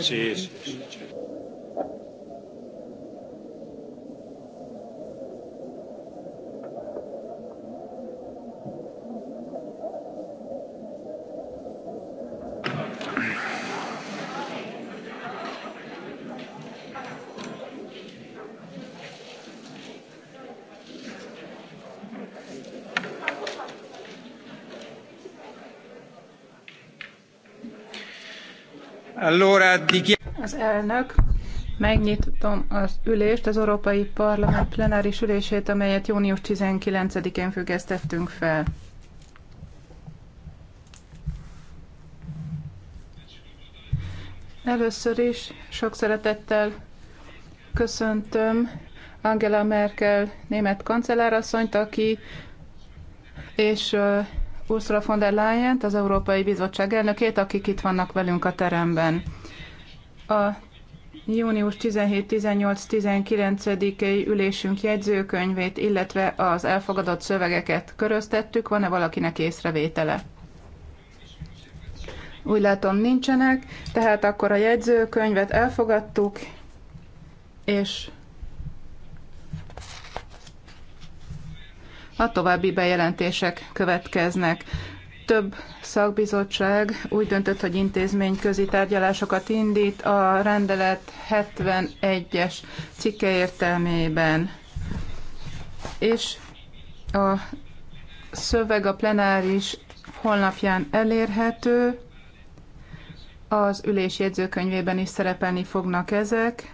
Sí, sí, sí. Az elnök, megnyitom az ülést, az Európai Parlament plenáris ülését, amelyet június 19-én függesztettünk fel. Először is sok szeretettel köszöntöm Angela Merkel német kancellárasszonyt, aki és Ursula von der leyen az Európai Bizottság elnökét, akik itt vannak velünk a teremben. A június 17-18-19-i ülésünk jegyzőkönyvét, illetve az elfogadott szövegeket köröztettük. Van-e valakinek észrevétele? Úgy látom nincsenek, tehát akkor a jegyzőkönyvet elfogadtuk, és a további bejelentések következnek. Több szakbizottság úgy döntött, hogy intézményközi tárgyalásokat indít a rendelet 71-es cikke értelmében. És a szöveg a plenáris honlapján elérhető, az ülés jegyzőkönyvében is szerepelni fognak ezek.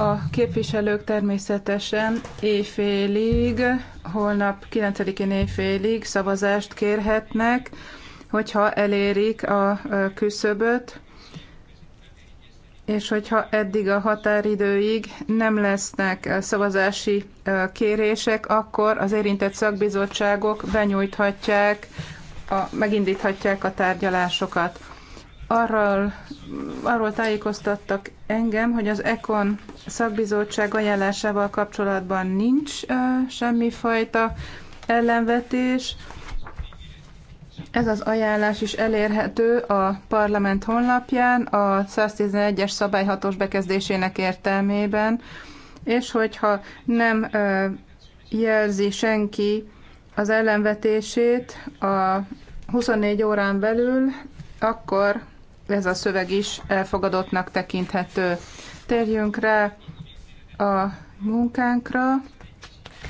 A képviselők természetesen éjfélig, holnap 9-én éjfélig szavazást kérhetnek, hogyha elérik a küszöböt, és hogyha eddig a határidőig nem lesznek szavazási kérések, akkor az érintett szakbizottságok benyújthatják, a, megindíthatják a tárgyalásokat arról, arról tájékoztattak engem, hogy az ECON szakbizottság ajánlásával kapcsolatban nincs uh, semmifajta ellenvetés. Ez az ajánlás is elérhető a parlament honlapján, a 111-es szabályhatós bekezdésének értelmében, és hogyha nem uh, jelzi senki az ellenvetését a 24 órán belül, akkor ez a szöveg is elfogadottnak tekinthető. Térjünk rá a munkánkra.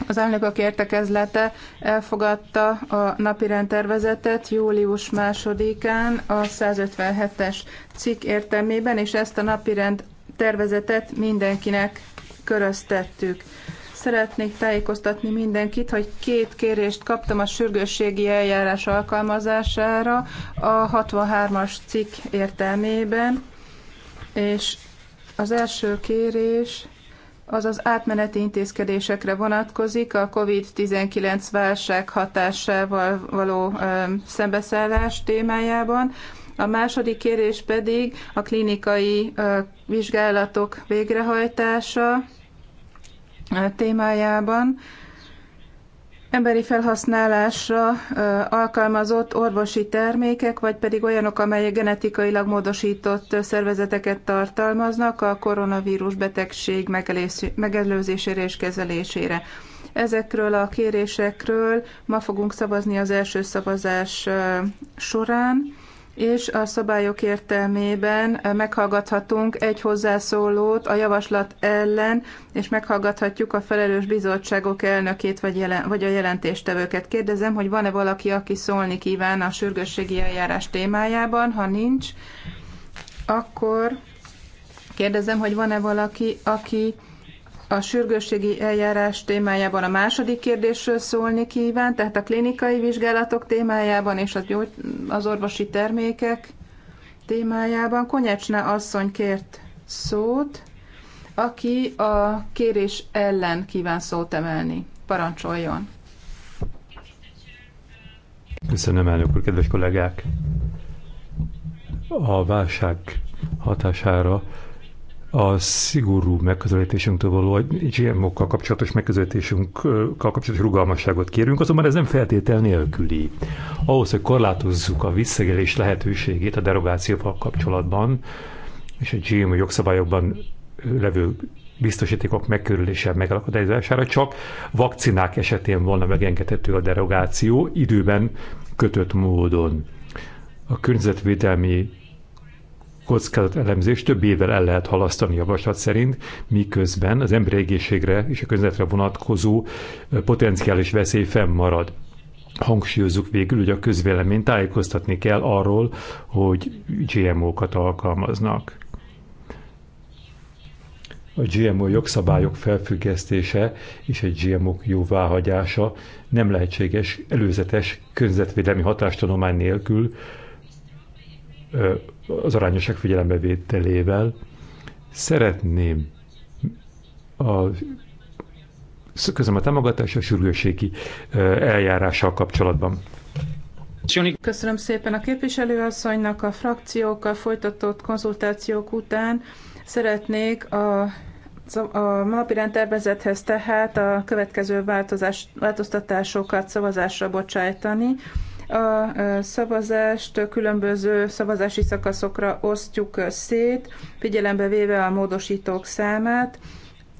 Az elnökök értekezlete elfogadta a napirend tervezetet július másodikán a 157-es cikk értelmében, és ezt a napirend tervezetet mindenkinek köröztettük. Szeretnék tájékoztatni mindenkit, hogy két kérést kaptam a sürgősségi eljárás alkalmazására a 63-as cikk értelmében, és az első kérés az az átmeneti intézkedésekre vonatkozik a COVID-19 válság hatásával való ö, szembeszállás témájában. A második kérés pedig a klinikai vizsgálatok végrehajtása, témájában emberi felhasználásra alkalmazott orvosi termékek, vagy pedig olyanok, amelyek genetikailag módosított szervezeteket tartalmaznak a koronavírus betegség megelőzésére és kezelésére. Ezekről a kérésekről ma fogunk szavazni az első szavazás során és a szabályok értelmében meghallgathatunk egy hozzászólót a javaslat ellen, és meghallgathatjuk a felelős bizottságok elnökét vagy, jelen, vagy a jelentéstevőket. Kérdezem, hogy van-e valaki, aki szólni kíván a sürgősségi eljárás témájában? Ha nincs, akkor kérdezem, hogy van-e valaki, aki a sürgősségi eljárás témájában a második kérdésről szólni kíván, tehát a klinikai vizsgálatok témájában és az, gyógy, az orvosi termékek témájában. Konyecsne asszony kért szót, aki a kérés ellen kíván szót emelni. Parancsoljon! Köszönöm, elnök úr, kedves kollégák! A válság hatására a szigorú megközelítésünktől való, a GMO-kkal kapcsolatos megközelítésünkkal kapcsolatos rugalmasságot kérünk, azonban ez nem feltétel nélküli. Ahhoz, hogy korlátozzuk a visszegelés lehetőségét a derogációval kapcsolatban, és a GMO jogszabályokban levő biztosítékok megkörülése megakadályozására csak vakcinák esetén volna megengedhető a derogáció időben kötött módon. A környezetvédelmi kockázatelemzést több évvel el lehet halasztani javaslat szerint, miközben az emberi egészségre és a közvetre vonatkozó potenciális veszély fennmarad. Hangsúlyozzuk végül, hogy a közvélemény tájékoztatni kell arról, hogy GMO-kat alkalmaznak. A GMO jogszabályok felfüggesztése és egy GMO jóváhagyása nem lehetséges előzetes környezetvédelmi hatástanomány nélkül, az arányosság figyelembevételével. Szeretném a közöm a támogatás a sürgőségi eljárással kapcsolatban. Köszönöm szépen a képviselőasszonynak a frakciókkal folytatott konzultációk után. Szeretnék a a napirend tervezethez tehát a következő változás, változtatásokat szavazásra bocsájtani. A szavazást különböző szavazási szakaszokra osztjuk szét, figyelembe véve a módosítók számát,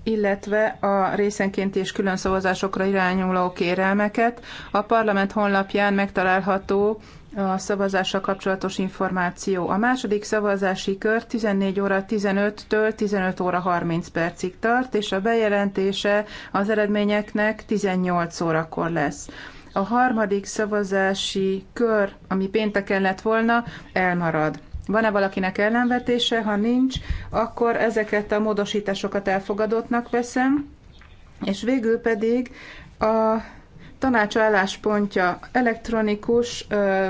illetve a részenként és külön szavazásokra irányuló kérelmeket. A parlament honlapján megtalálható a szavazással kapcsolatos információ. A második szavazási kör 14 óra 15-től 15 óra 30 percig tart, és a bejelentése az eredményeknek 18 órakor lesz a harmadik szavazási kör, ami pénteken lett volna, elmarad. Van-e valakinek ellenvetése? Ha nincs, akkor ezeket a módosításokat elfogadottnak veszem, és végül pedig a tanács álláspontja elektronikus ö,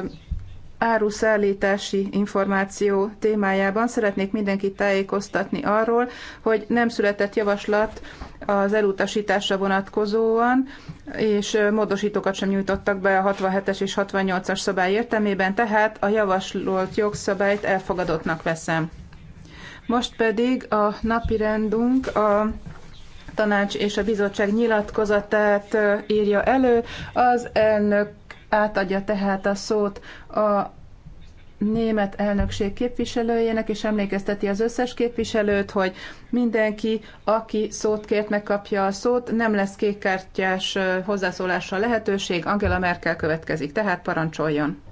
áruszállítási információ témájában szeretnék mindenkit tájékoztatni arról, hogy nem született javaslat az elutasításra vonatkozóan, és módosítókat sem nyújtottak be a 67-es és 68-as szabály értelmében, tehát a javasolt jogszabályt elfogadottnak veszem. Most pedig a napi rendünk a tanács és a bizottság nyilatkozatát írja elő. Az elnök átadja tehát a szót a német elnökség képviselőjének, és emlékezteti az összes képviselőt, hogy mindenki, aki szót kért, megkapja a szót, nem lesz kékkártyás hozzászólásra lehetőség, Angela Merkel következik, tehát parancsoljon.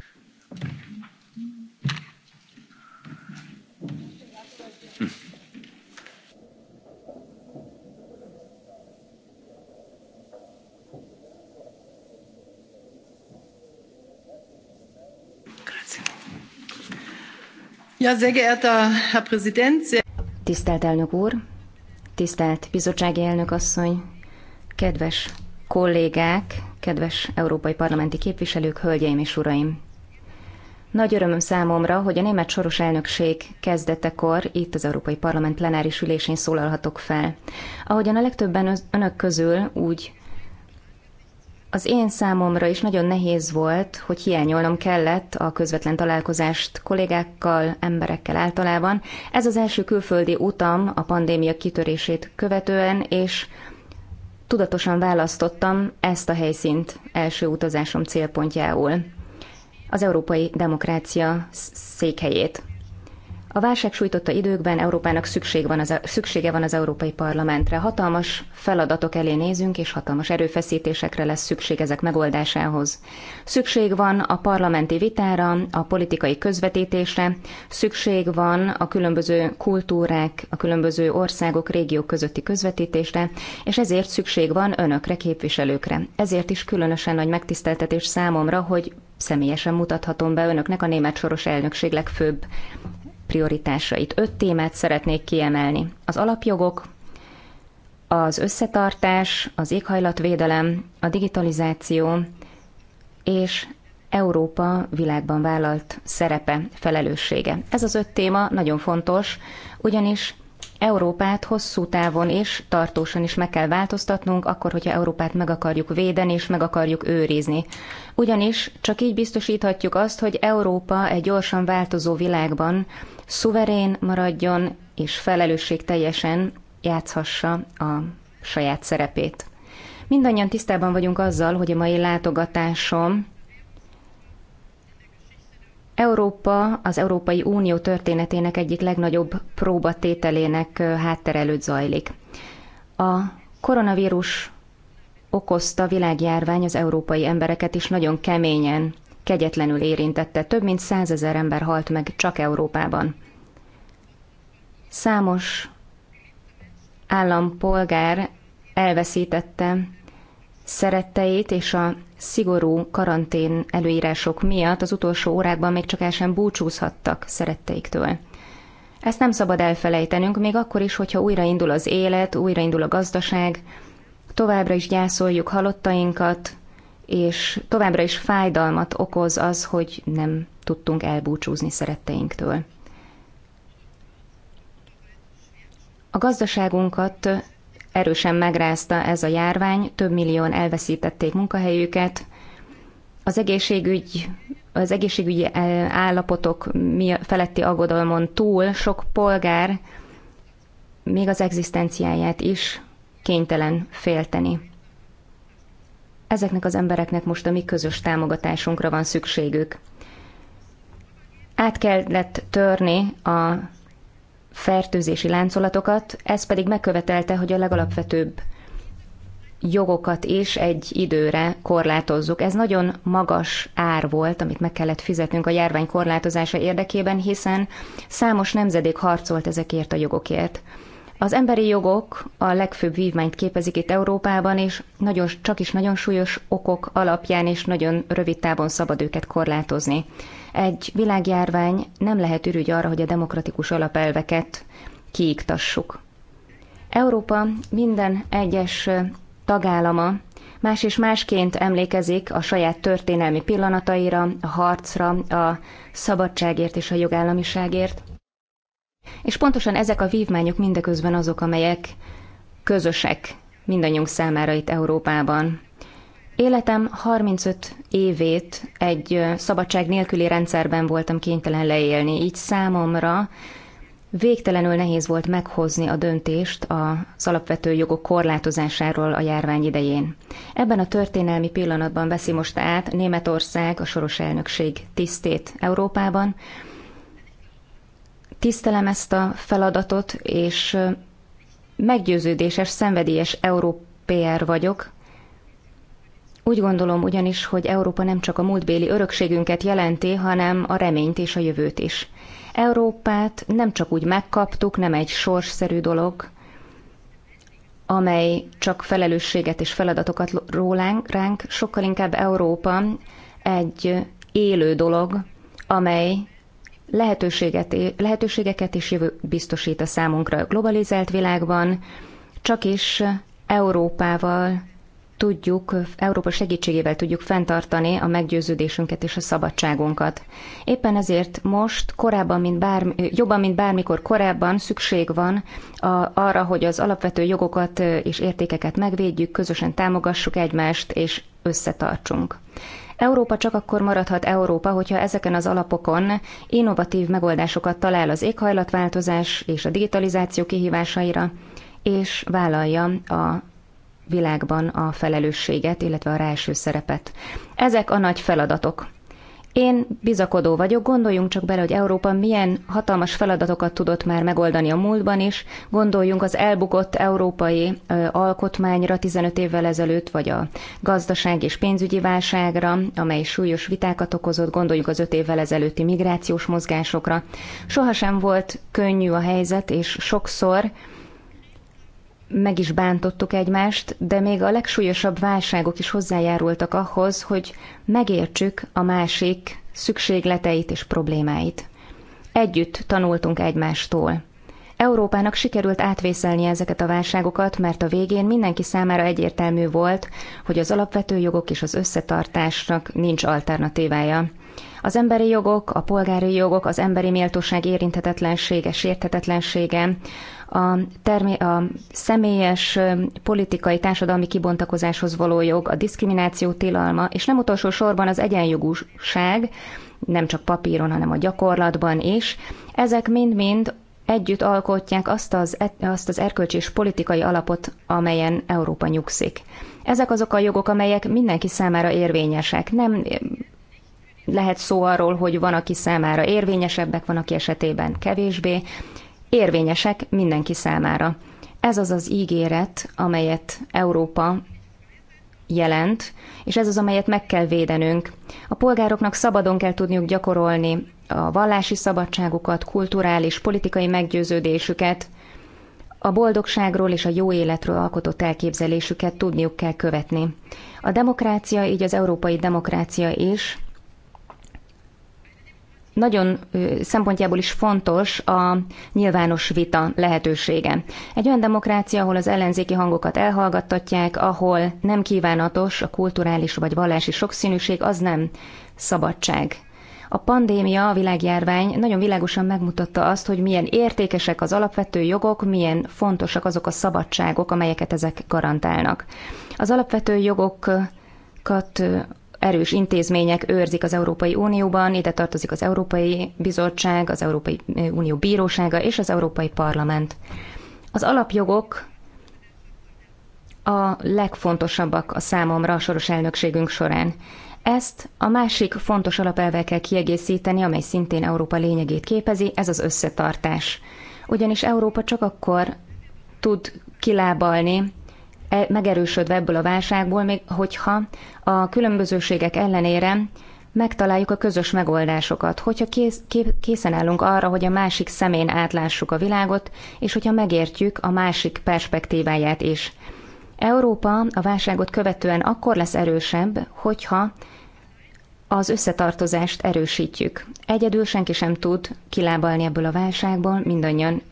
Tisztelt elnök úr, tisztelt bizottsági elnök asszony, kedves kollégák, kedves európai parlamenti képviselők, hölgyeim és uraim! Nagy örömöm számomra, hogy a német soros elnökség kezdetekor itt az Európai Parlament plenáris ülésén szólalhatok fel. Ahogyan a legtöbben önök közül, úgy az én számomra is nagyon nehéz volt, hogy hiányolnom kellett a közvetlen találkozást kollégákkal, emberekkel általában. Ez az első külföldi utam a pandémia kitörését követően, és tudatosan választottam ezt a helyszínt első utazásom célpontjául. Az európai demokrácia székhelyét. A válság sújtotta időkben Európának szükség van az, e- szüksége van az Európai Parlamentre. Hatalmas feladatok elé nézünk, és hatalmas erőfeszítésekre lesz szükség ezek megoldásához. Szükség van a parlamenti vitára, a politikai közvetítésre, szükség van a különböző kultúrák, a különböző országok, régiók közötti közvetítésre, és ezért szükség van önökre, képviselőkre. Ezért is különösen nagy megtiszteltetés számomra, hogy személyesen mutathatom be önöknek a német soros elnökség legfőbb prioritásait. Öt témát szeretnék kiemelni. Az alapjogok, az összetartás, az éghajlatvédelem, a digitalizáció és Európa világban vállalt szerepe, felelőssége. Ez az öt téma nagyon fontos, ugyanis Európát hosszú távon és tartósan is meg kell változtatnunk, akkor, hogyha Európát meg akarjuk védeni és meg akarjuk őrizni. Ugyanis csak így biztosíthatjuk azt, hogy Európa egy gyorsan változó világban szuverén maradjon és felelősségteljesen játszhassa a saját szerepét. Mindannyian tisztában vagyunk azzal, hogy a mai látogatásom Európa az Európai Unió történetének egyik legnagyobb próbatételének háttere előtt zajlik. A koronavírus okozta világjárvány az európai embereket is nagyon keményen, kegyetlenül érintette. Több mint százezer ember halt meg csak Európában. Számos állampolgár elveszítette szeretteit és a szigorú karantén előírások miatt az utolsó órákban még csak el sem búcsúzhattak szeretteiktől. Ezt nem szabad elfelejtenünk, még akkor is, hogyha újraindul az élet, újraindul a gazdaság, továbbra is gyászoljuk halottainkat, és továbbra is fájdalmat okoz az, hogy nem tudtunk elbúcsúzni szeretteinktől. A gazdaságunkat erősen megrázta ez a járvány, több millióan elveszítették munkahelyüket, az egészségügy az egészségügyi eh, állapotok feletti aggodalmon túl sok polgár még az egzisztenciáját is kénytelen félteni. Ezeknek az embereknek most a mi közös támogatásunkra van szükségük. Át kellett törni a fertőzési láncolatokat, ez pedig megkövetelte, hogy a legalapvetőbb jogokat is egy időre korlátozzuk. Ez nagyon magas ár volt, amit meg kellett fizetnünk a járvány korlátozása érdekében, hiszen számos nemzedék harcolt ezekért a jogokért. Az emberi jogok a legfőbb vívmányt képezik itt Európában, és nagyon, csak is nagyon súlyos okok alapján és nagyon rövid távon szabad őket korlátozni. Egy világjárvány nem lehet ürügy arra, hogy a demokratikus alapelveket kiiktassuk. Európa minden egyes tagállama más és másként emlékezik a saját történelmi pillanataira, a harcra, a szabadságért és a jogállamiságért. És pontosan ezek a vívmányok mindeközben azok, amelyek közösek mindannyiunk számára itt Európában. Életem 35 évét egy szabadság nélküli rendszerben voltam kénytelen leélni, így számomra végtelenül nehéz volt meghozni a döntést az alapvető jogok korlátozásáról a járvány idején. Ebben a történelmi pillanatban veszi most át Németország a soros elnökség tisztét Európában. Tisztelem ezt a feladatot, és meggyőződéses, szenvedélyes európér vagyok, úgy gondolom ugyanis, hogy Európa nem csak a múltbéli örökségünket jelenti, hanem a reményt és a jövőt is. Európát nem csak úgy megkaptuk, nem egy sorsszerű dolog, amely csak felelősséget és feladatokat rólánk, ránk, sokkal inkább Európa egy élő dolog, amely lehetőséget, lehetőségeket és jövő biztosít a számunkra a globalizált világban, csak is Európával tudjuk, Európa segítségével tudjuk fenntartani a meggyőződésünket és a szabadságunkat. Éppen ezért most korábban, mint bármi, jobban, mint bármikor korábban szükség van a, arra, hogy az alapvető jogokat és értékeket megvédjük, közösen támogassuk egymást és összetartsunk. Európa csak akkor maradhat Európa, hogyha ezeken az alapokon innovatív megoldásokat talál az éghajlatváltozás és a digitalizáció kihívásaira, és vállalja a világban a felelősséget, illetve a ráeső szerepet. Ezek a nagy feladatok. Én bizakodó vagyok, gondoljunk csak bele, hogy Európa milyen hatalmas feladatokat tudott már megoldani a múltban is, gondoljunk az elbukott európai ö, alkotmányra 15 évvel ezelőtt, vagy a gazdaság és pénzügyi válságra, amely súlyos vitákat okozott, gondoljunk az 5 évvel ezelőtti migrációs mozgásokra. Sohasem volt könnyű a helyzet, és sokszor meg is bántottuk egymást, de még a legsúlyosabb válságok is hozzájárultak ahhoz, hogy megértsük a másik szükségleteit és problémáit. Együtt tanultunk egymástól. Európának sikerült átvészelni ezeket a válságokat, mert a végén mindenki számára egyértelmű volt, hogy az alapvető jogok és az összetartásnak nincs alternatívája. Az emberi jogok, a polgári jogok, az emberi méltóság érinthetetlensége, sérthetetlensége, a, termé- a személyes politikai, társadalmi kibontakozáshoz való jog, a diszkrimináció tilalma, és nem utolsó sorban az egyenjogúság, nem csak papíron, hanem a gyakorlatban is, ezek mind-mind együtt alkotják azt az, e-, azt az erkölcsi és politikai alapot, amelyen Európa nyugszik. Ezek azok a jogok, amelyek mindenki számára érvényesek. Nem lehet szó arról, hogy van, aki számára érvényesebbek, van, aki esetében kevésbé érvényesek mindenki számára. Ez az az ígéret, amelyet Európa jelent, és ez az, amelyet meg kell védenünk. A polgároknak szabadon kell tudniuk gyakorolni a vallási szabadságukat, kulturális, politikai meggyőződésüket, a boldogságról és a jó életről alkotott elképzelésüket tudniuk kell követni. A demokrácia, így az európai demokrácia is nagyon szempontjából is fontos a nyilvános vita lehetősége. Egy olyan demokrácia, ahol az ellenzéki hangokat elhallgattatják, ahol nem kívánatos a kulturális vagy vallási sokszínűség, az nem szabadság. A pandémia, a világjárvány nagyon világosan megmutatta azt, hogy milyen értékesek az alapvető jogok, milyen fontosak azok a szabadságok, amelyeket ezek garantálnak. Az alapvető jogokat erős intézmények őrzik az Európai Unióban, ide tartozik az Európai Bizottság, az Európai Unió Bírósága és az Európai Parlament. Az alapjogok a legfontosabbak a számomra a soros elnökségünk során. Ezt a másik fontos alapelvel kell kiegészíteni, amely szintén Európa lényegét képezi, ez az összetartás. Ugyanis Európa csak akkor tud kilábalni E, megerősödve ebből a válságból, még hogyha a különbözőségek ellenére megtaláljuk a közös megoldásokat, hogyha kész, kép, készen állunk arra, hogy a másik szemén átlássuk a világot, és hogyha megértjük a másik perspektíváját is. Európa a válságot követően akkor lesz erősebb, hogyha az összetartozást erősítjük. Egyedül senki sem tud kilábalni ebből a válságból, mindannyian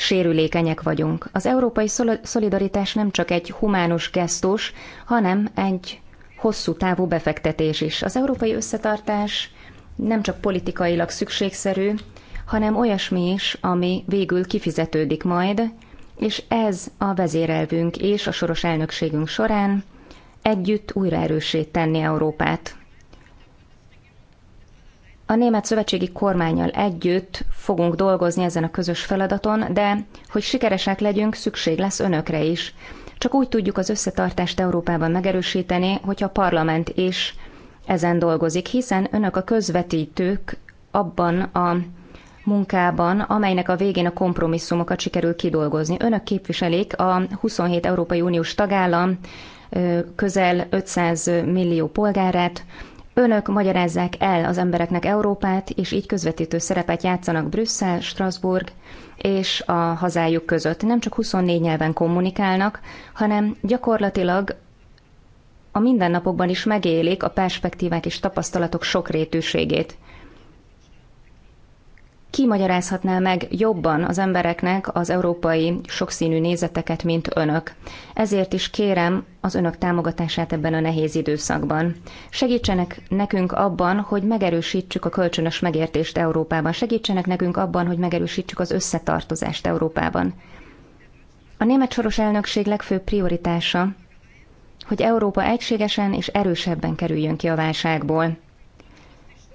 sérülékenyek vagyunk. Az európai szolidaritás nem csak egy humánus gesztus, hanem egy hosszú távú befektetés is. Az európai összetartás nem csak politikailag szükségszerű, hanem olyasmi is, ami végül kifizetődik majd, és ez a vezérelvünk és a soros elnökségünk során együtt újra erősé tenni Európát. A német szövetségi kormányjal együtt fogunk dolgozni ezen a közös feladaton, de hogy sikeresek legyünk, szükség lesz önökre is. Csak úgy tudjuk az összetartást Európában megerősíteni, hogyha a parlament is ezen dolgozik, hiszen önök a közvetítők abban a munkában, amelynek a végén a kompromisszumokat sikerül kidolgozni. Önök képviselik a 27 Európai Uniós tagállam közel 500 millió polgárát, Önök magyarázzák el az embereknek Európát, és így közvetítő szerepet játszanak Brüsszel, Strasbourg és a hazájuk között. Nem csak 24 nyelven kommunikálnak, hanem gyakorlatilag a mindennapokban is megélik a perspektívák és tapasztalatok sokrétűségét. Ki magyarázhatná meg jobban az embereknek az európai sokszínű nézeteket, mint önök? Ezért is kérem az önök támogatását ebben a nehéz időszakban. Segítsenek nekünk abban, hogy megerősítsük a kölcsönös megértést Európában. Segítsenek nekünk abban, hogy megerősítsük az összetartozást Európában. A német soros elnökség legfőbb prioritása, hogy Európa egységesen és erősebben kerüljön ki a válságból.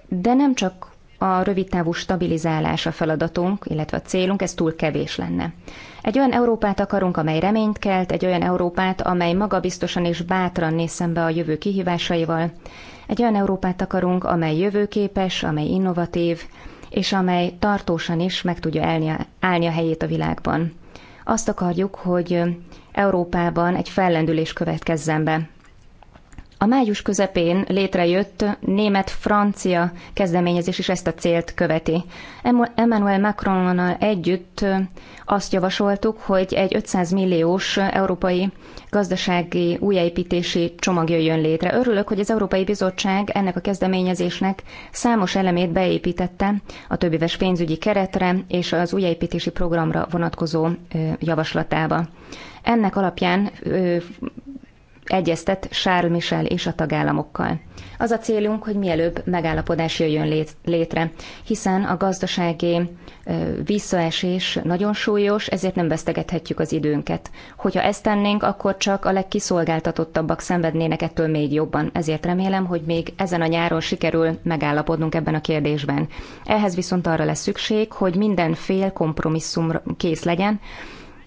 De nem csak a rövidtávú stabilizálása feladatunk, illetve a célunk, ez túl kevés lenne. Egy olyan Európát akarunk, amely reményt kelt, egy olyan Európát, amely magabiztosan és bátran néz szembe a jövő kihívásaival, egy olyan Európát akarunk, amely jövőképes, amely innovatív, és amely tartósan is meg tudja állni, állni a helyét a világban. Azt akarjuk, hogy Európában egy fellendülés következzen be. A május közepén létrejött német-francia kezdeményezés is ezt a célt követi. Emmanuel Macronnal együtt azt javasoltuk, hogy egy 500 milliós európai gazdasági újjáépítési csomag jöjjön létre. Örülök, hogy az Európai Bizottság ennek a kezdeményezésnek számos elemét beépítette a többéves pénzügyi keretre és az újjáépítési programra vonatkozó javaslatába. Ennek alapján egyeztet Charles Michel és a tagállamokkal. Az a célunk, hogy mielőbb megállapodás jöjjön létre, hiszen a gazdasági visszaesés nagyon súlyos, ezért nem vesztegethetjük az időnket. Hogyha ezt tennénk, akkor csak a legkiszolgáltatottabbak szenvednének ettől még jobban, ezért remélem, hogy még ezen a nyáron sikerül megállapodnunk ebben a kérdésben. Ehhez viszont arra lesz szükség, hogy minden fél kompromisszumra kész legyen,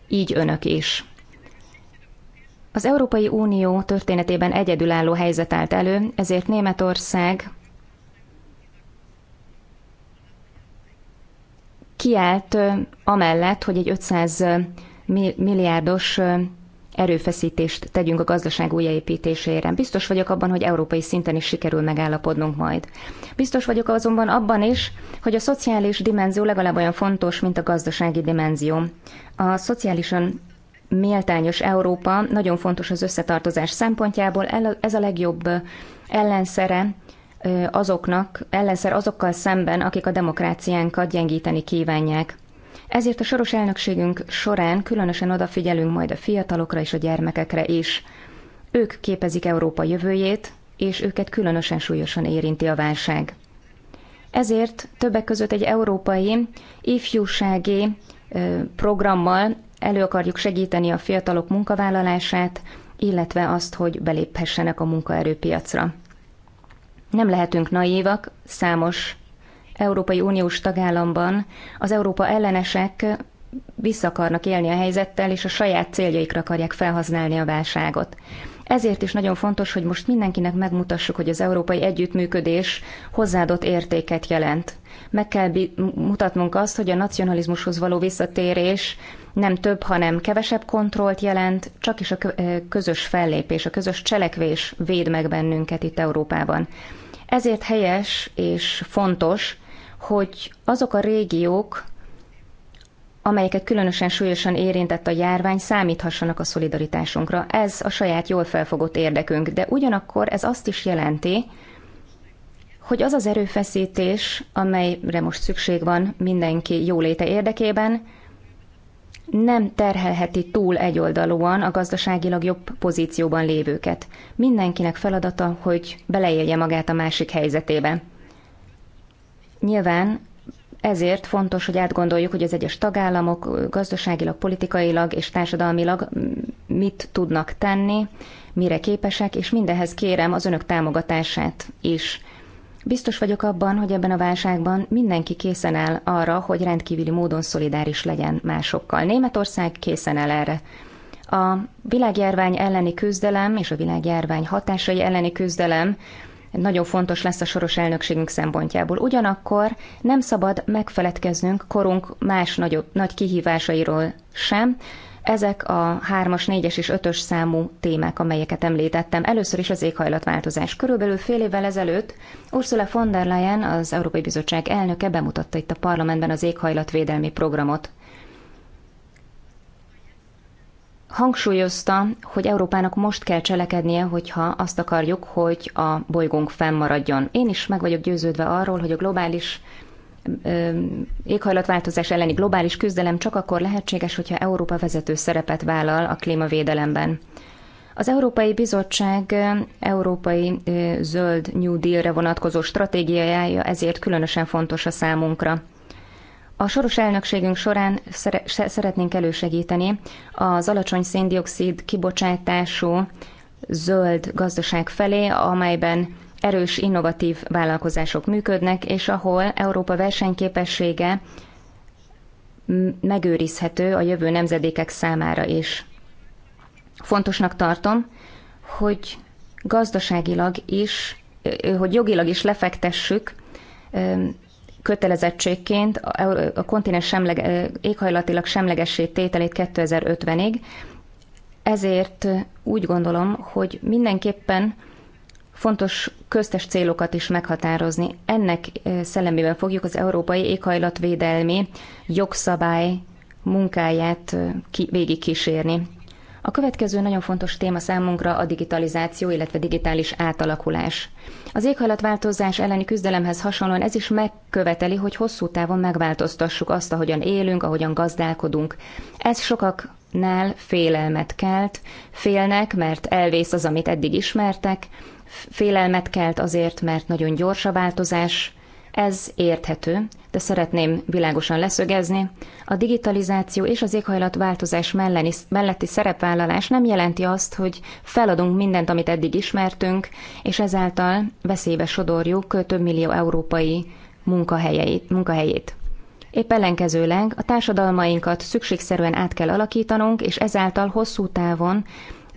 így önök is. Az Európai Unió történetében egyedülálló helyzet állt elő, ezért Németország kiállt amellett, hogy egy 500 milliárdos erőfeszítést tegyünk a gazdaság újjáépítésére. Biztos vagyok abban, hogy európai szinten is sikerül megállapodnunk majd. Biztos vagyok azonban abban is, hogy a szociális dimenzió legalább olyan fontos, mint a gazdasági dimenzió. A szociálisan méltányos Európa nagyon fontos az összetartozás szempontjából. Ez a legjobb ellenszere azoknak, ellenszer azokkal szemben, akik a demokráciánkat gyengíteni kívánják. Ezért a soros elnökségünk során különösen odafigyelünk majd a fiatalokra és a gyermekekre is. Ők képezik Európa jövőjét, és őket különösen súlyosan érinti a válság. Ezért többek között egy európai ifjúsági programmal elő akarjuk segíteni a fiatalok munkavállalását, illetve azt, hogy beléphessenek a munkaerőpiacra. Nem lehetünk naívak, számos Európai Uniós tagállamban az Európa ellenesek visszakarnak élni a helyzettel, és a saját céljaikra akarják felhasználni a válságot. Ezért is nagyon fontos, hogy most mindenkinek megmutassuk, hogy az európai együttműködés hozzáadott értéket jelent. Meg kell mutatnunk azt, hogy a nacionalizmushoz való visszatérés nem több, hanem kevesebb kontrollt jelent, csak is a közös fellépés, a közös cselekvés véd meg bennünket itt Európában. Ezért helyes és fontos, hogy azok a régiók, amelyeket különösen súlyosan érintett a járvány, számíthassanak a szolidaritásunkra. Ez a saját jól felfogott érdekünk, de ugyanakkor ez azt is jelenti, hogy az az erőfeszítés, amelyre most szükség van mindenki jóléte érdekében, nem terhelheti túl egyoldalúan a gazdaságilag jobb pozícióban lévőket. Mindenkinek feladata, hogy beleélje magát a másik helyzetébe. Nyilván ezért fontos, hogy átgondoljuk, hogy az egyes tagállamok gazdaságilag, politikailag és társadalmilag mit tudnak tenni, mire képesek, és mindehez kérem az önök támogatását is. Biztos vagyok abban, hogy ebben a válságban mindenki készen áll arra, hogy rendkívüli módon szolidáris legyen másokkal. Németország készen áll erre. A világjárvány elleni küzdelem és a világjárvány hatásai elleni küzdelem nagyon fontos lesz a soros elnökségünk szempontjából. Ugyanakkor nem szabad megfeledkeznünk korunk más nagyobb, nagy kihívásairól sem, ezek a 3-as, 4-es és 5-ös számú témák, amelyeket említettem. Először is az éghajlatváltozás. Körülbelül fél évvel ezelőtt Ursula von der Leyen, az Európai Bizottság elnöke bemutatta itt a parlamentben az éghajlatvédelmi programot. Hangsúlyozta, hogy Európának most kell cselekednie, hogyha azt akarjuk, hogy a bolygónk fennmaradjon. Én is meg vagyok győződve arról, hogy a globális éghajlatváltozás elleni globális küzdelem csak akkor lehetséges, hogyha Európa vezető szerepet vállal a klímavédelemben. Az Európai Bizottság európai zöld New Deal-re vonatkozó stratégiája ezért különösen fontos a számunkra. A soros elnökségünk során szeretnénk elősegíteni az alacsony széndiokszid kibocsátású zöld gazdaság felé, amelyben erős, innovatív vállalkozások működnek, és ahol Európa versenyképessége megőrizhető a jövő nemzedékek számára is. Fontosnak tartom, hogy gazdaságilag is, hogy jogilag is lefektessük kötelezettségként a kontinens semleg, éghajlatilag semlegessé tételét 2050-ig. Ezért úgy gondolom, hogy mindenképpen fontos köztes célokat is meghatározni. Ennek szellemében fogjuk az Európai Éghajlatvédelmi jogszabály munkáját végigkísérni. A következő nagyon fontos téma számunkra a digitalizáció, illetve digitális átalakulás. Az éghajlatváltozás elleni küzdelemhez hasonlóan ez is megköveteli, hogy hosszú távon megváltoztassuk azt, ahogyan élünk, ahogyan gazdálkodunk. Ez sokaknál félelmet kelt, félnek, mert elvész az, amit eddig ismertek, félelmet kelt azért, mert nagyon gyors a változás, ez érthető, de szeretném világosan leszögezni, a digitalizáció és az éghajlatváltozás melletti szerepvállalás nem jelenti azt, hogy feladunk mindent, amit eddig ismertünk, és ezáltal veszélybe sodorjuk több millió európai munkahelyeit. munkahelyét. Épp ellenkezőleg a társadalmainkat szükségszerűen át kell alakítanunk, és ezáltal hosszú távon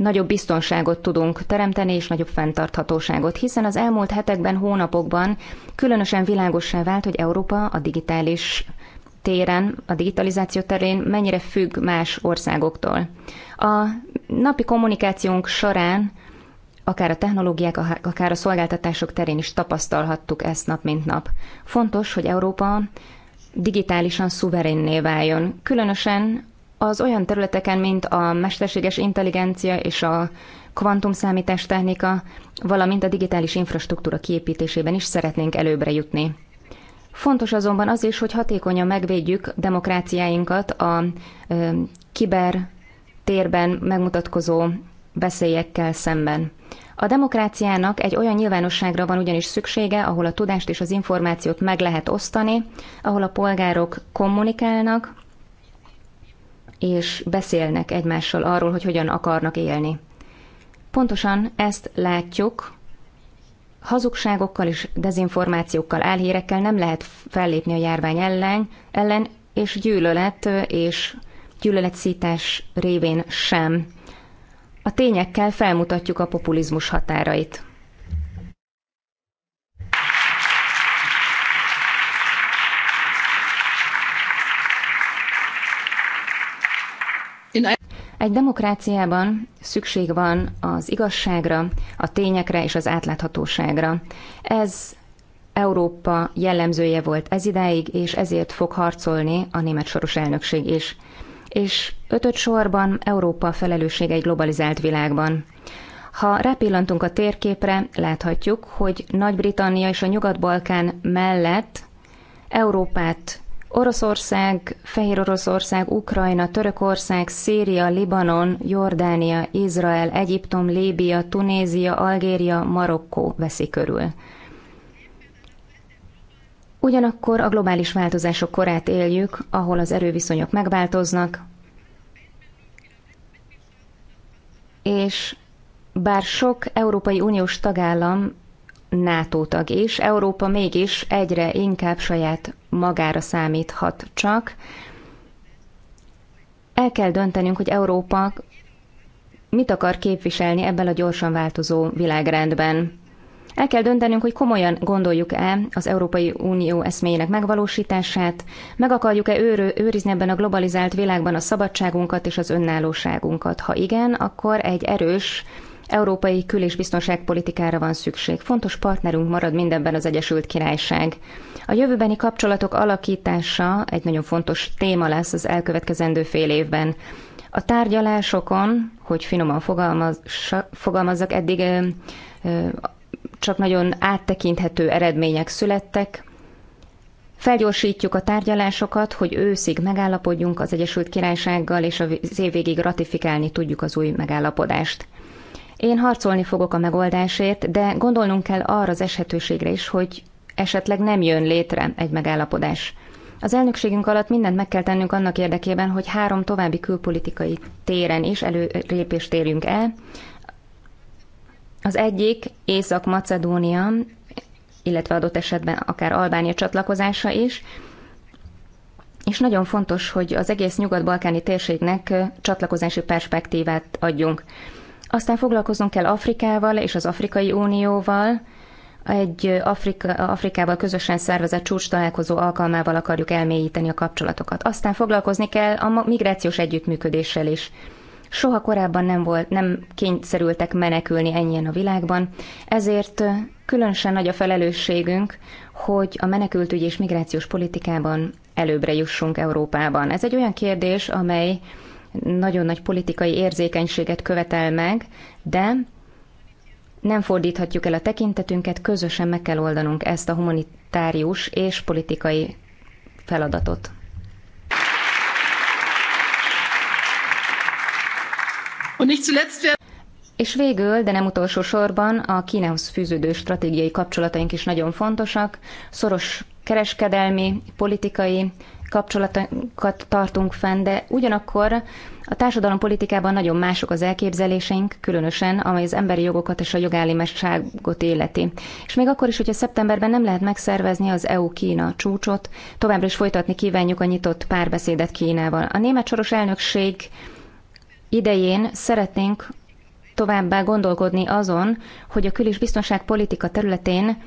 nagyobb biztonságot tudunk teremteni, és nagyobb fenntarthatóságot, hiszen az elmúlt hetekben, hónapokban különösen világossá vált, hogy Európa a digitális téren, a digitalizáció terén mennyire függ más országoktól. A napi kommunikációnk során akár a technológiák, akár a szolgáltatások terén is tapasztalhattuk ezt nap mint nap. Fontos, hogy Európa digitálisan szuverénné váljon, különösen az olyan területeken, mint a mesterséges intelligencia és a kvantumszámítás technika, valamint a digitális infrastruktúra kiépítésében is szeretnénk előbbre jutni. Fontos azonban az is, hogy hatékonyan megvédjük demokráciáinkat a ö, kiber térben megmutatkozó veszélyekkel szemben. A demokráciának egy olyan nyilvánosságra van ugyanis szüksége, ahol a tudást és az információt meg lehet osztani, ahol a polgárok kommunikálnak, és beszélnek egymással arról, hogy hogyan akarnak élni. Pontosan ezt látjuk, hazugságokkal és dezinformációkkal, álhírekkel nem lehet fellépni a járvány ellen, ellen és gyűlölet és gyűlöletszítás révén sem. A tényekkel felmutatjuk a populizmus határait. Egy demokráciában szükség van az igazságra, a tényekre és az átláthatóságra. Ez Európa jellemzője volt ez idáig, és ezért fog harcolni a német soros elnökség is. És ötöt sorban Európa felelőssége egy globalizált világban. Ha repillantunk a térképre, láthatjuk, hogy Nagy-Britannia és a Nyugat-Balkán mellett Európát Oroszország, Fehér Oroszország, Ukrajna, Törökország, Szíria, Libanon, Jordánia, Izrael, Egyiptom, Líbia, Tunézia, Algéria, Marokkó veszi körül. Ugyanakkor a globális változások korát éljük, ahol az erőviszonyok megváltoznak, és bár sok Európai Uniós tagállam NATO tag is, Európa mégis egyre inkább saját magára számíthat csak. El kell döntenünk, hogy Európa mit akar képviselni ebben a gyorsan változó világrendben. El kell döntenünk, hogy komolyan gondoljuk-e az Európai Unió eszméjének megvalósítását, meg akarjuk-e őrő, őrizni ebben a globalizált világban a szabadságunkat és az önállóságunkat. Ha igen, akkor egy erős európai kül- és biztonságpolitikára van szükség. Fontos partnerünk marad mindenben az Egyesült Királyság. A jövőbeni kapcsolatok alakítása egy nagyon fontos téma lesz az elkövetkezendő fél évben. A tárgyalásokon, hogy finoman fogalmazzak, eddig csak nagyon áttekinthető eredmények születtek. Felgyorsítjuk a tárgyalásokat, hogy őszig megállapodjunk az Egyesült Királysággal, és az év végig ratifikálni tudjuk az új megállapodást. Én harcolni fogok a megoldásért, de gondolnunk kell arra az eshetőségre is, hogy esetleg nem jön létre egy megállapodás. Az elnökségünk alatt mindent meg kell tennünk annak érdekében, hogy három további külpolitikai téren is előrépést érjünk el. Az egyik Észak-Macedónia, illetve adott esetben akár Albánia csatlakozása is, és nagyon fontos, hogy az egész nyugat-balkáni térségnek csatlakozási perspektívát adjunk. Aztán foglalkoznunk kell Afrikával és az Afrikai Unióval, egy Afrika, Afrikával közösen szervezett csúcs találkozó alkalmával akarjuk elmélyíteni a kapcsolatokat. Aztán foglalkozni kell a migrációs együttműködéssel is. Soha korábban nem, volt, nem kényszerültek menekülni ennyien a világban, ezért különösen nagy a felelősségünk, hogy a menekültügy és migrációs politikában előbbre jussunk Európában. Ez egy olyan kérdés, amely nagyon nagy politikai érzékenységet követel meg, de nem fordíthatjuk el a tekintetünket, közösen meg kell oldanunk ezt a humanitárius és politikai feladatot. És végül, de nem utolsó sorban, a Kínához fűződő stratégiai kapcsolataink is nagyon fontosak. Szoros kereskedelmi, politikai kapcsolatokat tartunk fenn, de ugyanakkor a politikában nagyon mások az elképzeléseink, különösen amely az emberi jogokat és a jogállimesságot életi. És még akkor is, hogyha szeptemberben nem lehet megszervezni az EU-Kína csúcsot, továbbra is folytatni kívánjuk a nyitott párbeszédet Kínával. A német soros elnökség idején szeretnénk továbbá gondolkodni azon, hogy a kül- és biztonságpolitika területén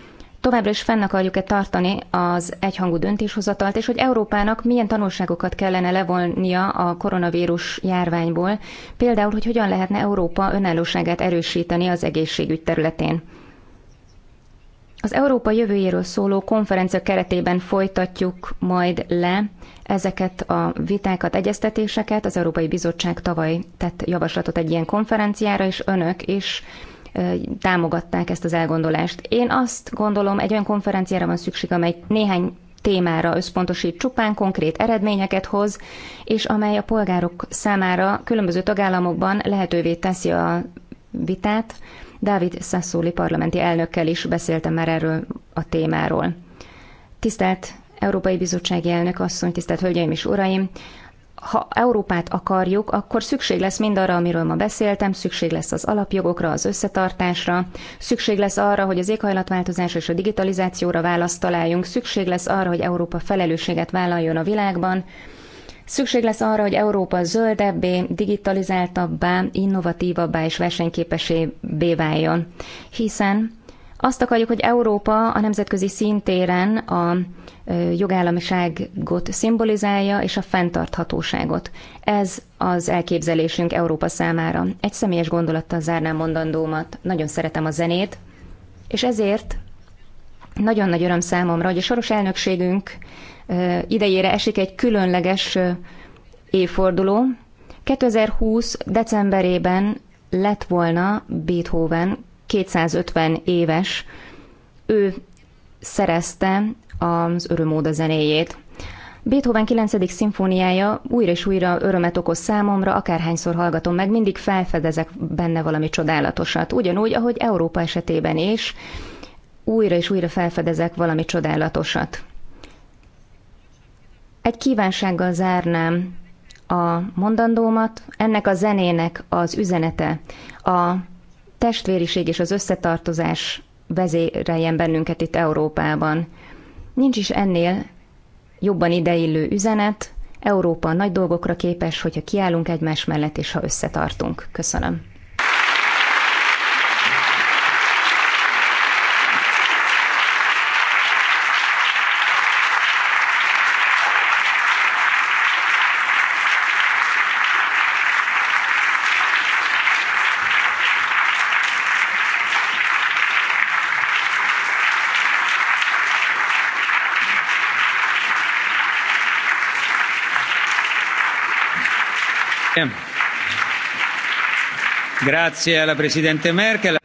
továbbra is fenn akarjuk-e tartani az egyhangú döntéshozatalt, és hogy Európának milyen tanulságokat kellene levonnia a koronavírus járványból, például, hogy hogyan lehetne Európa önállóságát erősíteni az egészségügy területén. Az Európa jövőjéről szóló konferencia keretében folytatjuk majd le ezeket a vitákat, egyeztetéseket. Az Európai Bizottság tavaly tett javaslatot egy ilyen konferenciára, és önök is támogatták ezt az elgondolást. Én azt gondolom, egy olyan konferenciára van szükség, amely néhány témára összpontosít, csupán konkrét eredményeket hoz, és amely a polgárok számára különböző tagállamokban lehetővé teszi a vitát. Dávid Sassoli parlamenti elnökkel is beszéltem már erről a témáról. Tisztelt Európai Bizottsági Elnök asszony, tisztelt Hölgyeim és Uraim! ha Európát akarjuk, akkor szükség lesz mindarra, amiről ma beszéltem, szükség lesz az alapjogokra, az összetartásra, szükség lesz arra, hogy az éghajlatváltozás és a digitalizációra választ találjunk, szükség lesz arra, hogy Európa felelősséget vállaljon a világban, Szükség lesz arra, hogy Európa zöldebbé, digitalizáltabbá, innovatívabbá és versenyképesébbé váljon. Hiszen azt akarjuk, hogy Európa a nemzetközi szintéren a jogállamiságot szimbolizálja, és a fenntarthatóságot. Ez az elképzelésünk Európa számára. Egy személyes gondolattal zárnám mondandómat. Nagyon szeretem a zenét, és ezért nagyon nagy öröm számomra, hogy a soros elnökségünk idejére esik egy különleges évforduló. 2020. decemberében lett volna Beethoven 250 éves. Ő szerezte az örömóda zenéjét. Beethoven 9. szimfóniája újra és újra örömet okoz számomra, akárhányszor hallgatom meg, mindig felfedezek benne valami csodálatosat. Ugyanúgy, ahogy Európa esetében is, újra és újra felfedezek valami csodálatosat. Egy kívánsággal zárnám a mondandómat, ennek a zenének az üzenete, a testvériség és az összetartozás vezéreljen bennünket itt Európában. Nincs is ennél jobban ideillő üzenet. Európa nagy dolgokra képes, hogyha kiállunk egymás mellett és ha összetartunk. Köszönöm.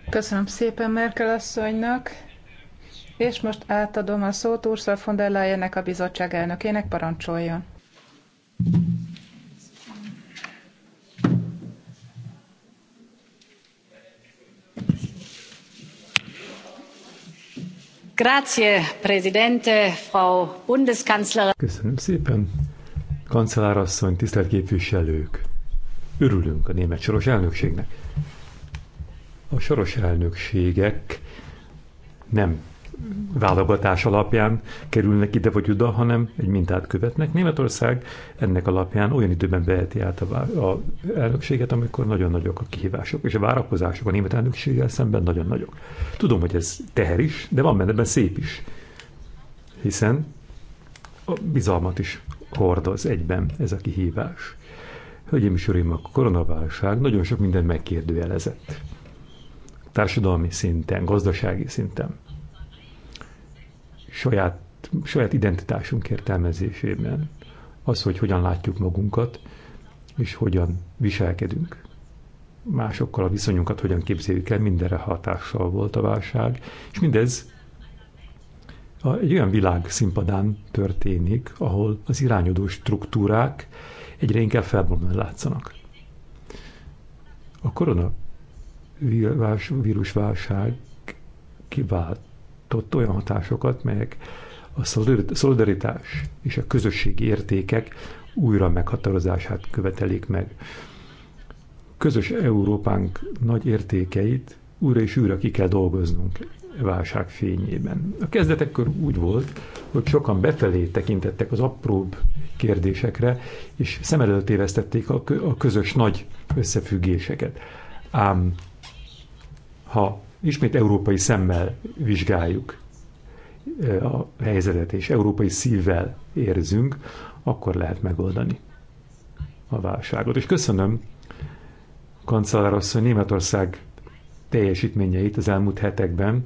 Köszönöm szépen Merkel asszonynak. És most átadom a szót Ursula von der Leyennek, a bizottság elnökének, parancsoljon. Grazie, Presidente, Frau Bundeskanzlerin. Köszönöm szépen, kancellárasszony, tisztelt képviselők! Örülünk a német soros elnökségnek. A soros elnökségek nem válogatás alapján kerülnek ide vagy oda, hanem egy mintát követnek. Németország ennek alapján olyan időben veheti át a, a elnökséget, amikor nagyon nagyok a kihívások, és a várakozások a német elnökséggel szemben nagyon nagyok. Tudom, hogy ez teher is, de van benne szép is, hiszen a bizalmat is hordoz egyben ez a kihívás. Hölgyeim és Uraim, a koronaválság nagyon sok minden megkérdőjelezett. Társadalmi szinten, gazdasági szinten. Saját, saját identitásunk értelmezésében. Az, hogy hogyan látjuk magunkat, és hogyan viselkedünk. Másokkal a viszonyunkat hogyan képzeljük el, mindenre hatással volt a válság, és mindez egy olyan világ színpadán történik, ahol az irányadó struktúrák egyre inkább felbomlani látszanak. A koronavírus válság kiváltott olyan hatásokat, melyek a szolidaritás és a közösségi értékek újra meghatározását követelik meg. Közös Európánk nagy értékeit újra és újra ki kell dolgoznunk válság fényében. A kezdetekkor úgy volt, hogy sokan befelé tekintettek az apróbb kérdésekre, és szem előtt tévesztették a közös nagy összefüggéseket. Ám ha ismét európai szemmel vizsgáljuk e, a helyzetet, és európai szívvel érzünk, akkor lehet megoldani a válságot. És köszönöm kancellárasszony Németország teljesítményeit az elmúlt hetekben,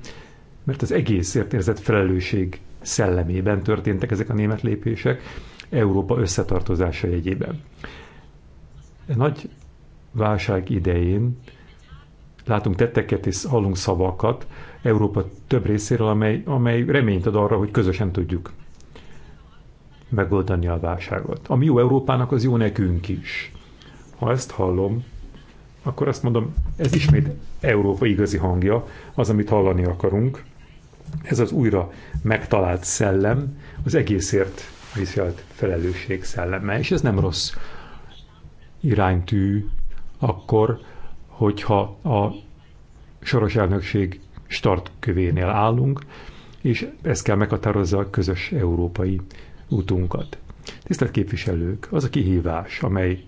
mert az egészért érzett felelősség szellemében történtek ezek a német lépések, Európa összetartozása jegyében. A nagy válság idején látunk tetteket és hallunk szavakat Európa több részéről, amely, amely reményt ad arra, hogy közösen tudjuk megoldani a válságot. Ami jó Európának, az jó nekünk is. Ha ezt hallom, akkor azt mondom, ez ismét Európa igazi hangja, az, amit hallani akarunk, ez az újra megtalált szellem az egészért viselt felelősség szelleme, és ez nem rossz iránytű akkor, hogyha a soros elnökség startkövénél állunk, és ez kell meghatározza a közös európai útunkat. Tisztelt képviselők, az a kihívás, amely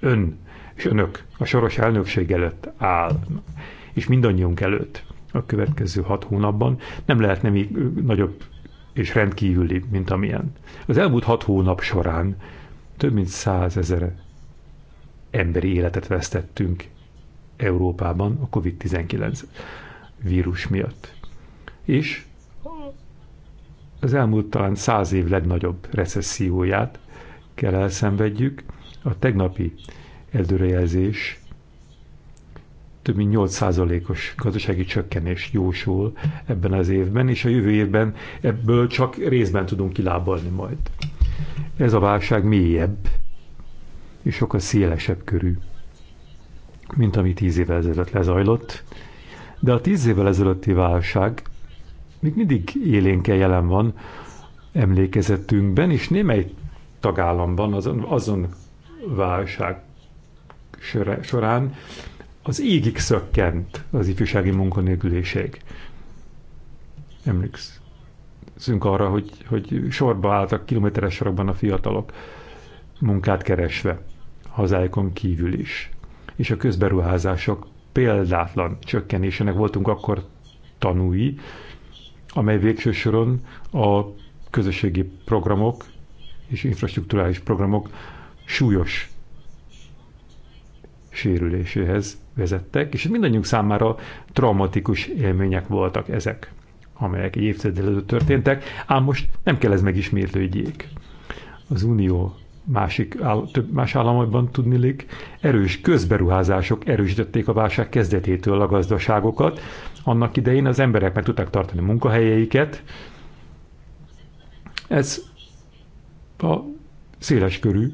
ön és önök a soros elnökség előtt áll, és mindannyiunk előtt, a következő hat hónapban nem lehetne még nagyobb és rendkívüli, mint amilyen. Az elmúlt hat hónap során több mint százezer emberi életet vesztettünk Európában a COVID-19 vírus miatt. És az elmúlt talán száz év legnagyobb recesszióját kell elszenvedjük. A tegnapi előrejelzés több mint 8%-os gazdasági csökkenés jósul ebben az évben, és a jövő évben ebből csak részben tudunk kilábalni majd. Ez a válság mélyebb, és sokkal szélesebb körű, mint ami tíz évvel ezelőtt lezajlott. De a tíz évvel ezelőtti válság még mindig élénke jelen van emlékezetünkben, és némely tagállamban azon, azon válság során az égig szökkent az ifjúsági munkanélküliség. Emlékszünk arra, hogy, hogy sorba álltak kilométeres sorokban a fiatalok munkát keresve, hazájukon kívül is. És a közberuházások példátlan csökkenésének voltunk akkor tanúi, amely végső soron a közösségi programok és infrastruktúrális programok súlyos sérüléséhez vezettek, és mindannyiunk számára traumatikus élmények voltak ezek, amelyek egy évtizeddel előtt történtek, ám most nem kell ez megismétlődjék. Az Unió másik áll, több más államokban tudnilik, erős közberuházások erősítették a válság kezdetétől a gazdaságokat. Annak idején az emberek meg tudták tartani munkahelyeiket. Ez a széleskörű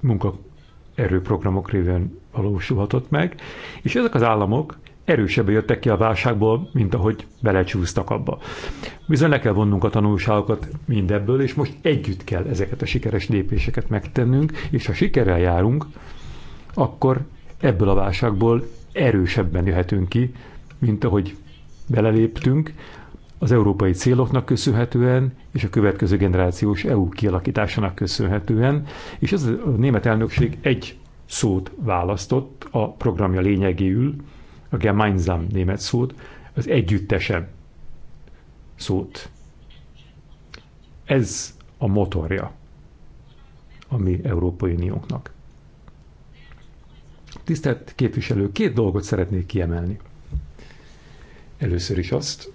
munka erőprogramok révén valósulhatott meg, és ezek az államok erősebben jöttek ki a válságból, mint ahogy belecsúsztak abba. Bizony le kell vonnunk a tanulságokat mindebből, és most együtt kell ezeket a sikeres lépéseket megtennünk, és ha sikerrel járunk, akkor ebből a válságból erősebben jöhetünk ki, mint ahogy beleléptünk, az európai céloknak köszönhetően, és a következő generációs EU kialakításának köszönhetően, és ez a német elnökség egy szót választott a programja lényegéül, a gemeinsam német szót, az együttesen szót. Ez a motorja a mi Európai Uniónknak. Tisztelt képviselő, két dolgot szeretnék kiemelni. Először is azt,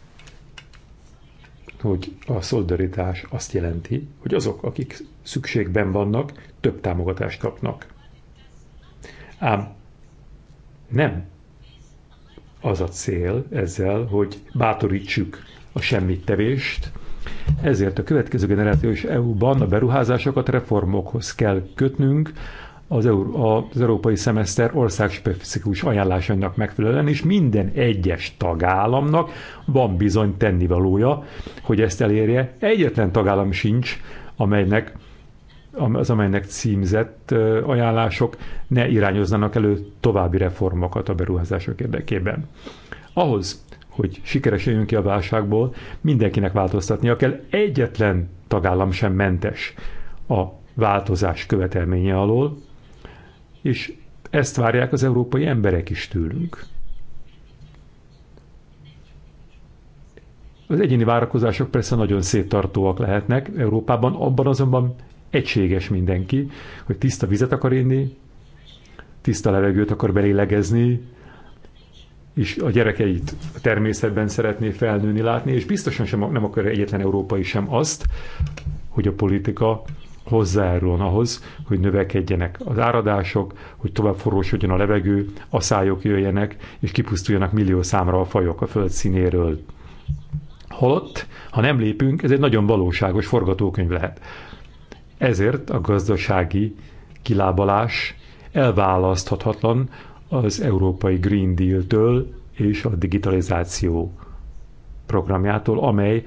hogy a szolidaritás azt jelenti, hogy azok, akik szükségben vannak, több támogatást kapnak. Ám nem az a cél ezzel, hogy bátorítsuk a semmit tevést, ezért a következő generációs EU-ban a beruházásokat reformokhoz kell kötnünk, az, Euró, az európai szemeszter országspecifikus ajánlásainak megfelelően, és minden egyes tagállamnak van bizony tennivalója, hogy ezt elérje. Egyetlen tagállam sincs, amelynek az amelynek címzett ajánlások ne irányoznának elő további reformokat a beruházások érdekében. Ahhoz, hogy sikeres jön ki a válságból, mindenkinek változtatnia kell. Egyetlen tagállam sem mentes a változás követelménye alól, és ezt várják az európai emberek is tőlünk. Az egyéni várakozások persze nagyon széttartóak lehetnek Európában, abban azonban egységes mindenki, hogy tiszta vizet akar inni, tiszta levegőt akar belélegezni, és a gyerekeit a természetben szeretné felnőni, látni, és biztosan sem, nem akar egyetlen európai sem azt, hogy a politika hozzájáruljon ahhoz, hogy növekedjenek az áradások, hogy tovább forrósodjon a levegő, a szájok jöjjenek, és kipusztuljanak millió számra a fajok a föld színéről. Holott, ha nem lépünk, ez egy nagyon valóságos forgatókönyv lehet. Ezért a gazdasági kilábalás elválaszthatatlan az európai Green Deal-től és a digitalizáció programjától, amely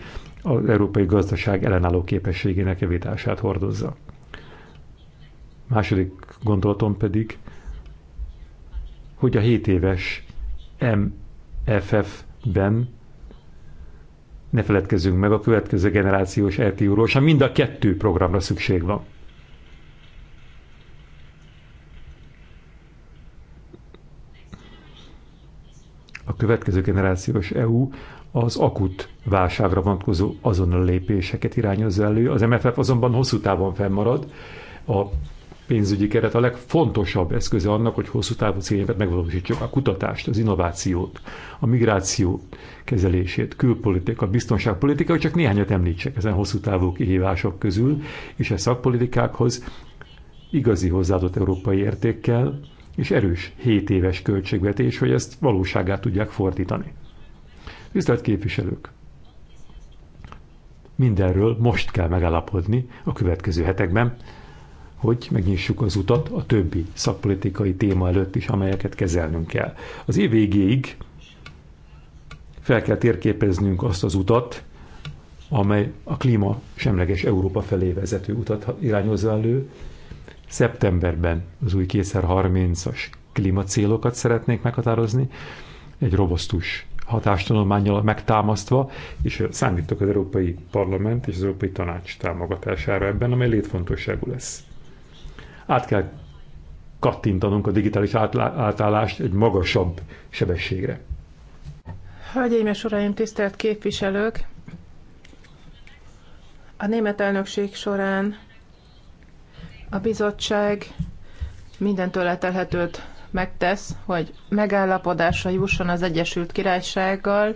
az európai gazdaság ellenálló képességének javítását hordozza. Második gondolatom pedig, hogy a 7 éves MFF-ben ne feledkezzünk meg a következő generációs RTU-ról, e sem mind a kettő programra szükség van. A következő generációs EU az akut válságra vonatkozó azonnal lépéseket irányozza elő. Az MFF azonban hosszú távon fennmarad. A pénzügyi keret a legfontosabb eszköze annak, hogy hosszú távú céljainkat megvalósítsuk. A kutatást, az innovációt, a migráció kezelését, külpolitika, biztonságpolitika, hogy csak néhányat említsek ezen hosszú távú kihívások közül, és a szakpolitikákhoz igazi hozzáadott európai értékkel, és erős 7 éves költségvetés, hogy ezt valóságát tudják fordítani. Tisztelt képviselők! Mindenről most kell megállapodni a következő hetekben, hogy megnyissuk az utat a többi szakpolitikai téma előtt is, amelyeket kezelnünk kell. Az év végéig fel kell térképeznünk azt az utat, amely a klíma semleges Európa felé vezető utat irányozza elő. Szeptemberben az új 2030-as klímacélokat szeretnék meghatározni, egy robosztus hatástanulmányjal megtámasztva, és számítok az Európai Parlament és az Európai Tanács támogatására ebben, amely létfontosságú lesz. Át kell kattintanunk a digitális átállást egy magasabb sebességre. Hölgyeim és uraim, tisztelt képviselők! A német elnökség során a bizottság mindentől letelhetőt megtesz, hogy megállapodásra jusson az Egyesült Királysággal,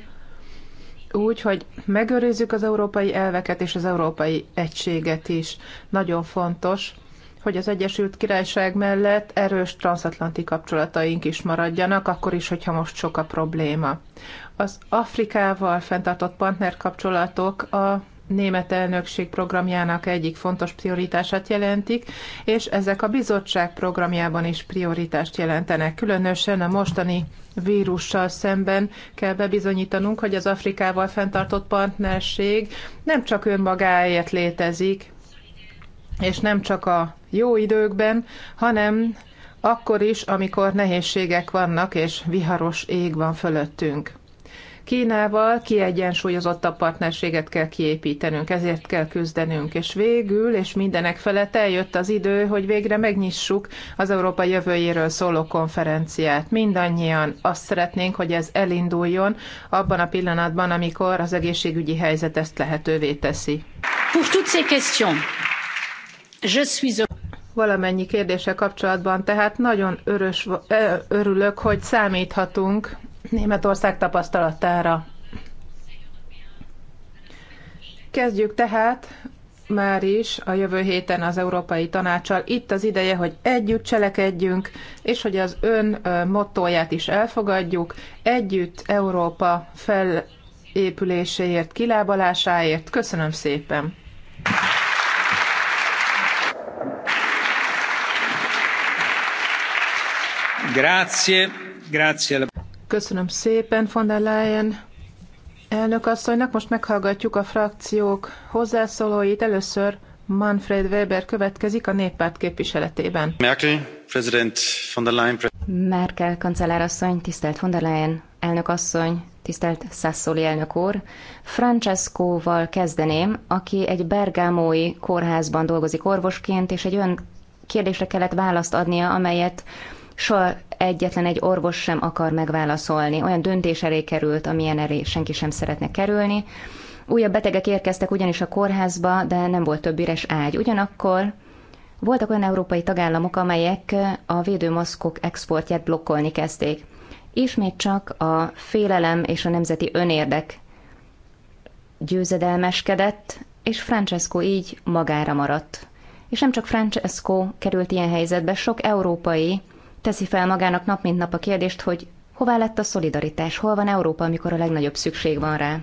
úgy, hogy megőrizzük az európai elveket és az európai egységet is. Nagyon fontos, hogy az Egyesült Királyság mellett erős transatlanti kapcsolataink is maradjanak, akkor is, hogyha most sok a probléma. Az Afrikával fenntartott partnerkapcsolatok a német elnökség programjának egyik fontos prioritását jelentik, és ezek a bizottság programjában is prioritást jelentenek. Különösen a mostani vírussal szemben kell bebizonyítanunk, hogy az Afrikával fenntartott partnerség nem csak önmagáért létezik, és nem csak a jó időkben, hanem akkor is, amikor nehézségek vannak és viharos ég van fölöttünk. Kínával kiegyensúlyozottabb partnerséget kell kiépítenünk, ezért kell küzdenünk. És végül, és mindenek felett eljött az idő, hogy végre megnyissuk az Európa jövőjéről szóló konferenciát. Mindannyian azt szeretnénk, hogy ez elinduljon abban a pillanatban, amikor az egészségügyi helyzet ezt lehetővé teszi. Pour toutes ces questions, je suis valamennyi kérdése kapcsolatban, tehát nagyon örös, örülök, hogy számíthatunk Németország tapasztalatára. Kezdjük tehát már is a jövő héten az Európai Tanácsal. Itt az ideje, hogy együtt cselekedjünk, és hogy az ön mottóját is elfogadjuk. Együtt Európa felépüléséért, kilábalásáért. Köszönöm szépen! Grazie, grazie. Köszönöm szépen, von der Leyen. Elnök asszonynak most meghallgatjuk a frakciók hozzászólóit. Először Manfred Weber következik a néppárt képviseletében. Merkel, President von der Leyen. Merkel kancellárasszony, tisztelt von der Leyen, elnök asszony, tisztelt Sassoli elnök úr. Francescoval kezdeném, aki egy bergámói kórházban dolgozik orvosként, és egy olyan kérdésre kellett választ adnia, amelyet soha egyetlen egy orvos sem akar megválaszolni. Olyan döntés elé került, amilyen elé senki sem szeretne kerülni. Újabb betegek érkeztek ugyanis a kórházba, de nem volt több üres ágy. Ugyanakkor voltak olyan európai tagállamok, amelyek a védőmaszkok exportját blokkolni kezdték. Ismét csak a félelem és a nemzeti önérdek győzedelmeskedett, és Francesco így magára maradt. És nem csak Francesco került ilyen helyzetbe, sok európai teszi fel magának nap mint nap a kérdést, hogy hová lett a szolidaritás, hol van Európa, amikor a legnagyobb szükség van rá.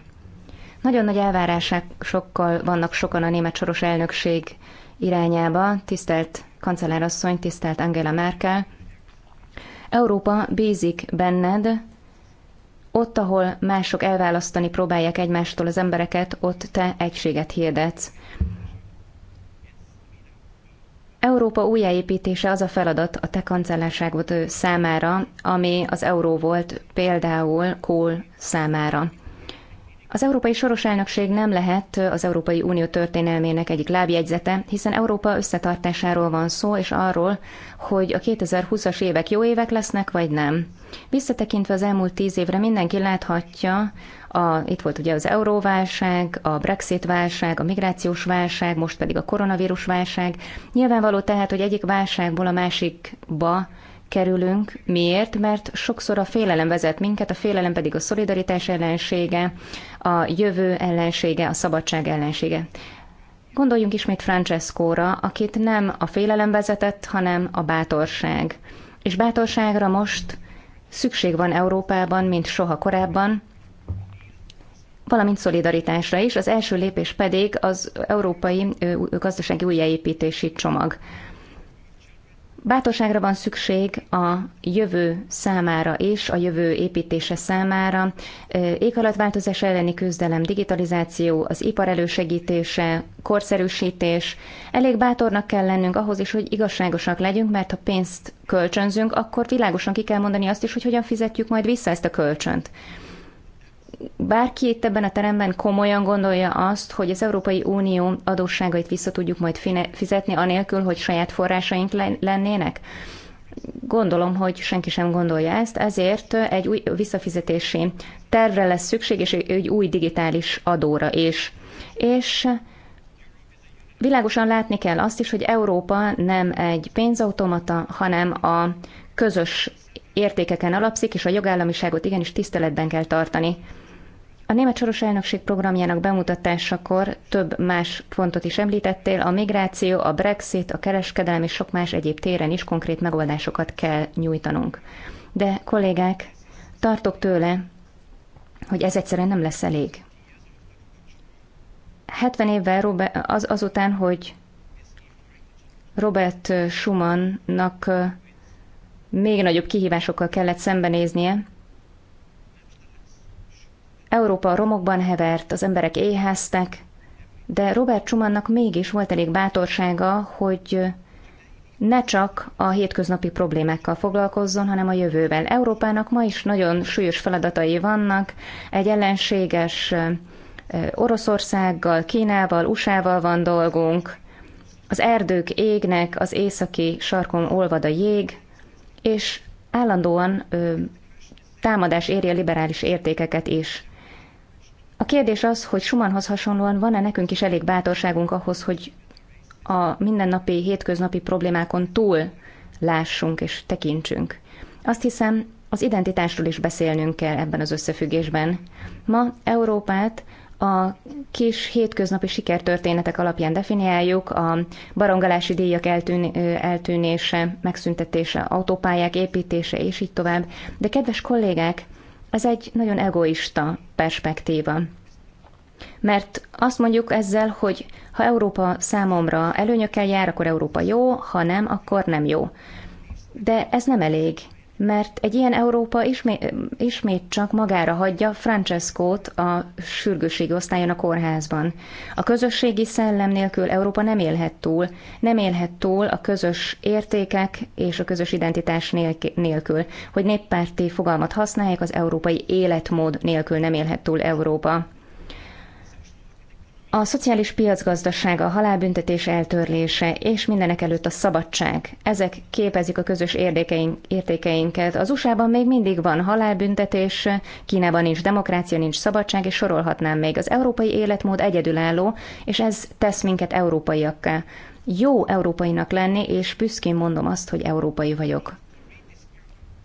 Nagyon nagy sokkal vannak sokan a német soros elnökség irányába, tisztelt kancellárasszony, tisztelt Angela Merkel. Európa bízik benned, ott, ahol mások elválasztani próbálják egymástól az embereket, ott te egységet hirdetsz. Európa újjáépítése az a feladat a te kancellárságot számára, ami az euró volt például Kohl számára. Az Európai Soros Elnökség nem lehet az Európai Unió történelmének egyik lábjegyzete, hiszen Európa összetartásáról van szó, és arról, hogy a 2020-as évek jó évek lesznek, vagy nem. Visszatekintve az elmúlt tíz évre mindenki láthatja, a, itt volt ugye az euróválság, a Brexit válság, a migrációs válság, most pedig a koronavírus válság. Nyilvánvaló tehát, hogy egyik válságból a másikba kerülünk. Miért? Mert sokszor a félelem vezet minket, a félelem pedig a szolidaritás ellensége, a jövő ellensége, a szabadság ellensége. Gondoljunk ismét Francescóra, akit nem a félelem vezetett, hanem a bátorság. És bátorságra most szükség van Európában, mint soha korábban, valamint szolidaritásra is. Az első lépés pedig az európai gazdasági újjáépítési csomag. Bátorságra van szükség a jövő számára és a jövő építése számára. Éghalatváltozás elleni küzdelem, digitalizáció, az ipar elősegítése, korszerűsítés. Elég bátornak kell lennünk ahhoz is, hogy igazságosak legyünk, mert ha pénzt kölcsönzünk, akkor világosan ki kell mondani azt is, hogy hogyan fizetjük majd vissza ezt a kölcsönt bárki itt ebben a teremben komolyan gondolja azt, hogy az Európai Unió adósságait vissza tudjuk majd fizetni, anélkül, hogy saját forrásaink lennének? Gondolom, hogy senki sem gondolja ezt, ezért egy új visszafizetési tervre lesz szükség, és egy új digitális adóra is. És világosan látni kell azt is, hogy Európa nem egy pénzautomata, hanem a közös értékeken alapszik, és a jogállamiságot igenis tiszteletben kell tartani. A német soros elnökség programjának bemutatásakor több más pontot is említettél, a migráció, a Brexit, a kereskedelem és sok más egyéb téren is konkrét megoldásokat kell nyújtanunk. De kollégák, tartok tőle, hogy ez egyszerűen nem lesz elég. 70 évvel Robert, az, azután, hogy Robert Schumannnak még nagyobb kihívásokkal kellett szembenéznie, Európa a romokban hevert, az emberek éheztek, de Robert Schumannnak mégis volt elég bátorsága, hogy ne csak a hétköznapi problémákkal foglalkozzon, hanem a jövővel. Európának ma is nagyon súlyos feladatai vannak, egy ellenséges Oroszországgal, Kínával, USA-val van dolgunk, az erdők égnek, az északi sarkon olvad a jég, és állandóan ö, támadás éri a liberális értékeket is. A kérdés az, hogy Schumannhoz hasonlóan van-e nekünk is elég bátorságunk ahhoz, hogy a mindennapi, hétköznapi problémákon túl lássunk és tekintsünk. Azt hiszem, az identitásról is beszélnünk kell ebben az összefüggésben. Ma Európát a kis hétköznapi sikertörténetek alapján definiáljuk, a barongalási díjak eltűn, eltűnése, megszüntetése, autópályák építése és így tovább. De kedves kollégák, ez egy nagyon egoista perspektíva. Mert azt mondjuk ezzel, hogy ha Európa számomra előnyökkel jár, akkor Európa jó, ha nem, akkor nem jó. De ez nem elég mert egy ilyen Európa ismét, ismét csak magára hagyja Francescót a sürgőségi osztályon a kórházban. A közösségi szellem nélkül Európa nem élhet túl, nem élhet túl a közös értékek és a közös identitás nélkül. Hogy néppárti fogalmat használják, az európai életmód nélkül nem élhet túl Európa. A szociális piacgazdaság, a halálbüntetés eltörlése és mindenek előtt a szabadság, ezek képezik a közös érdekeink, értékeinket. Az USA-ban még mindig van halálbüntetés, Kínában nincs demokrácia, nincs szabadság, és sorolhatnám még. Az európai életmód egyedülálló, és ez tesz minket európaiakká. Jó európainak lenni, és büszkén mondom azt, hogy európai vagyok.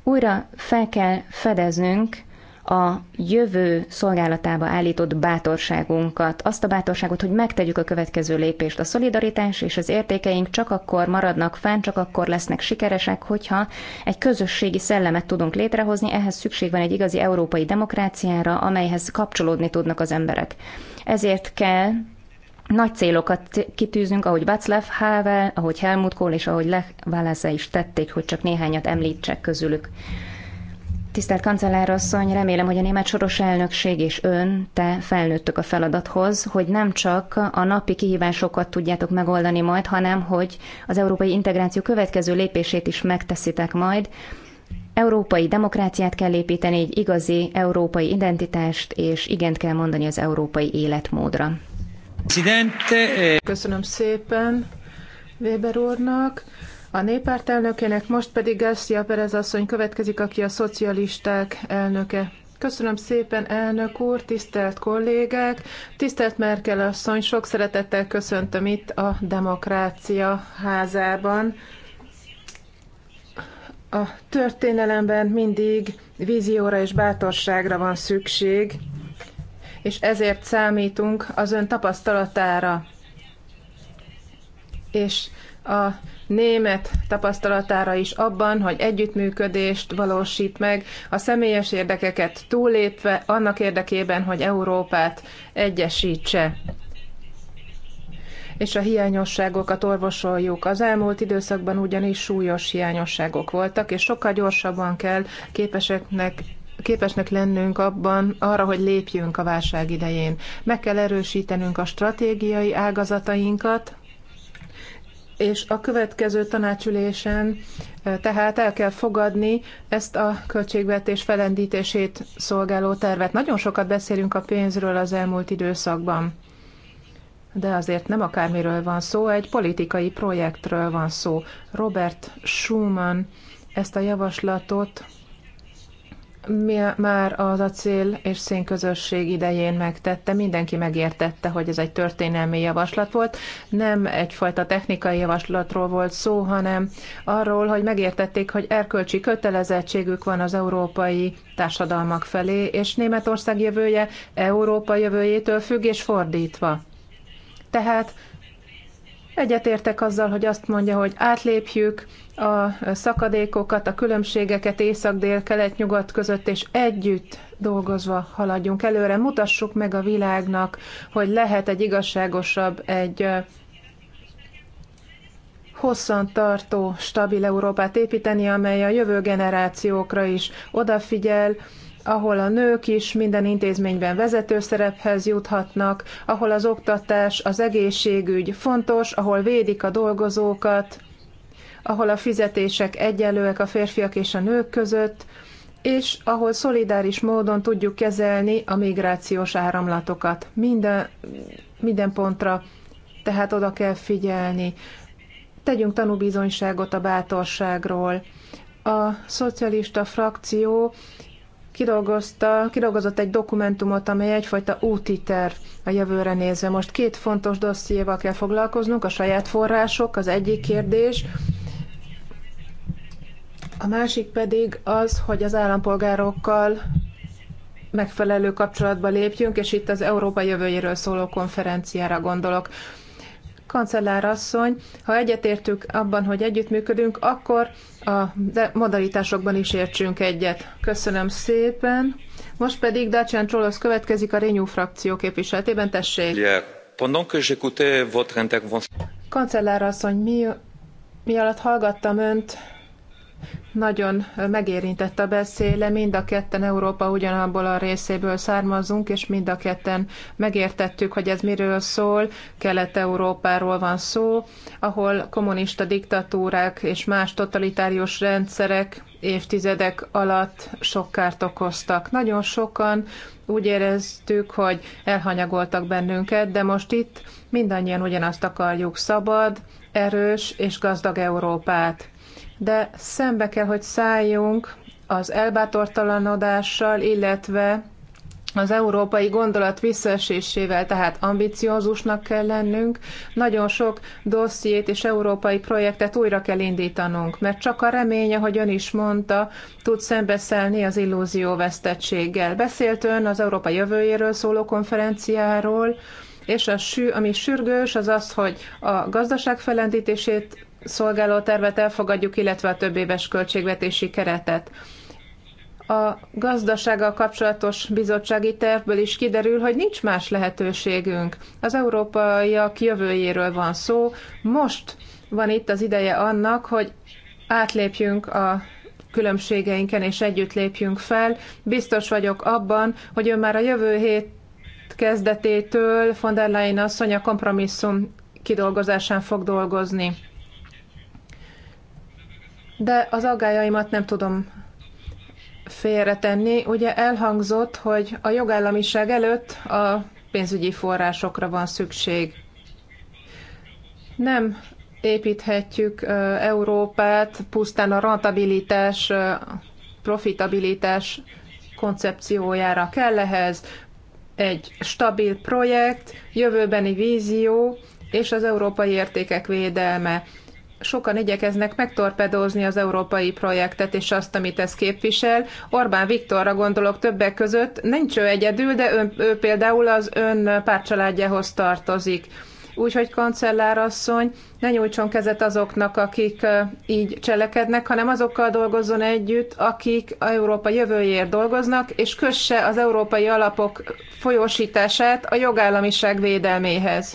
Újra fel kell fedeznünk, a jövő szolgálatába állított bátorságunkat, azt a bátorságot, hogy megtegyük a következő lépést. A szolidaritás és az értékeink csak akkor maradnak fenn, csak akkor lesznek sikeresek, hogyha egy közösségi szellemet tudunk létrehozni, ehhez szükség van egy igazi európai demokráciára, amelyhez kapcsolódni tudnak az emberek. Ezért kell nagy célokat kitűzünk, ahogy Václav Havel, ahogy Helmut Kohl és ahogy Lech Walesa is tették, hogy csak néhányat említsek közülük. Tisztelt kancellárasszony, remélem, hogy a német soros elnökség és ön, te felnőttök a feladathoz, hogy nem csak a napi kihívásokat tudjátok megoldani majd, hanem hogy az európai integráció következő lépését is megteszitek majd. Európai demokráciát kell építeni, egy igazi európai identitást, és igent kell mondani az európai életmódra. Eh, Köszönöm szépen Weber úrnak a néppárt elnökének, most pedig Garcia Perez asszony következik, aki a szocialisták elnöke. Köszönöm szépen, elnök úr, tisztelt kollégák, tisztelt Merkel asszony, sok szeretettel köszöntöm itt a Demokrácia házában. A történelemben mindig vízióra és bátorságra van szükség, és ezért számítunk az ön tapasztalatára. És a német tapasztalatára is abban, hogy együttműködést valósít meg a személyes érdekeket túlépve annak érdekében, hogy Európát egyesítse és a hiányosságokat orvosoljuk. Az elmúlt időszakban ugyanis súlyos hiányosságok voltak, és sokkal gyorsabban kell képeseknek képesnek lennünk abban arra, hogy lépjünk a válság idején. Meg kell erősítenünk a stratégiai ágazatainkat, és a következő tanácsülésen tehát el kell fogadni ezt a költségvetés felendítését szolgáló tervet. Nagyon sokat beszélünk a pénzről az elmúlt időszakban, de azért nem akármiről van szó, egy politikai projektről van szó. Robert Schumann ezt a javaslatot mi már az acél és közösség idején megtette, mindenki megértette, hogy ez egy történelmi javaslat volt. Nem egyfajta technikai javaslatról volt szó, hanem arról, hogy megértették, hogy erkölcsi kötelezettségük van az európai társadalmak felé, és Németország jövője Európa jövőjétől függ és fordítva. Tehát Egyetértek azzal, hogy azt mondja, hogy átlépjük a szakadékokat, a különbségeket észak-dél, kelet-nyugat között, és együtt dolgozva haladjunk előre. Mutassuk meg a világnak, hogy lehet egy igazságosabb, egy hosszan tartó, stabil Európát építeni, amely a jövő generációkra is odafigyel, ahol a nők is minden intézményben vezető szerephez juthatnak, ahol az oktatás, az egészségügy fontos, ahol védik a dolgozókat, ahol a fizetések egyenlőek a férfiak és a nők között, és ahol szolidáris módon tudjuk kezelni a migrációs áramlatokat. Minden, minden pontra tehát oda kell figyelni. Tegyünk tanúbizonyságot a bátorságról. A szocialista frakció kidolgozta, kidolgozott egy dokumentumot, amely egyfajta úti terv a jövőre nézve. Most két fontos dossziéval kell foglalkoznunk, a saját források, az egyik kérdés, a másik pedig az, hogy az állampolgárokkal megfelelő kapcsolatba lépjünk, és itt az Európa jövőjéről szóló konferenciára gondolok. Kancellár asszony, ha egyetértünk abban, hogy együttműködünk, akkor a modalitásokban is értsünk egyet. Köszönöm szépen. Most pedig Dacian Csolosz következik a Renew frakció képviseletében. Tessék! Yeah. Kancellár asszony, mi, mi alatt hallgattam önt, nagyon megérintett a beszéle, mind a ketten Európa ugyanabból a részéből származunk, és mind a ketten megértettük, hogy ez miről szól, Kelet-Európáról van szó, ahol kommunista diktatúrák és más totalitárius rendszerek évtizedek alatt sok kárt okoztak. Nagyon sokan úgy éreztük, hogy elhanyagoltak bennünket, de most itt mindannyian ugyanazt akarjuk, szabad, erős és gazdag Európát de szembe kell, hogy szálljunk az elbátortalanodással, illetve az európai gondolat visszaesésével, tehát ambiciózusnak kell lennünk, nagyon sok dossziét és európai projektet újra kell indítanunk, mert csak a reménye, hogy ön is mondta, tud szembeszállni az illúzió vesztettséggel. Beszélt ön az Európa jövőjéről szóló konferenciáról, és a sű, ami sürgős, az az, hogy a gazdaság felendítését szolgáló elfogadjuk, illetve a több éves költségvetési keretet. A gazdasággal kapcsolatos bizottsági tervből is kiderül, hogy nincs más lehetőségünk. Az európaiak jövőjéről van szó. Most van itt az ideje annak, hogy átlépjünk a különbségeinken és együtt lépjünk fel. Biztos vagyok abban, hogy ön már a jövő hét kezdetétől von der Leyen asszony a kompromisszum kidolgozásán fog dolgozni de az aggájaimat nem tudom félretenni. Ugye elhangzott, hogy a jogállamiság előtt a pénzügyi forrásokra van szükség. Nem építhetjük Európát pusztán a rentabilitás, profitabilitás koncepciójára kell ehhez egy stabil projekt, jövőbeni vízió és az európai értékek védelme sokan igyekeznek megtorpedózni az európai projektet és azt, amit ez képvisel. Orbán Viktorra gondolok többek között, nincs ő egyedül, de ön, ő például az ön pártcsaládjához tartozik. Úgyhogy kancellárasszony, ne nyújtson kezet azoknak, akik így cselekednek, hanem azokkal dolgozzon együtt, akik a Európa jövőjéért dolgoznak, és kösse az európai alapok folyósítását a jogállamiság védelméhez.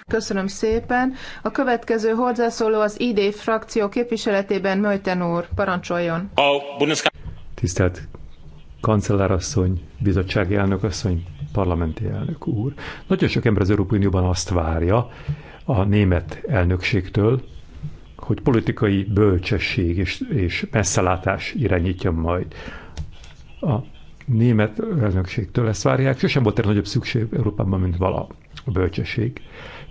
Köszönöm szépen. A következő hozzászóló az ID frakció képviseletében Möjten úr. Parancsoljon. Tisztelt kancellárasszony, bizottsági elnökasszony, parlamenti elnök úr. Nagyon sok ember az Európai Unióban azt várja a német elnökségtől, hogy politikai bölcsesség és, és messzelátás irányítja majd a német elnökségtől ezt várják. Sosem volt egy nagyobb szükség Európában, mint vala a bölcsesség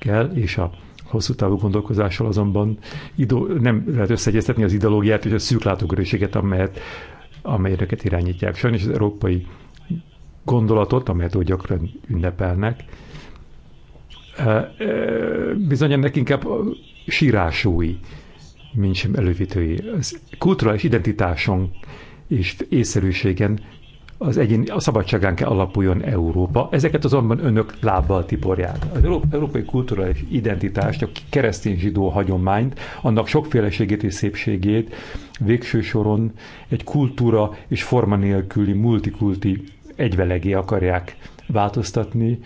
kell, és a hosszú távú gondolkozással azonban idó, nem lehet összeegyeztetni az ideológiát és a szűklátókörűséget, amelyet, amelyeket irányítják. Sajnos az európai gondolatot, amelyet úgy gyakran ünnepelnek, e, e, bizony ennek inkább sírásúi, mint sem elővitői. Az kulturális identitáson és észszerűségen az egyén, a szabadságán kell alapuljon Európa. Ezeket azonban önök lábbal tiporják. Az európai kulturális identitást, a keresztény zsidó hagyományt, annak sokféleségét és szépségét végső soron egy kultúra és forma nélküli multikulti egyvelegé akarják változtatni,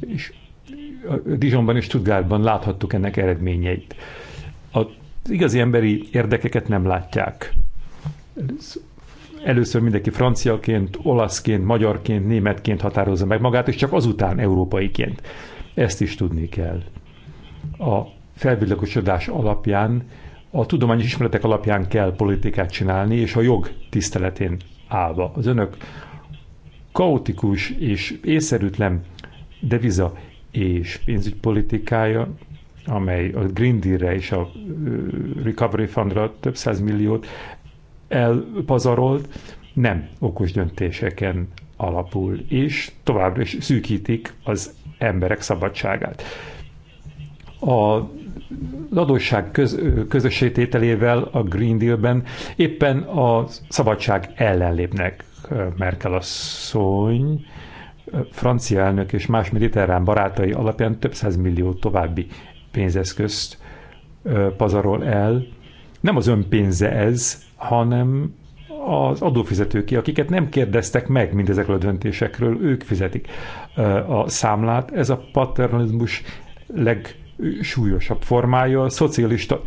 és Dijonban és Stuttgartban láthattuk ennek eredményeit. Az igazi emberi érdekeket nem látják először mindenki franciaként, olaszként, magyarként, németként határozza meg magát, és csak azután európaiként. Ezt is tudni kell. A felvilágosodás alapján, a tudományos ismeretek alapján kell politikát csinálni, és a jog tiszteletén állva. Az önök kaotikus és észszerűtlen deviza és pénzügypolitikája, amely a Green Deal-re és a Recovery Fundra több száz milliót elpazarolt, nem okos döntéseken alapul, és továbbra is szűkítik az emberek szabadságát. A adósság köz, közösségtételével a Green Deal-ben éppen a szabadság ellen lépnek Merkel asszony, francia elnök és más mediterrán barátai alapján több millió további pénzeszközt pazarol el. Nem az önpénze ez, hanem az adófizetőké, akiket nem kérdeztek meg mindezekről a döntésekről, ők fizetik a számlát. Ez a paternalizmus legsúlyosabb formája, a szocialista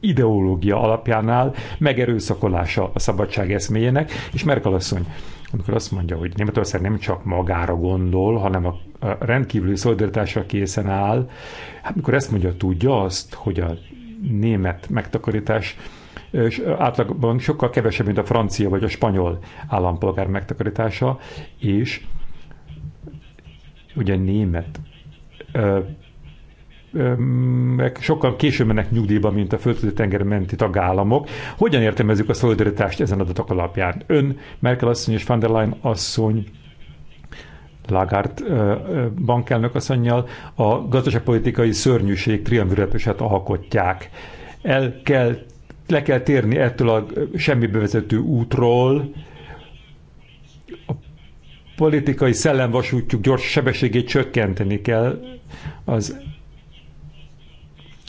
ideológia alapjánál megerőszakolása a szabadság eszméjének, és Merkel asszony, amikor azt mondja, hogy Németország nem csak magára gondol, hanem a rendkívüli szolidaritásra készen áll, hát mikor ezt mondja, tudja azt, hogy a német megtakarítás és átlagban sokkal kevesebb, mint a francia vagy a spanyol állampolgár megtakarítása, és ugye német meg sokkal később mennek nyugdíjba, mint a földközi tenger menti tagállamok. Hogyan értelmezzük a szolidaritást ezen adatok alapján? Ön, Merkel asszony és van der Leyen asszony Lagart bankelnök asszonynal a gazdaságpolitikai szörnyűség triumvirátusát alkotják. El kell le kell térni ettől a semmibe vezető útról, a politikai szellemvasútjuk gyors sebességét csökkenteni kell, az,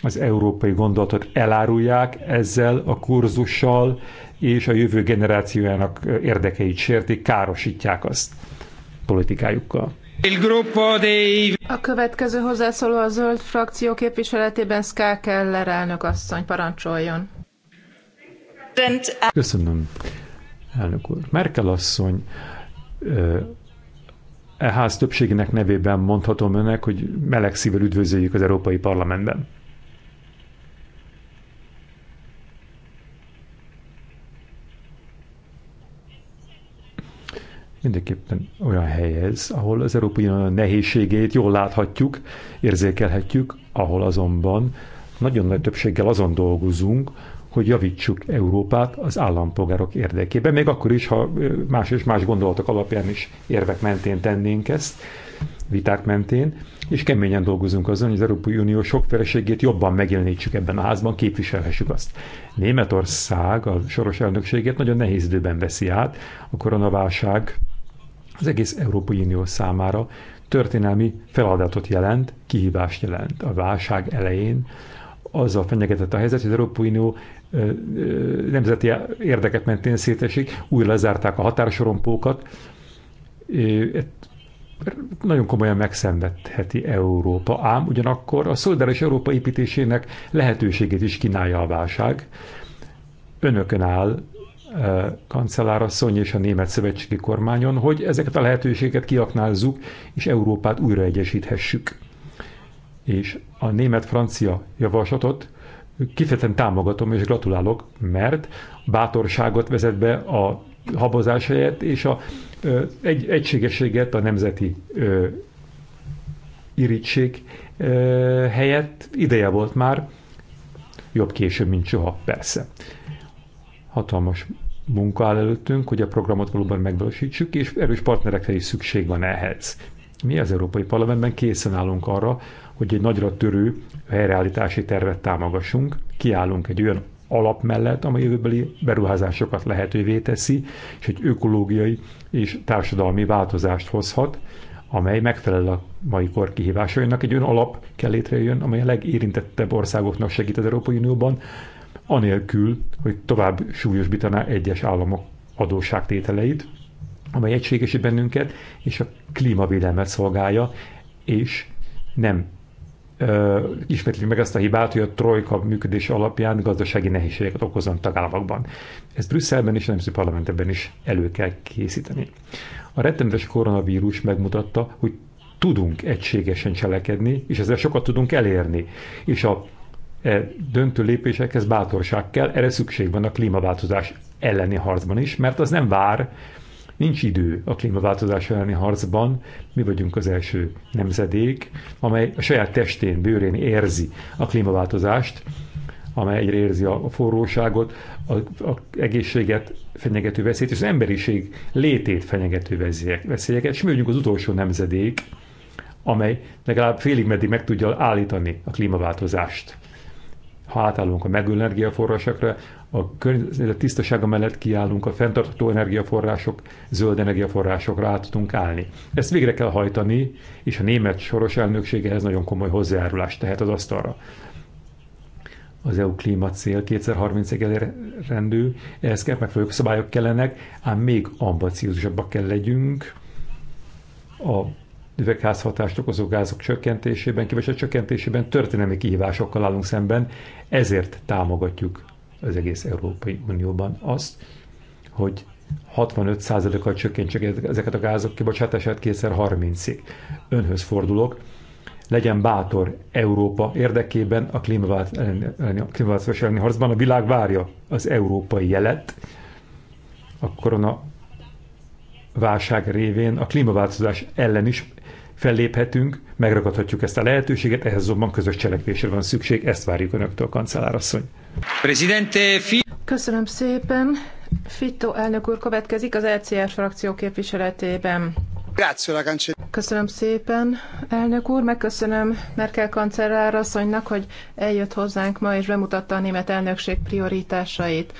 az európai gondolatot elárulják ezzel a kurzussal, és a jövő generációjának érdekeit sértik, károsítják azt politikájukkal. A következő hozzászóló a zöld frakció képviseletében Ská Keller elnök asszony parancsoljon. Uh, Köszönöm, elnök úr. Merkel asszony, e ház többségének nevében mondhatom önnek, hogy meleg szívvel üdvözöljük az Európai Parlamentben. mindenképpen olyan hely ez, ahol az Európai Unió nehézségét jól láthatjuk, érzékelhetjük, ahol azonban nagyon nagy többséggel azon dolgozunk, hogy javítsuk Európát az állampolgárok érdekében, még akkor is, ha más és más gondolatok alapján is érvek mentén tennénk ezt, viták mentén, és keményen dolgozunk azon, hogy az Európai Unió sokféleségét jobban megjelenítsük ebben a házban, képviselhessük azt. Németország a soros elnökségét nagyon nehéz időben veszi át, a koronaválság az egész Európai Unió számára történelmi feladatot jelent, kihívást jelent. A válság elején azzal fenyegetett a helyzet, hogy az Európai Unió nemzeti érdeket mentén szétesik, újra lezárták a határsorompókat. Nagyon komolyan megszenvedheti Európa, ám ugyanakkor a szolidáris Európa építésének lehetőségét is kínálja a válság. Önökön áll kancellárasszony és a német szövetségi kormányon, hogy ezeket a lehetőséget kiaknázzuk, és Európát újraegyesíthessük. És a német-francia javaslatot kifejezetten támogatom és gratulálok, mert bátorságot vezet be a habozás helyett, és a egy, egységességet a nemzeti ö, irítség ö, helyett ideje volt már, jobb később, mint soha, persze. Hatalmas munka áll előttünk, hogy a programot valóban megvalósítsuk, és erős partnerekre is szükség van ehhez. Mi az Európai Parlamentben készen állunk arra, hogy egy nagyra törő helyreállítási tervet támogassunk, kiállunk egy olyan alap mellett, amely jövőbeli beruházásokat lehetővé teszi, és egy ökológiai és társadalmi változást hozhat, amely megfelel a mai kor kihívásainak. Egy olyan alap kell létrejön, amely a legérintettebb országoknak segít az Európai Unióban, anélkül, hogy tovább súlyosbítaná egyes államok adósságtételeit, amely egységesít bennünket, és a klímavédelmet szolgálja, és nem ismétli meg ezt a hibát, hogy a trojka működés alapján gazdasági nehézségeket okozott tagállamokban. Ezt Brüsszelben és a Nemzeti Parlamentben is elő kell készíteni. A rettenetes koronavírus megmutatta, hogy tudunk egységesen cselekedni, és ezzel sokat tudunk elérni. És a e, döntő lépésekhez bátorság kell, erre szükség van a klímaváltozás elleni harcban is, mert az nem vár, Nincs idő a klímaváltozás elleni harcban, mi vagyunk az első nemzedék, amely a saját testén, bőrén érzi a klímaváltozást, amely egyre érzi a forróságot, a, a egészséget fenyegető veszélyt, és az emberiség létét fenyegető veszélyeket, és mi vagyunk az utolsó nemzedék, amely legalább félig meddig meg tudja állítani a klímaváltozást. Ha átállunk a megújuló energiaforrásokra, a környezet tisztasága mellett kiállunk, a fenntartható energiaforrások, zöld energiaforrásokra át tudunk állni. Ezt végre kell hajtani, és a német soros elnöksége ehhez nagyon komoly hozzájárulást tehet az asztalra. Az EU cél 2030-ig elérendő, ehhez kell megfelelő szabályok kellenek, ám még ambiciózusabbak kell legyünk a üvegházhatást okozó gázok csökkentésében, kivese csökkentésében történelmi kihívásokkal állunk szemben, ezért támogatjuk az egész Európai Unióban azt, hogy 65%-kal csökkentsük ezeket a gázok kibocsátását 2030-ig. Önhöz fordulok, legyen bátor Európa érdekében a klímaváltozás elleni harcban. A világ várja az európai jelet, a korona válság révén a klímaváltozás ellen is felléphetünk, megragadhatjuk ezt a lehetőséget, ehhez azonban közös cselekvésre van szükség, ezt várjuk Önöktől, kancellárasszony. Köszönöm szépen. Fitto elnök úr következik az LCR e frakció képviseletében. Köszönöm szépen, elnök úr, megköszönöm Merkel kancellár asszonynak, hogy eljött hozzánk ma és bemutatta a német elnökség prioritásait.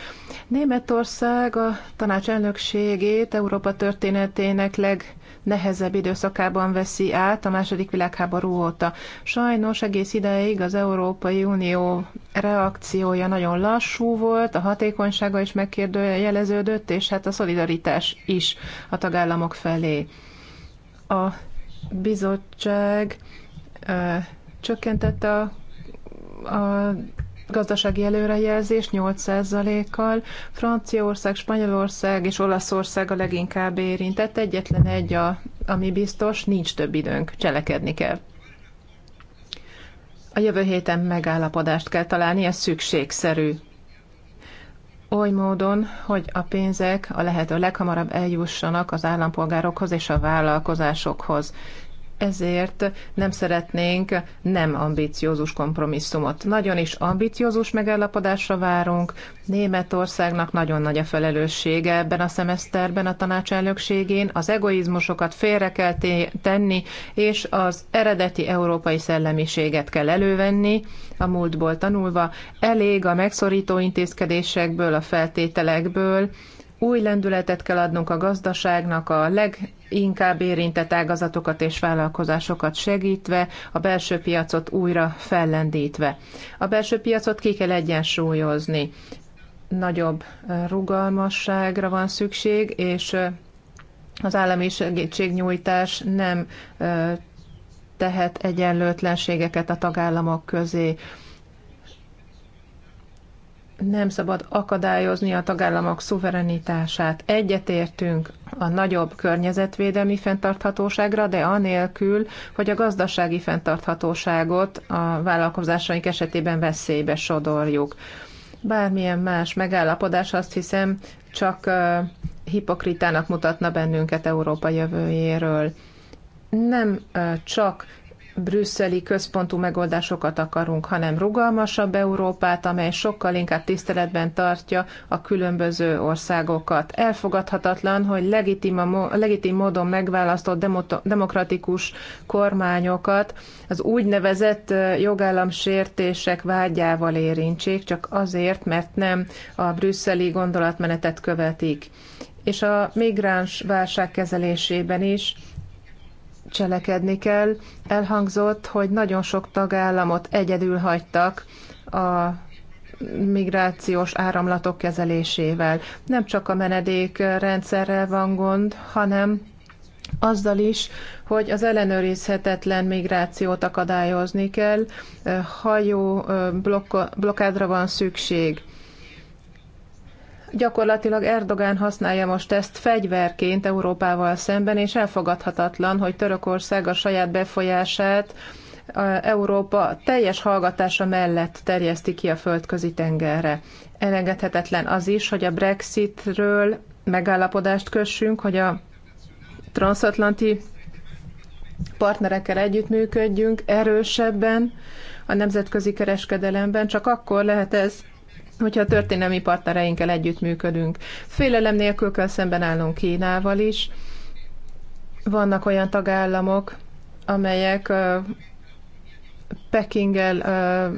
Németország a tanács elnökségét Európa történetének leg nehezebb időszakában veszi át a második világháború óta. Sajnos egész ideig az Európai Unió reakciója nagyon lassú volt, a hatékonysága is megkérdőjeleződött, és hát a szolidaritás is a tagállamok felé. A bizottság csökkentette a, a gazdasági előrejelzést 8%-kal, Franciaország, Spanyolország és Olaszország a leginkább érintett, egyetlen egy, a, ami biztos, nincs több időnk, cselekedni kell. A jövő héten megállapodást kell találni, ez szükségszerű oly módon, hogy a pénzek a lehető leghamarabb eljussanak az állampolgárokhoz és a vállalkozásokhoz ezért nem szeretnénk nem ambiciózus kompromisszumot. Nagyon is ambiciózus megállapodásra várunk. Németországnak nagyon nagy a felelőssége ebben a szemeszterben a tanács Az egoizmusokat félre kell tenni, és az eredeti európai szellemiséget kell elővenni, a múltból tanulva. Elég a megszorító intézkedésekből, a feltételekből, új lendületet kell adnunk a gazdaságnak, a leginkább érintett ágazatokat és vállalkozásokat segítve, a belső piacot újra fellendítve. A belső piacot ki kell egyensúlyozni. Nagyobb rugalmasságra van szükség, és az állami segítségnyújtás nem tehet egyenlőtlenségeket a tagállamok közé nem szabad akadályozni a tagállamok szuverenitását. Egyetértünk a nagyobb környezetvédelmi fenntarthatóságra, de anélkül, hogy a gazdasági fenntarthatóságot a vállalkozásaink esetében veszélybe sodorjuk. Bármilyen más megállapodás azt hiszem csak hipokritának mutatna bennünket Európa jövőjéről. Nem csak brüsszeli központú megoldásokat akarunk, hanem rugalmasabb Európát, amely sokkal inkább tiszteletben tartja a különböző országokat. Elfogadhatatlan, hogy legitim, legitim módon megválasztott demokratikus kormányokat az úgynevezett jogállamsértések vágyával érintsék, csak azért, mert nem a brüsszeli gondolatmenetet követik. És a migráns válság kezelésében is cselekedni kell. Elhangzott, hogy nagyon sok tagállamot egyedül hagytak a migrációs áramlatok kezelésével. Nem csak a menedék rendszerrel van gond, hanem azzal is, hogy az ellenőrizhetetlen migrációt akadályozni kell, hajó blokkádra van szükség. Gyakorlatilag Erdogán használja most ezt fegyverként Európával szemben, és elfogadhatatlan, hogy Törökország a saját befolyását Európa teljes hallgatása mellett terjeszti ki a földközi tengerre. Elengedhetetlen az is, hogy a Brexitről megállapodást kössünk, hogy a transatlanti partnerekkel együttműködjünk erősebben a nemzetközi kereskedelemben. Csak akkor lehet ez hogyha a történelmi partnereinkkel együttműködünk. Félelem nélkül kell szembenállnunk Kínával is. Vannak olyan tagállamok, amelyek uh, Pekinggel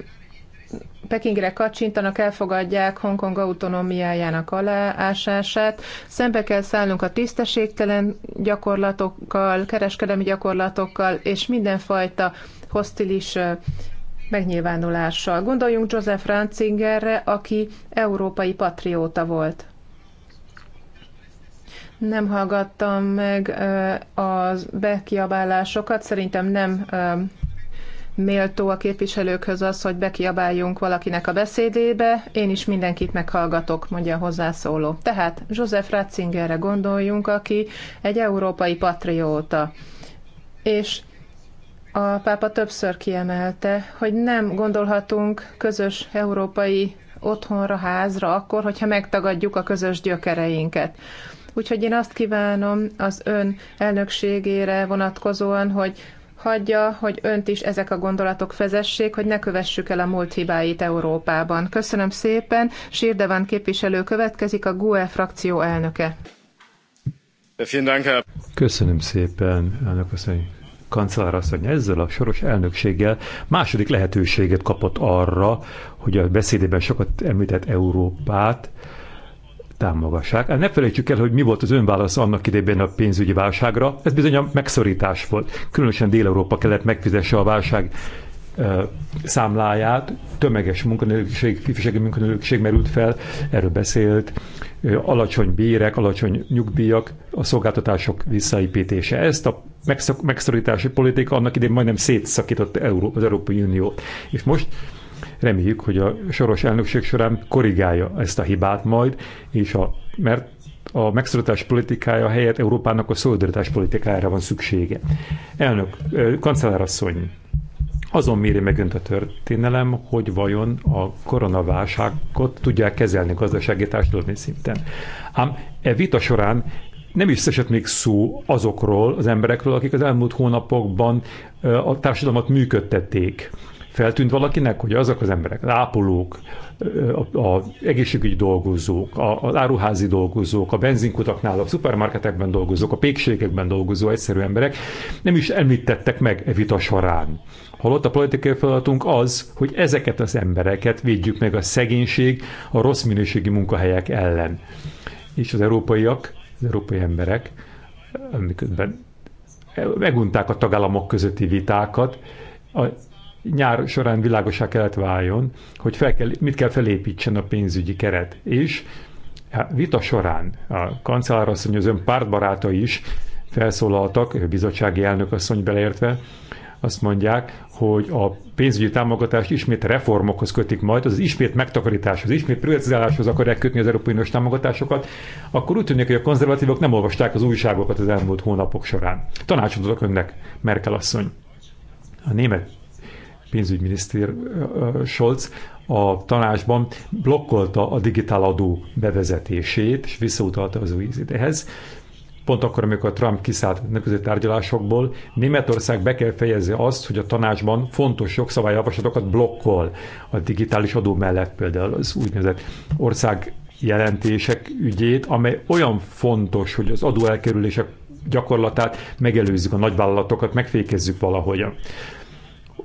Pekingre kacsintanak, elfogadják Hongkong autonómiájának aláásását. Szembe kell szállnunk a tisztességtelen gyakorlatokkal, kereskedelmi gyakorlatokkal és mindenfajta hostilis megnyilvánulással. Gondoljunk Joseph Ranzingerre, aki európai patrióta volt. Nem hallgattam meg a bekiabálásokat, szerintem nem méltó a képviselőkhöz az, hogy bekiabáljunk valakinek a beszédébe, én is mindenkit meghallgatok, mondja a hozzászóló. Tehát Joseph Ratzingerre gondoljunk, aki egy európai patrióta. És a pápa többször kiemelte, hogy nem gondolhatunk közös európai otthonra, házra akkor, hogyha megtagadjuk a közös gyökereinket. Úgyhogy én azt kívánom az ön elnökségére vonatkozóan, hogy hagyja, hogy önt is ezek a gondolatok fezessék, hogy ne kövessük el a múlt hibáit Európában. Köszönöm szépen. Sirdevan képviselő következik, a GUE frakció elnöke. Köszönöm szépen, elnök asszony kancellárasszony ezzel a soros elnökséggel második lehetőséget kapott arra, hogy a beszédében sokat említett Európát támogassák. Hát ne felejtsük el, hogy mi volt az önválasz annak idején a pénzügyi válságra. Ez bizony a megszorítás volt. Különösen Dél-Európa kellett megfizesse a válság számláját, tömeges munkanőrökség, ifjúsági munkanőrökség merült fel, erről beszélt, alacsony bérek, alacsony nyugdíjak, a szolgáltatások visszaépítése. Ezt a megszak, megszorítási politika annak idén majdnem szétszakított Euró, az Európai Uniót. És most reméljük, hogy a soros elnökség során korrigálja ezt a hibát majd, és a, mert a megszorítás politikája helyett Európának a szolidaritás politikájára van szüksége. Elnök, kancellárasszony, azon méri meg önt a történelem, hogy vajon a koronaválságot tudják kezelni gazdasági társadalmi szinten. Ám e vita során nem is esett még szó azokról az emberekről, akik az elmúlt hónapokban a társadalmat működtették. Feltűnt valakinek, hogy azok az emberek, az ápolók, az egészségügyi dolgozók, az áruházi dolgozók, a benzinkutaknál, a szupermarketekben dolgozók, a pékségekben dolgozó egyszerű emberek nem is említettek meg e vita során. Holott a politikai feladatunk az, hogy ezeket az embereket védjük meg a szegénység, a rossz minőségi munkahelyek ellen. És az európaiak az európai emberek, amiközben megunták a tagállamok közötti vitákat, a nyár során világosá kellett váljon, hogy fel kell, mit kell felépítsen a pénzügyi keret. És a vita során a kancellárasszony, az ön pártbarátai is felszólaltak, bizottsági elnök asszony beleértve, azt mondják, hogy a pénzügyi támogatást ismét reformokhoz kötik majd, az ismét megtakarításhoz, ismét privatizáláshoz akarják kötni az Európai Uniós támogatásokat, akkor úgy tűnik, hogy a konzervatívok nem olvasták az újságokat az elmúlt hónapok során. Tanácsot önnek, Merkel asszony. A német pénzügyminiszter Scholz a tanácsban blokkolta a digitál adó bevezetését, és visszautalta az új ehhez pont akkor, amikor Trump kiszállt nemzeti tárgyalásokból, Németország be kell fejezi azt, hogy a tanácsban fontos jogszabályjavaslatokat blokkol a digitális adó mellett például az úgynevezett ország jelentések ügyét, amely olyan fontos, hogy az adó elkerülések gyakorlatát megelőzzük, a nagyvállalatokat megfékezzük valahogyan.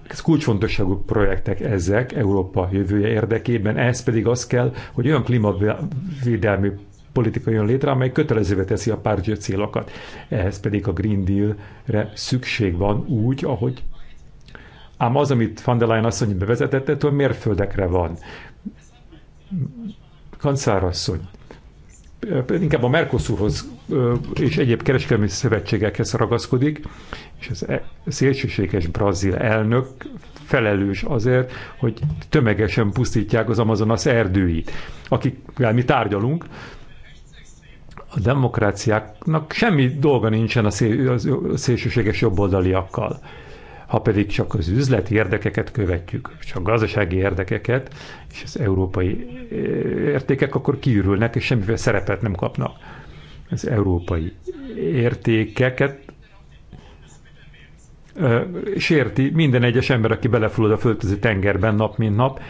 Ez kulcsfontosságú projektek ezek Európa jövője érdekében, ehhez pedig az kell, hogy olyan klímavédelmi politika jön létre, amely kötelezővé teszi a pártja célokat. Ehhez pedig a Green Deal-re szükség van úgy, ahogy Ám az, amit van der Leyen asszony bevezetett, ettől mérföldekre van. Kancár asszony, inkább a Mercosurhoz és egyéb kereskedelmi szövetségekhez ragaszkodik, és az e- szélsőséges brazil elnök felelős azért, hogy tömegesen pusztítják az Amazonas erdőit, akikkel mi tárgyalunk, a demokráciáknak semmi dolga nincsen a, szélsőséges jobboldaliakkal. Ha pedig csak az üzleti érdekeket követjük, csak gazdasági érdekeket, és az európai eh, értékek, akkor kiürülnek, és semmiféle szerepet nem kapnak. Az európai értékeket eh, sérti minden egyes ember, aki belefullad a földközi tengerben nap mint nap,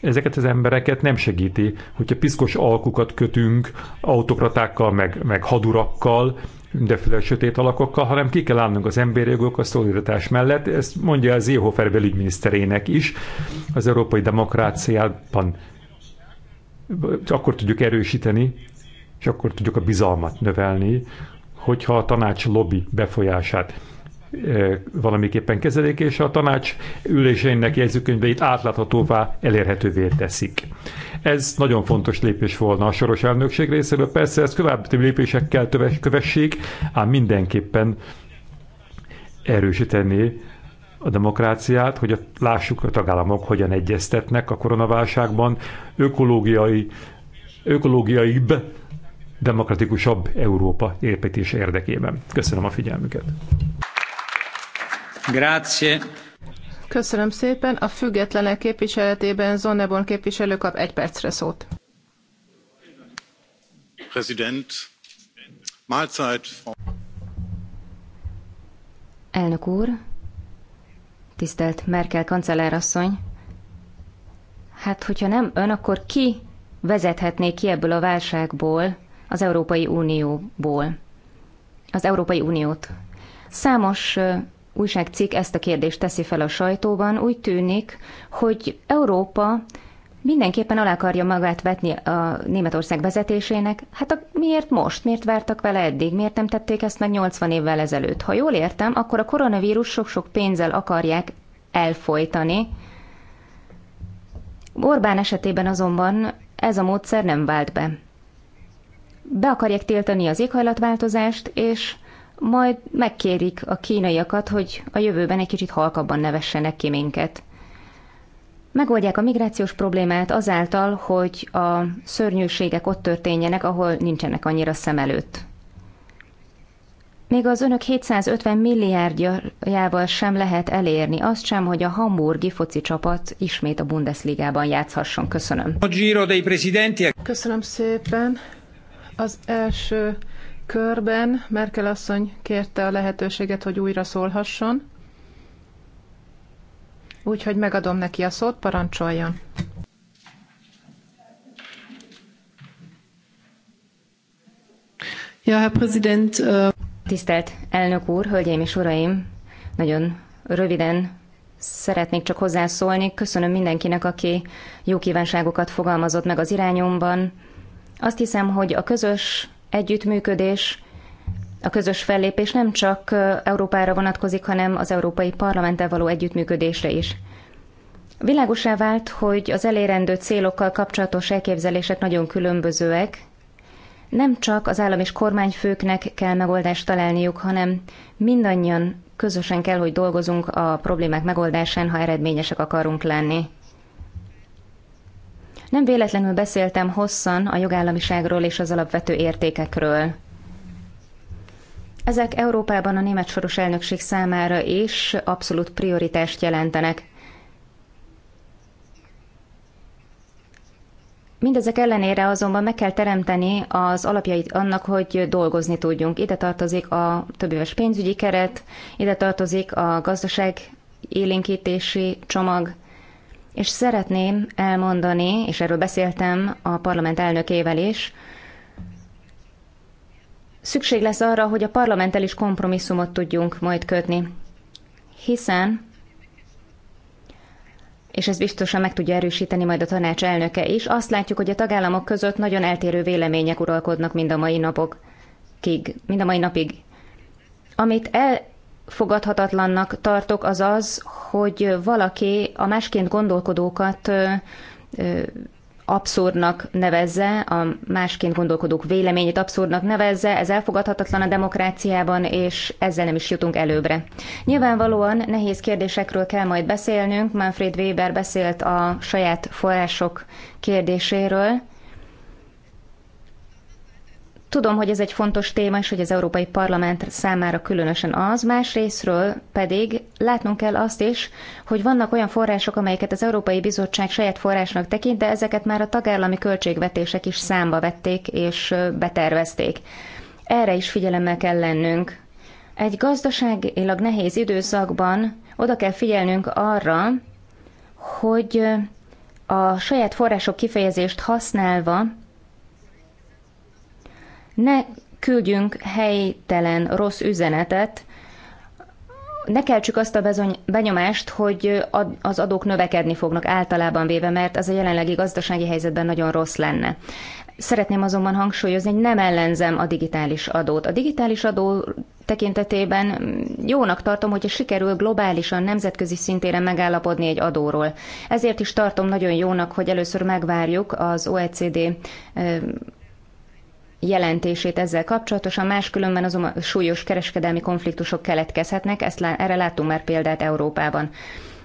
ezeket az embereket nem segíti, hogyha piszkos alkukat kötünk autokratákkal, meg, meg hadurakkal, mindenféle sötét alakokkal, hanem ki kell állnunk az emberi jogok, a szolidaritás mellett. Ezt mondja az Zéhofer belügyminiszterének is. Az európai demokráciában akkor tudjuk erősíteni, és akkor tudjuk a bizalmat növelni, hogyha a tanács lobby befolyását valamiképpen kezelik, és a tanács üléseinek jegyzőkönyveit átláthatóvá elérhetővé teszik. Ez nagyon fontos lépés volna a soros elnökség részéről. Persze ezt további lépésekkel kövessék, ám mindenképpen erősíteni a demokráciát, hogy a, lássuk a tagállamok hogyan egyeztetnek a koronaválságban ökológiai, ökológiaibb, demokratikusabb Európa építése érdekében. Köszönöm a figyelmüket! Grazie. Köszönöm szépen. A függetlenek képviseletében Zonneborn képviselő kap egy percre szót. President, Mahlzeit. Elnök úr, tisztelt Merkel kancellárasszony, hát hogyha nem ön, akkor ki vezethetné ki ebből a válságból, az Európai Unióból, az Európai Uniót? Számos újságcikk ezt a kérdést teszi fel a sajtóban, úgy tűnik, hogy Európa mindenképpen alá akarja magát vetni a Németország vezetésének. Hát a, miért most? Miért vártak vele eddig? Miért nem tették ezt meg 80 évvel ezelőtt? Ha jól értem, akkor a koronavírus sok-sok pénzzel akarják elfolytani. Orbán esetében azonban ez a módszer nem vált be. Be akarják tiltani az éghajlatváltozást, és majd megkérik a kínaiakat, hogy a jövőben egy kicsit halkabban nevessenek ki minket. Megoldják a migrációs problémát azáltal, hogy a szörnyűségek ott történjenek, ahol nincsenek annyira szem előtt. Még az önök 750 milliárdjával sem lehet elérni azt sem, hogy a hamburgi foci csapat ismét a Bundesligában játszhasson. Köszönöm. A Giro dei Presidenti. Köszönöm szépen. Az első körben Merkel asszony kérte a lehetőséget, hogy újra szólhasson. Úgyhogy megadom neki a szót, parancsoljon. Ja, Herr Präsident. Uh... Tisztelt elnök úr, hölgyeim és uraim, nagyon röviden szeretnék csak hozzászólni. Köszönöm mindenkinek, aki jó kívánságokat fogalmazott meg az irányomban. Azt hiszem, hogy a közös együttműködés, a közös fellépés nem csak Európára vonatkozik, hanem az Európai Parlamenttel való együttműködésre is. Világosá vált, hogy az elérendő célokkal kapcsolatos elképzelések nagyon különbözőek. Nem csak az állam és kormányfőknek kell megoldást találniuk, hanem mindannyian közösen kell, hogy dolgozunk a problémák megoldásán, ha eredményesek akarunk lenni. Nem véletlenül beszéltem hosszan a jogállamiságról és az alapvető értékekről. Ezek Európában a német soros elnökség számára is abszolút prioritást jelentenek. Mindezek ellenére azonban meg kell teremteni az alapjait annak, hogy dolgozni tudjunk. Ide tartozik a többéves pénzügyi keret, ide tartozik a gazdaság élénkítési csomag, és szeretném elmondani, és erről beszéltem a parlament elnökével is, szükség lesz arra, hogy a parlamenttel is kompromisszumot tudjunk majd kötni. Hiszen, és ez biztosan meg tudja erősíteni majd a tanács elnöke is, azt látjuk, hogy a tagállamok között nagyon eltérő vélemények uralkodnak mind a mai napokig, mind a mai napig. Amit el, fogadhatatlannak tartok az az, hogy valaki a másként gondolkodókat abszurdnak nevezze, a másként gondolkodók véleményét abszurdnak nevezze, ez elfogadhatatlan a demokráciában, és ezzel nem is jutunk előbbre. Nyilvánvalóan nehéz kérdésekről kell majd beszélnünk, Manfred Weber beszélt a saját források kérdéséről, Tudom, hogy ez egy fontos téma, és hogy az Európai Parlament számára különösen az, másrésztről pedig látnunk kell azt is, hogy vannak olyan források, amelyeket az Európai Bizottság saját forrásnak tekint, de ezeket már a tagállami költségvetések is számba vették és betervezték. Erre is figyelemmel kell lennünk. Egy gazdaságilag nehéz időszakban oda kell figyelnünk arra, hogy a saját források kifejezést használva ne küldjünk helytelen rossz üzenetet, ne keltsük azt a bezony, benyomást, hogy az adók növekedni fognak általában véve, mert az a jelenlegi gazdasági helyzetben nagyon rossz lenne. Szeretném azonban hangsúlyozni, hogy nem ellenzem a digitális adót. A digitális adó tekintetében jónak tartom, hogyha sikerül globálisan, nemzetközi szintére megállapodni egy adóról. Ezért is tartom nagyon jónak, hogy először megvárjuk az OECD jelentését ezzel kapcsolatosan, máskülönben azonban súlyos kereskedelmi konfliktusok keletkezhetnek, ezt, erre láttunk már példát Európában.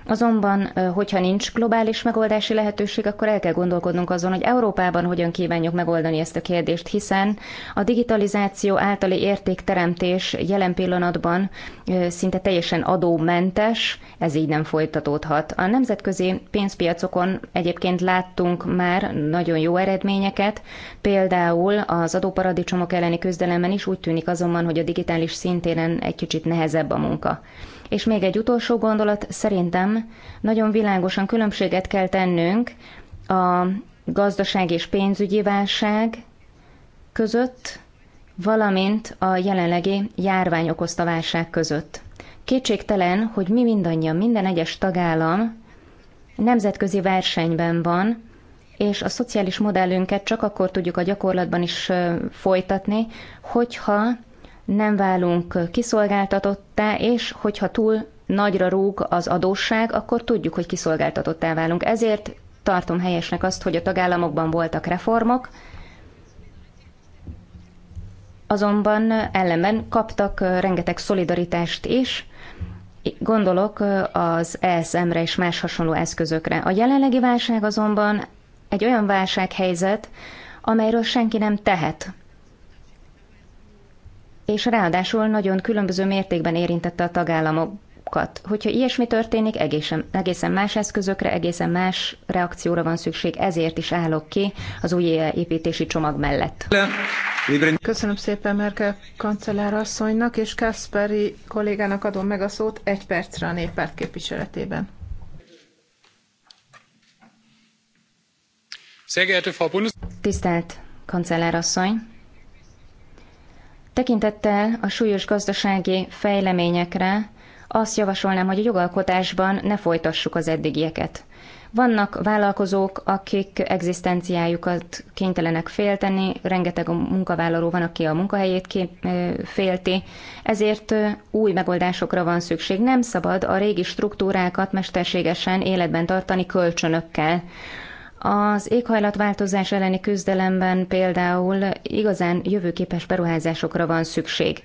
Azonban, hogyha nincs globális megoldási lehetőség, akkor el kell gondolkodnunk azon, hogy Európában hogyan kívánjuk megoldani ezt a kérdést, hiszen a digitalizáció általi értékteremtés jelen pillanatban szinte teljesen adómentes, ez így nem folytatódhat. A nemzetközi pénzpiacokon egyébként láttunk már nagyon jó eredményeket, például az adóparadicsomok elleni küzdelemben is úgy tűnik azonban, hogy a digitális szintéren egy kicsit nehezebb a munka. És még egy utolsó gondolat, szerintem nagyon világosan különbséget kell tennünk a gazdaság és pénzügyi válság között, valamint a jelenlegi járvány okozta válság között. Kétségtelen, hogy mi mindannyian, minden egyes tagállam nemzetközi versenyben van, és a szociális modellünket csak akkor tudjuk a gyakorlatban is folytatni, hogyha nem válunk kiszolgáltatottá, és hogyha túl nagyra rúg az adósság, akkor tudjuk, hogy kiszolgáltatottá válunk. Ezért tartom helyesnek azt, hogy a tagállamokban voltak reformok, azonban ellenben kaptak rengeteg szolidaritást is, gondolok az ESM-re és más hasonló eszközökre. A jelenlegi válság azonban egy olyan válsághelyzet, amelyről senki nem tehet és ráadásul nagyon különböző mértékben érintette a tagállamokat. Hogyha ilyesmi történik, egészen, egészen más eszközökre, egészen más reakcióra van szükség, ezért is állok ki az új építési csomag mellett. Köszönöm szépen Merkel kancellár asszonynak, és Kasperi kollégának adom meg a szót egy percre a néppárt képviseletében. Tisztelt kancellárasszony! Tekintettel a súlyos gazdasági fejleményekre azt javasolnám, hogy a jogalkotásban ne folytassuk az eddigieket. Vannak vállalkozók, akik egzisztenciájukat kénytelenek félteni, rengeteg a munkavállaló van, aki a munkahelyét kép, félti, ezért új megoldásokra van szükség. Nem szabad a régi struktúrákat mesterségesen életben tartani kölcsönökkel. Az éghajlatváltozás elleni küzdelemben például igazán jövőképes beruházásokra van szükség.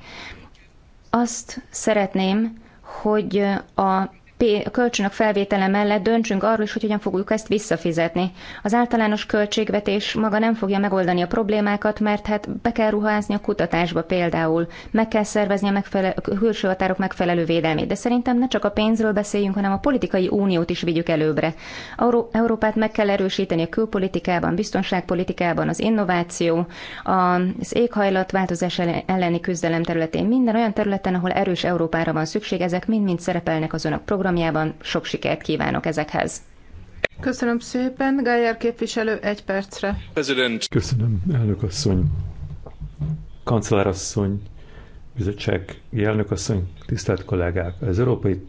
Azt szeretném, hogy a a kölcsönök felvétele mellett döntsünk arról is, hogy hogyan fogjuk ezt visszafizetni. Az általános költségvetés maga nem fogja megoldani a problémákat, mert hát be kell ruházni a kutatásba például, meg kell szervezni a, megfele- a külső határok megfelelő védelmét. De szerintem ne csak a pénzről beszéljünk, hanem a politikai uniót is vigyük előbbre. Euró- Európát meg kell erősíteni a külpolitikában, biztonságpolitikában, az innováció, az éghajlatváltozás elleni küzdelem területén, minden olyan területen, ahol erős Európára van szükség, ezek mind-mind szerepelnek az önök program programjában. Sok sikert kívánok ezekhez! Köszönöm szépen, Gájer képviselő, egy percre. President. Köszönöm, elnök asszony, kancellárasszony, bizottsági elnökasszony, tisztelt kollégák! Az európai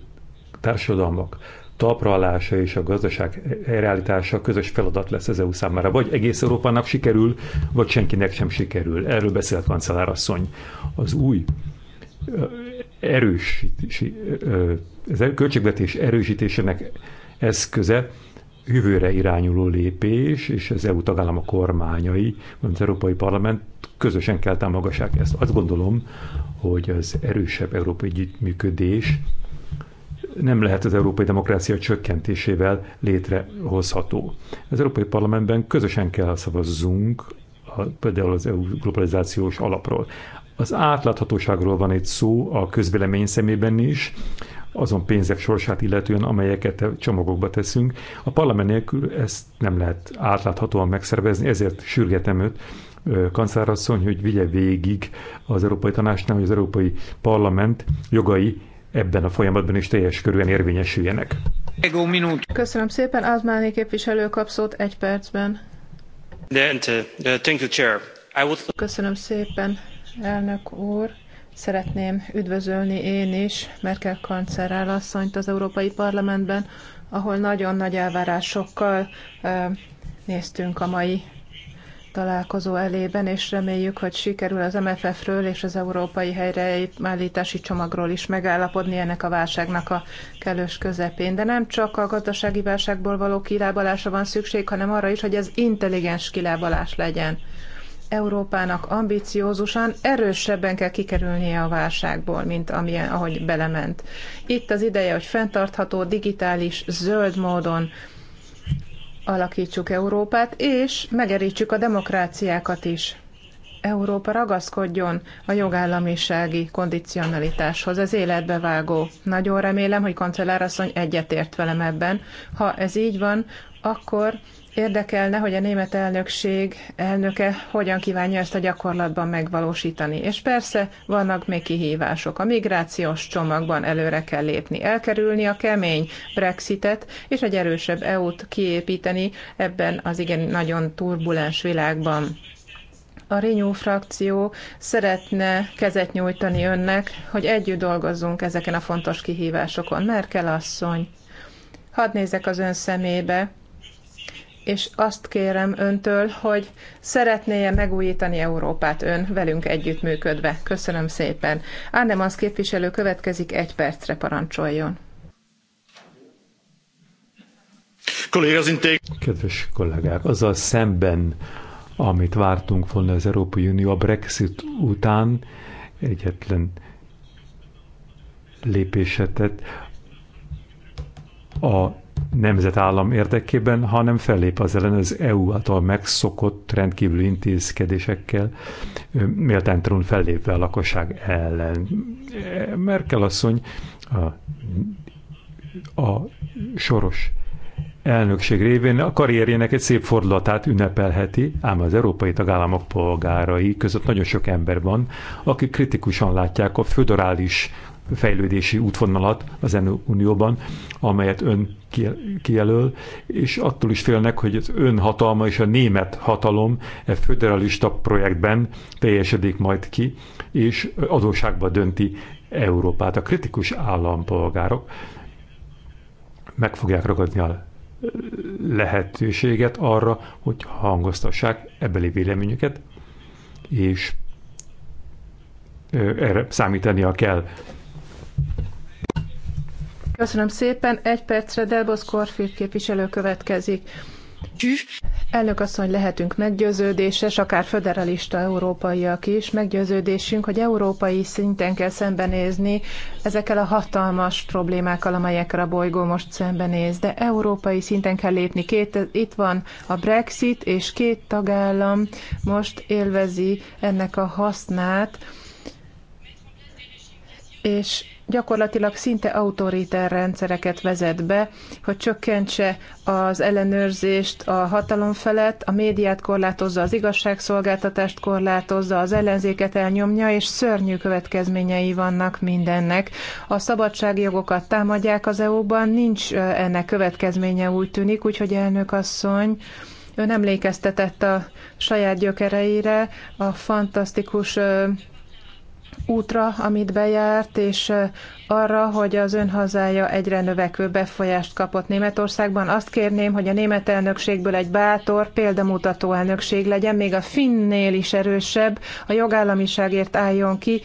társadalmak talpraállása és a gazdaság helyreállítása közös feladat lesz az EU számára. Vagy egész Európának sikerül, vagy senkinek sem sikerül. Erről beszélt kancellárasszony. Az új erősítési, ez a költségvetés erősítésének eszköze jövőre irányuló lépés, és az EU tagállamok kormányai, valamint az Európai Parlament közösen kell támogassák ezt. Azt gondolom, hogy az erősebb európai együttműködés nem lehet az európai demokrácia csökkentésével létrehozható. Az Európai Parlamentben közösen kell szavazzunk a, például az EU globalizációs alapról. Az átláthatóságról van itt szó a közvélemény szemében is, azon pénzek sorsát illetően, amelyeket csomagokba teszünk. A parlament nélkül ezt nem lehet átláthatóan megszervezni, ezért sürgetem őt, kancellárasszony, hogy vigye végig az Európai Tanácsnál, hogy az Európai Parlament jogai ebben a folyamatban is teljes körűen érvényesüljenek. Köszönöm szépen, Azmáné képviselő kap szót egy percben. Uh, Köszönöm szépen, elnök úr! Szeretném üdvözölni én is Merkel kancellár asszonyt az Európai Parlamentben, ahol nagyon nagy elvárásokkal néztünk a mai találkozó elében, és reméljük, hogy sikerül az MFF-ről és az európai helyreállítási csomagról is megállapodni ennek a válságnak a kellős közepén. De nem csak a gazdasági válságból való kilábalásra van szükség, hanem arra is, hogy ez intelligens kilábalás legyen. Európának ambiciózusan erősebben kell kikerülnie a válságból, mint amilyen, ahogy belement. Itt az ideje, hogy fenntartható, digitális, zöld módon alakítsuk Európát, és megerítsük a demokráciákat is. Európa ragaszkodjon a jogállamisági kondicionalitáshoz. Ez életbe vágó. Nagyon remélem, hogy kancellárasszony egyetért velem ebben. Ha ez így van, akkor Érdekelne, hogy a német elnökség elnöke hogyan kívánja ezt a gyakorlatban megvalósítani. És persze vannak még kihívások. A migrációs csomagban előre kell lépni, elkerülni a kemény Brexitet, és egy erősebb EU-t kiépíteni ebben az igen nagyon turbulens világban a Renew frakció szeretne kezet nyújtani önnek, hogy együtt dolgozzunk ezeken a fontos kihívásokon. Merkel asszony, hadd nézek az ön szemébe, és azt kérem öntől, hogy szeretné-e megújítani Európát ön velünk együttműködve. Köszönöm szépen. Árnem képviselő következik, egy percre parancsoljon. Kedves kollégák, azzal szemben, amit vártunk volna az Európai Unió a Brexit után, egyetlen lépésetet a nemzetállam érdekében, hanem fellép az ellen az EU által megszokott rendkívüli intézkedésekkel, méltánytalanul fellépve a lakosság ellen. Merkel asszony a, a soros elnökség révén a karrierjének egy szép fordulatát ünnepelheti, ám az európai tagállamok polgárai között nagyon sok ember van, akik kritikusan látják a föderális fejlődési útvonalat az Unióban, amelyet ön kijelöl, és attól is félnek, hogy az ön hatalma és a német hatalom e föderalista projektben teljesedik majd ki, és adóságba dönti Európát. A kritikus állampolgárok meg fogják ragadni a lehetőséget arra, hogy hangoztassák ebbeli véleményüket, és erre számítania kell Köszönöm szépen. Egy percre Delbos Korfield képviselő következik. Elnök asszony, lehetünk meggyőződéses, akár föderalista európaiak is, meggyőződésünk, hogy európai szinten kell szembenézni ezekkel a hatalmas problémákkal, amelyekre a bolygó most szembenéz. De európai szinten kell lépni. Két, itt van a Brexit, és két tagállam most élvezi ennek a hasznát, és gyakorlatilag szinte autoriter rendszereket vezet be, hogy csökkentse az ellenőrzést a hatalom felett, a médiát korlátozza, az igazságszolgáltatást korlátozza, az ellenzéket elnyomja, és szörnyű következményei vannak mindennek. A szabadságjogokat támadják az EU-ban, nincs ennek következménye úgy tűnik, úgyhogy elnök asszony, ön emlékeztetett a saját gyökereire, a fantasztikus útra, amit bejárt, és arra, hogy az ön hazája egyre növekvő befolyást kapott Németországban. Azt kérném, hogy a német elnökségből egy bátor, példamutató elnökség legyen, még a finnél is erősebb, a jogállamiságért álljon ki,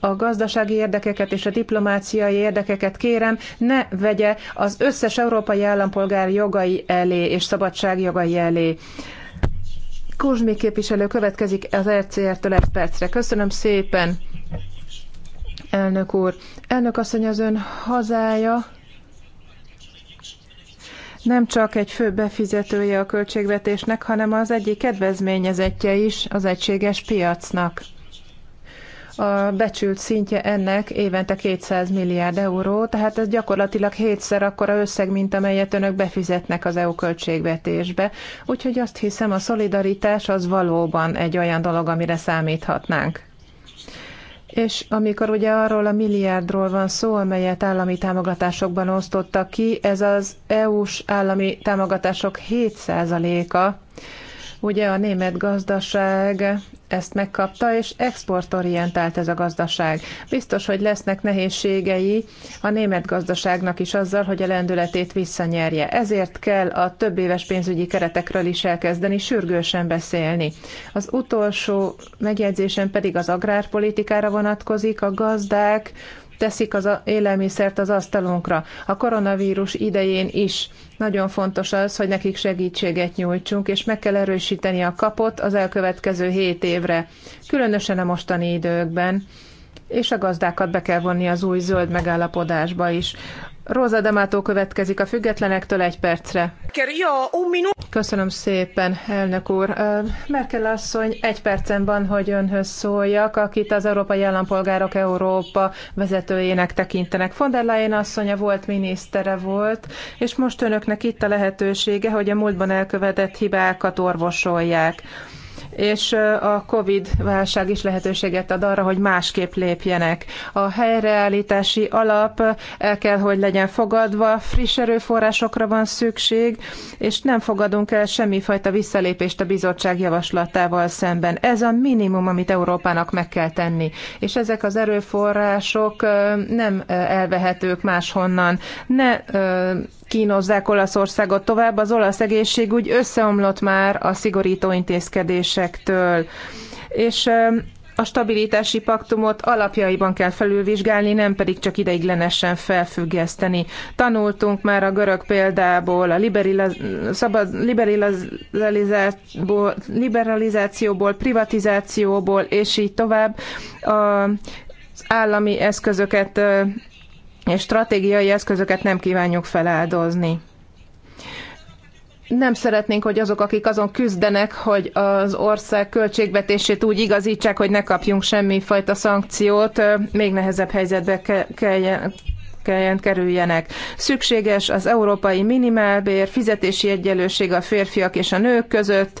a gazdasági érdekeket és a diplomáciai érdekeket kérem, ne vegye az összes európai állampolgár jogai elé és szabadságjogai elé. Kuzsmi képviselő következik az RCR-től egy percre. Köszönöm szépen! elnök úr. Elnök asszony, az ön hazája nem csak egy fő befizetője a költségvetésnek, hanem az egyik kedvezményezetje is az egységes piacnak. A becsült szintje ennek évente 200 milliárd euró, tehát ez gyakorlatilag hétszer akkora összeg, mint amelyet önök befizetnek az EU költségvetésbe. Úgyhogy azt hiszem, a szolidaritás az valóban egy olyan dolog, amire számíthatnánk. És amikor ugye arról a milliárdról van szó, amelyet állami támogatásokban osztottak ki, ez az EU-s állami támogatások 7%-a. Ugye a német gazdaság ezt megkapta, és exportorientált ez a gazdaság. Biztos, hogy lesznek nehézségei a német gazdaságnak is azzal, hogy a lendületét visszanyerje. Ezért kell a több éves pénzügyi keretekről is elkezdeni sürgősen beszélni. Az utolsó megjegyzésem pedig az agrárpolitikára vonatkozik. A gazdák teszik az élelmiszert az asztalunkra. A koronavírus idején is nagyon fontos az, hogy nekik segítséget nyújtsunk, és meg kell erősíteni a kapot az elkövetkező hét évre, különösen a mostani időkben és a gazdákat be kell vonni az új zöld megállapodásba is. Róza Damátó következik a függetlenektől egy percre. Köszönöm szépen, elnök úr. Merkel asszony, egy percen van, hogy önhöz szóljak, akit az Európai Állampolgárok Európa vezetőjének tekintenek. Von der Leyen asszonya volt, minisztere volt, és most önöknek itt a lehetősége, hogy a múltban elkövetett hibákat orvosolják és a COVID-válság is lehetőséget ad arra, hogy másképp lépjenek. A helyreállítási alap el kell, hogy legyen fogadva, friss erőforrásokra van szükség, és nem fogadunk el semmifajta visszalépést a bizottság javaslatával szemben. Ez a minimum, amit Európának meg kell tenni. És ezek az erőforrások nem elvehetők máshonnan. Ne kínozzák Olaszországot tovább. Az olasz egészségügy összeomlott már a szigorító intézkedésektől. És a stabilitási paktumot alapjaiban kell felülvizsgálni, nem pedig csak ideiglenesen felfüggeszteni. Tanultunk már a görög példából, a liberalizációból, liberalizációból, privatizációból, és így tovább. A, állami eszközöket és stratégiai eszközöket nem kívánjuk feláldozni. Nem szeretnénk, hogy azok, akik azon küzdenek, hogy az ország költségvetését úgy igazítsák, hogy ne kapjunk semmifajta szankciót, még nehezebb helyzetbe kelljen, kelljen kerüljenek. Szükséges az európai minimálbér, fizetési egyenlőség a férfiak és a nők között,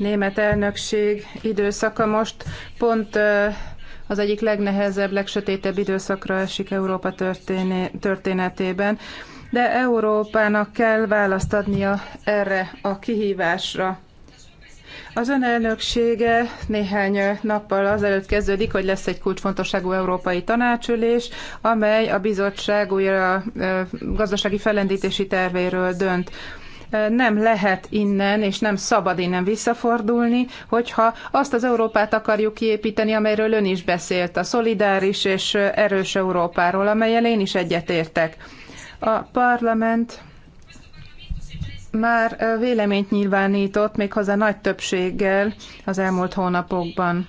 német elnökség időszaka most pont az egyik legnehezebb, legsötétebb időszakra esik Európa történetében. De Európának kell választ adnia erre a kihívásra. Az ön elnöksége néhány nappal azelőtt kezdődik, hogy lesz egy kulcsfontosságú európai tanácsülés, amely a bizottság újra gazdasági fellendítési tervéről dönt nem lehet innen, és nem szabad innen visszafordulni, hogyha azt az Európát akarjuk kiépíteni, amelyről ön is beszélt, a szolidáris és erős Európáról, amelyel én is egyetértek. A parlament már véleményt nyilvánított, méghozzá nagy többséggel az elmúlt hónapokban.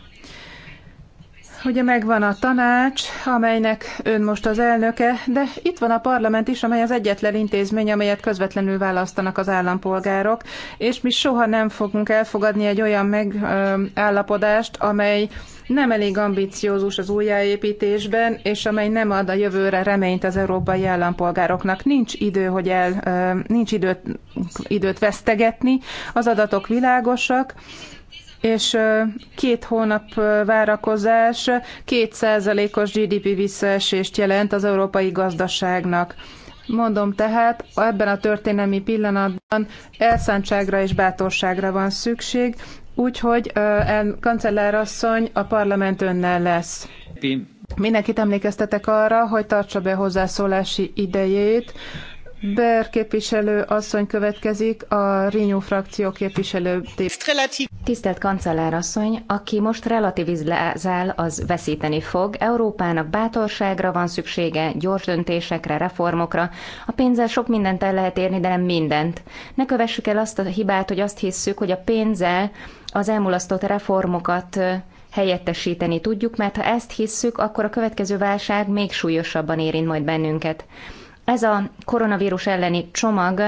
Ugye megvan a tanács, amelynek ön most az elnöke, de itt van a parlament is, amely az egyetlen intézmény, amelyet közvetlenül választanak az állampolgárok, és mi soha nem fogunk elfogadni egy olyan megállapodást, amely nem elég ambiciózus az újjáépítésben, és amely nem ad a jövőre reményt az európai állampolgároknak. Nincs idő, hogy el, nincs időt, időt vesztegetni, az adatok világosak, és két hónap várakozás 2%-os GDP visszaesést jelent az európai gazdaságnak. Mondom tehát, ebben a történelmi pillanatban elszántságra és bátorságra van szükség, úgyhogy uh, kancellár asszony a parlament önnel lesz. Mindenkit emlékeztetek arra, hogy tartsa be hozzászólási idejét. Ber képviselő asszony következik, a Renew frakció képviselő. Tisztelt kancellár asszony, aki most relativizál, az veszíteni fog. Európának bátorságra van szüksége, gyors döntésekre, reformokra. A pénzzel sok mindent el lehet érni, de nem mindent. Ne kövessük el azt a hibát, hogy azt hisszük, hogy a pénzzel az elmulasztott reformokat helyettesíteni tudjuk, mert ha ezt hisszük, akkor a következő válság még súlyosabban érint majd bennünket ez a koronavírus elleni csomag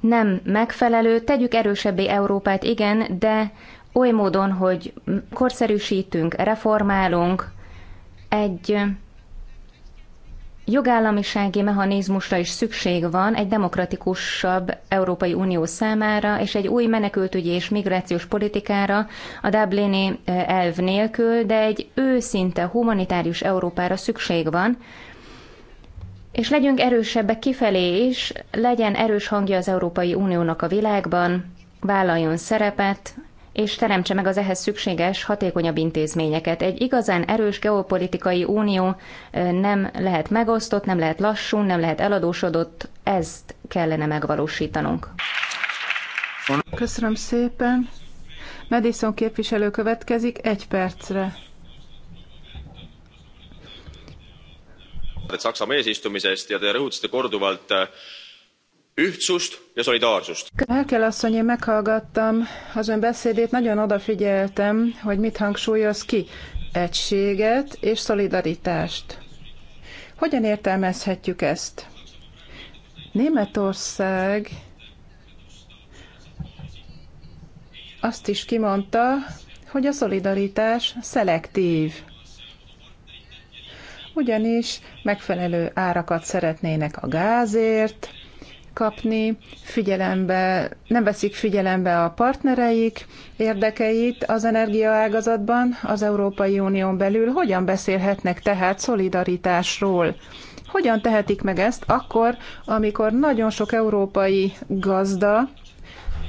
nem megfelelő, tegyük erősebbé Európát, igen, de oly módon, hogy korszerűsítünk, reformálunk, egy jogállamisági mechanizmusra is szükség van egy demokratikusabb Európai Unió számára, és egy új menekültügyi és migrációs politikára a Dublini eh, elv nélkül, de egy őszinte humanitárius Európára szükség van, és legyünk erősebbek kifelé is, legyen erős hangja az Európai Uniónak a világban, vállaljon szerepet, és teremtse meg az ehhez szükséges, hatékonyabb intézményeket. Egy igazán erős geopolitikai unió nem lehet megosztott, nem lehet lassú, nem lehet eladósodott, ezt kellene megvalósítanunk. Köszönöm szépen. Madison képviselő következik egy percre. Saksamaa eest ja te rõhutasite korduvalt äh, ühtsust ja solidaarsust. Merkel asszony, én meghallgattam az ön beszédét, nagyon odafigyeltem, hogy mit hangsúlyoz ki. Egységet és szolidaritást. Hogyan értelmezhetjük ezt? Németország azt is kimondta, hogy a szolidaritás szelektív ugyanis megfelelő árakat szeretnének a gázért kapni, figyelembe, nem veszik figyelembe a partnereik érdekeit az energiaágazatban az Európai Unión belül. Hogyan beszélhetnek tehát szolidaritásról? Hogyan tehetik meg ezt akkor, amikor nagyon sok európai gazda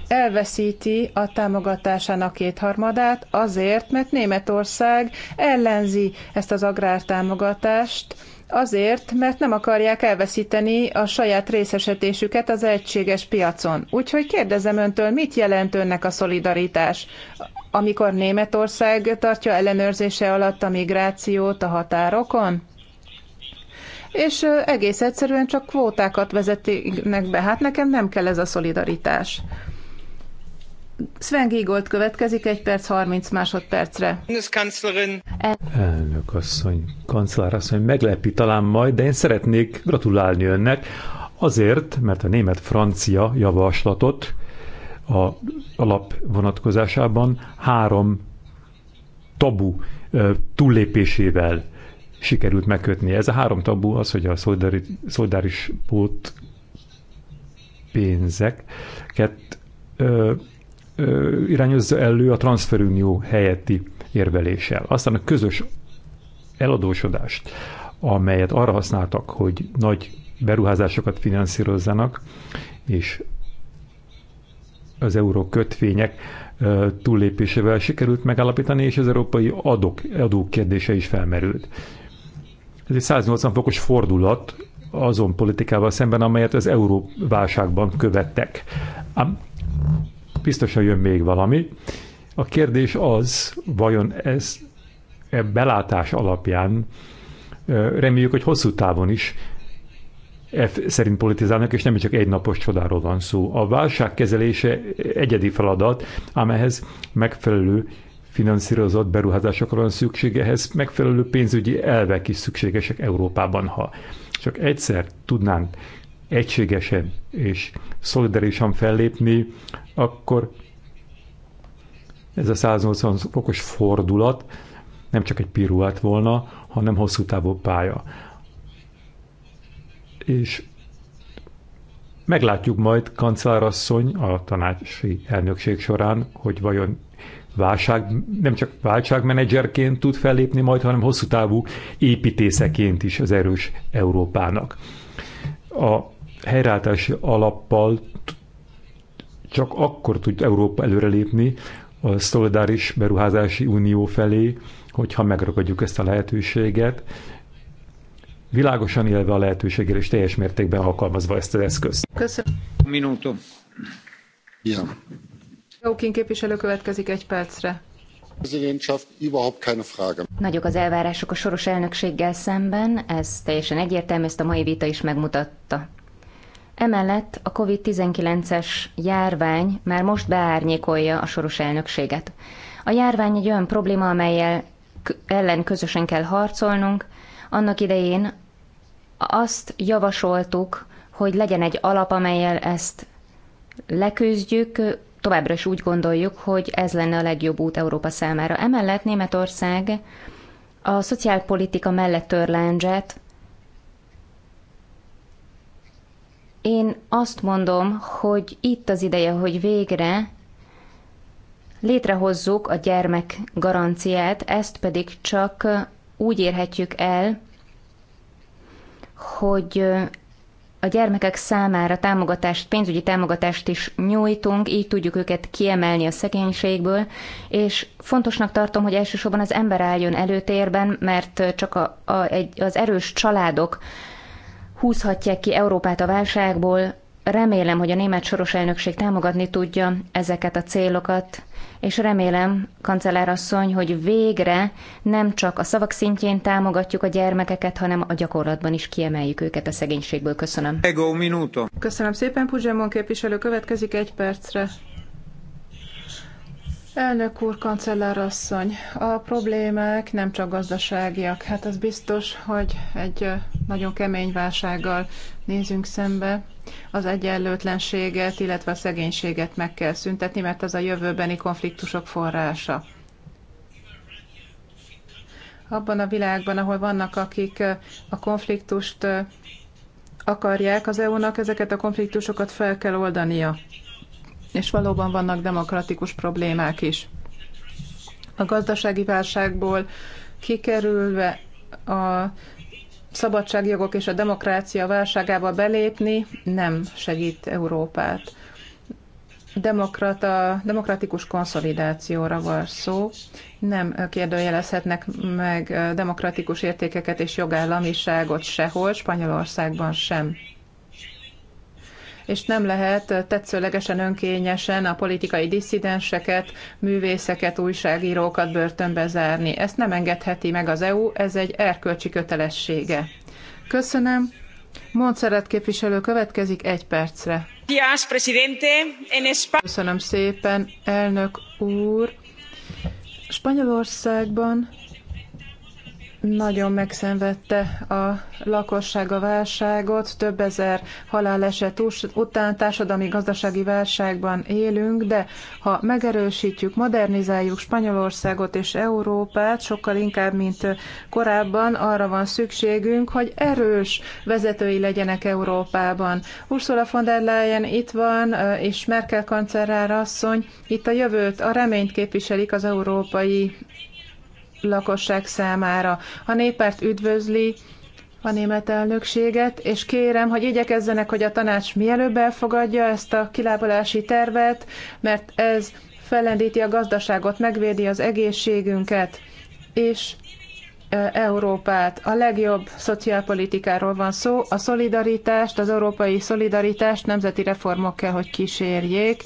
elveszíti a támogatásának kétharmadát azért, mert Németország ellenzi ezt az agrártámogatást, Azért, mert nem akarják elveszíteni a saját részesedésüket az egységes piacon. Úgyhogy kérdezem öntől, mit jelent önnek a szolidaritás, amikor Németország tartja ellenőrzése alatt a migrációt a határokon? És egész egyszerűen csak kvótákat vezetnek be. Hát nekem nem kell ez a szolidaritás. Sven Giegold következik egy perc 30 másodpercre. Elnök asszony, kancellár asszony, meglepi talán majd, de én szeretnék gratulálni önnek azért, mert a német-francia javaslatot a alap vonatkozásában három tabu túllépésével sikerült megkötni. Ez a három tabu az, hogy a szolidáris pót pénzeket irányozza elő a transferunió helyetti érveléssel. Aztán a közös eladósodást, amelyet arra használtak, hogy nagy beruházásokat finanszírozzanak, és az euró kötvények túllépésével sikerült megállapítani, és az európai adók, adók kérdése is felmerült. Ez egy 180 fokos fordulat azon politikával szemben, amelyet az euróválságban követtek biztosan jön még valami. A kérdés az, vajon ez e belátás alapján reméljük, hogy hosszú távon is e F szerint politizálnak, és nem csak egy napos csodáról van szó. A válság kezelése egyedi feladat, ám ehhez megfelelő finanszírozott beruházásokra van szükség, ehhez megfelelő pénzügyi elvek is szükségesek Európában, ha csak egyszer tudnánk egységesen és szolidarisan fellépni, akkor ez a 180 fokos fordulat nem csak egy piruát volna, hanem hosszú távú pálya. És meglátjuk majd kancellárasszony a tanácsi elnökség során, hogy vajon válság, nem csak válságmenedzserként tud fellépni majd, hanem hosszú távú építészeként is az erős Európának. A helyreállítási alappal csak akkor tud Európa előrelépni a szolidáris beruházási unió felé, hogyha megragadjuk ezt a lehetőséget, világosan élve a lehetőséggel és teljes mértékben alkalmazva ezt az eszközt. Köszönöm. Minutum. Ja. Jókin képviselő következik egy percre. Nagyok az elvárások a soros elnökséggel szemben, ez teljesen egyértelmű, ezt a mai vita is megmutatta. Emellett a COVID-19-es járvány már most beárnyékolja a soros elnökséget. A járvány egy olyan probléma, amelyel ellen közösen kell harcolnunk. Annak idején azt javasoltuk, hogy legyen egy alap, amelyel ezt leküzdjük, továbbra is úgy gondoljuk, hogy ez lenne a legjobb út Európa számára. Emellett Németország a szociálpolitika mellett tör Én azt mondom, hogy itt az ideje, hogy végre létrehozzuk a gyermek garanciát, ezt pedig csak úgy érhetjük el, hogy a gyermekek számára támogatást, pénzügyi támogatást is nyújtunk, így tudjuk őket kiemelni a szegénységből, és fontosnak tartom, hogy elsősorban az ember álljon előtérben, mert csak a, a, egy, az erős családok húzhatják ki Európát a válságból. Remélem, hogy a német soros elnökség támogatni tudja ezeket a célokat, és remélem, kancellárasszony, hogy végre nem csak a szavak szintjén támogatjuk a gyermekeket, hanem a gyakorlatban is kiemeljük őket a szegénységből. Köszönöm. Ego minuto. Köszönöm szépen, Puzsémon képviselő. Következik egy percre. Elnök úr, asszony, a problémák nem csak gazdaságiak. Hát az biztos, hogy egy nagyon kemény válsággal nézünk szembe. Az egyenlőtlenséget, illetve a szegénységet meg kell szüntetni, mert ez a jövőbeni konfliktusok forrása abban a világban, ahol vannak, akik a konfliktust akarják, az EU-nak ezeket a konfliktusokat fel kell oldania és valóban vannak demokratikus problémák is. A gazdasági válságból kikerülve a szabadságjogok és a demokrácia válságába belépni nem segít Európát. Demokrata, demokratikus konszolidációra van szó, nem kérdőjelezhetnek meg demokratikus értékeket és jogállamiságot sehol, Spanyolországban sem és nem lehet tetszőlegesen, önkényesen a politikai disszidenseket, művészeket, újságírókat börtönbe zárni. Ezt nem engedheti meg az EU, ez egy erkölcsi kötelessége. Köszönöm. Montserrat képviselő következik egy percre. Köszönöm szépen, elnök úr. Spanyolországban nagyon megszenvedte a lakosság a válságot, több ezer haláleset után társadalmi-gazdasági válságban élünk, de ha megerősítjük, modernizáljuk Spanyolországot és Európát, sokkal inkább, mint korábban, arra van szükségünk, hogy erős vezetői legyenek Európában. Ursula von der Leyen itt van, és Merkel kancellár asszony, itt a jövőt, a reményt képviselik az európai lakosság számára. A néppárt üdvözli a német elnökséget, és kérem, hogy igyekezzenek, hogy a tanács mielőbb elfogadja ezt a kilábalási tervet, mert ez fellendíti a gazdaságot, megvédi az egészségünket, és e, Európát. A legjobb szociálpolitikáról van szó, a szolidaritást, az európai szolidaritást nemzeti reformok kell, hogy kísérjék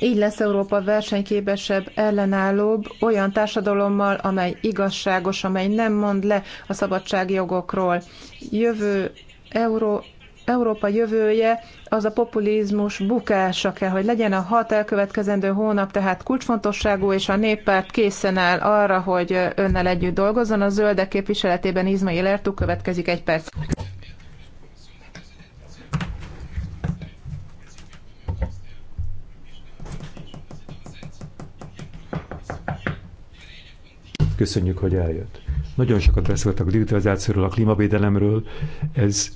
így lesz Európa versenyképesebb, ellenállóbb, olyan társadalommal, amely igazságos, amely nem mond le a szabadságjogokról. Jövő Euró, Európa jövője az a populizmus bukása kell, hogy legyen a hat elkövetkezendő hónap, tehát kulcsfontosságú, és a néppárt készen áll arra, hogy önnel együtt dolgozzon. A zöldek képviseletében Izmail Ertug következik egy perc. Köszönjük, hogy eljött. Nagyon sokat beszéltek a digitalizációról, a klímavédelemről. Ez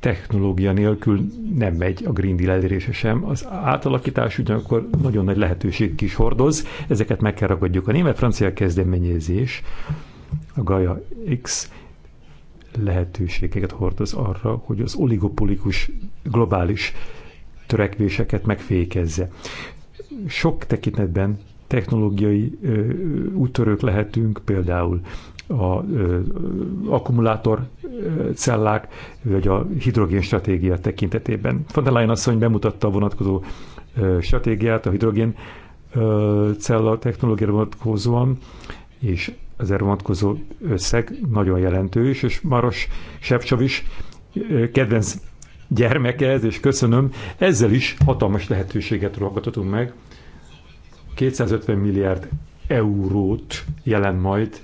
technológia nélkül nem megy a Green Deal elérése sem. Az átalakítás ugyanakkor nagyon nagy lehetőség is hordoz, ezeket meg kell ragadjuk. A német-francia kezdeményezés, a Gaia X lehetőségeket hordoz arra, hogy az oligopolikus globális törekvéseket megfékezze. Sok tekintetben technológiai úttörők lehetünk, például a ö, akkumulátor cellák, vagy a hidrogén stratégia tekintetében. Von der Leyen asszony bemutatta a vonatkozó ö, stratégiát, a hidrogén ö, cella technológiára vonatkozóan, és az erre vonatkozó összeg nagyon jelentős, és Maros Sefcsov is ö, kedvenc gyermeke ez, és köszönöm, ezzel is hatalmas lehetőséget ragadhatunk meg 250 milliárd eurót jelent majd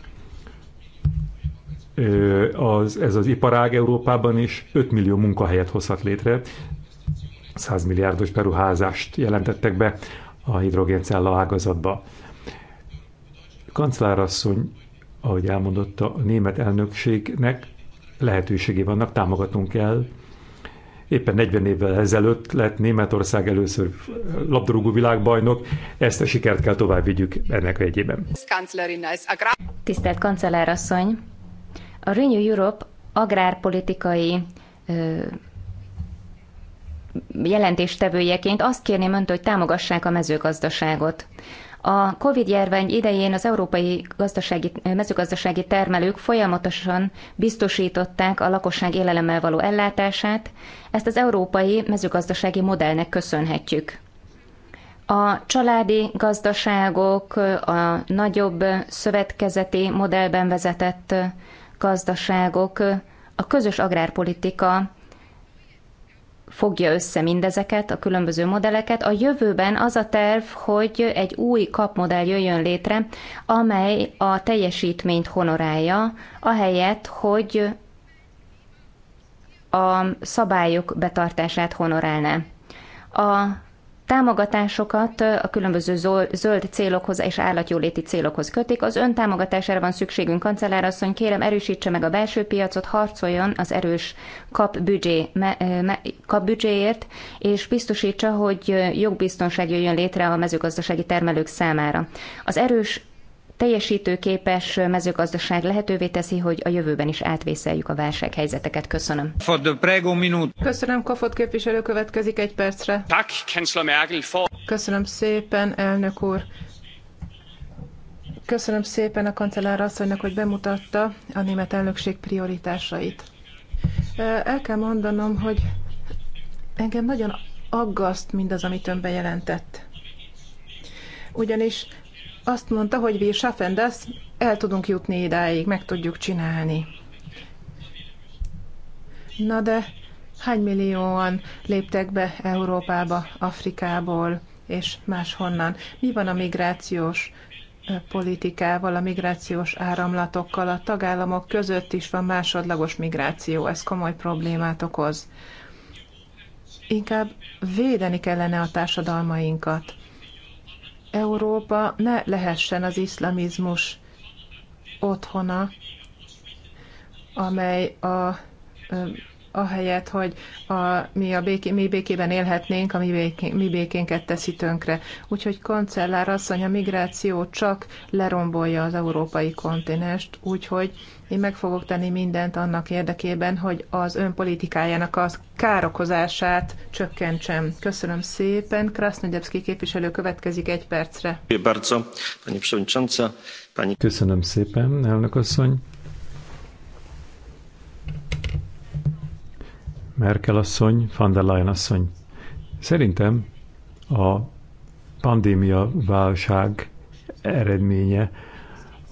az, ez az iparág Európában is 5 millió munkahelyet hozhat létre. 100 milliárdos beruházást jelentettek be a hidrogéncella ágazatba. Kancellárasszony, ahogy elmondotta, a német elnökségnek lehetőségé vannak, támogatunk kell Éppen 40 évvel ezelőtt lett Németország először labdarúgó világbajnok, ezt a sikert kell tovább vigyük ennek vegyében. Tisztelt kancellárasszony! A Renew Europe agrárpolitikai ö, jelentéstevőjeként azt kérném öntől, hogy támogassák a mezőgazdaságot. A COVID-járvány idején az európai gazdasági, mezőgazdasági termelők folyamatosan biztosították a lakosság élelemmel való ellátását, ezt az európai mezőgazdasági modellnek köszönhetjük. A családi gazdaságok, a nagyobb szövetkezeti modellben vezetett gazdaságok, a közös agrárpolitika fogja össze mindezeket, a különböző modelleket. A jövőben az a terv, hogy egy új kapmodell jöjjön létre, amely a teljesítményt honorálja, ahelyett, hogy a szabályok betartását honorálná. A támogatásokat a különböző zöld célokhoz és állatjóléti célokhoz kötik. Az ön támogatására van szükségünk, kancellárasszony, kérem erősítse meg a belső piacot, harcoljon az erős kapbüdzséért, kap és biztosítsa, hogy jogbiztonság jöjjön létre a mezőgazdasági termelők számára. Az erős teljesítőképes mezőgazdaság lehetővé teszi, hogy a jövőben is átvészeljük a válsághelyzeteket. Köszönöm. Köszönöm, Kofod képviselő következik egy percre. Köszönöm szépen, elnök úr. Köszönöm szépen a kancellár asszonynak, hogy bemutatta a német elnökség prioritásait. El kell mondanom, hogy engem nagyon aggaszt mindaz, amit ön bejelentett. Ugyanis azt mondta, hogy wir schaffen das, el tudunk jutni idáig, meg tudjuk csinálni. Na de hány millióan léptek be Európába, Afrikából és máshonnan? Mi van a migrációs politikával, a migrációs áramlatokkal? A tagállamok között is van másodlagos migráció, ez komoly problémát okoz. Inkább védeni kellene a társadalmainkat Európa ne lehessen az iszlamizmus otthona, amely a ahelyett, hogy a, mi, a béké, mi békében élhetnénk, a mi, béké, mi békénket teszi tönkre. Úgyhogy kancellár asszony, a migráció csak lerombolja az európai kontinest, úgyhogy én meg fogok tenni mindent annak érdekében, hogy az politikájának a károkozását csökkentsem. Köszönöm szépen. Krasznodebszki képviselő következik egy percre. Köszönöm szépen, elnök asszony. Merkel asszony, van der Leyen asszony. Szerintem a pandémia válság eredménye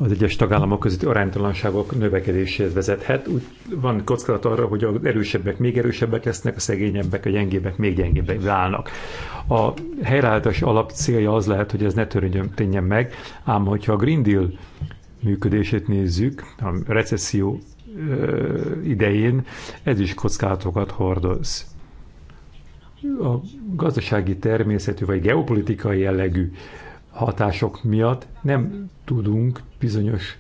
az egyes tagállamok közötti aránytalanságok növekedéséhez vezethet. Úgy van kockázat arra, hogy az erősebbek még erősebbek lesznek, a szegényebbek, a gyengébbek még gyengébbek válnak. A helyreállítás alap célja az lehet, hogy ez ne törődjön meg, ám hogyha a Green Deal működését nézzük, a recesszió idején ez is kockázatokat hordoz. A gazdasági természetű vagy geopolitikai jellegű hatások miatt nem tudunk bizonyos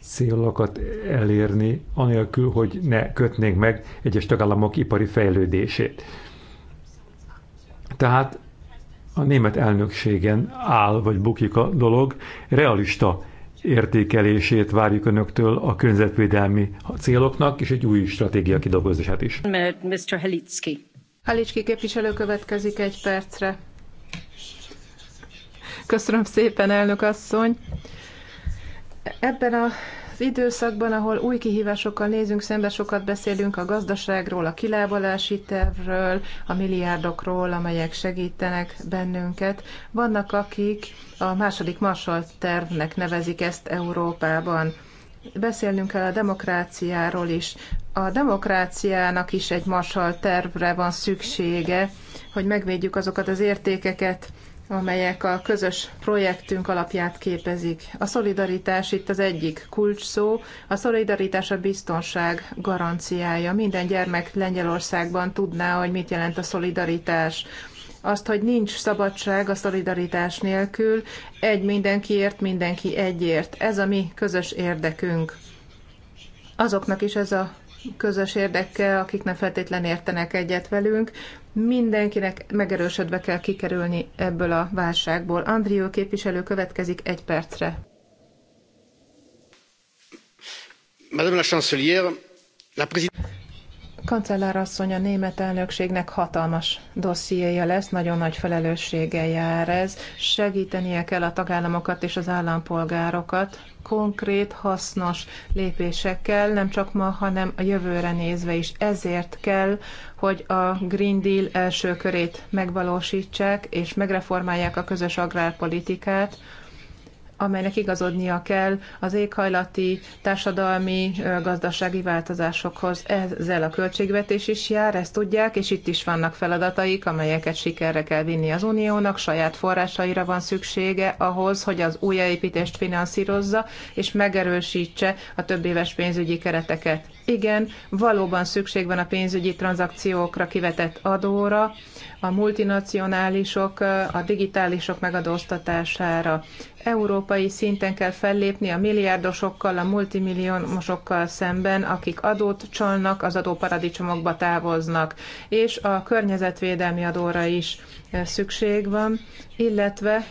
célokat elérni, anélkül, hogy ne kötnénk meg egyes tagállamok ipari fejlődését. Tehát a német elnökségen áll vagy bukik a dolog, realista értékelését várjuk önöktől a környezetvédelmi céloknak, és egy új stratégia kidolgozását is. Mr. Halicki. Halicki képviselő következik egy percre. Köszönöm szépen, elnök asszony. Ebben a az időszakban, ahol új kihívásokkal nézünk szembe, sokat beszélünk a gazdaságról, a kilábalási tervről, a milliárdokról, amelyek segítenek bennünket. Vannak, akik a második Marshall tervnek nevezik ezt Európában. Beszélnünk kell a demokráciáról is. A demokráciának is egy Marshall tervre van szüksége, hogy megvédjük azokat az értékeket, amelyek a közös projektünk alapját képezik. A szolidaritás itt az egyik kulcsszó, A szolidaritás a biztonság garanciája. Minden gyermek Lengyelországban tudná, hogy mit jelent a szolidaritás azt, hogy nincs szabadság a szolidaritás nélkül, egy mindenkiért, mindenki egyért. Ez a mi közös érdekünk. Azoknak is ez a közös érdeke, akik nem feltétlenül értenek egyet velünk, Mindenkinek megerősödve kell kikerülni ebből a válságból. Andrió képviselő következik egy percre. Madame la chancelière, la présidente asszony, a német elnökségnek hatalmas dossziéja lesz, nagyon nagy felelőssége jár ez. Segítenie kell a tagállamokat és az állampolgárokat konkrét, hasznos lépésekkel, nem csak ma, hanem a jövőre nézve is. Ezért kell, hogy a Green Deal első körét megvalósítsák és megreformálják a közös agrárpolitikát, amelynek igazodnia kell az éghajlati, társadalmi, gazdasági változásokhoz. Ezzel a költségvetés is jár, ezt tudják, és itt is vannak feladataik, amelyeket sikerre kell vinni az uniónak, saját forrásaira van szüksége ahhoz, hogy az újjáépítést finanszírozza, és megerősítse a több éves pénzügyi kereteket. Igen, valóban szükség van a pénzügyi tranzakciókra kivetett adóra, a multinacionálisok, a digitálisok megadóztatására. Európai szinten kell fellépni a milliárdosokkal, a multimilliómosokkal szemben, akik adót csalnak, az adóparadicsomokba távoznak, és a környezetvédelmi adóra is szükség van, illetve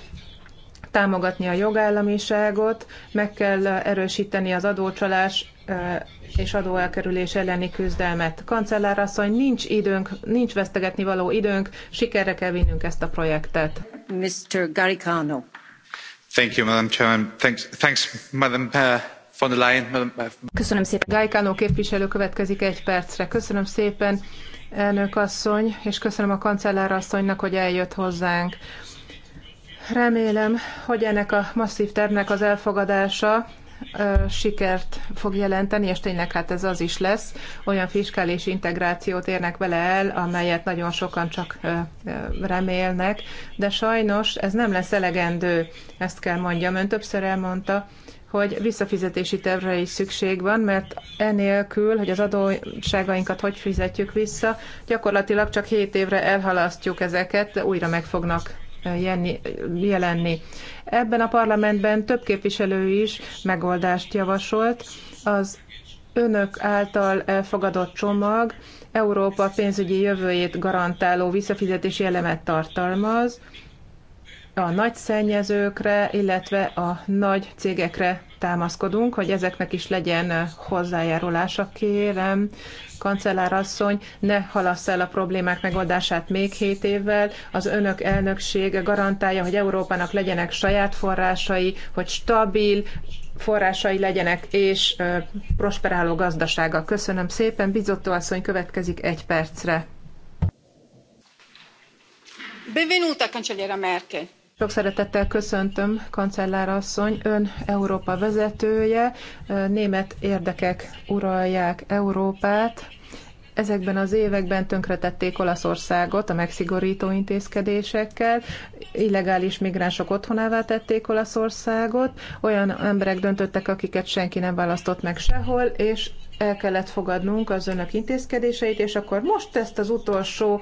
támogatni a jogállamiságot, meg kell erősíteni az adócsalás eh, és adóelkerülés elleni küzdelmet. Kancellárasszony, nincs időnk, nincs vesztegetni való időnk, sikerre kell vinnünk ezt a projektet. Mr. Garicano. Thank you, Madam Chairman. Thanks, thanks Madam uh, von der Leyen. Uh, köszönöm szépen. Garicano képviselő következik egy percre. Köszönöm szépen, elnök asszony, és köszönöm a kancellárasszonynak, hogy eljött hozzánk. Remélem, hogy ennek a masszív tervnek az elfogadása sikert fog jelenteni, és tényleg hát ez az is lesz. Olyan fiskális integrációt érnek vele el, amelyet nagyon sokan csak remélnek, de sajnos ez nem lesz elegendő, ezt kell mondjam. Ön többször elmondta, hogy visszafizetési tervre is szükség van, mert enélkül, hogy az adóságainkat hogy fizetjük vissza, gyakorlatilag csak 7 évre elhalasztjuk ezeket, újra meg fognak jelenni. Ebben a parlamentben több képviselő is megoldást javasolt. Az önök által elfogadott csomag Európa pénzügyi jövőjét garantáló visszafizetési elemet tartalmaz, a nagy szennyezőkre, illetve a nagy cégekre támaszkodunk, hogy ezeknek is legyen hozzájárulása. Kérem, kancellárasszony, ne halassz el a problémák megoldását még hét évvel. Az önök elnöksége garantálja, hogy Európának legyenek saját forrásai, hogy stabil, forrásai legyenek, és ö, prosperáló gazdasága. Köszönöm szépen. Bizotto asszony következik egy percre. Benvenuta, Cancelliera Merkel. Sok szeretettel köszöntöm, kancellár asszony, ön Európa vezetője, német érdekek uralják Európát. Ezekben az években tönkretették Olaszországot a megszigorító intézkedésekkel, illegális migránsok otthonává tették Olaszországot, olyan emberek döntöttek, akiket senki nem választott meg sehol, és el kellett fogadnunk az önök intézkedéseit, és akkor most ezt az utolsó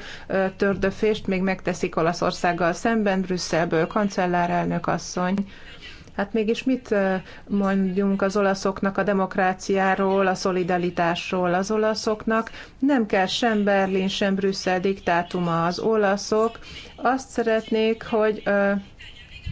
tördöfést még megteszik Olaszországgal szemben, Brüsszelből kancellárelnök asszony. Hát mégis mit mondjunk az olaszoknak a demokráciáról, a szolidaritásról az olaszoknak? Nem kell sem Berlin, sem Brüsszel diktátuma az olaszok. Azt szeretnék, hogy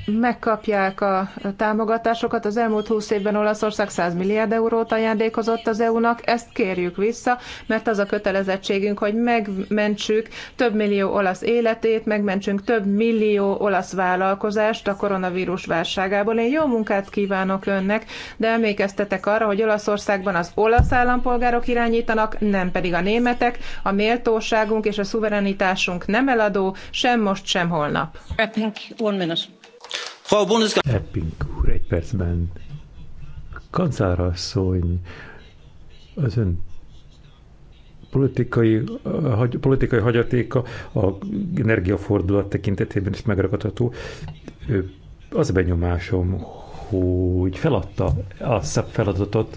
megkapják a támogatásokat. Az elmúlt 20 évben Olaszország 100 milliárd eurót ajándékozott az EU-nak, ezt kérjük vissza, mert az a kötelezettségünk, hogy megmentsük több millió olasz életét, megmentsünk több millió olasz vállalkozást a koronavírus válságából. Én jó munkát kívánok önnek, de emlékeztetek arra, hogy Olaszországban az olasz állampolgárok irányítanak, nem pedig a németek, a méltóságunk és a szuverenitásunk nem eladó, sem most, sem holnap. One minute. Frau Bundeskanzler... Epping úr, egy percben. Kancellárasszony, az ön politikai, hagy, politikai hagyatéka a energiafordulat tekintetében is megragadható. Az a benyomásom, hogy feladta a szebb feladatot,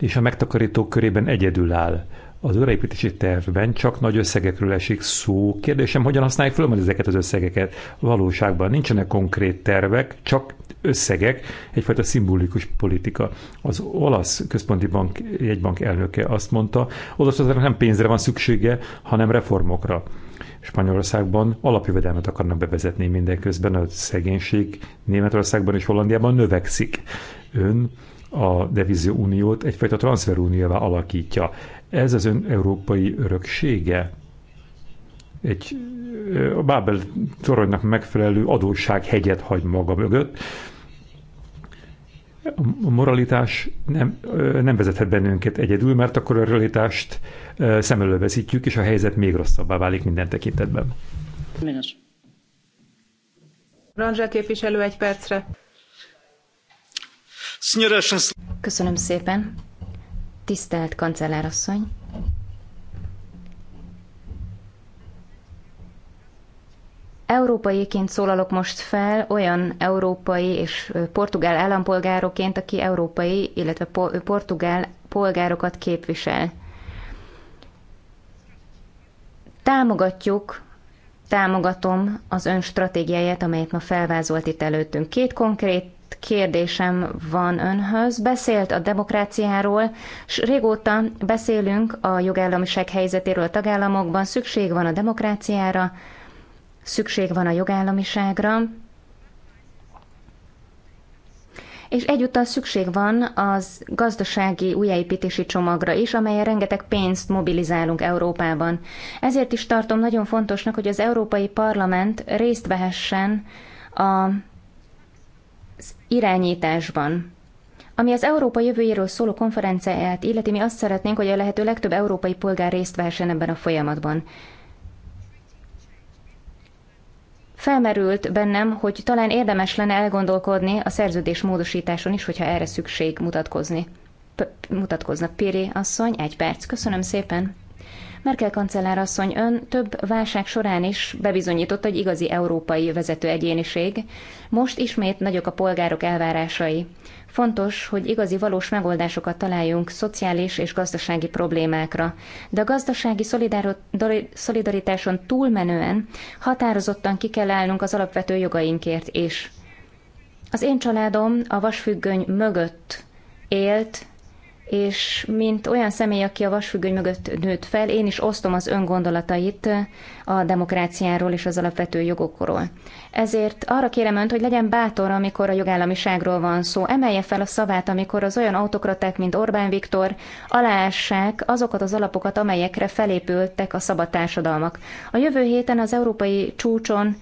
és a megtakarítók körében egyedül áll. Az újraépítési tervben csak nagy összegekről esik szó. Kérdésem, hogyan használják föl majd ezeket az összegeket? Valóságban nincsenek konkrét tervek, csak összegek, egyfajta szimbolikus politika. Az olasz központi bank, jegybank elnöke azt mondta, Olaszországnak nem pénzre van szüksége, hanem reformokra. Spanyolországban alapjövedelmet akarnak bevezetni mindenközben a szegénység Németországban és Hollandiában növekszik. Ön a Devizió uniót egyfajta transferunióvá alakítja. Ez az ön európai öröksége? Egy a Bábel toronynak megfelelő hegyet hagy maga mögött. A moralitás nem, nem vezethet bennünket egyedül, mert akkor a realitást szem elől veszítjük, és a helyzet még rosszabbá válik minden tekintetben. Minus. Rangel képviselő egy percre. Köszönöm szépen. Tisztelt kancellárasszony! Európaiként szólalok most fel, olyan európai és portugál állampolgároként, aki európai, illetve portugál polgárokat képvisel. Támogatjuk, támogatom az ön stratégiáját, amelyet ma felvázolt itt előttünk. Két konkrét kérdésem van önhöz. Beszélt a demokráciáról, és régóta beszélünk a jogállamiság helyzetéről a tagállamokban. Szükség van a demokráciára, szükség van a jogállamiságra, és egyúttal szükség van az gazdasági újjáépítési csomagra is, amelyen rengeteg pénzt mobilizálunk Európában. Ezért is tartom nagyon fontosnak, hogy az Európai Parlament részt vehessen a irányításban. Ami az Európa jövőjéről szóló konferenciáját illeti, mi azt szeretnénk, hogy a lehető legtöbb európai polgár részt vehessen ebben a folyamatban. Felmerült bennem, hogy talán érdemes lenne elgondolkodni a szerződés módosításon is, hogyha erre szükség mutatkozni. P- mutatkozna Piri asszony, egy perc. Köszönöm szépen. Merkel kancellár asszony ön több válság során is bebizonyította, hogy igazi európai vezető egyéniség. Most ismét nagyok a polgárok elvárásai. Fontos, hogy igazi valós megoldásokat találjunk szociális és gazdasági problémákra, de a gazdasági szolidaritáson túlmenően határozottan ki kell állnunk az alapvető jogainkért is. Az én családom a vasfüggöny mögött élt és mint olyan személy, aki a vasfüggöny mögött nőtt fel, én is osztom az öngondolatait a demokráciáról és az alapvető jogokról. Ezért arra kérem önt, hogy legyen bátor, amikor a jogállamiságról van szó. Emelje fel a szavát, amikor az olyan autokraták, mint Orbán Viktor aláássák azokat az alapokat, amelyekre felépültek a szabad társadalmak. A jövő héten az európai csúcson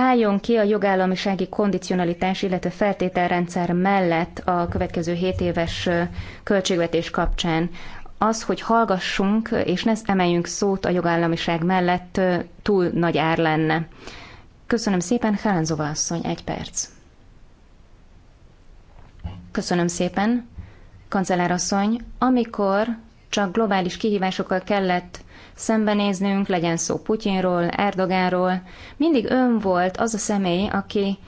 álljon ki a jogállamisági kondicionalitás, illetve feltételrendszer mellett a következő 7 éves költségvetés kapcsán. Az, hogy hallgassunk és ne emeljünk szót a jogállamiság mellett, túl nagy ár lenne. Köszönöm szépen, Hánzova asszony, egy perc. Köszönöm szépen, kancellárasszony. Amikor csak globális kihívásokkal kellett szembenéznünk, legyen szó Putyinról, Erdogánról. Mindig ön volt az a személy, aki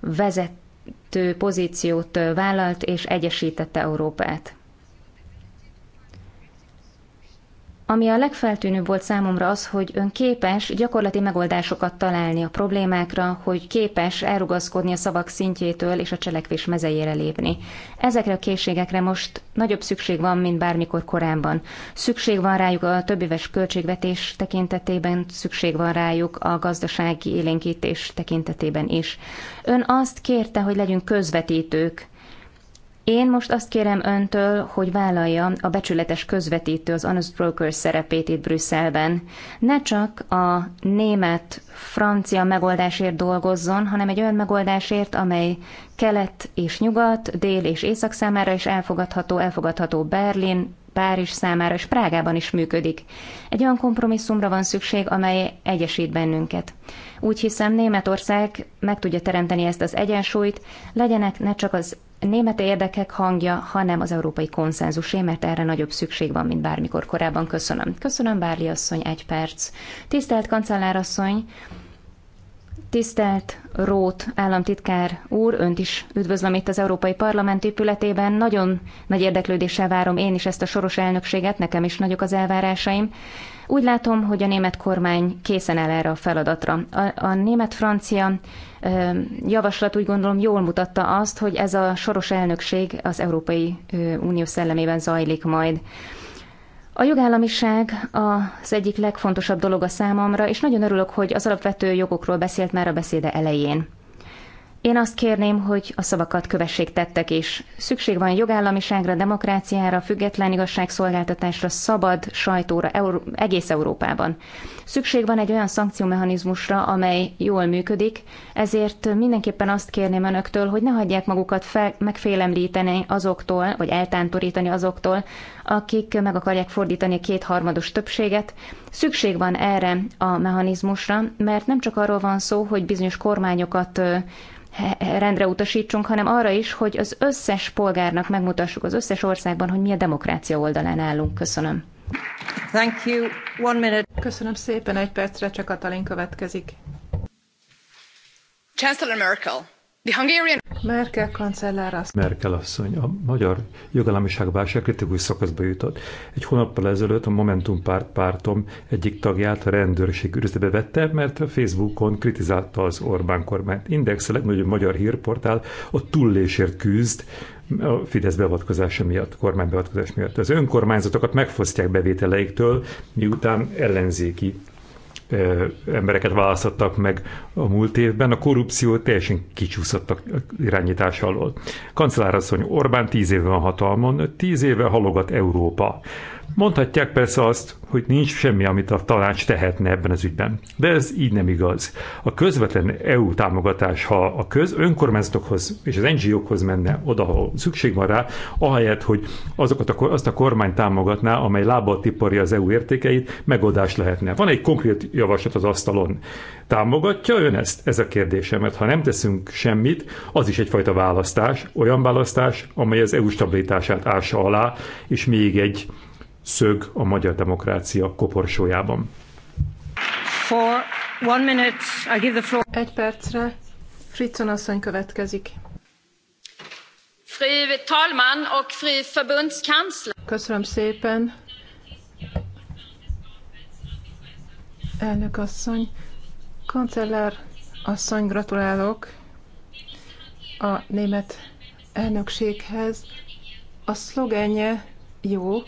vezető pozíciót vállalt és egyesítette Európát. Ami a legfeltűnőbb volt számomra az, hogy ön képes gyakorlati megoldásokat találni a problémákra, hogy képes elrugaszkodni a szavak szintjétől és a cselekvés mezejére lépni. Ezekre a készségekre most nagyobb szükség van, mint bármikor korábban. Szükség van rájuk a többéves költségvetés tekintetében, szükség van rájuk a gazdasági élénkítés tekintetében is. Ön azt kérte, hogy legyünk közvetítők én most azt kérem öntől, hogy vállalja a becsületes közvetítő, az Honest Brokers szerepét itt Brüsszelben. Ne csak a német, francia megoldásért dolgozzon, hanem egy olyan megoldásért, amely kelet és nyugat, dél és észak számára is elfogadható, elfogadható Berlin, Párizs számára és Prágában is működik. Egy olyan kompromisszumra van szükség, amely egyesít bennünket. Úgy hiszem, Németország meg tudja teremteni ezt az egyensúlyt, legyenek ne csak az német érdekek hangja, hanem az európai konszenzusé, mert erre nagyobb szükség van, mint bármikor korábban. Köszönöm. Köszönöm, Bárli asszony, egy perc. Tisztelt kancellárasszony, Tisztelt Rót államtitkár úr, önt is üdvözlöm itt az Európai Parlament épületében. Nagyon nagy érdeklődéssel várom én is ezt a soros elnökséget, nekem is nagyok az elvárásaim. Úgy látom, hogy a német kormány készen áll erre a feladatra. A, a német-francia javaslat úgy gondolom jól mutatta azt, hogy ez a soros elnökség az Európai Unió szellemében zajlik majd. A jogállamiság az egyik legfontosabb dolog a számomra, és nagyon örülök, hogy az alapvető jogokról beszélt már a beszéde elején. Én azt kérném, hogy a szavakat kövessék tettek is. Szükség van jogállamiságra, demokráciára, független igazságszolgáltatásra, szabad sajtóra Euró- egész Európában. Szükség van egy olyan szankciómechanizmusra, amely jól működik, ezért mindenképpen azt kérném önöktől, hogy ne hagyják magukat fel- megfélemlíteni azoktól, vagy eltántorítani azoktól, akik meg akarják fordítani a kétharmados többséget. Szükség van erre a mechanizmusra, mert nem csak arról van szó, hogy bizonyos kormányokat rendre utasítsunk, hanem arra is, hogy az összes polgárnak megmutassuk az összes országban, hogy mi a demokrácia oldalán állunk. Köszönöm. Thank you. One minute. Köszönöm szépen, egy percre csak Katalin következik. Chancellor Merkel The Hungarian... Merkel kancellár azt... Merkel asszony, a magyar jogállamiság válság kritikus szakaszba jutott. Egy hónappal ezelőtt a Momentum párt pártom egyik tagját a rendőrség őrizetbe vette, mert a Facebookon kritizálta az Orbán kormányt. Index a legnagyobb magyar hírportál a túllésért küzd, a Fidesz beavatkozása miatt, kormánybeavatkozás miatt. Az önkormányzatokat megfosztják bevételeiktől, miután ellenzéki embereket választottak meg a múlt évben, a korrupció teljesen kicsúszott a irányítás alól. Kancellárasszony Orbán tíz éve van hatalmon, tíz éve halogat Európa. Mondhatják persze azt, hogy nincs semmi, amit a tanács tehetne ebben az ügyben. De ez így nem igaz. A közvetlen EU támogatás, ha a köz önkormányzatokhoz és az NGO-khoz menne oda, ahol szükség van rá, ahelyett, hogy azokat a, azt a kormány támogatná, amely lábbal tiporja az EU értékeit, megoldás lehetne. Van egy konkrét javaslat az asztalon. Támogatja ön ezt? Ez a kérdésem, mert ha nem teszünk semmit, az is egyfajta választás, olyan választás, amely az EU stabilitását ássa alá, és még egy szög a magyar demokrácia koporsójában. For one minute, I give the floor. Egy percre Fritzon asszony következik. Fru talman och fru förbundskansler. Köszönöm szépen. Elnök asszony, kancellár asszony, gratulálok a német elnökséghez. A szlogenje jó,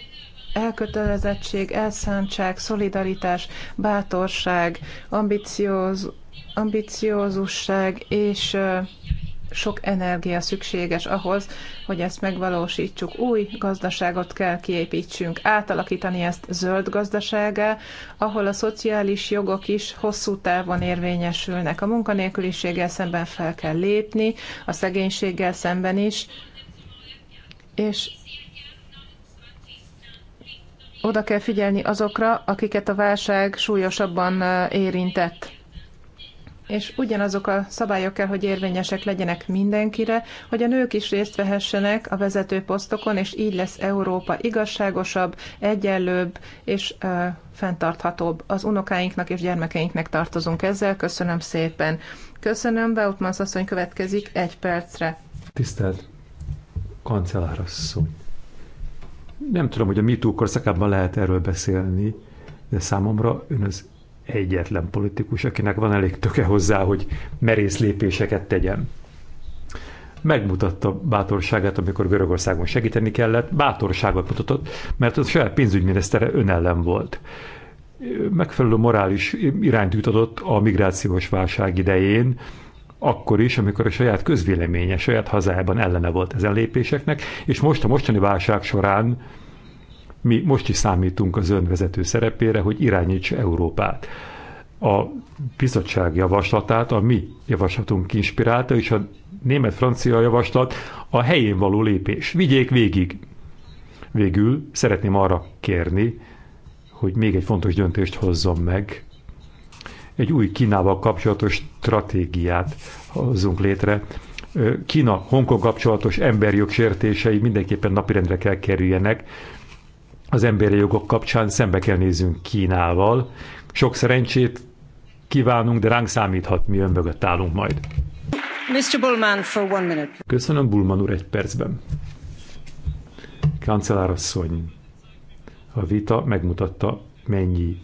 elkötelezettség, elszántság, szolidaritás, bátorság, ambicióz, ambiciózusság és sok energia szükséges ahhoz, hogy ezt megvalósítsuk. Új gazdaságot kell kiépítsünk, átalakítani ezt zöld gazdaságá, ahol a szociális jogok is hosszú távon érvényesülnek. A munkanélküliséggel szemben fel kell lépni, a szegénységgel szemben is, és oda kell figyelni azokra, akiket a válság súlyosabban érintett és ugyanazok a szabályok kell, hogy érvényesek legyenek mindenkire, hogy a nők is részt vehessenek a vezető posztokon, és így lesz Európa igazságosabb, egyenlőbb és ö, fenntarthatóbb. Az unokáinknak és gyermekeinknek tartozunk ezzel. Köszönöm szépen. Köszönöm, Beutmans asszony következik egy percre. Tisztelt kancellárasszony! nem tudom, hogy a MeToo korszakában lehet erről beszélni, de számomra ön az egyetlen politikus, akinek van elég töke hozzá, hogy merész lépéseket tegyen. Megmutatta bátorságát, amikor Görögországon segíteni kellett, bátorságot mutatott, mert a saját pénzügyminisztere ön ellen volt. Megfelelő morális irányt adott a migrációs válság idején, akkor is, amikor a saját közvéleménye saját hazájában ellene volt ezen lépéseknek, és most a mostani válság során mi most is számítunk az önvezető szerepére, hogy irányítsa Európát. A bizottság javaslatát a mi javaslatunk inspirálta, és a német-francia javaslat a helyén való lépés. Vigyék végig! Végül szeretném arra kérni, hogy még egy fontos döntést hozzon meg egy új Kínával kapcsolatos stratégiát hozzunk létre. Kína-Hongkong kapcsolatos emberi jogsértései mindenképpen napirendre kell kerüljenek. Az emberi jogok kapcsán szembe kell néznünk Kínával. Sok szerencsét kívánunk, de ránk számíthat, mi ön mögött állunk majd. Mr. Bullman, for one minute. Köszönöm, Bullman úr, egy percben. Kancellárasszony, a vita megmutatta, mennyi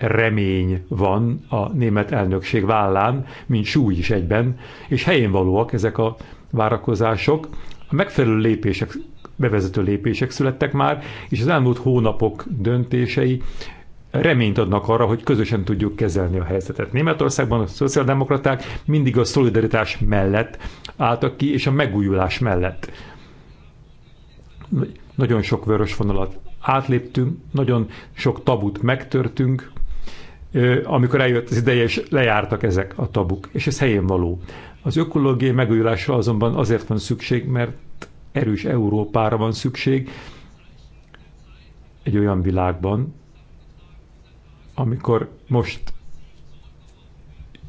remény van a német elnökség vállán, mint súly is egyben, és helyén valóak ezek a várakozások. A megfelelő lépések, bevezető lépések születtek már, és az elmúlt hónapok döntései reményt adnak arra, hogy közösen tudjuk kezelni a helyzetet. Németországban a szociáldemokraták mindig a szolidaritás mellett álltak ki, és a megújulás mellett. Nagyon sok vörös vonalat átléptünk, nagyon sok tabut megtörtünk, amikor eljött az ideje, és lejártak ezek a tabuk. És ez helyén való. Az ökológiai megújulásra azonban azért van szükség, mert erős Európára van szükség egy olyan világban, amikor most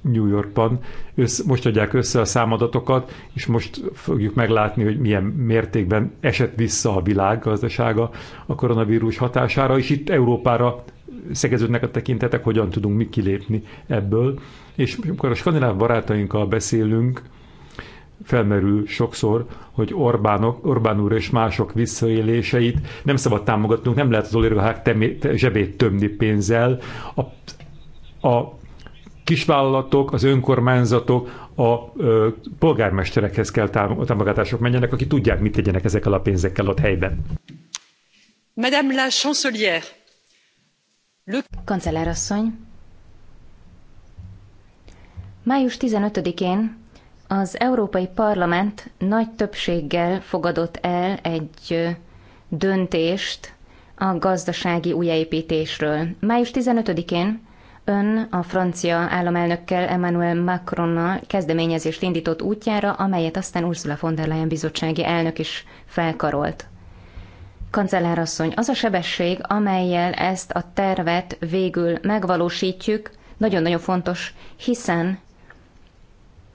New Yorkban. Össz, most adják össze a számadatokat, és most fogjuk meglátni, hogy milyen mértékben esett vissza a világ gazdasága a koronavírus hatására, és itt Európára szegeződnek a tekintetek, hogyan tudunk mi kilépni ebből. És amikor a skandináv barátainkkal beszélünk, felmerül sokszor, hogy Orbánok, Orbán úr és mások visszaéléseit nem szabad támogatnunk, nem lehet az olérőhák zsebét tömni pénzzel. A, a kisvállalatok, az önkormányzatok, a ö, polgármesterekhez kell támogatások menjenek, akik tudják, mit tegyenek ezekkel a pénzekkel ott helyben. Madame la chancelière. Le... Kancellárasszony. Május 15-én az Európai Parlament nagy többséggel fogadott el egy döntést a gazdasági újjáépítésről. Május 15-én Ön a francia államelnökkel Emmanuel Macronnal kezdeményezést indított útjára, amelyet aztán Ursula von der Leyen bizottsági elnök is felkarolt. Kancellárasszony, az a sebesség, amelyel ezt a tervet végül megvalósítjuk, nagyon-nagyon fontos, hiszen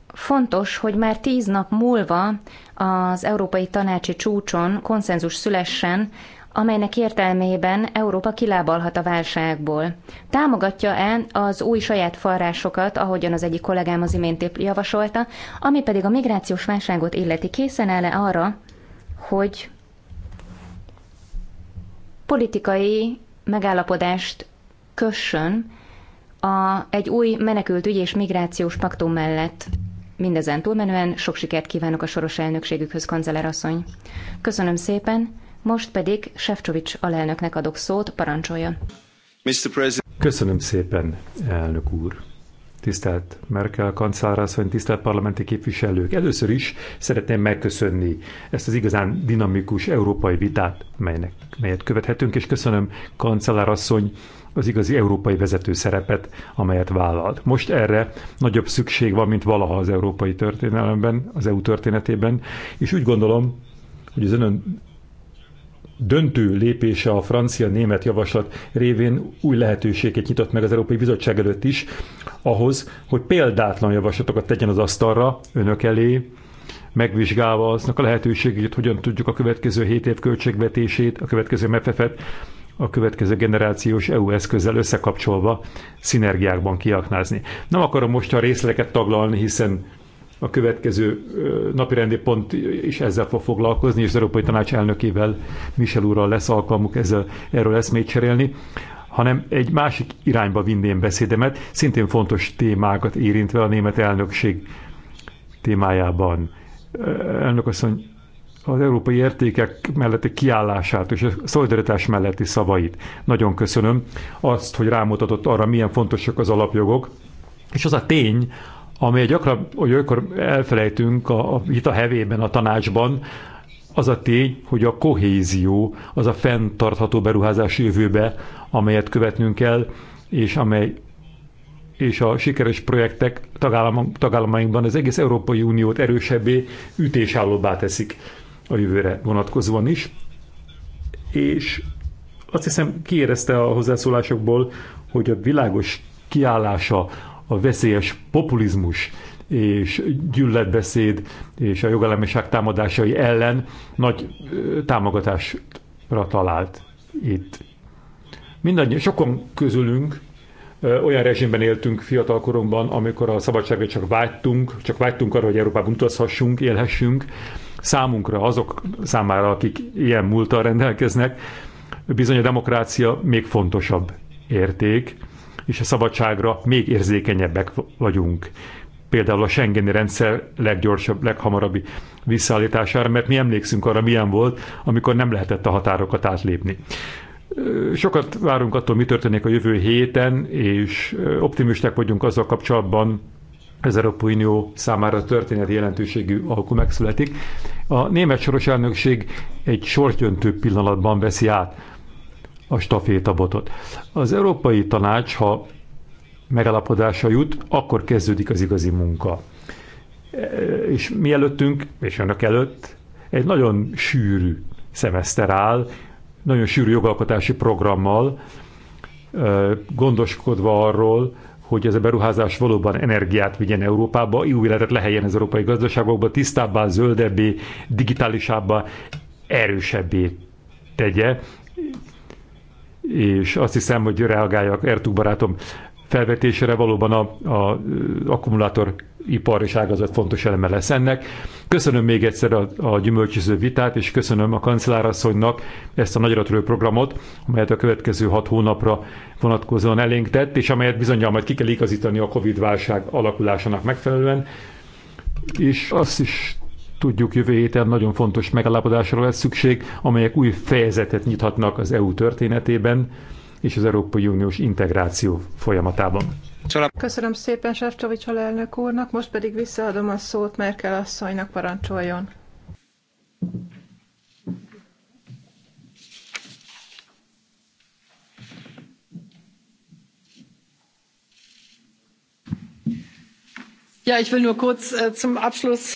fontos, hogy már tíz nap múlva az Európai Tanácsi csúcson konszenzus szülessen amelynek értelmében Európa kilábalhat a válságból. Támogatja-e az új saját forrásokat, ahogyan az egyik kollégám az imént javasolta, ami pedig a migrációs válságot illeti, készen áll-e arra, hogy politikai megállapodást kössön a, egy új ügy és migrációs paktum mellett. Mindezen túlmenően sok sikert kívánok a soros elnökségükhöz, kancellárasszony. Köszönöm szépen! Most pedig Sefcovics alelnöknek adok szót, parancsoljon. Mr. President. Köszönöm szépen, elnök úr. Tisztelt Merkel kancellárasszony, tisztelt parlamenti képviselők! Először is szeretném megköszönni ezt az igazán dinamikus európai vitát, melynek, melyet követhetünk, és köszönöm kancellárasszony az igazi európai vezető szerepet, amelyet vállalt. Most erre nagyobb szükség van, mint valaha az európai történelemben, az EU történetében, és úgy gondolom, hogy az önön döntő lépése a francia-német javaslat révén új lehetőséget nyitott meg az Európai Bizottság előtt is, ahhoz, hogy példátlan javaslatokat tegyen az asztalra önök elé, megvizsgálva aznak a lehetőségét, hogyan tudjuk a következő 7 év költségvetését, a következő MFF-et, a következő generációs EU eszközzel összekapcsolva szinergiákban kiaknázni. Nem akarom most a részleteket taglalni, hiszen a következő napirendi pont is ezzel fog foglalkozni, és az Európai Tanács elnökével, Michel úrral lesz alkalmuk ezzel, erről eszmét cserélni hanem egy másik irányba vinném beszédemet, szintén fontos témákat érintve a német elnökség témájában. Elnök asszony az európai értékek melletti kiállását és a szolidaritás melletti szavait. Nagyon köszönöm azt, hogy rámutatott arra, milyen fontosak az alapjogok, és az a tény, amely gyakran, olykor elfelejtünk a, a vita hevében, a tanácsban, az a tény, hogy a kohézió, az a fenntartható beruházás jövőbe, amelyet követnünk kell, és amely és a sikeres projektek tagállamainkban az egész Európai Uniót erősebbé, ütésállóbbá teszik a jövőre vonatkozóan is. És azt hiszem kiérezte a hozzászólásokból, hogy a világos kiállása a veszélyes populizmus és gyűlöletbeszéd és a jogállamiság támadásai ellen nagy támogatásra talált itt. Mindannyian, sokan közülünk olyan rezsimben éltünk fiatalkoromban, amikor a szabadságra csak vágytunk, csak vágytunk arra, hogy Európában utazhassunk, élhessünk. Számunkra, azok számára, akik ilyen múltal rendelkeznek, bizony a demokrácia még fontosabb érték, és a szabadságra még érzékenyebbek vagyunk. Például a Schengeni rendszer leggyorsabb, leghamarabbi visszaállítására, mert mi emlékszünk arra, milyen volt, amikor nem lehetett a határokat átlépni. Sokat várunk attól, mi történik a jövő héten, és optimisták vagyunk azzal kapcsolatban, az Európai Unió számára történet jelentőségű alkú megszületik. A német soros elnökség egy sortjöntő pillanatban veszi át a stafétabotot. Az Európai Tanács, ha megalapodása jut, akkor kezdődik az igazi munka. E, és mi előttünk, és önök előtt egy nagyon sűrű szemeszter áll, nagyon sűrű jogalkotási programmal, e, gondoskodva arról, hogy ez a beruházás valóban energiát vigyen Európába, jó életet lehelyen az európai gazdaságokba, tisztábbá, zöldebbé, digitálisábbá, erősebbé tegye, és azt hiszem, hogy reagáljak Ertug barátom felvetésére valóban a, a ipar és ágazat fontos eleme lesz ennek. Köszönöm még egyszer a, a gyümölcsöző vitát, és köszönöm a kancellárasszonynak ezt a nagyra programot, amelyet a következő hat hónapra vonatkozóan elénk tett, és amelyet bizonyal majd ki kell igazítani a Covid-válság alakulásának megfelelően. És azt is Tudjuk, jövő héten nagyon fontos megállapodásra lesz szükség, amelyek új fejezetet nyithatnak az EU történetében és az Európai Uniós integráció folyamatában. Köszönöm szépen Sefcsovics alelnök úrnak, most pedig visszaadom a szót Merkel asszonynak, parancsoljon. Ja, ich will nur kurz äh, zum Abschluss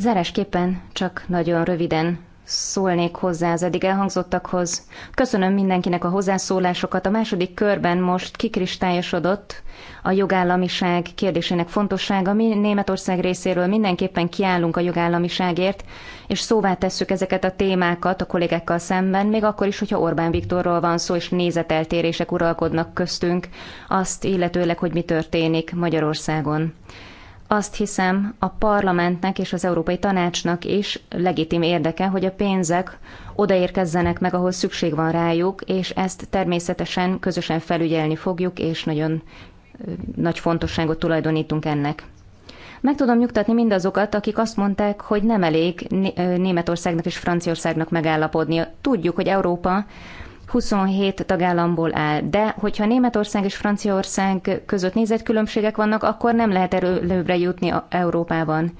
Zárásképpen csak nagyon röviden szólnék hozzá az eddig elhangzottakhoz. Köszönöm mindenkinek a hozzászólásokat. A második körben most kikristályosodott a jogállamiság kérdésének fontossága. Mi Németország részéről mindenképpen kiállunk a jogállamiságért, és szóvá tesszük ezeket a témákat a kollégekkal szemben, még akkor is, hogyha Orbán Viktorról van szó, és nézeteltérések uralkodnak köztünk, azt illetőleg, hogy mi történik Magyarországon. Azt hiszem, a parlamentnek és az Európai Tanácsnak is legitim érdeke, hogy a pénzek odaérkezzenek meg, ahol szükség van rájuk, és ezt természetesen közösen felügyelni fogjuk, és nagyon nagy fontosságot tulajdonítunk ennek. Meg tudom nyugtatni mindazokat, akik azt mondták, hogy nem elég Németországnak és Franciaországnak megállapodnia. Tudjuk, hogy Európa 27 tagállamból áll. De hogyha Németország és Franciaország között nézetkülönbségek vannak, akkor nem lehet előbbre jutni Európában.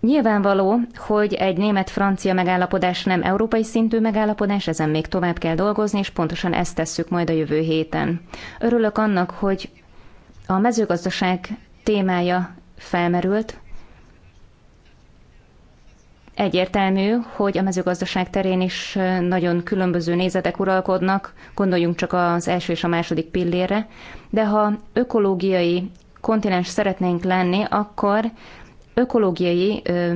Nyilvánvaló, hogy egy német-francia megállapodás nem európai szintű megállapodás, ezen még tovább kell dolgozni, és pontosan ezt tesszük majd a jövő héten. Örülök annak, hogy a mezőgazdaság témája felmerült, Egyértelmű, hogy a mezőgazdaság terén is nagyon különböző nézetek uralkodnak, gondoljunk csak az első és a második pillérre, de ha ökológiai kontinens szeretnénk lenni, akkor ökológiai ö,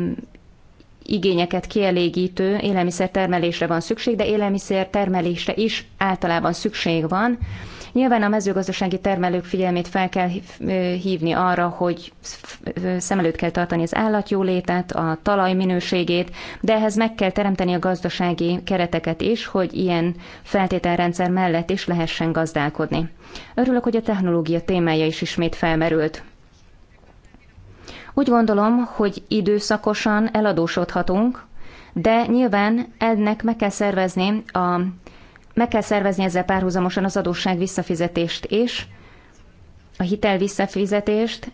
igényeket kielégítő élelmiszertermelésre van szükség, de élelmiszertermelésre is általában szükség van, Nyilván a mezőgazdasági termelők figyelmét fel kell hívni arra, hogy szem előtt kell tartani az állatjólétet, a talaj minőségét, de ehhez meg kell teremteni a gazdasági kereteket is, hogy ilyen feltételrendszer mellett is lehessen gazdálkodni. Örülök, hogy a technológia témája is ismét felmerült. Úgy gondolom, hogy időszakosan eladósodhatunk, de nyilván ennek meg kell szervezni a meg kell szervezni ezzel párhuzamosan az adósság visszafizetést is, a hitel visszafizetést,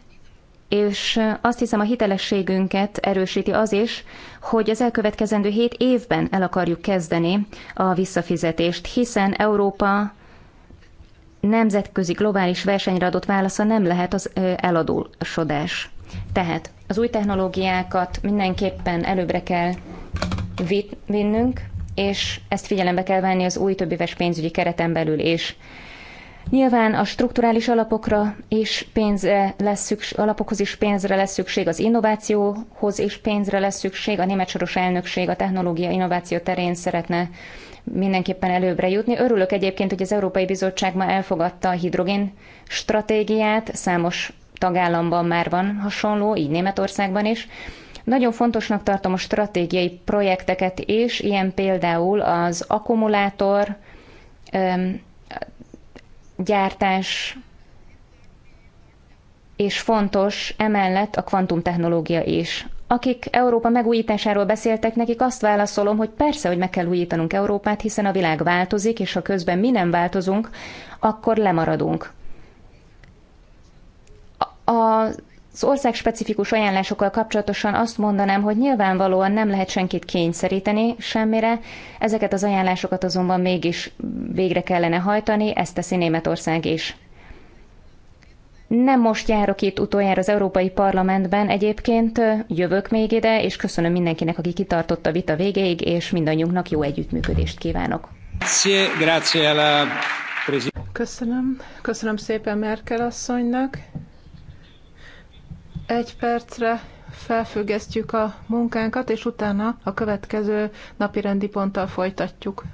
és azt hiszem a hitelességünket erősíti az is, hogy az elkövetkezendő hét évben el akarjuk kezdeni a visszafizetést, hiszen Európa nemzetközi globális versenyre adott válasza nem lehet az eladósodás. Tehát az új technológiákat mindenképpen előbbre kell vinnünk, és ezt figyelembe kell venni az új többéves pénzügyi kereten belül is. Nyilván a strukturális alapokra és pénzre lesz szükség, alapokhoz is pénzre lesz szükség, az innovációhoz is pénzre lesz szükség, a német soros elnökség a technológia innováció terén szeretne mindenképpen előbbre jutni. Örülök egyébként, hogy az Európai Bizottság ma elfogadta a hidrogén stratégiát, számos tagállamban már van hasonló, így Németországban is. Nagyon fontosnak tartom a stratégiai projekteket és ilyen például az akkumulátor gyártás, és fontos emellett a kvantumtechnológia is. Akik Európa megújításáról beszéltek, nekik azt válaszolom, hogy persze, hogy meg kell újítanunk Európát, hiszen a világ változik, és ha közben mi nem változunk, akkor lemaradunk. A az országspecifikus ajánlásokkal kapcsolatosan azt mondanám, hogy nyilvánvalóan nem lehet senkit kényszeríteni semmire, ezeket az ajánlásokat azonban mégis végre kellene hajtani, ezt teszi Németország is. Nem most járok itt utoljára az Európai Parlamentben egyébként, jövök még ide, és köszönöm mindenkinek, aki kitartott a vita végéig, és mindannyiunknak jó együttműködést kívánok. Köszönöm, köszönöm szépen Merkel asszonynak. Egy percre felfüggesztjük a munkánkat, és utána a következő napi rendi ponttal folytatjuk.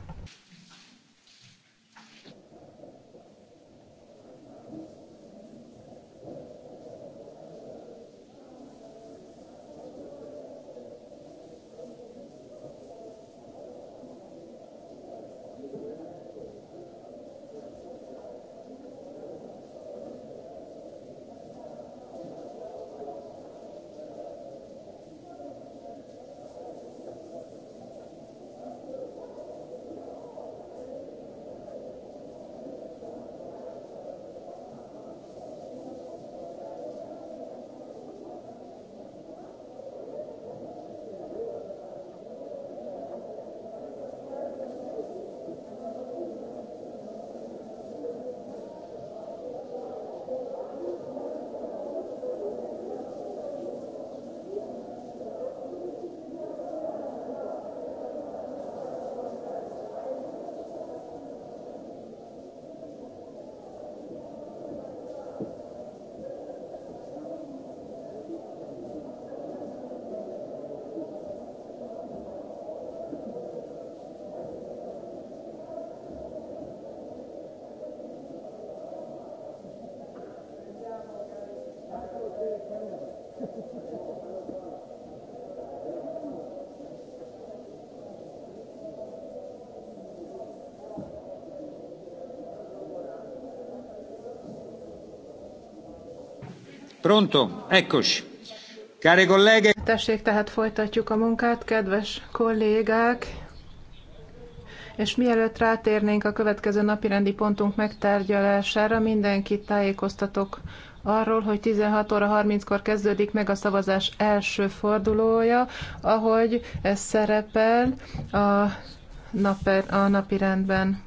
Pronto? Eccos. Care colleghe. Tessék, tehát folytatjuk a munkát, kedves kollégák. És mielőtt rátérnénk a következő napi rendi pontunk megtárgyalására, mindenkit tájékoztatok arról, hogy 16 óra 30-kor kezdődik meg a szavazás első fordulója, ahogy ez szerepel a, nap, a napi rendben.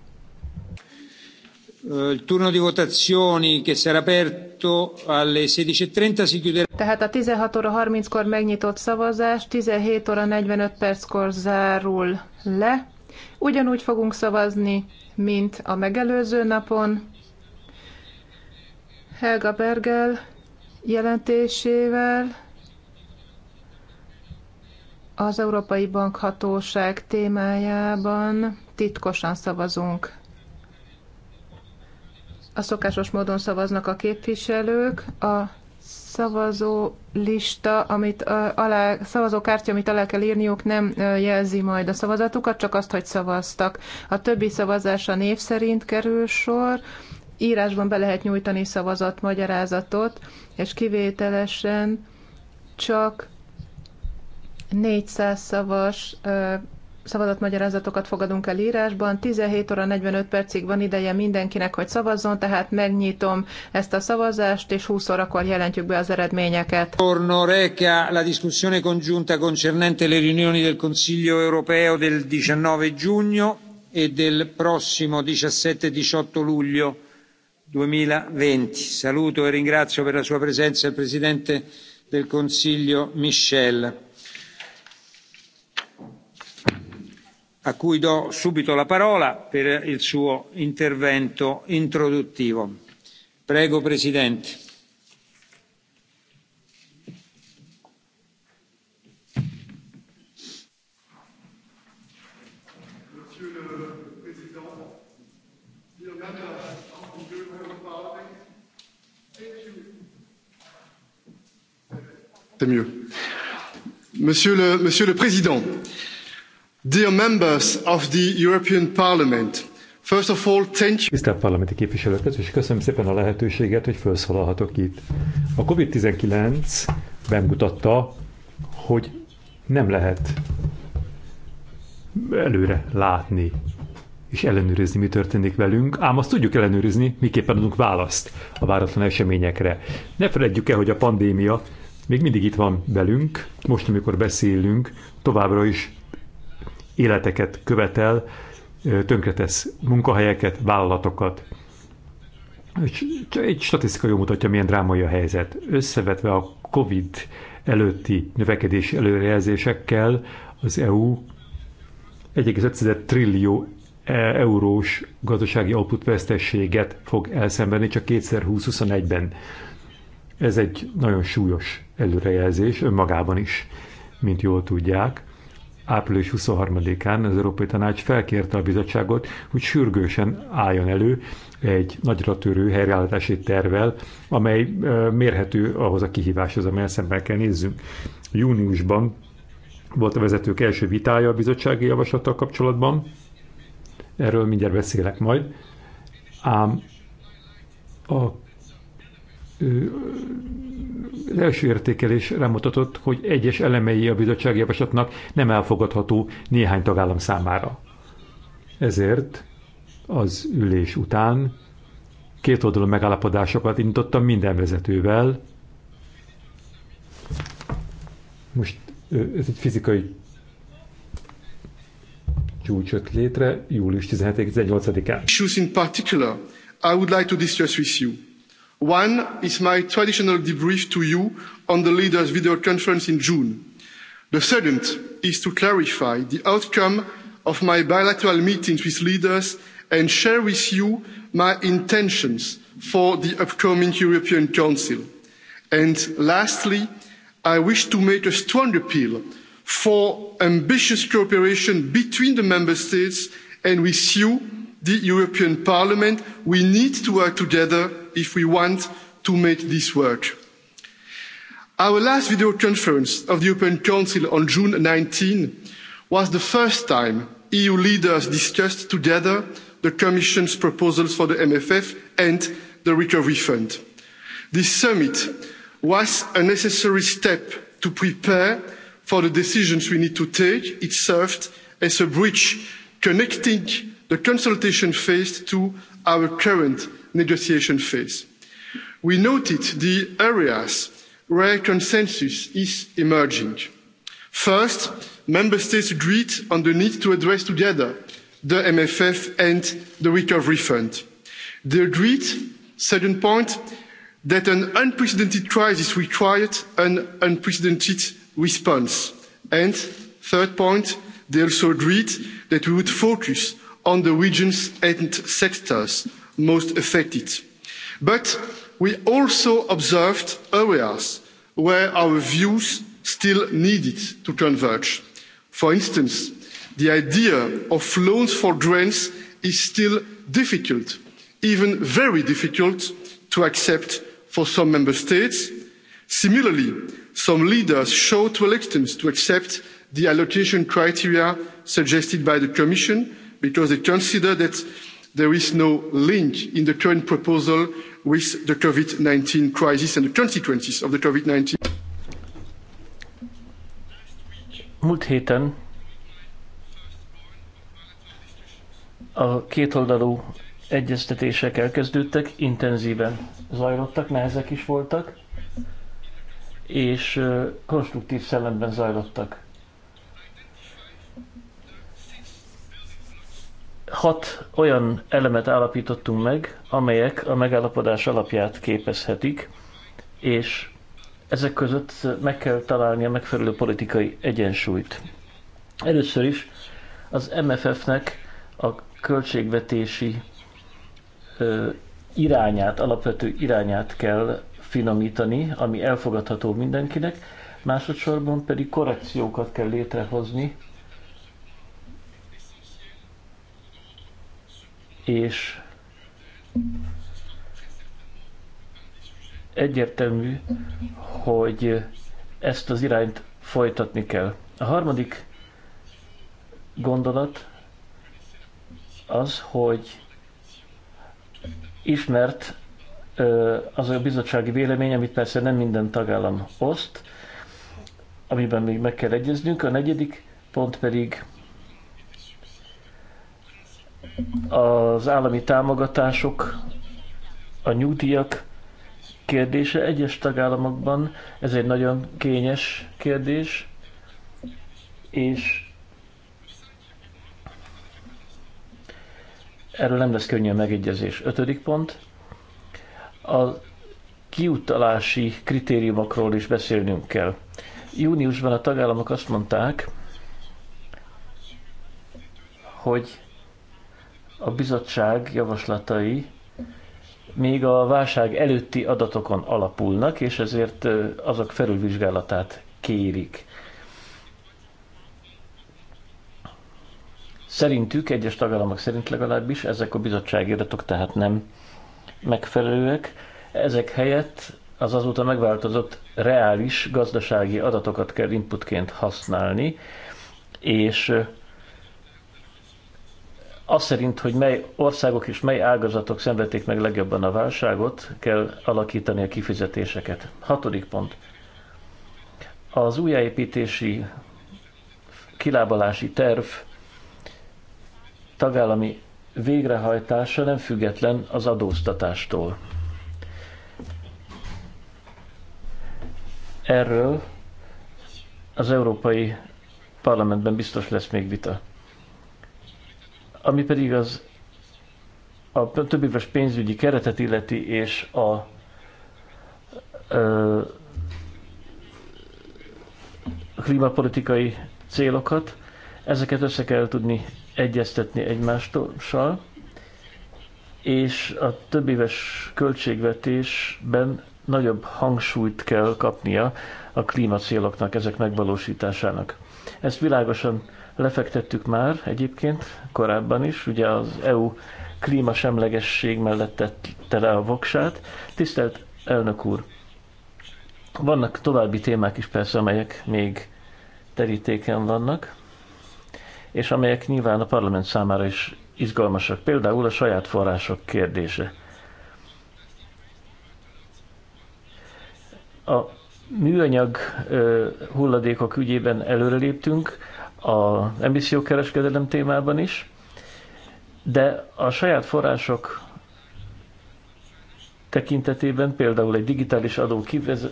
Eh, il turno di votazioni che sarà aperto alle 16.30 e si chiuderà. Tehát a 16 óra 30-kor megnyitott szavazás 17 óra 45 perckor zárul le. Ugyanúgy fogunk szavazni, mint a megelőző napon. Helga Bergel jelentésével az Európai Bankhatóság témájában titkosan szavazunk a szokásos módon szavaznak a képviselők. A szavazó lista, amit alá, szavazókártya, amit alá kell írniuk, nem jelzi majd a szavazatukat, csak azt, hogy szavaztak. A többi szavazása név szerint kerül sor, írásban be lehet nyújtani szavazatmagyarázatot, és kivételesen csak 400 szavas szavazatmagyarázatokat fogadunk el írásban. 17 óra 45 percig van ideje mindenkinek, hogy szavazzon, tehát megnyitom ezt a szavazást, és 20 órakor jelentjük be az eredményeket. Torno reca la discussione congiunta concernente le riunioni del Consiglio europeo del 19 giugno e del prossimo 17-18 luglio 2020. Saluto e ringrazio per la sua presenza il Presidente del Consiglio Michel a cui do subito la parola per il suo intervento introduttivo. Prego, Presidente. Président, mieux. Monsieur le, Monsieur le Président, Dear members of the European Parliament, First of all, thank you. Tisztelt parlamenti képviselők, és köszönöm szépen a lehetőséget, hogy felszólalhatok itt. A COVID-19 bemutatta, hogy nem lehet előre látni és ellenőrizni, mi történik velünk, ám azt tudjuk ellenőrizni, miképpen adunk választ a váratlan eseményekre. Ne feledjük el, hogy a pandémia még mindig itt van velünk, most, amikor beszélünk, továbbra is életeket követel, tönkretesz munkahelyeket, vállalatokat. Egy statisztika jól mutatja, milyen drámai a helyzet. Összevetve a COVID előtti növekedési előrejelzésekkel az EU 1,5 trillió e, eurós gazdasági output vesztességet fog elszenvedni csak 2021 ben Ez egy nagyon súlyos előrejelzés önmagában is, mint jól tudják április 23-án az Európai Tanács felkérte a bizottságot, hogy sürgősen álljon elő egy nagyra törő helyreállítási tervvel, amely mérhető ahhoz a kihíváshoz, amely szemben kell nézzünk. Júniusban volt a vezetők első vitája a bizottsági javaslattal kapcsolatban, erről mindjárt beszélek majd, ám a az első értékelés rámutatott, hogy egyes elemei a bizottsági javaslatnak nem elfogadható néhány tagállam számára. Ezért az ülés után két oldalú megállapodásokat indítottam minden vezetővel. Most ez egy fizikai csúcsot létre július 17-18-án. in particular I would like to discuss with you one is my traditional debrief to you on the leaders' video conference in june. the second is to clarify the outcome of my bilateral meetings with leaders and share with you my intentions for the upcoming european council. and lastly i wish to make a strong appeal for ambitious cooperation between the member states and with you the european parliament. we need to work together if we want to make this work. our last video conference of the european council on nineteen june was the first time eu leaders discussed together the commission's proposals for the mff and the recovery fund. this summit was a necessary step to prepare for the decisions we need to take. it served as a bridge connecting the consultation phase to our current negotiation phase. we noted the areas where consensus is emerging. first member states agreed on the need to address together the mff and the recovery fund. they agreed second point that an unprecedented crisis required an unprecedented response and third point they also agreed that we would focus on the regions and sectors most affected. but we also observed areas where our views still needed to converge. for instance the idea of loans for grants is still difficult even very difficult to accept for some member states. similarly some leaders showed reluctance to accept the allocation criteria suggested by the commission because they consider that there is no link in the current proposal with the covid nineteen crisis and the consequences of the covid. nineteen Múlt héten a kétoldalú egyeztetések elkezdődtek, intenzíven zajlottak, nehezek is voltak, és konstruktív szellemben zajlottak. hat olyan elemet állapítottunk meg, amelyek a megállapodás alapját képezhetik, és ezek között meg kell találni a megfelelő politikai egyensúlyt. Először is az MFF-nek a költségvetési ö, irányát, alapvető irányát kell finomítani, ami elfogadható mindenkinek, másodszorban pedig korrekciókat kell létrehozni és egyértelmű, hogy ezt az irányt folytatni kell. A harmadik gondolat az, hogy ismert az a bizottsági vélemény, amit persze nem minden tagállam oszt, amiben még meg kell egyeznünk. A negyedik pont pedig az állami támogatások, a nyugdíjak kérdése egyes tagállamokban, ez egy nagyon kényes kérdés, és erről nem lesz könnyű a megegyezés. Ötödik pont, a kiutalási kritériumokról is beszélnünk kell. Júniusban a tagállamok azt mondták, hogy a bizottság javaslatai még a válság előtti adatokon alapulnak, és ezért azok felülvizsgálatát kérik. Szerintük, egyes tagállamok szerint legalábbis, ezek a bizottsági adatok tehát nem megfelelőek. Ezek helyett az azóta megváltozott reális gazdasági adatokat kell inputként használni, és az szerint, hogy mely országok és mely ágazatok szenvedték meg legjobban a válságot, kell alakítani a kifizetéseket. Hatodik pont. Az újjáépítési kilábalási terv tagállami végrehajtása nem független az adóztatástól. Erről az Európai Parlamentben biztos lesz még vita. Ami pedig az a több éves pénzügyi keretet illeti, és a ö, klímapolitikai célokat, ezeket össze kell tudni egyeztetni egymással, és a több éves költségvetésben nagyobb hangsúlyt kell kapnia a klímacéloknak, ezek megvalósításának. Ezt világosan Lefektettük már egyébként korábban is, ugye az EU klímasemlegesség mellett tette le a voksát. Tisztelt elnök úr, vannak további témák is persze, amelyek még terítéken vannak, és amelyek nyilván a parlament számára is izgalmasak. Például a saját források kérdése. A műanyag hulladékok ügyében előreléptünk, az emissziókereskedelem témában is, de a saját források tekintetében, például egy digitális adó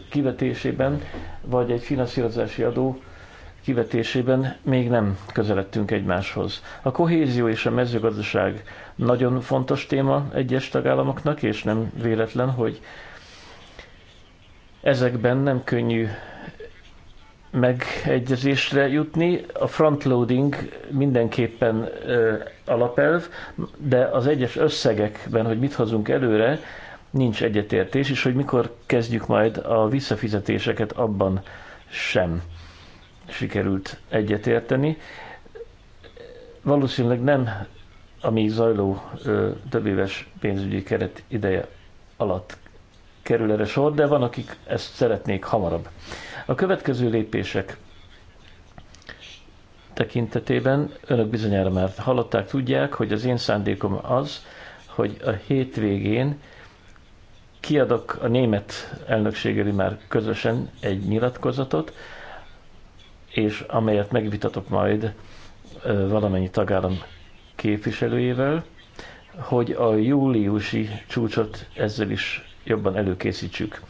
kivetésében, vagy egy finanszírozási adó kivetésében még nem közeledtünk egymáshoz. A kohézió és a mezőgazdaság nagyon fontos téma egyes tagállamoknak, és nem véletlen, hogy ezekben nem könnyű megegyezésre jutni. A frontloading mindenképpen alapelv, de az egyes összegekben, hogy mit hozunk előre, nincs egyetértés, és hogy mikor kezdjük majd a visszafizetéseket, abban sem sikerült egyetérteni. Valószínűleg nem a még zajló ö, többéves pénzügyi keret ideje alatt kerül erre sor, de van, akik ezt szeretnék hamarabb. A következő lépések tekintetében önök bizonyára már hallották, tudják, hogy az én szándékom az, hogy a hétvégén kiadok a német elnökségeli már közösen egy nyilatkozatot, és amelyet megvitatok majd valamennyi tagállam képviselőjével, hogy a júliusi csúcsot ezzel is jobban előkészítsük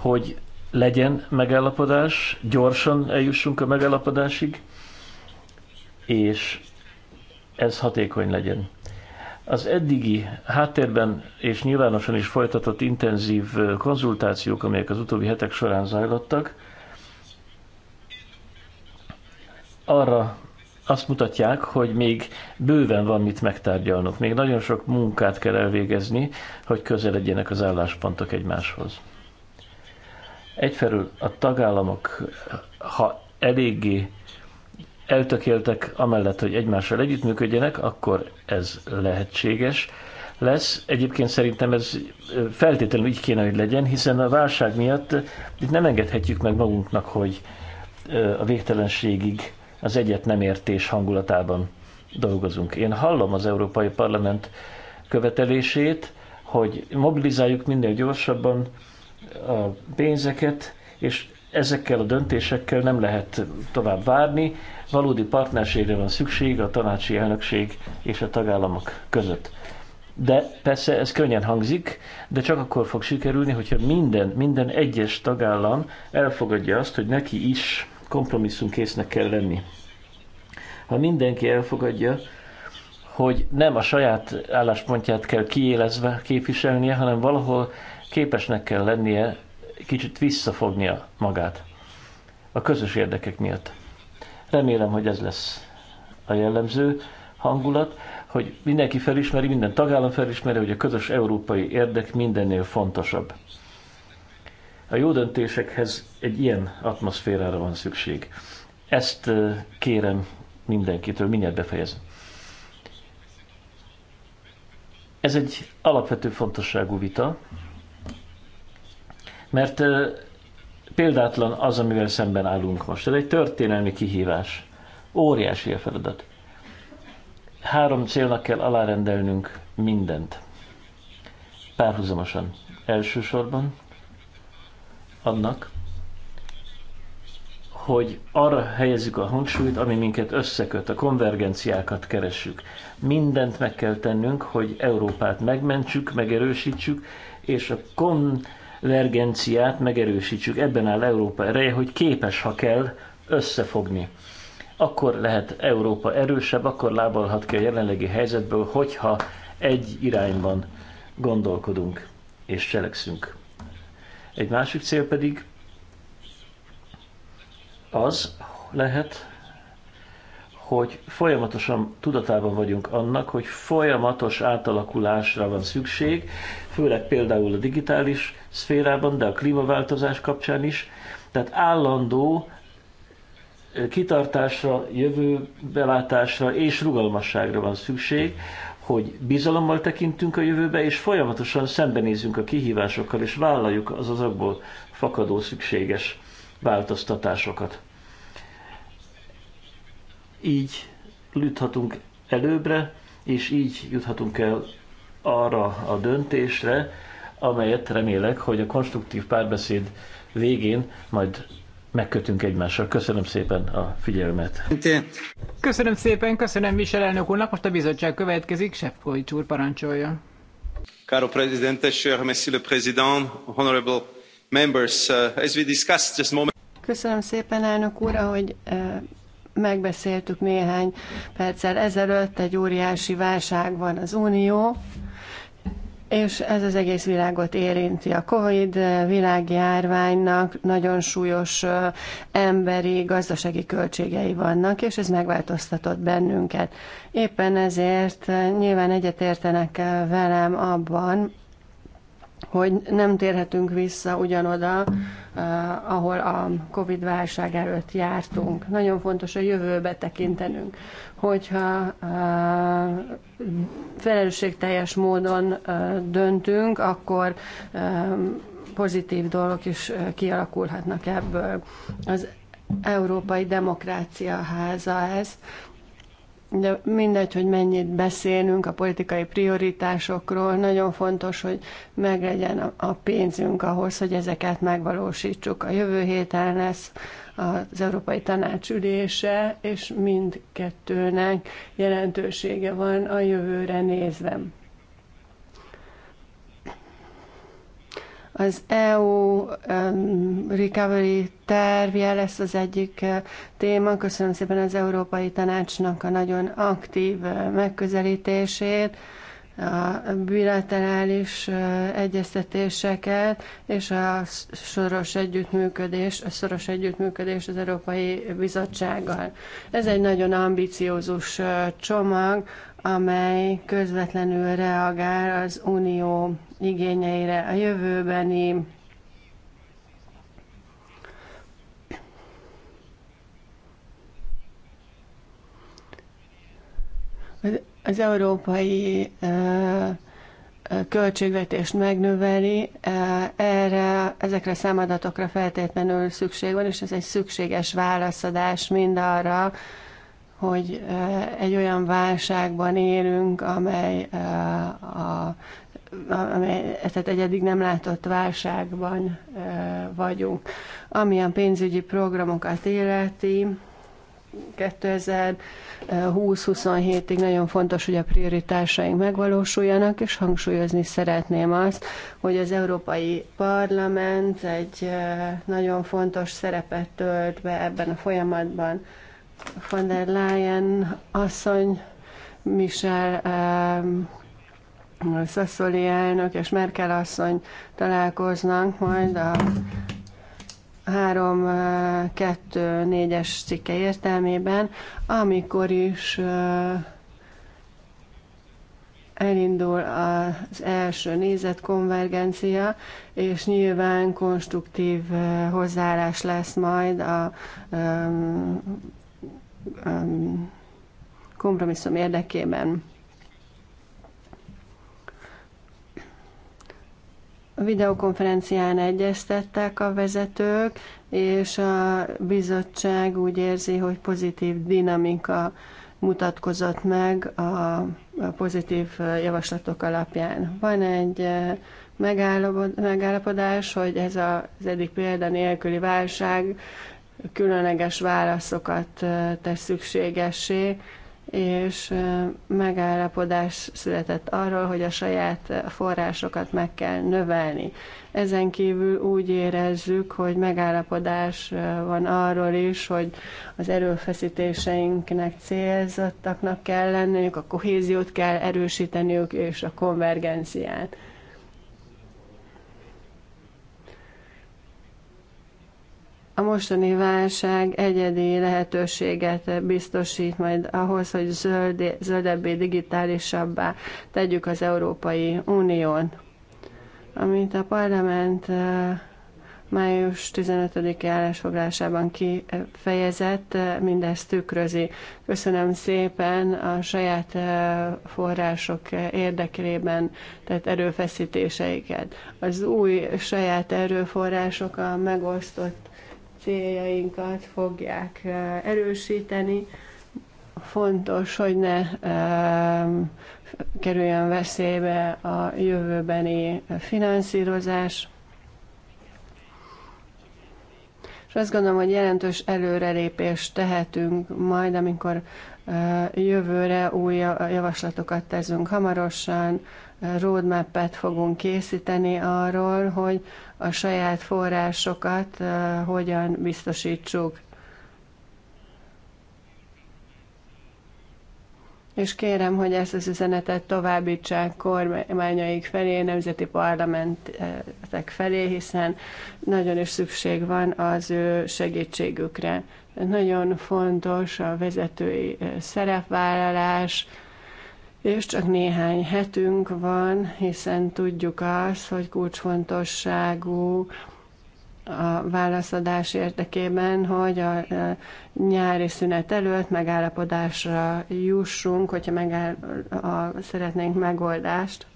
hogy legyen megállapodás, gyorsan eljussunk a megállapodásig, és ez hatékony legyen. Az eddigi háttérben és nyilvánosan is folytatott intenzív konzultációk, amelyek az utóbbi hetek során zajlottak, arra azt mutatják, hogy még bőven van mit megtárgyalnunk. Még nagyon sok munkát kell elvégezni, hogy közeledjenek az álláspontok egymáshoz. Egyfelől a tagállamok, ha eléggé eltökéltek amellett, hogy egymással együttműködjenek, akkor ez lehetséges lesz. Egyébként szerintem ez feltétlenül így kéne, hogy legyen, hiszen a válság miatt itt nem engedhetjük meg magunknak, hogy a végtelenségig az egyet nem értés hangulatában dolgozunk. Én hallom az Európai Parlament követelését, hogy mobilizáljuk minél gyorsabban a pénzeket, és ezekkel a döntésekkel nem lehet tovább várni. Valódi partnerségre van szükség a tanácsi elnökség és a tagállamok között. De persze ez könnyen hangzik, de csak akkor fog sikerülni, hogyha minden, minden egyes tagállam elfogadja azt, hogy neki is kompromisszumkésznek kell lenni. Ha mindenki elfogadja, hogy nem a saját álláspontját kell kiélezve képviselnie, hanem valahol képesnek kell lennie kicsit visszafognia magát a közös érdekek miatt. Remélem, hogy ez lesz a jellemző hangulat, hogy mindenki felismeri, minden tagállam felismeri, hogy a közös európai érdek mindennél fontosabb. A jó döntésekhez egy ilyen atmoszférára van szükség. Ezt kérem mindenkitől, mindjárt befejezem. Ez egy alapvető fontosságú vita, mert példátlan az, amivel szemben állunk most. Ez egy történelmi kihívás. Óriási a feladat. Három célnak kell alárendelnünk mindent. Párhuzamosan. Elsősorban annak, hogy arra helyezzük a hangsúlyt, ami minket összeköt, a konvergenciákat keressük. Mindent meg kell tennünk, hogy Európát megmentsük, megerősítsük, és a kon- konvergenciát megerősítsük. Ebben áll Európa ereje, hogy képes, ha kell, összefogni. Akkor lehet Európa erősebb, akkor lábalhat ki a jelenlegi helyzetből, hogyha egy irányban gondolkodunk és cselekszünk. Egy másik cél pedig az lehet, hogy folyamatosan tudatában vagyunk annak, hogy folyamatos átalakulásra van szükség, főleg például a digitális szférában, de a klímaváltozás kapcsán is. Tehát állandó kitartásra, jövőbelátásra és rugalmasságra van szükség, hogy bizalommal tekintünk a jövőbe, és folyamatosan szembenézünk a kihívásokkal, és vállaljuk az azokból fakadó szükséges változtatásokat. Így juthatunk előbbre, és így juthatunk el arra a döntésre, amelyet remélek, hogy a konstruktív párbeszéd végén majd megkötünk egymással. Köszönöm szépen a figyelmet. Köszönöm szépen, köszönöm elnök úrnak. Most a bizottság következik, Sefkovics úr parancsolja. Caro Presidente, cher Monsieur le Président, honorable members, uh, as we discussed just moment... Köszönöm szépen, elnök úr, ahogy uh, megbeszéltük néhány perccel ezelőtt, egy óriási válság van az Unió és ez az egész világot érinti. A COVID világjárványnak nagyon súlyos emberi, gazdasági költségei vannak, és ez megváltoztatott bennünket. Éppen ezért nyilván egyetértenek velem abban, hogy nem térhetünk vissza ugyanoda, eh, ahol a Covid válság előtt jártunk. Nagyon fontos a jövőbe tekintenünk, hogyha eh, felelősségteljes módon eh, döntünk, akkor pozitív dolgok is kialakulhatnak ebből. Az Európai Demokrácia Háza ez, de mindegy, hogy mennyit beszélünk a politikai prioritásokról, nagyon fontos, hogy meglegyen a pénzünk ahhoz, hogy ezeket megvalósítsuk. A jövő héten lesz az Európai Tanács ülése, és mindkettőnek jelentősége van a jövőre nézve. Az EU recovery tervje lesz az egyik eh, téma. Köszönöm szépen az Európai Tanácsnak a nagyon aktív eh, megközelítését a bilaterális eh, egyeztetéseket és a soros együttműködés, a szoros együttműködés az Európai Bizottsággal. Ez egy nagyon ambiciózus csomag, amely közvetlenül reagál az unió igényeire a jövőbeni az európai költségvetést megnöveli, erre, ezekre a számadatokra feltétlenül szükség van, és ez egy szükséges válaszadás mind arra, hogy egy olyan válságban élünk, amely, a, amely tehát egy eddig nem látott válságban vagyunk. Ami a pénzügyi programokat életi, 2020-27-ig nagyon fontos, hogy a prioritásaink megvalósuljanak, és hangsúlyozni szeretném azt, hogy az Európai Parlament egy nagyon fontos szerepet tölt be ebben a folyamatban von der Leyen asszony, Michel um, elnök és Merkel asszony találkoznak majd a 3-2-4-es uh, cikke értelmében, amikor is uh, elindul az első nézetkonvergencia, és nyilván konstruktív uh, hozzáállás lesz majd a um, Um, kompromisszum érdekében. A videokonferencián egyeztettek a vezetők, és a bizottság úgy érzi, hogy pozitív dinamika mutatkozott meg a pozitív javaslatok alapján. Van egy eh, megállapodás, hogy ez az eddig példa nélküli válság különleges válaszokat tesz szükségessé, és megállapodás született arról, hogy a saját forrásokat meg kell növelni. Ezen kívül úgy érezzük, hogy megállapodás van arról is, hogy az erőfeszítéseinknek célzottaknak kell lenniük, a kohéziót kell erősíteniük, és a konvergenciát. a mostani válság egyedi lehetőséget biztosít majd ahhoz, hogy zöld, zöldebbé, digitálisabbá tegyük az Európai Unión. amint a parlament május 15-i állásfoglásában kifejezett, mindezt tükrözi. Köszönöm szépen a saját források érdekében tett erőfeszítéseiket. Az új saját erőforrások a megosztott céljainkat fogják eh, erősíteni. Fontos, hogy ne kerüljön veszélybe a jövőbeni finanszírozás. És azt gondolom, hogy jelentős előrelépést tehetünk majd, amikor eh, jövőre új javaslatokat teszünk hamarosan, roadmap-et fogunk készíteni arról, hogy a saját forrásokat hogyan biztosítsuk. És kérem, hogy ezt az üzenetet továbbítsák kormányaik felé, nemzeti parlamentek felé, hiszen nagyon is szükség van az ő segítségükre. Nagyon fontos a vezetői szerepvállalás, és csak néhány hetünk van, hiszen tudjuk azt, hogy kulcsfontosságú a válaszadás érdekében, hogy a nyári szünet előtt megállapodásra jussunk, hogyha megáll, a, szeretnénk megoldást,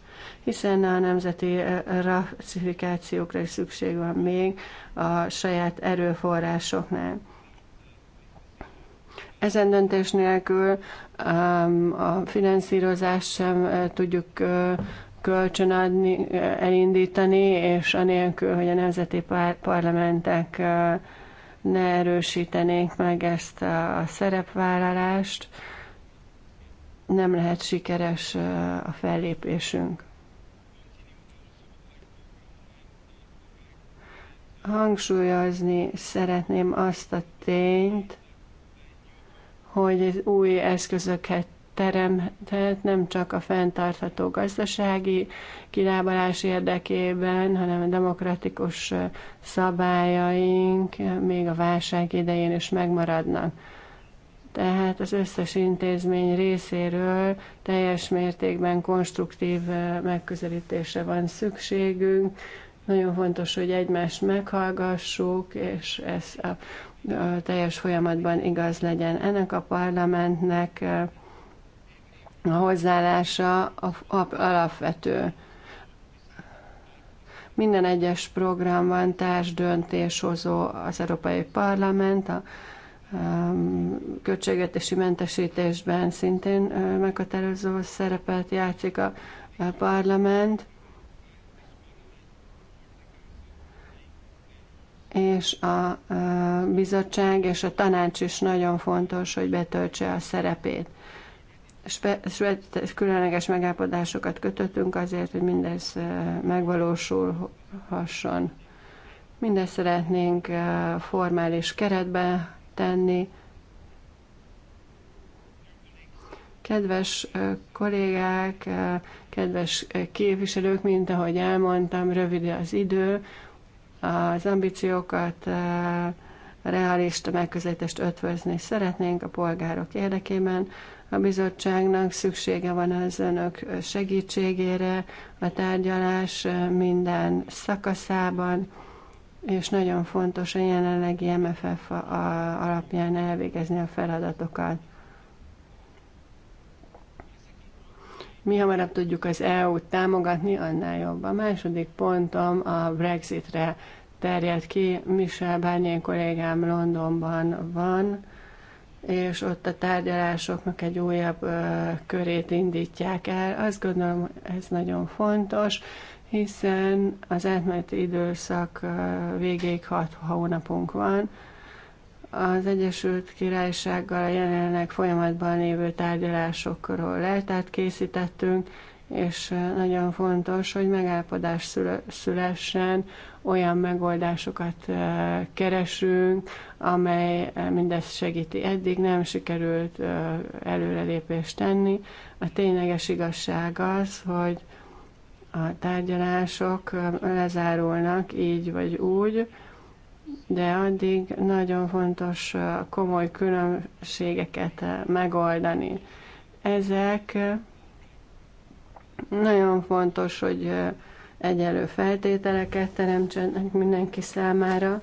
hiszen a nemzeti ratifikációkra is szükség van még a saját erőforrásoknál. Ezen döntés nélkül um, a finanszírozást sem uh, tudjuk uh, kölcsönadni, uh, elindítani, és anélkül, hogy a nemzeti parlamentek ne erősítenék meg ezt a szerepvállalást, nem lehet sikeres a fellépésünk. Hangsúlyozni szeretném azt a tényt, hogy új eszközöket teremthet nem csak a fenntartható gazdasági kilábalás érdekében, hanem a demokratikus szabályaink még a válság idején is megmaradnak. Tehát az összes intézmény részéről teljes mértékben konstruktív megközelítésre van szükségünk. Nagyon fontos, hogy egymást meghallgassuk, és ez a a teljes folyamatban igaz legyen. Ennek a parlamentnek a hozzáállása alapvető. Minden egyes programban társ döntéshozó az Európai Parlament, a költségvetési mentesítésben szintén meghatározó szerepet játszik a parlament. és a bizottság és a tanács is nagyon fontos, hogy betöltse a szerepét. Különleges megállapodásokat kötöttünk azért, hogy mindez megvalósulhasson. Mindezt szeretnénk formális keretbe tenni. Kedves kollégák, kedves képviselők, mint ahogy elmondtam, rövid az idő, az ambíciókat, realista megközelítést ötvözni szeretnénk a polgárok érdekében. A bizottságnak szüksége van az önök segítségére a tárgyalás minden szakaszában, és nagyon fontos a jelenlegi MFF alapján elvégezni a feladatokat. mi hamarabb tudjuk az EU-t támogatni, annál jobb. A második pontom a Brexitre terjed ki. Michel Barnier kollégám Londonban van, és ott a tárgyalásoknak egy újabb ö, körét indítják el. Azt gondolom, ez nagyon fontos, hiszen az átmeneti időszak ö, végéig hat hónapunk van. Az Egyesült Királysággal a jelenleg folyamatban lévő tárgyalásokról leltát készítettünk, és nagyon fontos, hogy megállapodás szülessen olyan megoldásokat keresünk, amely mindezt segíti. Eddig nem sikerült előrelépést tenni. A tényleges igazság az, hogy a tárgyalások lezárulnak így vagy úgy, de addig nagyon fontos komoly különbségeket megoldani. Ezek nagyon fontos, hogy egyenlő feltételeket teremtsenek mindenki számára,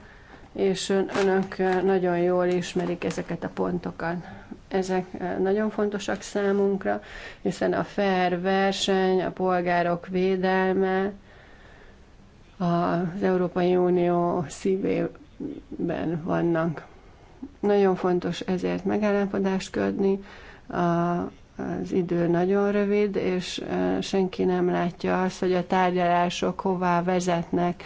és önök nagyon jól ismerik ezeket a pontokat. Ezek nagyon fontosak számunkra, hiszen a fair verseny, a polgárok védelme az Európai Unió szívében vannak. Nagyon fontos ezért megállapodást kötni, a az idő nagyon rövid, és senki nem látja azt, hogy a tárgyalások hová vezetnek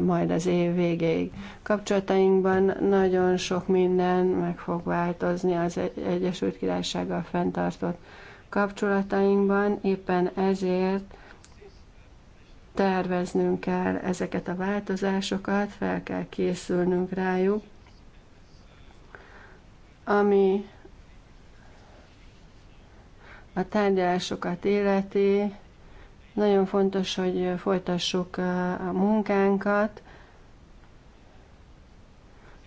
majd az év végéig. Kapcsolatainkban nagyon sok minden meg fog változni az Egyesült Királysággal fenntartott kapcsolatainkban, éppen ezért terveznünk kell ezeket a változásokat, fel kell készülnünk rájuk, ami a tárgyalásokat életi. Nagyon fontos, hogy folytassuk a munkánkat,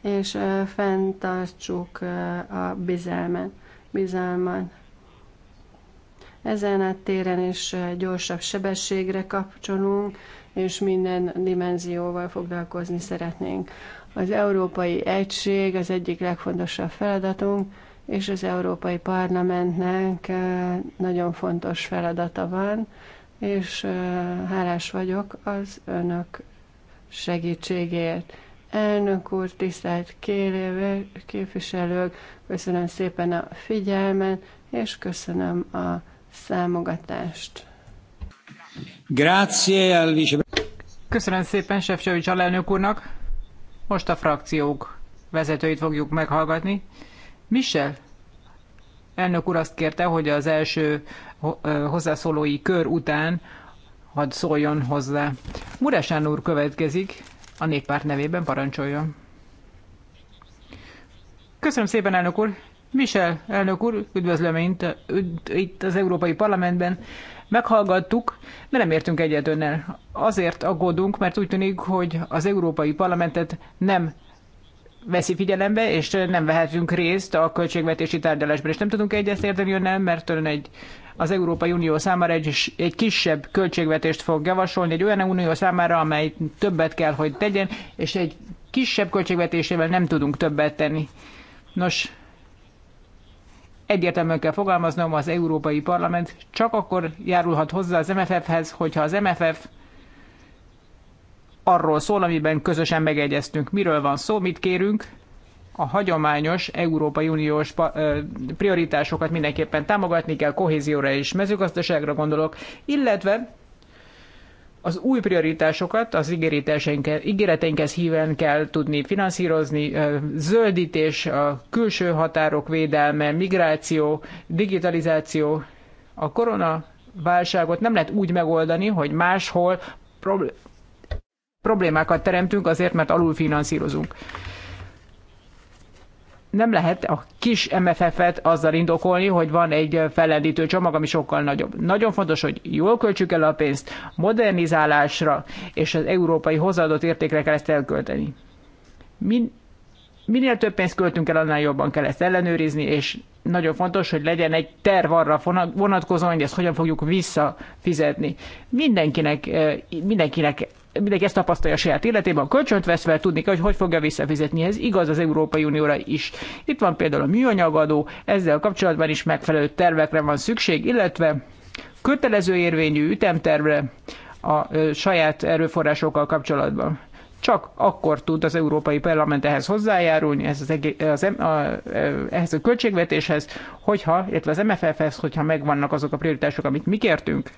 és fenntartsuk a bizalmat. bizalmat. Ezen a téren is gyorsabb sebességre kapcsolunk, és minden dimenzióval foglalkozni szeretnénk. Az európai egység az egyik legfontosabb feladatunk, és az Európai Parlamentnek nagyon fontos feladata van, és hálás vagyok az önök segítségért. Elnök úr, tisztelt kéréve, képviselők, köszönöm szépen a figyelmet, és köszönöm a számogatást. Grazie al Köszönöm szépen Sefcsovics alelnök úrnak. Most a frakciók vezetőit fogjuk meghallgatni. Michel elnök úr azt kérte, hogy az első hozzászólói kör után hadd szóljon hozzá. Muresán úr következik, a néppárt nevében parancsoljon. Köszönöm szépen, elnök úr! Michel, elnök úr, üdvözlöm itt, itt az Európai Parlamentben. Meghallgattuk, de nem értünk egyet önnel. Azért aggódunk, mert úgy tűnik, hogy az Európai Parlamentet nem veszi figyelembe, és nem vehetünk részt a költségvetési tárgyalásban. És nem tudunk egyet érteni önnel, mert ön egy, az Európai Unió számára egy, egy kisebb költségvetést fog javasolni, egy olyan unió számára, amely többet kell, hogy tegyen, és egy kisebb költségvetésével nem tudunk többet tenni. Nos, egyértelműen kell fogalmaznom, az Európai Parlament csak akkor járulhat hozzá az MFF-hez, hogyha az MFF arról szól, amiben közösen megegyeztünk. Miről van szó, mit kérünk? A hagyományos Európai Uniós prioritásokat mindenképpen támogatni kell, kohézióra és mezőgazdaságra gondolok, illetve az új prioritásokat az ígéreteinkhez híven kell tudni finanszírozni, zöldítés, a külső határok védelme, migráció, digitalizáció. A koronaválságot nem lehet úgy megoldani, hogy máshol problémákat teremtünk azért, mert alulfinanszírozunk. Nem lehet a kis MFF-et azzal indokolni, hogy van egy fellendítő csomag, ami sokkal nagyobb. Nagyon fontos, hogy jól költsük el a pénzt, modernizálásra és az európai hozzáadott értékre kell ezt elkölteni. Min- minél több pénzt költünk el, annál jobban kell ezt ellenőrizni, és nagyon fontos, hogy legyen egy terv arra vonatkozóan, hogy ezt hogyan fogjuk visszafizetni. Mindenkinek, eh, mindenkinek mindenki ezt tapasztalja a saját életében, a kölcsönt fel, tudni kell, hogy hogy fogja visszafizetni. Ez igaz az Európai Unióra is. Itt van például a műanyagadó, ezzel kapcsolatban is megfelelő tervekre van szükség, illetve kötelező érvényű ütemtervre a saját erőforrásokkal kapcsolatban. Csak akkor tud az Európai Parlament ehhez hozzájárulni, ehhez, az az, a, a, ehhez a költségvetéshez, hogyha, illetve az MFF-hez, hogyha megvannak azok a prioritások, amit mi kértünk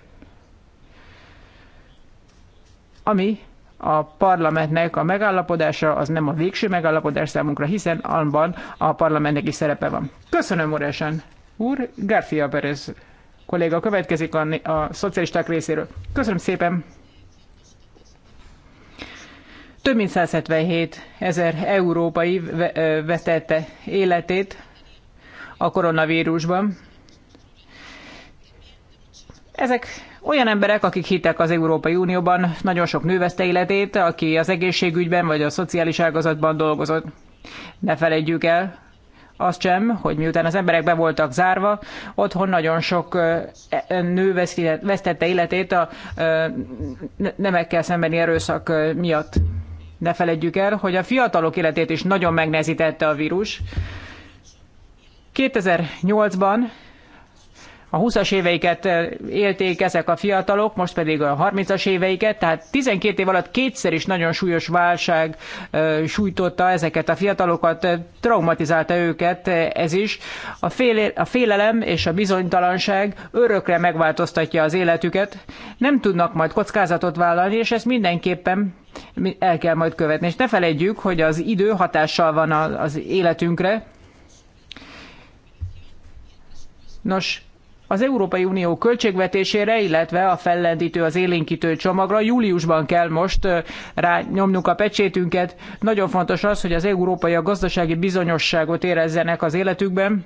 ami a parlamentnek a megállapodása az nem a végső megállapodás számunkra, hiszen abban a parlamentnek is szerepe van. Köszönöm, Moresen úr. García Perez kolléga következik a, a szocialisták részéről. Köszönöm szépen. Több mint 177 ezer európai vetette életét a koronavírusban. Ezek olyan emberek, akik hittek az Európai Unióban, nagyon sok nő veszte életét, aki az egészségügyben vagy a szociális ágazatban dolgozott. Ne felejtjük el, azt sem, hogy miután az emberek be voltak zárva, otthon nagyon sok e, e, nő vesztette életét a nemekkel szembeni erőszak miatt. Ne feledjük el, hogy a fiatalok életét is nagyon megnehezítette a vírus. 2008-ban a 20-as éveiket eh, élték ezek a fiatalok, most pedig a 30-as éveiket, tehát 12 év alatt kétszer is nagyon súlyos válság eh, sújtotta ezeket a fiatalokat, eh, traumatizálta őket ez is. A, fél, a félelem és a bizonytalanság örökre megváltoztatja az életüket, nem tudnak majd kockázatot vállalni, és ezt mindenképpen el kell majd követni. És ne felejtjük, hogy az idő hatással van az életünkre. Nos, az Európai Unió költségvetésére, illetve a fellendítő, az élénkítő csomagra júliusban kell most rányomnunk a pecsétünket. Nagyon fontos az, hogy az európai a gazdasági bizonyosságot érezzenek az életükben,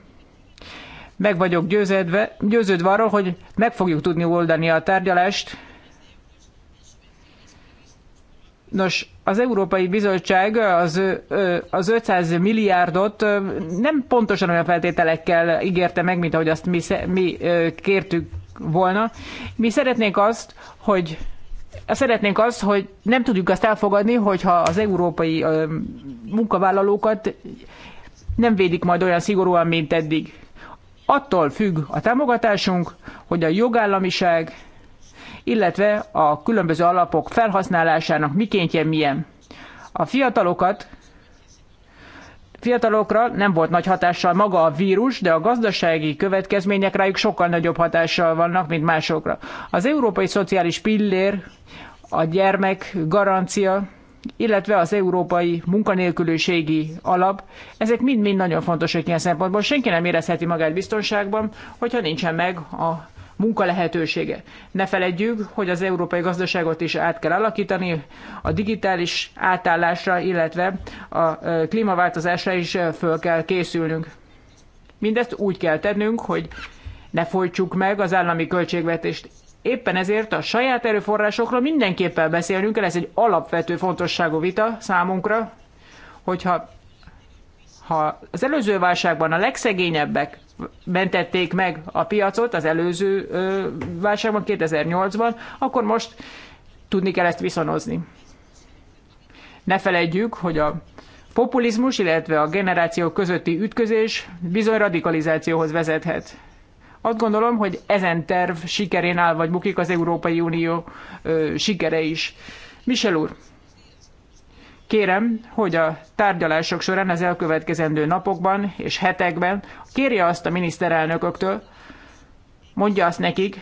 meg vagyok győződve, győződve arról, hogy meg fogjuk tudni oldani a tárgyalást, Nos, az Európai Bizottság az, az 500 milliárdot nem pontosan olyan feltételekkel ígérte meg, mint ahogy azt mi, mi kértük volna. Mi szeretnénk azt, hogy szeretnénk azt, hogy nem tudjuk azt elfogadni, hogyha az európai munkavállalókat nem védik majd olyan szigorúan, mint eddig. Attól függ a támogatásunk, hogy a jogállamiság illetve a különböző alapok felhasználásának mikéntje milyen. A fiatalokat Fiatalokra nem volt nagy hatással maga a vírus, de a gazdasági következmények rájuk sokkal nagyobb hatással vannak, mint másokra. Az európai szociális pillér, a gyermek garancia, illetve az európai munkanélküliségi alap, ezek mind-mind nagyon fontosak ilyen szempontból. Senki nem érezheti magát biztonságban, hogyha nincsen meg a munkalehetősége. Ne feledjük, hogy az európai gazdaságot is át kell alakítani, a digitális átállásra, illetve a klímaváltozásra is föl kell készülnünk. Mindezt úgy kell tennünk, hogy ne folytsuk meg az állami költségvetést. Éppen ezért a saját erőforrásokról mindenképpen beszélnünk kell, ez egy alapvető fontosságú vita számunkra, hogyha ha az előző válságban a legszegényebbek mentették meg a piacot az előző válságban, 2008-ban, akkor most tudni kell ezt viszonozni. Ne feledjük, hogy a populizmus, illetve a generációk közötti ütközés bizony radikalizációhoz vezethet. Azt gondolom, hogy ezen terv sikerén áll vagy bukik az Európai Unió ö, sikere is. Michel úr, Kérem, hogy a tárgyalások során az elkövetkezendő napokban és hetekben kérje azt a miniszterelnököktől, mondja azt nekik,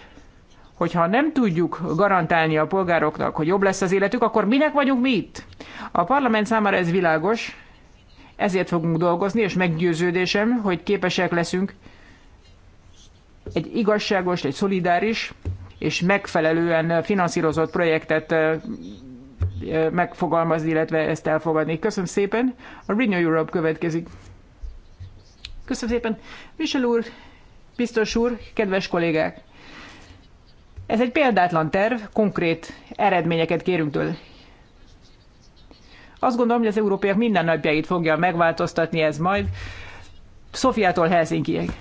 hogy ha nem tudjuk garantálni a polgároknak, hogy jobb lesz az életük, akkor minek vagyunk mi itt? A parlament számára ez világos, ezért fogunk dolgozni, és meggyőződésem, hogy képesek leszünk egy igazságos, egy szolidáris és megfelelően finanszírozott projektet megfogalmazni, illetve ezt elfogadni. Köszönöm szépen. A Renew Europe következik. Köszönöm szépen. Michel úr, biztos úr, kedves kollégák! Ez egy példátlan terv, konkrét eredményeket kérünk tőle. Azt gondolom, hogy az európaiak mindennapjait fogja megváltoztatni ez majd, Szofiától Helsinkiig.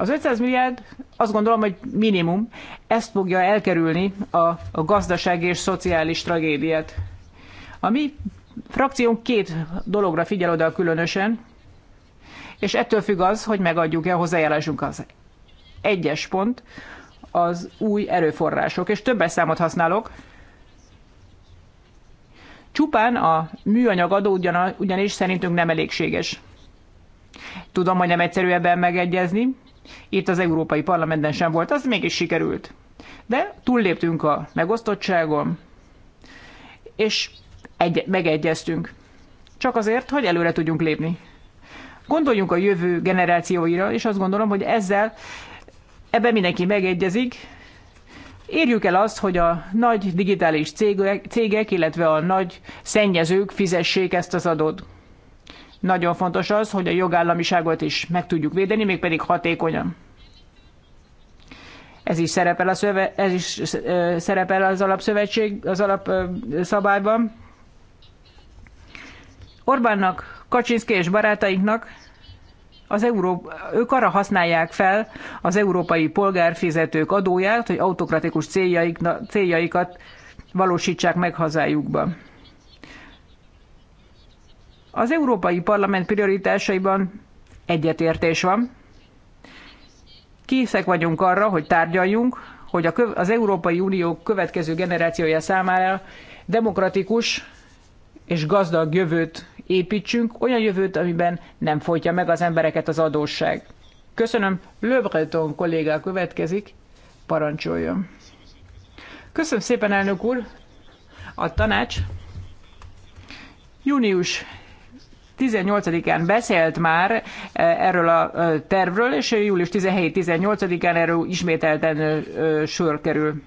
Az 500 milliárd azt gondolom, hogy minimum, ezt fogja elkerülni a, a gazdasági és szociális tragédiát. A mi frakciónk két dologra figyel oda különösen, és ettől függ az, hogy megadjuk-e hozzájárulásunk az egyes pont, az új erőforrások, és többes számot használok. Csupán a műanyag adó ugyanis szerintünk nem elégséges. Tudom, hogy nem egyszerű ebben megegyezni, itt az Európai Parlamentben sem volt, az mégis sikerült. De túlléptünk a megosztottságon, és egy, megegyeztünk. Csak azért, hogy előre tudjunk lépni. Gondoljunk a jövő generációira, és azt gondolom, hogy ezzel ebben mindenki megegyezik. Érjük el azt, hogy a nagy digitális cégek, cégek illetve a nagy szennyezők fizessék ezt az adót. Nagyon fontos az, hogy a jogállamiságot is meg tudjuk védeni, mégpedig hatékonyan. Ez is szerepel, a szöve, ez is szerepel az alapszövetség, az alapszabályban. Orbánnak, Kaczynszki és barátainknak az Euró... ők arra használják fel az európai polgárfizetők adóját, hogy autokratikus céljaik, céljaikat valósítsák meg hazájukban. Az Európai Parlament prioritásaiban egyetértés van. Készek vagyunk arra, hogy tárgyaljunk, hogy az Európai Unió következő generációja számára demokratikus és gazdag jövőt építsünk, olyan jövőt, amiben nem folytja meg az embereket az adósság. Köszönöm, Le Breton kollégá következik, parancsoljon. Köszönöm szépen, elnök úr! A tanács június 18-án beszélt már e, erről a e, tervről, és július 17-18-án erről ismételten e, sor kerül.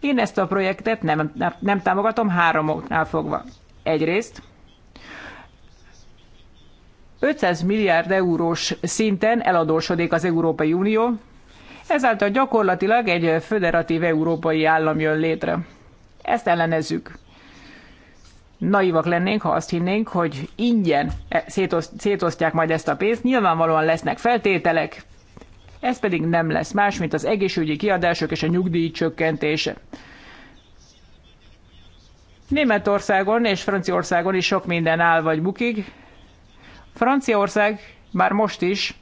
Én ezt a projektet nem, nem támogatom három oknál fogva. Egyrészt 500 milliárd eurós szinten eladósodik az Európai Unió, ezáltal gyakorlatilag egy föderatív európai állam jön létre. Ezt ellenezzük naivak lennénk, ha azt hinnénk, hogy ingyen e- szétosztják majd ezt a pénzt, nyilvánvalóan lesznek feltételek, ez pedig nem lesz más, mint az egészségügyi kiadások és a nyugdíj csökkentése. Németországon és Franciaországon is sok minden áll vagy bukik. Franciaország már most is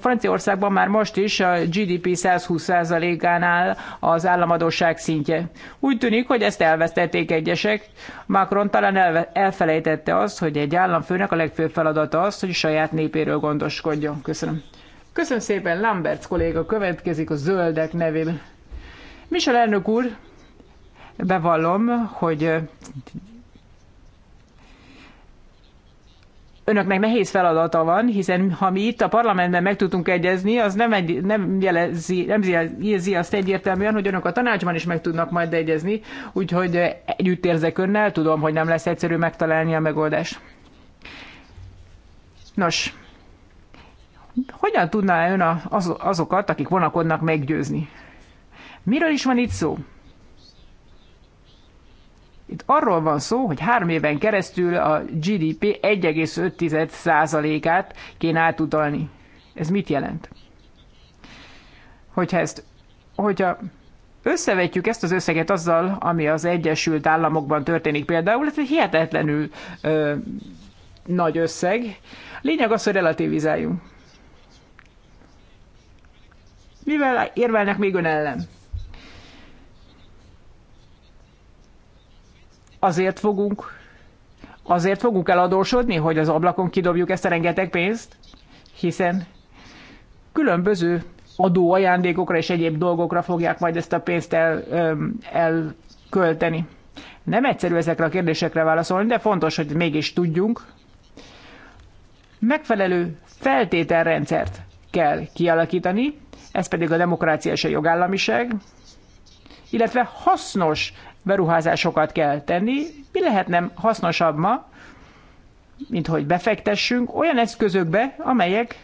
Franciaországban már most is a GDP 120 áll az államadóság szintje. Úgy tűnik, hogy ezt elvesztették egyesek. Macron talán elfelejtette azt, hogy egy államfőnek a legfőbb feladata az, hogy saját népéről gondoskodjon. Köszönöm. Köszönöm szépen, Lambert kolléga következik a zöldek nevében. Michel elnök úr, bevallom, hogy önöknek nehéz feladata van, hiszen ha mi itt a parlamentben meg tudtunk egyezni, az nem, egy, nem, jelezi, nem jelzi azt egyértelműen, hogy önök a tanácsban is meg tudnak majd egyezni, úgyhogy együtt érzek önnel, tudom, hogy nem lesz egyszerű megtalálni a megoldást. Nos, hogyan tudná ön azokat, akik vonakodnak meggyőzni? Miről is van itt szó? Itt arról van szó, hogy három éven keresztül a GDP 1,5%-át kéne átutalni. Ez mit jelent? Hogyha ezt, hogyha összevetjük ezt az összeget azzal, ami az Egyesült Államokban történik például, ez egy hihetetlenül ö, nagy összeg. Lényeg az, hogy relativizáljunk. Mivel érvelnek még ön ellen? azért fogunk, azért fogunk eladósodni, hogy az ablakon kidobjuk ezt a rengeteg pénzt, hiszen különböző adóajándékokra és egyéb dolgokra fogják majd ezt a pénzt el, elkölteni. Nem egyszerű ezekre a kérdésekre válaszolni, de fontos, hogy mégis tudjunk. Megfelelő feltételrendszert kell kialakítani, ez pedig a demokrácia és a jogállamiság, illetve hasznos beruházásokat kell tenni. Mi nem hasznosabb ma, mint hogy befektessünk olyan eszközökbe, amelyek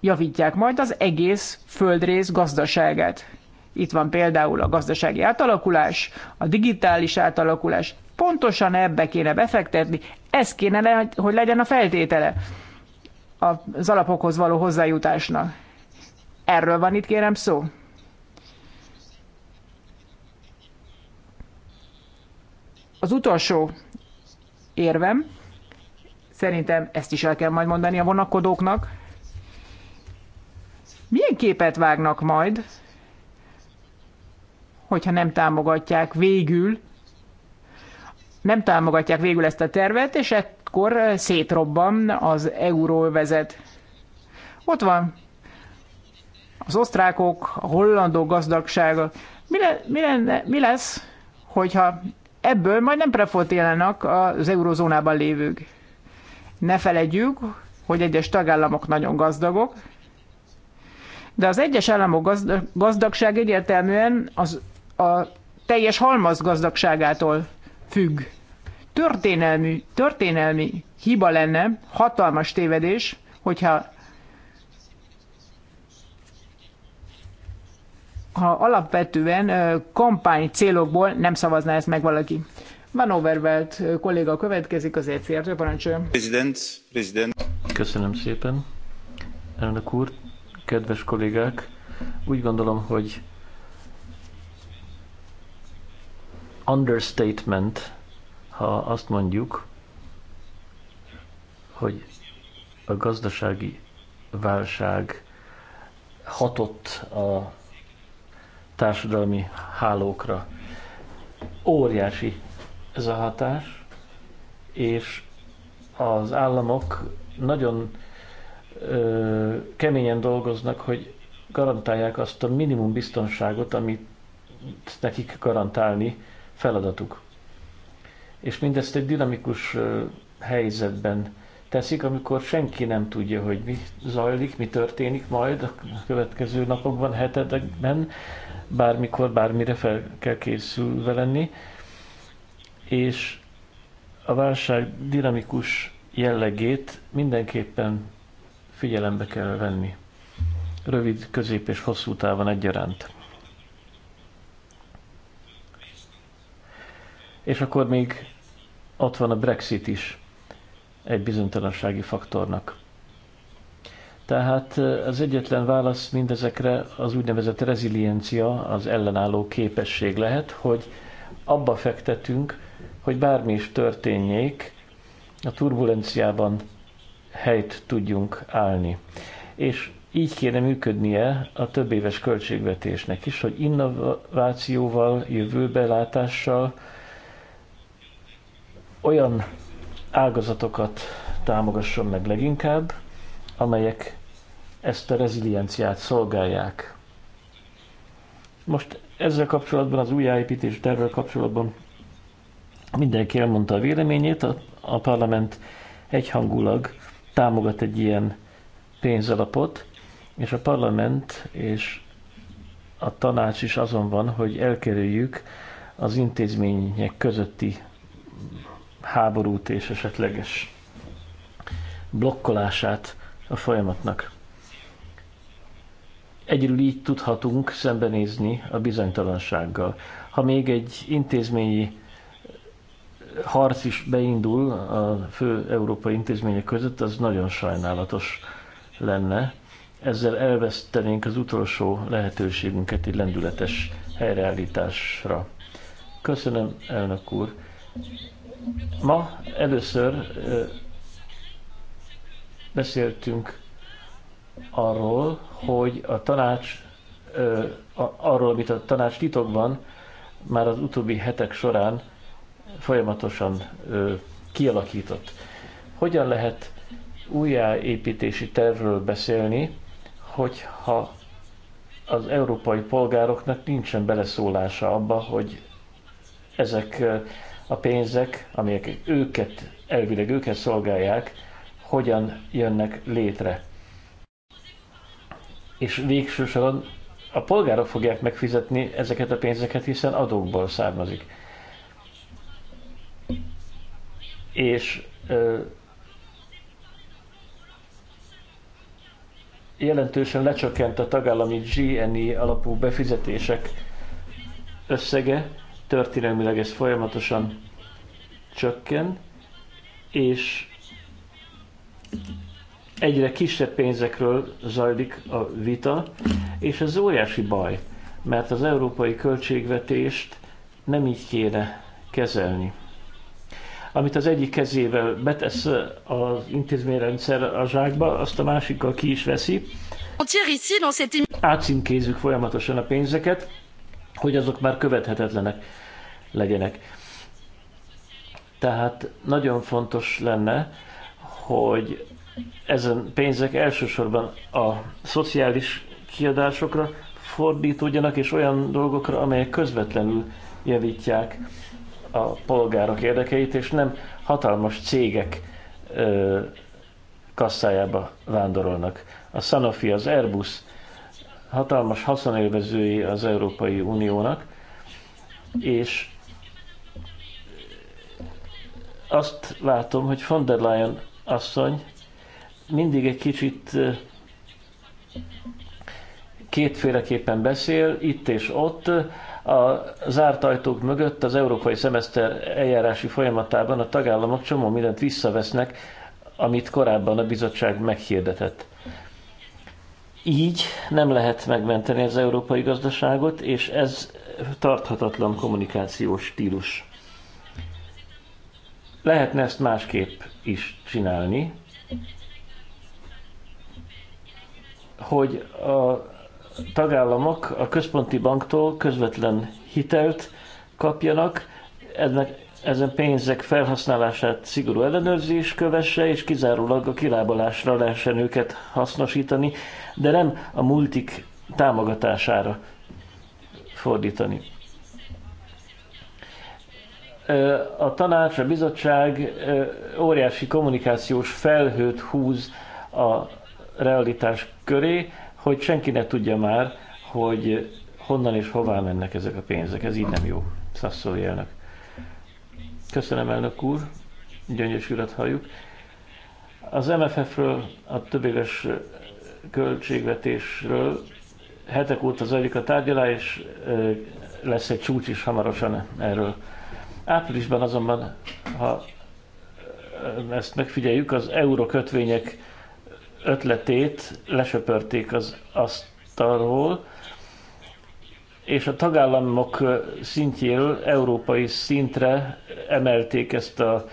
javítják majd az egész földrész gazdaságát. Itt van például a gazdasági átalakulás, a digitális átalakulás. Pontosan ebbe kéne befektetni, ez kéne, hogy legyen a feltétele az alapokhoz való hozzájutásnak. Erről van itt kérem szó. Az utolsó érvem, szerintem ezt is el kell majd mondani a vonakodóknak, milyen képet vágnak majd, hogyha nem támogatják végül, nem támogatják végül ezt a tervet, és ekkor szétrobban az euróvezet. Ott van az osztrákok, a hollandok gazdagsága. Mi, le, mi, lenne, mi lesz, hogyha ebből majd nem profotélnak az eurozónában lévők. Ne felejtjük, hogy egyes tagállamok nagyon gazdagok, de az egyes államok gazdag, gazdagság egyértelműen az, a teljes halmaz gazdagságától függ. Történelmi, történelmi hiba lenne, hatalmas tévedés, hogyha ha alapvetően kampány célokból nem szavazná ezt meg valaki. Van Overvelt kolléga következik az ECR-től, President, president. Köszönöm szépen. Elnök úr, kedves kollégák, úgy gondolom, hogy understatement, ha azt mondjuk, hogy a gazdasági válság hatott a társadalmi hálókra. Óriási ez a hatás, és az államok nagyon ö, keményen dolgoznak, hogy garantálják azt a minimum biztonságot, amit nekik garantálni feladatuk. És mindezt egy dinamikus helyzetben teszik, amikor senki nem tudja, hogy mi zajlik, mi történik majd a következő napokban, hetedekben bármikor, bármire fel kell készülve lenni, és a válság dinamikus jellegét mindenképpen figyelembe kell venni. Rövid, közép és hosszú távon egyaránt. És akkor még ott van a Brexit is egy bizonytalansági faktornak. Tehát az egyetlen válasz mindezekre az úgynevezett reziliencia, az ellenálló képesség lehet, hogy abba fektetünk, hogy bármi is történjék, a turbulenciában helyt tudjunk állni. És így kéne működnie a több éves költségvetésnek is, hogy innovációval, jövőbelátással olyan ágazatokat támogasson meg leginkább, amelyek ezt a rezilienciát szolgálják. Most ezzel kapcsolatban, az újjáépítés tervvel kapcsolatban mindenki elmondta a véleményét, a, a parlament egyhangulag támogat egy ilyen pénzalapot, és a parlament és a tanács is azon van, hogy elkerüljük az intézmények közötti háborút és esetleges blokkolását a folyamatnak. Egyről így tudhatunk szembenézni a bizonytalansággal. Ha még egy intézményi harc is beindul a fő európai intézmények között, az nagyon sajnálatos lenne. Ezzel elvesztenénk az utolsó lehetőségünket egy lendületes helyreállításra. Köszönöm, elnök úr. Ma először beszéltünk arról, hogy a tanács, arról, amit a tanács titokban már az utóbbi hetek során folyamatosan kialakított. Hogyan lehet újjáépítési tervről beszélni, hogyha az európai polgároknak nincsen beleszólása abba, hogy ezek a pénzek, amelyek őket, elvileg őket szolgálják, hogyan jönnek létre. És végső soron a polgárok fogják megfizetni ezeket a pénzeket, hiszen adókból származik. És ö, jelentősen lecsökkent a tagállami GNI alapú befizetések összege, történelmileg ez folyamatosan csökken, és egyre kisebb pénzekről zajlik a vita, és ez óriási baj, mert az európai költségvetést nem így kéne kezelni. Amit az egyik kezével betesz az intézményrendszer a zsákba, azt a másikkal ki is veszi. Átszínkézzük folyamatosan a pénzeket, hogy azok már követhetetlenek legyenek. Tehát nagyon fontos lenne, hogy ezen pénzek elsősorban a szociális kiadásokra fordítódjanak, és olyan dolgokra, amelyek közvetlenül javítják a polgárok érdekeit, és nem hatalmas cégek ö, kasszájába vándorolnak. A Sanofi, az Airbus hatalmas haszonélvezői az Európai Uniónak, és azt látom, hogy von der Leyen asszony mindig egy kicsit kétféleképpen beszél, itt és ott. A zárt ajtók mögött az európai szemeszter eljárási folyamatában a tagállamok csomó mindent visszavesznek, amit korábban a bizottság meghirdetett. Így nem lehet megmenteni az európai gazdaságot, és ez tarthatatlan kommunikációs stílus. Lehetne ezt másképp is csinálni, hogy a tagállamok a központi banktól közvetlen hitelt kapjanak, ennek, ezen pénzek felhasználását szigorú ellenőrzés kövesse, és kizárólag a kilábalásra lehessen őket hasznosítani, de nem a multik támogatására fordítani a tanács, a bizottság óriási kommunikációs felhőt húz a realitás köré, hogy senki ne tudja már, hogy honnan és hová mennek ezek a pénzek. Ez így nem jó, szasszoli elnök. Köszönöm, elnök úr, gyöngyös urat halljuk. Az MFF-ről, a többéves költségvetésről hetek óta zajlik a tárgyalás, és lesz egy csúcs is hamarosan erről. Áprilisban azonban, ha ezt megfigyeljük, az eurokötvények ötletét lesöpörték az asztalról, és a tagállamok szintjéről európai szintre emelték ezt a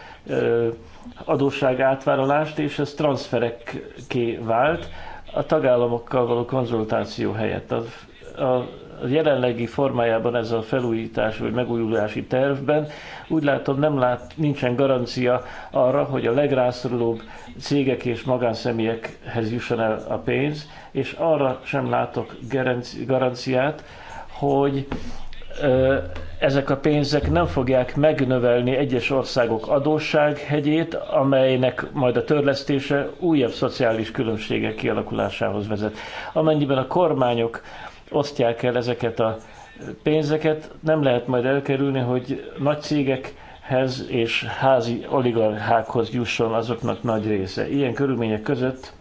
adósság átvállalást, és ez transzferekké vált a tagállamokkal való konzultáció helyett. A, a jelenlegi formájában ez a felújítás vagy megújulási tervben úgy látom nem lát, nincsen garancia arra, hogy a legrászorulóbb cégek és magánszemélyekhez jusson el a pénz, és arra sem látok garanciát, hogy ezek a pénzek nem fogják megnövelni egyes országok adóssághegyét, amelynek majd a törlesztése újabb szociális különbségek kialakulásához vezet. Amennyiben a kormányok osztják el ezeket a pénzeket. Nem lehet majd elkerülni, hogy nagy cégekhez és házi oligarchákhoz jusson azoknak nagy része. Ilyen körülmények között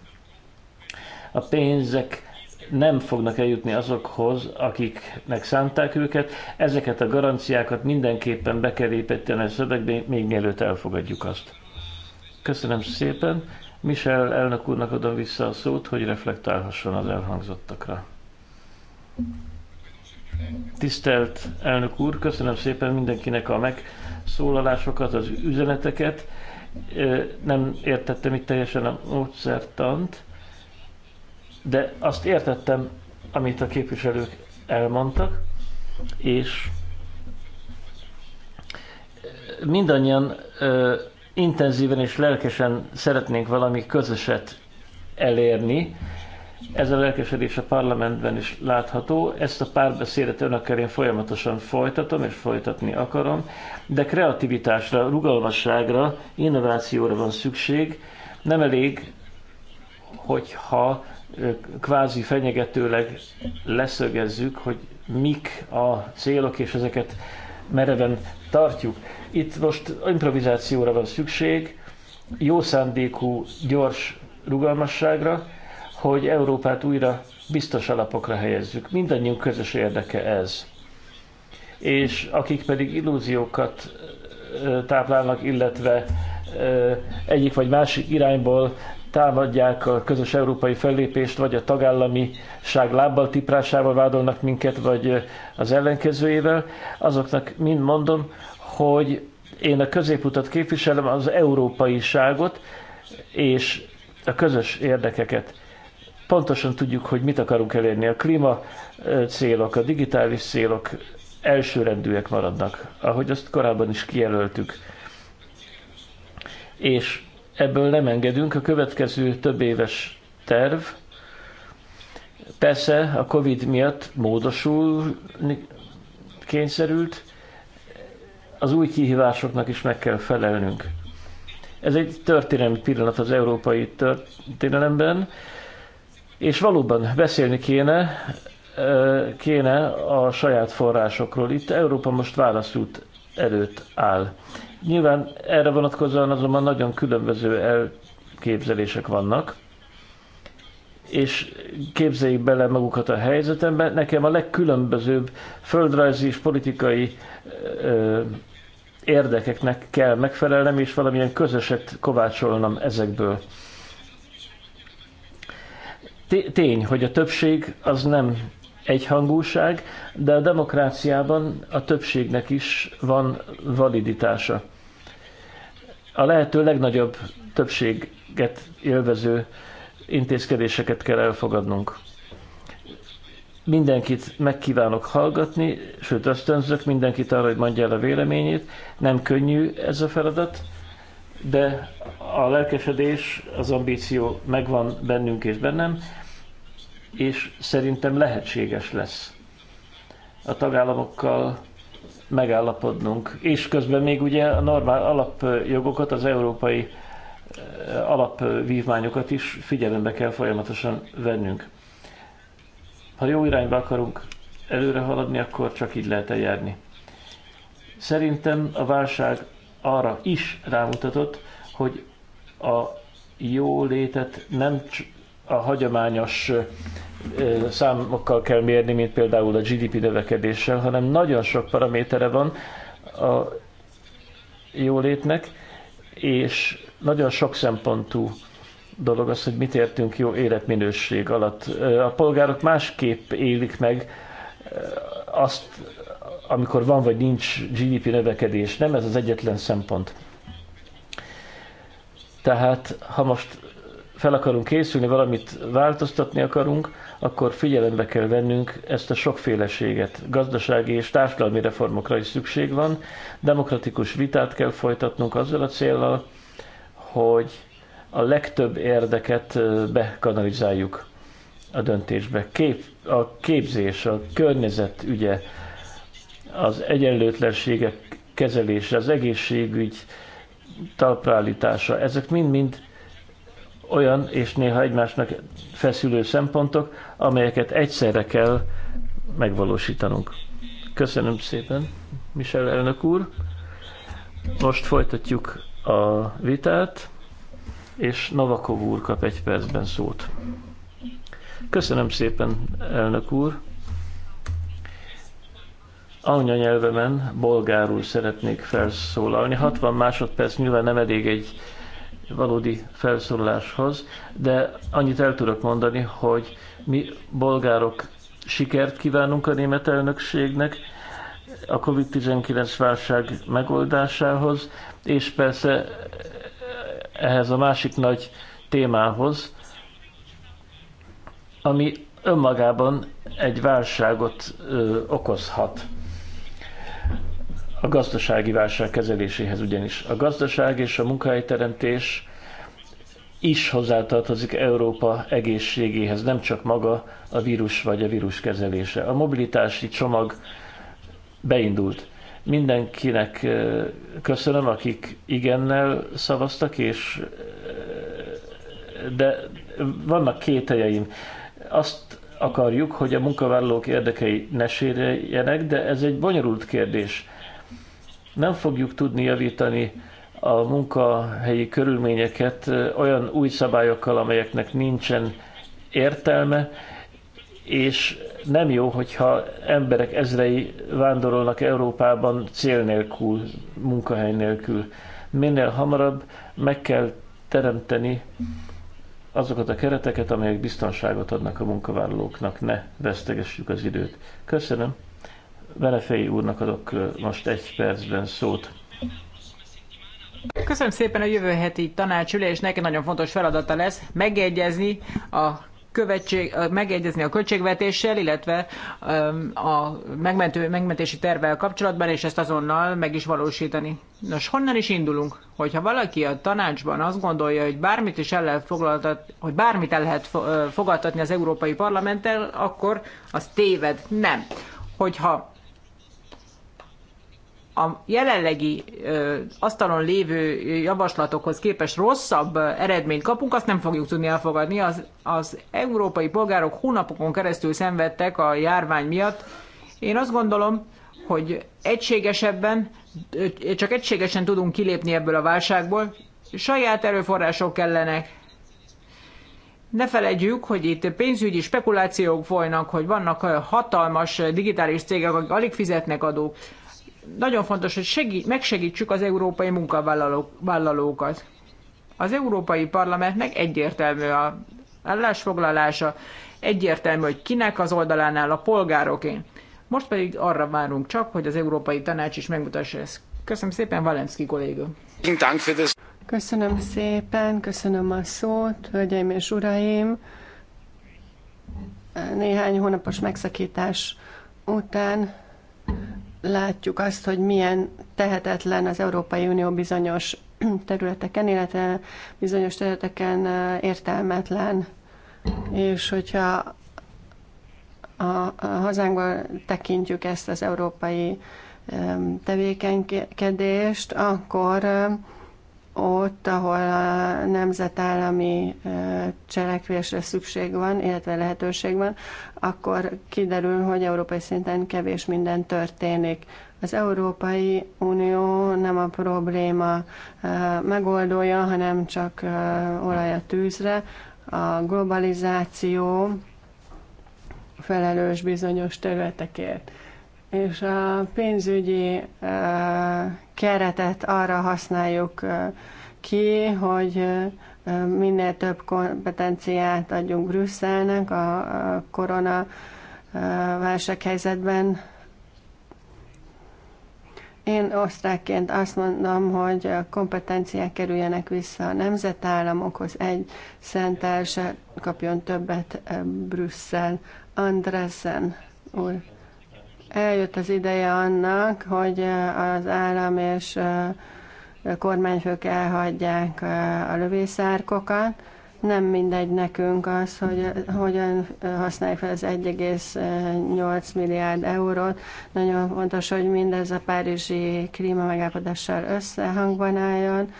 a pénzek nem fognak eljutni azokhoz, akiknek szánták őket. Ezeket a garanciákat mindenképpen be kell építeni a szövegbe, még mielőtt elfogadjuk azt. Köszönöm szépen. Michel elnök úrnak adom vissza a szót, hogy reflektálhasson az elhangzottakra. Tisztelt elnök úr, köszönöm szépen mindenkinek a megszólalásokat, az üzeneteket. Nem értettem itt teljesen a módszertant, de azt értettem, amit a képviselők elmondtak, és mindannyian intenzíven és lelkesen szeretnénk valami közöset elérni, ez a lelkesedés a parlamentben is látható. Ezt a párbeszédet önökkel én folyamatosan folytatom, és folytatni akarom, de kreativitásra, rugalmasságra, innovációra van szükség. Nem elég, hogyha kvázi fenyegetőleg leszögezzük, hogy mik a célok, és ezeket mereven tartjuk. Itt most improvizációra van szükség, jó szándékú, gyors rugalmasságra, hogy Európát újra biztos alapokra helyezzük. Mindannyiunk közös érdeke ez. És akik pedig illúziókat táplálnak, illetve egyik vagy másik irányból támadják a közös európai fellépést, vagy a tagállamiság lábbal tiprásával vádolnak minket, vagy az ellenkezőjével, azoknak mind mondom, hogy én a középutat képviselem, az európaiságot és a közös érdekeket pontosan tudjuk, hogy mit akarunk elérni. A klíma célok, a digitális célok elsőrendűek maradnak, ahogy azt korábban is kijelöltük. És ebből nem engedünk. A következő több éves terv persze a Covid miatt módosul kényszerült, az új kihívásoknak is meg kell felelnünk. Ez egy történelmi pillanat az európai történelemben, és valóban beszélni kéne, kéne a saját forrásokról. Itt Európa most válaszút előtt áll. Nyilván erre vonatkozóan azonban nagyon különböző elképzelések vannak, és képzeljék bele magukat a helyzetembe. Nekem a legkülönbözőbb földrajzi és politikai ö, érdekeknek kell megfelelnem, és valamilyen közöset kovácsolnom ezekből tény, hogy a többség az nem egyhangúság, de a demokráciában a többségnek is van validitása. A lehető legnagyobb többséget élvező intézkedéseket kell elfogadnunk. Mindenkit megkívánok hallgatni, sőt ösztönzök mindenkit arra, hogy mondja el a véleményét. Nem könnyű ez a feladat, de a lelkesedés, az ambíció megvan bennünk és bennem, és szerintem lehetséges lesz a tagállamokkal megállapodnunk. És közben még ugye a normál alapjogokat, az európai eh, alapvívmányokat is figyelembe kell folyamatosan vennünk. Ha jó irányba akarunk előre haladni, akkor csak így lehet eljárni. Szerintem a válság arra is rámutatott, hogy a jó létet nem a hagyományos számokkal kell mérni, mint például a GDP növekedéssel, hanem nagyon sok paramétere van a jólétnek, és nagyon sok szempontú dolog az, hogy mit értünk jó életminőség alatt. A polgárok másképp élik meg azt, amikor van vagy nincs GDP növekedés. Nem ez az egyetlen szempont. Tehát, ha most fel akarunk készülni, valamit változtatni akarunk, akkor figyelembe kell vennünk ezt a sokféleséget. Gazdasági és társadalmi reformokra is szükség van, demokratikus vitát kell folytatnunk azzal a célral, hogy a legtöbb érdeket bekanalizáljuk a döntésbe. Kép, a képzés, a környezet ügye, az egyenlőtlenségek kezelése, az egészségügy talpraállítása, ezek mind-mind olyan és néha egymásnak feszülő szempontok, amelyeket egyszerre kell megvalósítanunk. Köszönöm szépen, Michel elnök úr. Most folytatjuk a vitát, és Novakov úr kap egy percben szót. Köszönöm szépen, elnök úr. nyelvemen, bolgárul szeretnék felszólalni. 60 másodperc nyilván nem elég egy valódi felszólaláshoz, de annyit el tudok mondani, hogy mi bolgárok sikert kívánunk a német elnökségnek, a COVID-19 válság megoldásához, és persze ehhez a másik nagy témához, ami önmagában egy válságot ö, okozhat a gazdasági válság kezeléséhez ugyanis. A gazdaság és a munkahelyteremtés is hozzátartozik Európa egészségéhez, nem csak maga a vírus vagy a vírus kezelése. A mobilitási csomag beindult. Mindenkinek köszönöm, akik igennel szavaztak, és de vannak kételjeim. Azt akarjuk, hogy a munkavállalók érdekei ne sérjenek, de ez egy bonyolult kérdés nem fogjuk tudni javítani a munkahelyi körülményeket olyan új szabályokkal, amelyeknek nincsen értelme, és nem jó, hogyha emberek ezrei vándorolnak Európában cél nélkül, munkahely nélkül. Minél hamarabb meg kell teremteni azokat a kereteket, amelyek biztonságot adnak a munkavállalóknak. Ne vesztegessük az időt. Köszönöm. Velefei úrnak adok most egy percben szót. Köszönöm szépen a jövő heti tanácsülésnek, nagyon fontos feladata lesz megegyezni a követség, megegyezni a költségvetéssel, illetve a megmentő, megmentési tervvel kapcsolatban, és ezt azonnal meg is valósítani. Nos, honnan is indulunk? Hogyha valaki a tanácsban azt gondolja, hogy bármit is el lehet foglaltat, hogy bármit el lehet fogadtatni az Európai Parlamenttel, akkor az téved. Nem. Hogyha a jelenlegi ö, asztalon lévő javaslatokhoz képest rosszabb eredményt kapunk, azt nem fogjuk tudni elfogadni. Az, az európai polgárok hónapokon keresztül szenvedtek a járvány miatt. Én azt gondolom, hogy egységesebben, csak egységesen tudunk kilépni ebből a válságból. Saját erőforrások kellenek. Ne felejtjük, hogy itt pénzügyi spekulációk folynak, hogy vannak hatalmas digitális cégek, akik alig fizetnek adót nagyon fontos, hogy segít, megsegítsük az európai munkavállalókat. Az Európai Parlamentnek egyértelmű a állásfoglalása, egyértelmű, hogy kinek az oldalánál a polgároké. Most pedig arra várunk csak, hogy az Európai Tanács is megmutassa ezt. Köszönöm szépen, Valenszki kolléga. Köszönöm szépen, köszönöm a szót, hölgyeim és uraim. Néhány hónapos megszakítás után látjuk azt, hogy milyen tehetetlen az Európai Unió bizonyos területeken, illetve bizonyos területeken értelmetlen. És hogyha a, hazánkból tekintjük ezt az európai tevékenykedést, akkor ott, ahol a nemzetállami cselekvésre szükség van, illetve lehetőség van, akkor kiderül, hogy európai szinten kevés minden történik. Az Európai Unió nem a probléma megoldója, hanem csak olaj a tűzre. A globalizáció felelős bizonyos területekért és a pénzügyi keretet arra használjuk ki, hogy minél több kompetenciát adjunk Brüsszelnek a korona válsághelyzetben. Én osztrákként azt mondom, hogy a kompetenciák kerüljenek vissza a nemzetállamokhoz, egy szentel se kapjon többet Brüsszel. Andresen úr. Eljött az ideje annak, hogy az állam és kormányfők elhagyják a lövészárkokat. Nem mindegy nekünk az, hogy hogyan használják fel az 1,8 milliárd eurót. Nagyon fontos, hogy mindez a párizsi klímamegállapodással összehangban álljon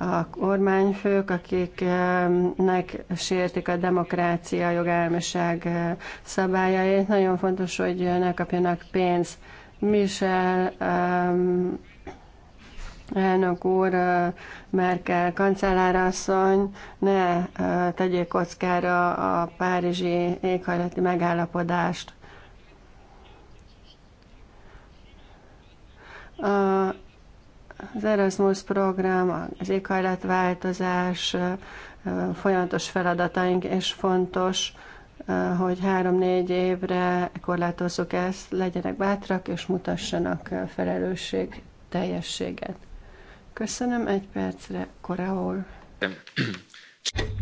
a kormányfők, akiknek sértik a demokrácia, a jogállamiság szabályait. Nagyon fontos, hogy ne kapjanak pénzt. Michel um, elnök úr, Merkel kancellárasszony ne tegyék kockára a párizsi éghajlati megállapodást. A az Erasmus program, az éghajlatváltozás folyamatos feladataink, és fontos, hogy három-négy évre korlátozzuk ezt, legyenek bátrak, és mutassanak felelősség teljességet. Köszönöm egy percre, Koraol.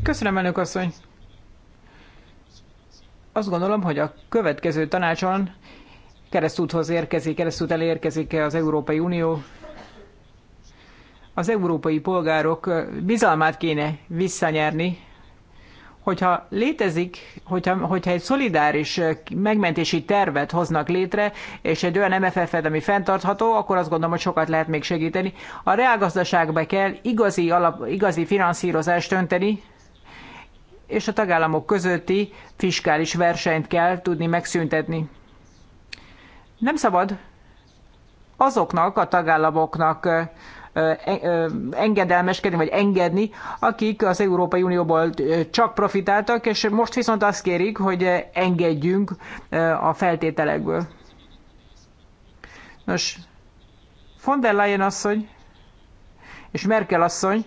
Köszönöm, elnök asszony. Azt gondolom, hogy a következő tanácson keresztúthoz érkezik, keresztút elérkezik az Európai Unió, az európai polgárok bizalmát kéne visszanyerni, hogyha létezik, hogyha, hogyha egy szolidáris megmentési tervet hoznak létre, és egy olyan MFF-et, ami fenntartható, akkor azt gondolom, hogy sokat lehet még segíteni. A reálgazdaságba kell igazi, alap, igazi finanszírozást önteni, és a tagállamok közötti fiskális versenyt kell tudni megszüntetni. Nem szabad azoknak a tagállamoknak E, engedelmeskedni, vagy engedni, akik az Európai Unióból csak profitáltak, és most viszont azt kérik, hogy engedjünk a feltételekből. Nos, von der Leyen asszony és Merkel asszony,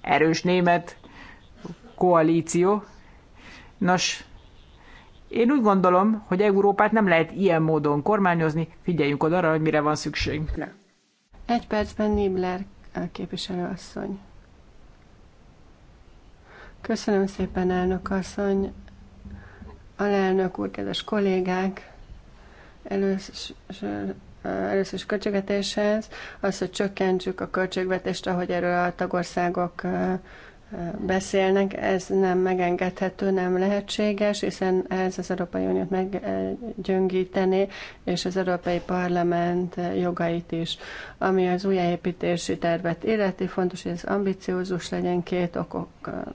erős német koalíció. Nos, én úgy gondolom, hogy Európát nem lehet ilyen módon kormányozni, figyeljünk oda arra, hogy mire van szükség. Ne. Egy percben Nibler képviselőasszony. Köszönöm szépen, elnök asszony, alelnök úr, kedves kollégák, először először is költségvetéshez, az, hogy csökkentsük a költségvetést, ahogy erről a tagországok beszélnek, ez nem megengedhető, nem lehetséges, hiszen ez az Európai Uniót meggyöngíteni, és az Európai Parlament jogait is. Ami az újjáépítési tervet illeti, fontos, hogy ez ambiciózus legyen két, okok,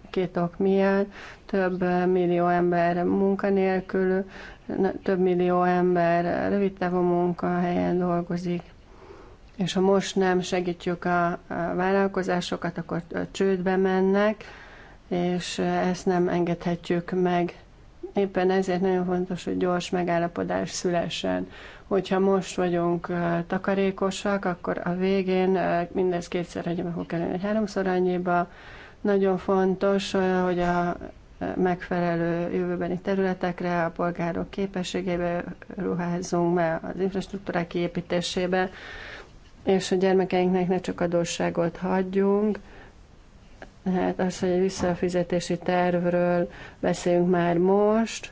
két ok miatt, több millió ember munkanélkül, több millió ember rövid távú munkahelyen dolgozik, és ha most nem segítjük a, vállalkozásokat, akkor csődbe mennek, és ezt nem engedhetjük meg. Éppen ezért nagyon fontos, hogy gyors megállapodás szülessen. Hogyha most vagyunk takarékosak, akkor a végén mindez kétszer hagyom, akkor kellene egy háromszor annyiba. Nagyon fontos, hogy a megfelelő jövőbeni területekre, a polgárok képességébe ruházunk mert az infrastruktúrák kiépítésébe, és a gyermekeinknek ne csak adósságot hagyjunk, hát az, hogy a fizetési tervről beszéljünk már most,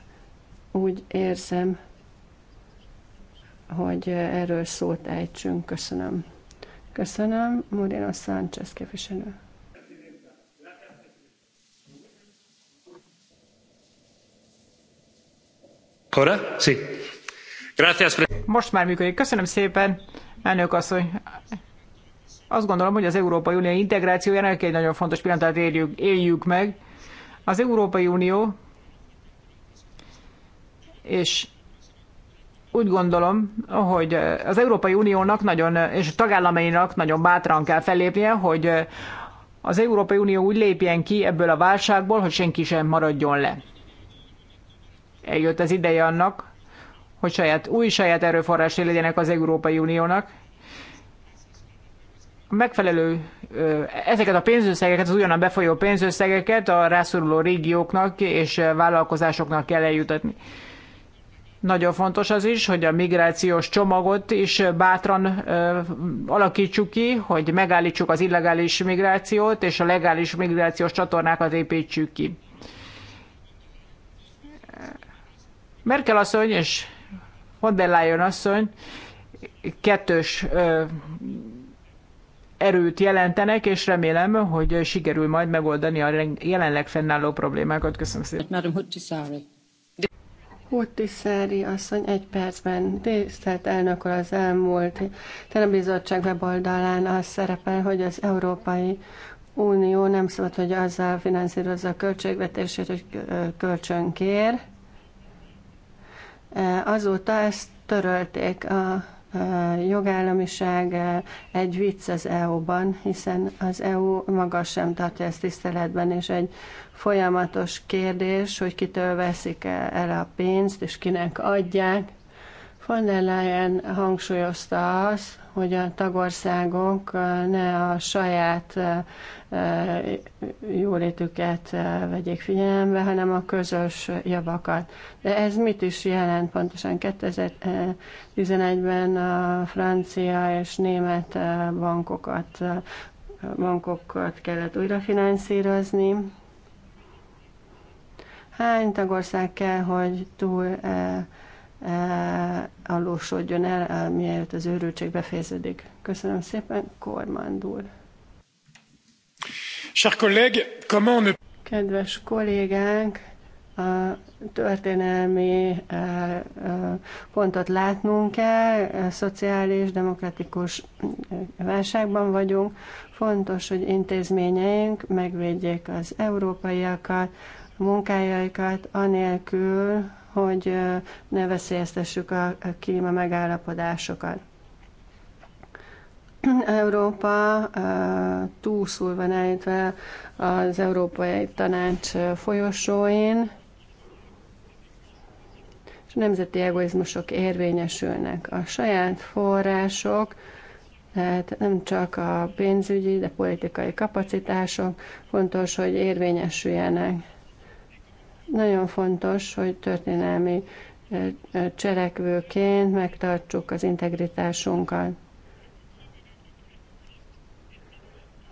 úgy érzem, hogy erről szót ejtsünk. Köszönöm. Köszönöm, Murino Sánchez képviselő. Ahora? Sí. Gracias. Most már működik. Köszönöm szépen, Elnök asszony, azt gondolom, hogy az Európai Unió integrációjának egy nagyon fontos pillanatát éljük, éljük meg. Az Európai Unió, és úgy gondolom, hogy az Európai Uniónak nagyon, és a tagállamainak nagyon bátran kell fellépnie, hogy az Európai Unió úgy lépjen ki ebből a válságból, hogy senki sem maradjon le. Eljött az ideje annak, hogy saját, új saját erőforrásai legyenek az Európai Uniónak. Megfelelő ezeket a pénzösszegeket, az újonnan befolyó pénzösszegeket a rászoruló régióknak és vállalkozásoknak kell eljutatni. Nagyon fontos az is, hogy a migrációs csomagot is bátran ö, alakítsuk ki, hogy megállítsuk az illegális migrációt, és a legális migrációs csatornákat építsük ki. Merkel asszony és von der Leyen asszony kettős ö, erőt jelentenek, és remélem, hogy sikerül majd megoldani a jelenleg fennálló problémákat. Köszönöm szépen. Madam Huttisári. Huttisári asszony egy percben tisztelt elnök az elmúlt telebizottság weboldalán az szerepel, hogy az Európai Unió nem szabad, hogy azzal finanszírozza a költségvetését, hogy kölcsön kér Eh, azóta ezt törölték a jogállamiság eh, egy vicc az EU-ban, hiszen az EU maga sem tartja ezt tiszteletben, és egy folyamatos kérdés, hogy kitől veszik e, el a pénzt, és kinek adják. Von der Leyen hangsúlyozta azt, hogy a tagországok eh, ne a saját jólétüket vegyék figyelembe, hanem a közös javakat. De ez mit is jelent pontosan? 2011-ben a francia és német bankokat, bankokat kellett újra Hány tagország kell, hogy túl alósodjon el, mielőtt az őrültség befejeződik? Köszönöm szépen, Kormand úr. Kedves kollégánk, a történelmi eh, eh, pontot látnunk kell, szociális, demokratikus eh, válságban vagyunk. Fontos, hogy intézményeink megvédjék az európaiakat, a munkájaikat, anélkül, hogy ne veszélyeztessük a klíma megállapodásokat. Európa túlszul van állítva az Európai Tanács folyosóin, és nemzeti egoizmusok érvényesülnek. A saját források, tehát nem csak a pénzügyi, de politikai kapacitások, fontos, hogy érvényesüljenek. Nagyon fontos, hogy történelmi cselekvőként megtartsuk az integritásunkat.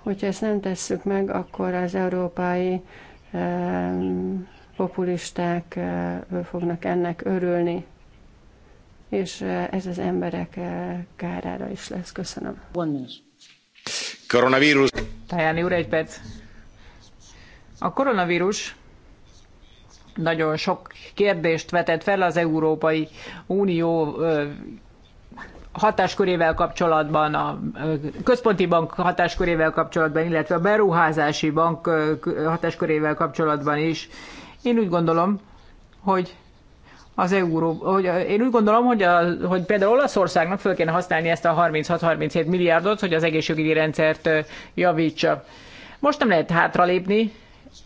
Hogyha ezt nem tesszük meg, akkor az európai populisták fognak ennek örülni, és ez az emberek kárára is lesz. Köszönöm. Koronavírus. Tajani úr, egy perc. A koronavírus nagyon sok kérdést vetett fel az Európai Unió hatáskörével kapcsolatban, a központi bank hatáskörével kapcsolatban, illetve a beruházási bank hatáskörével kapcsolatban is. Én úgy gondolom, hogy az euró, hogy én úgy gondolom, hogy, a, hogy például Olaszországnak föl kéne használni ezt a 36-37 milliárdot, hogy az egészségügyi rendszert javítsa. Most nem lehet hátralépni,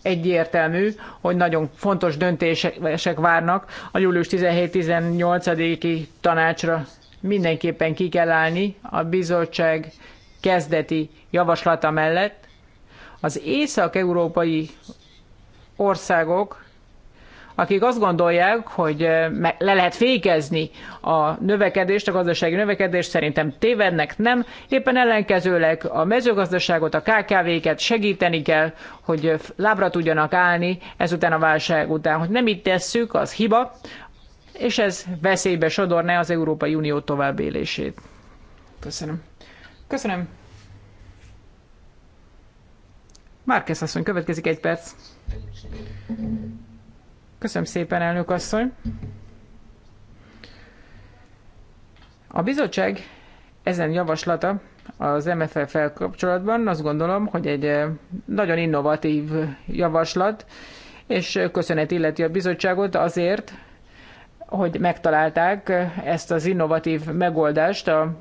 egyértelmű, hogy nagyon fontos döntések várnak a július 17-18-i tanácsra mindenképpen ki kell állni a bizottság kezdeti javaslata mellett. Az észak-európai országok, akik azt gondolják, hogy eh, le lehet fékezni a növekedést, a gazdasági növekedést, szerintem tévednek, nem. Éppen ellenkezőleg a mezőgazdaságot, a KKV-ket segíteni kell, hogy eh, lábra tudjanak állni ezután a válság után. Hogy nem itt tesszük, az hiba és ez veszélybe sodorná az Európai Unió továbbélését. Köszönöm. Köszönöm. Márkesz asszony, következik egy perc. Köszönöm szépen, elnök asszony. A bizottság ezen javaslata az mff felkapcsolatban, azt gondolom, hogy egy eh, nagyon innovatív javaslat, és eh, köszönet illeti a bizottságot azért, hogy megtalálták ezt az innovatív megoldást a,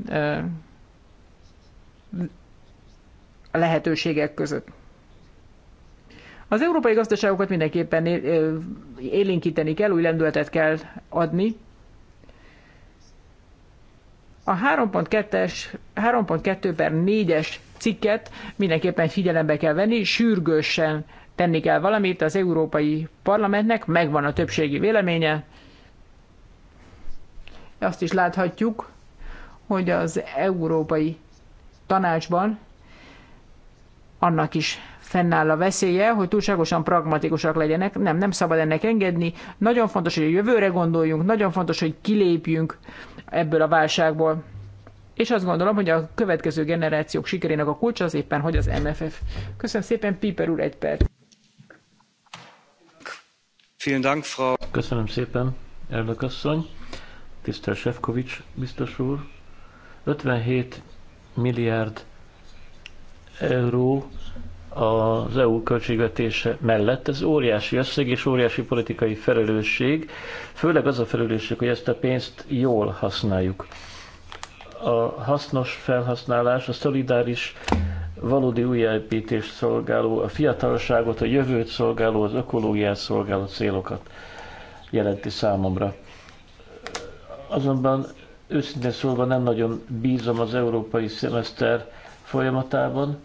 lehetőségek között. Az európai gazdaságokat mindenképpen élénkíteni kell, új lendületet kell adni. A 3.2-es, 3.2 per 4-es cikket mindenképpen figyelembe kell venni, sürgősen tenni kell valamit az Európai Parlamentnek, megvan a többségi véleménye, azt is láthatjuk, hogy az Európai Tanácsban annak is fennáll a veszélye, hogy túlságosan pragmatikusak legyenek. Nem, nem szabad ennek engedni. Nagyon fontos, hogy a jövőre gondoljunk, nagyon fontos, hogy kilépjünk ebből a válságból. És azt gondolom, hogy a következő generációk sikerének a kulcsa az éppen, hogy az MFF. Köszönöm szépen, Piper úr, egy perc. Köszönöm szépen, elnök asszony tisztelt Sefkovics biztos úr. 57 milliárd euró az EU költségvetése mellett. Ez óriási összeg és óriási politikai felelősség, főleg az a felelősség, hogy ezt a pénzt jól használjuk. A hasznos felhasználás, a szolidáris valódi újjáépítést szolgáló, a fiatalságot, a jövőt szolgáló, az ökológiát szolgáló célokat jelenti számomra azonban őszintén szólva nem nagyon bízom az európai szemeszter folyamatában.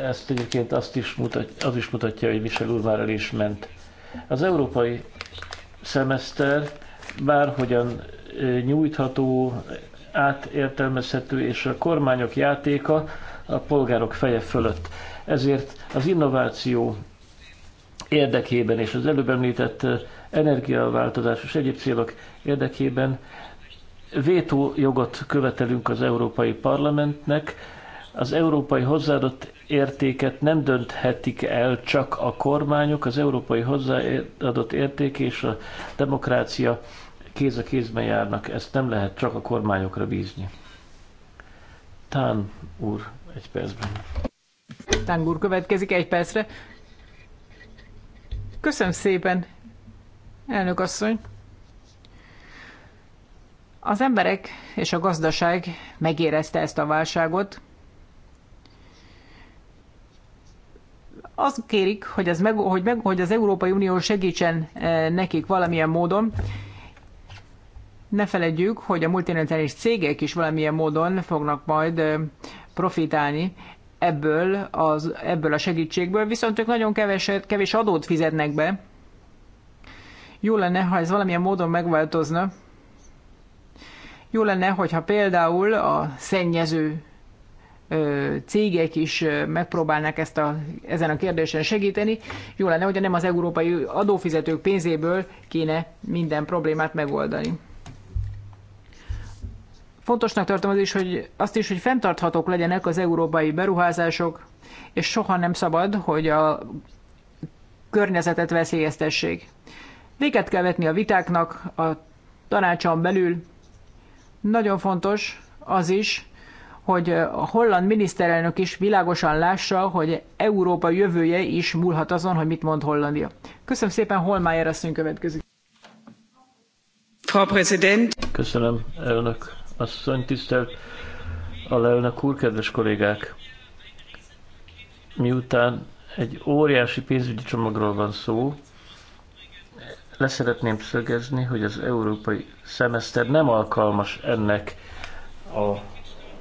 Ezt egyébként azt is mutat, az is mutatja, hogy Michel úr már el is ment. Az európai szemeszter bárhogyan nyújtható, átértelmezhető, és a kormányok játéka a polgárok feje fölött. Ezért az innováció érdekében és az előbb említett energiaváltozás és egyéb célok érdekében vétójogot követelünk az Európai Parlamentnek, az európai hozzáadott értéket nem dönthetik el csak a kormányok, az európai hozzáadott érték és a demokrácia kéz a kézben járnak, ezt nem lehet csak a kormányokra bízni. Tán úr, egy percben. Tán úr következik egy percre. Köszönöm szépen, Elnök asszony. Az emberek és a gazdaság megérezte ezt a válságot. Azt kérik, hogy, az meg, hogy, meg, hogy az Európai Unió segítsen e, nekik valamilyen módon. Ne feledjük, hogy a multinacionális cégek is valamilyen módon fognak majd e, profitálni ebből, az, ebből a segítségből, viszont ők nagyon keveset, kevés adót fizetnek be, jó lenne, ha ez valamilyen módon megváltozna. Jó lenne, hogyha például a szennyező cégek is megpróbálnak ezt a, ezen a kérdésen segíteni. Jó lenne, hogyha nem az európai adófizetők pénzéből kéne minden problémát megoldani. Fontosnak tartom az is, hogy azt is, hogy fenntarthatók legyenek az európai beruházások, és soha nem szabad, hogy a környezetet veszélyeztessék. Véget kell vetni a vitáknak a tanácson belül. Nagyon fontos az is, hogy a holland miniszterelnök is világosan lássa, hogy Európa jövője is múlhat azon, hogy mit mond Hollandia. Köszönöm szépen, Holmájer asszony következik. Köszönöm, elnök asszony, tisztelt alelnök úr, kedves kollégák. Miután egy óriási pénzügyi csomagról van szó, leszeretném szögezni, hogy az európai szemeszter nem alkalmas ennek a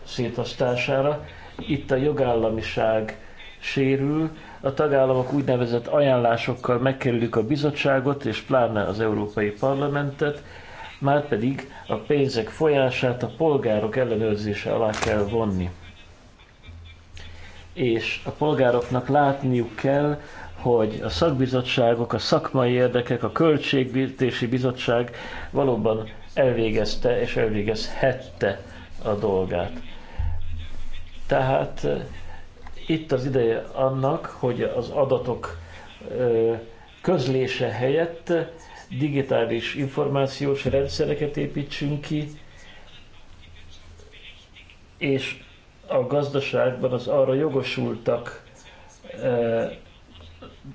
szétosztására. Itt a jogállamiság sérül, a tagállamok úgynevezett ajánlásokkal megkerülik a bizottságot és pláne az Európai Parlamentet, már pedig a pénzek folyását a polgárok ellenőrzése alá kell vonni. És a polgároknak látniuk kell, hogy a szakbizottságok, a szakmai érdekek, a költségvetési bizottság valóban elvégezte és elvégezhette a dolgát. Tehát itt az ideje annak, hogy az adatok közlése helyett digitális információs rendszereket építsünk ki, és a gazdaságban az arra jogosultak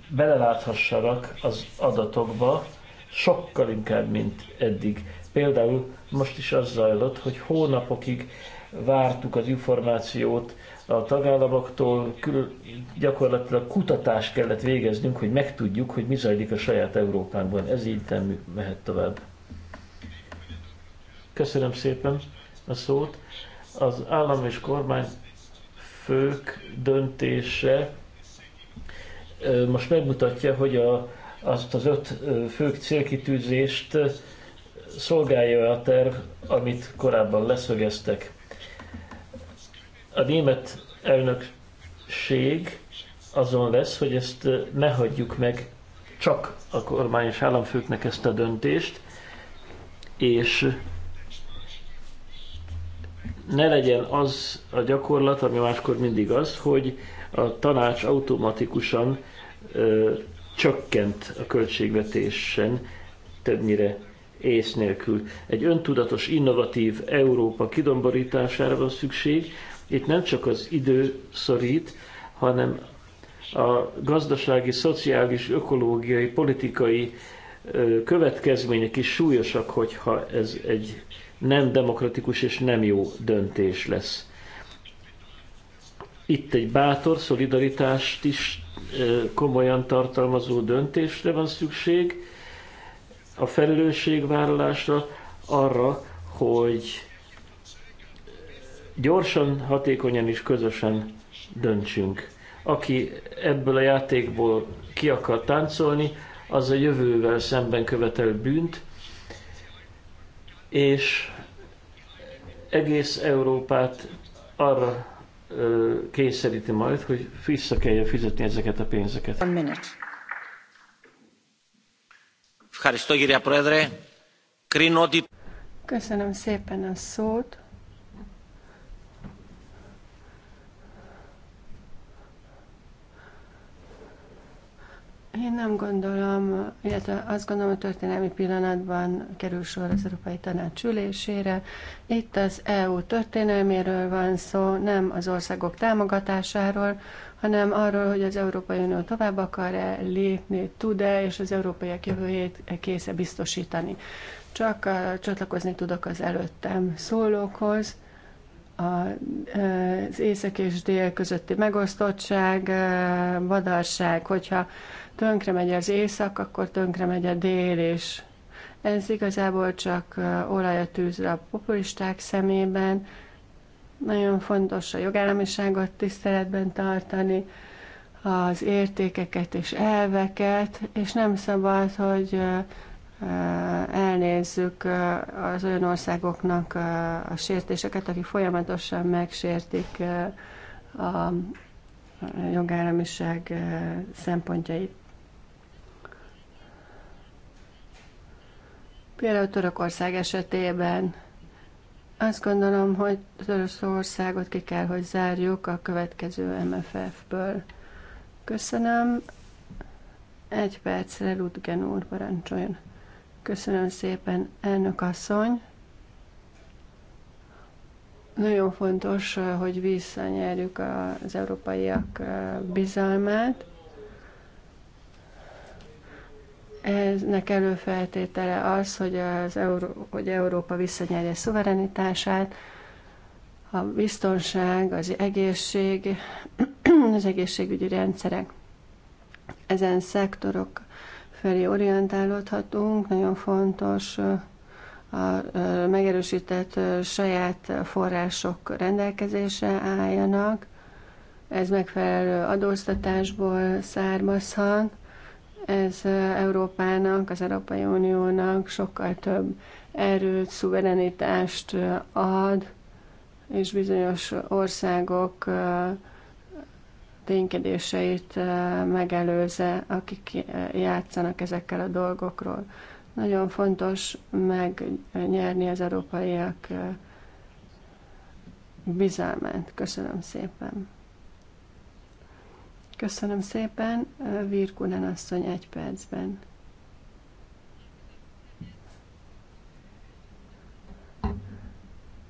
beleláthassanak az adatokba, sokkal inkább, mint eddig. Például most is az zajlott, hogy hónapokig vártuk az információt a tagállamoktól, kül, gyakorlatilag kutatást kellett végeznünk, hogy megtudjuk, hogy mi zajlik a saját Európánkban. Ez így nem mehet tovább. Köszönöm szépen a szót. Az állam és kormány fők döntése most megmutatja, hogy a, azt az öt fő célkitűzést szolgálja a terv, amit korábban leszögeztek. A német elnökség azon lesz, hogy ezt ne hagyjuk meg csak a kormány és államfőknek ezt a döntést, és ne legyen az a gyakorlat, ami máskor mindig az, hogy a tanács automatikusan ö, csökkent a költségvetésen, többnyire ész nélkül. Egy öntudatos, innovatív Európa kidomborítására van szükség. Itt nem csak az idő szorít, hanem a gazdasági, szociális, ökológiai, politikai következmények is súlyosak, hogyha ez egy nem demokratikus és nem jó döntés lesz. Itt egy bátor szolidaritást is komolyan tartalmazó döntésre van szükség, a felelősségvállalásra, arra, hogy gyorsan, hatékonyan és közösen döntsünk. Aki ebből a játékból ki akar táncolni, az a jövővel szemben követel bűnt, és egész Európát arra kényszeríti majd, hogy vissza kell fizetni ezeket a pénzeket. One minute. Köszönöm szépen a szót. Én nem gondolom, illetve azt gondolom, hogy történelmi pillanatban kerül sor az Európai Tanács ülésére. Itt az EU történelméről van szó, nem az országok támogatásáról, hanem arról, hogy az Európai Unió tovább akar-e lépni, tud-e, és az európaiak jövőjét kész-e biztosítani. Csak csatlakozni tudok az előttem szólókhoz az észak és dél közötti megosztottság, vadarság, hogyha tönkre megy az észak, akkor tönkre megy a dél és Ez igazából csak olaj a tűzre a populisták szemében. Nagyon fontos a jogállamiságot tiszteletben tartani, az értékeket és elveket, és nem szabad, hogy elnézzük az olyan országoknak a sértéseket, akik folyamatosan megsértik a jogállamiság szempontjait. Például Törökország esetében azt gondolom, hogy Törökországot ki kell, hogy zárjuk a következő MFF-ből. Köszönöm. Egy percre Ludgen úr parancsoljon. Köszönöm szépen, elnök asszony. Nagyon fontos, hogy visszanyerjük az európaiak eh, bizalmát. Eznek előfeltétele az, hogy, az Euró- hogy Európa visszanyerje szuverenitását, a biztonság, az egészség, az egészségügyi rendszerek. Ezen szektorok felé orientálódhatunk. Nagyon fontos a megerősített saját források rendelkezésre álljanak. Ez megfelelő adóztatásból származhat. Ez Európának, az Európai Uniónak sokkal több erőt, szuverenitást ad, és bizonyos országok ténykedéseit eh, megelőze, akik játszanak ezekkel a dolgokról. Nagyon fontos megnyerni az európaiak eh, bizalmát. Köszönöm szépen. Köszönöm szépen, eh, Virkunen asszony egy percben.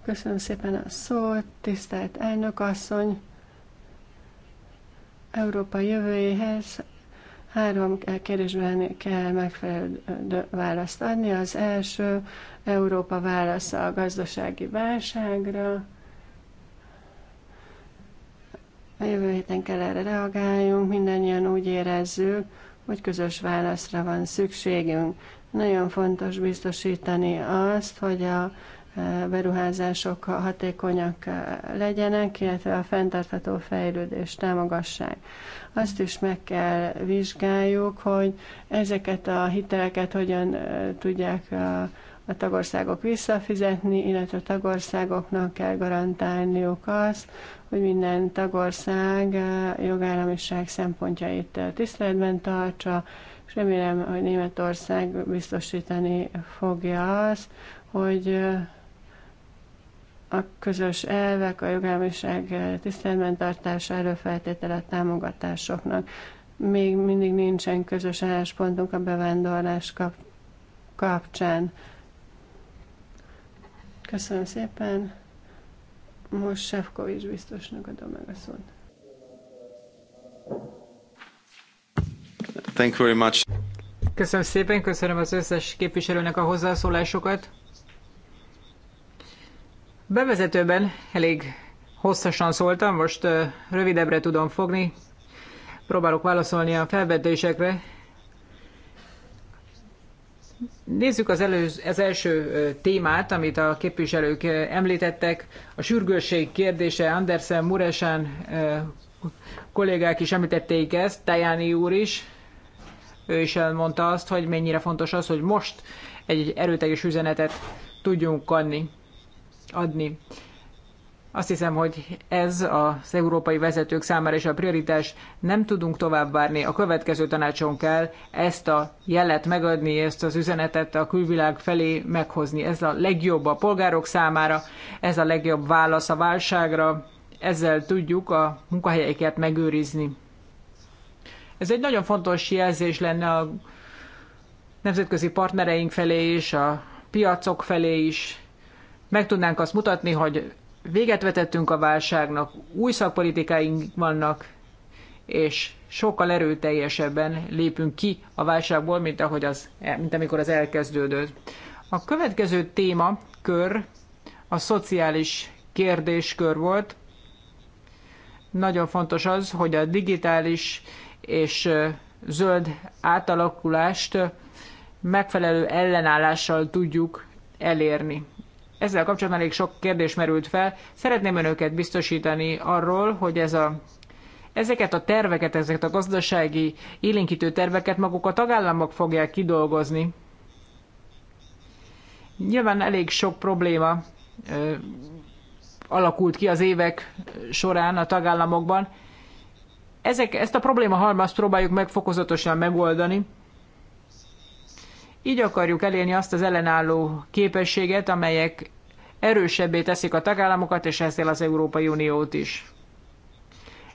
Köszönöm szépen a szót, tisztelt elnök asszony, Európa jövőjéhez három kérdésben kell megfelelő választ adni. Az első Európa válasza a gazdasági válságra. A jövő héten kell erre reagáljunk, mindannyian úgy érezzük, hogy közös válaszra van szükségünk. Nagyon fontos biztosítani azt, hogy a beruházások hatékonyak legyenek, illetve a fenntartható fejlődést támogassák. Azt is meg kell vizsgáljuk, hogy ezeket a hiteleket hogyan tudják a tagországok visszafizetni, illetve a tagországoknak kell garantálniuk azt, hogy minden tagország jogállamiság szempontjait tiszteletben tartsa, és remélem, hogy Németország biztosítani fogja azt, hogy a közös elvek, a jogállamiság tiszteletben tartása előfeltétele a támogatásoknak. Még mindig nincsen közös álláspontunk a bevándorlás kap kapcsán. Köszönöm szépen. Most Sefkovics biztosnak adom meg a szót. Thank you very much. Köszönöm szépen, köszönöm az összes képviselőnek a hozzászólásokat. Bevezetőben elég hosszasan szóltam, most rövidebbre tudom fogni. Próbálok válaszolni a felvetésekre. Nézzük az, előz, az első témát, amit a képviselők említettek. A sürgősség kérdése, Andersen, Muresen kollégák is említették ezt, Tajani úr is. Ő is elmondta azt, hogy mennyire fontos az, hogy most egy erőteljes üzenetet tudjunk adni adni. Azt hiszem, hogy ez az európai vezetők számára is a prioritás. Nem tudunk tovább várni. A következő tanácson kell ezt a jelet megadni, ezt az üzenetet a külvilág felé meghozni. Ez a legjobb a polgárok számára, ez a legjobb válasz a válságra. Ezzel tudjuk a munkahelyeket megőrizni. Ez egy nagyon fontos jelzés lenne a nemzetközi partnereink felé és a piacok felé is, meg tudnánk azt mutatni, hogy véget vetettünk a válságnak, új szakpolitikáink vannak, és sokkal erőteljesebben lépünk ki a válságból, mint, ahogy az, mint amikor az elkezdődött. A következő téma, kör, a szociális kérdéskör volt. Nagyon fontos az, hogy a digitális és zöld átalakulást megfelelő ellenállással tudjuk elérni ezzel kapcsolatban elég sok kérdés merült fel. Szeretném önöket biztosítani arról, hogy ez a Ezeket a terveket, ezeket a gazdasági élénkítő terveket maguk a tagállamok fogják kidolgozni. Nyilván elég sok probléma ö, alakult ki az évek során a tagállamokban. Ezek, ezt a probléma halmazt próbáljuk meg fokozatosan megoldani. Így akarjuk elérni azt az ellenálló képességet, amelyek erősebbé teszik a tagállamokat, és ezzel az Európai Uniót is.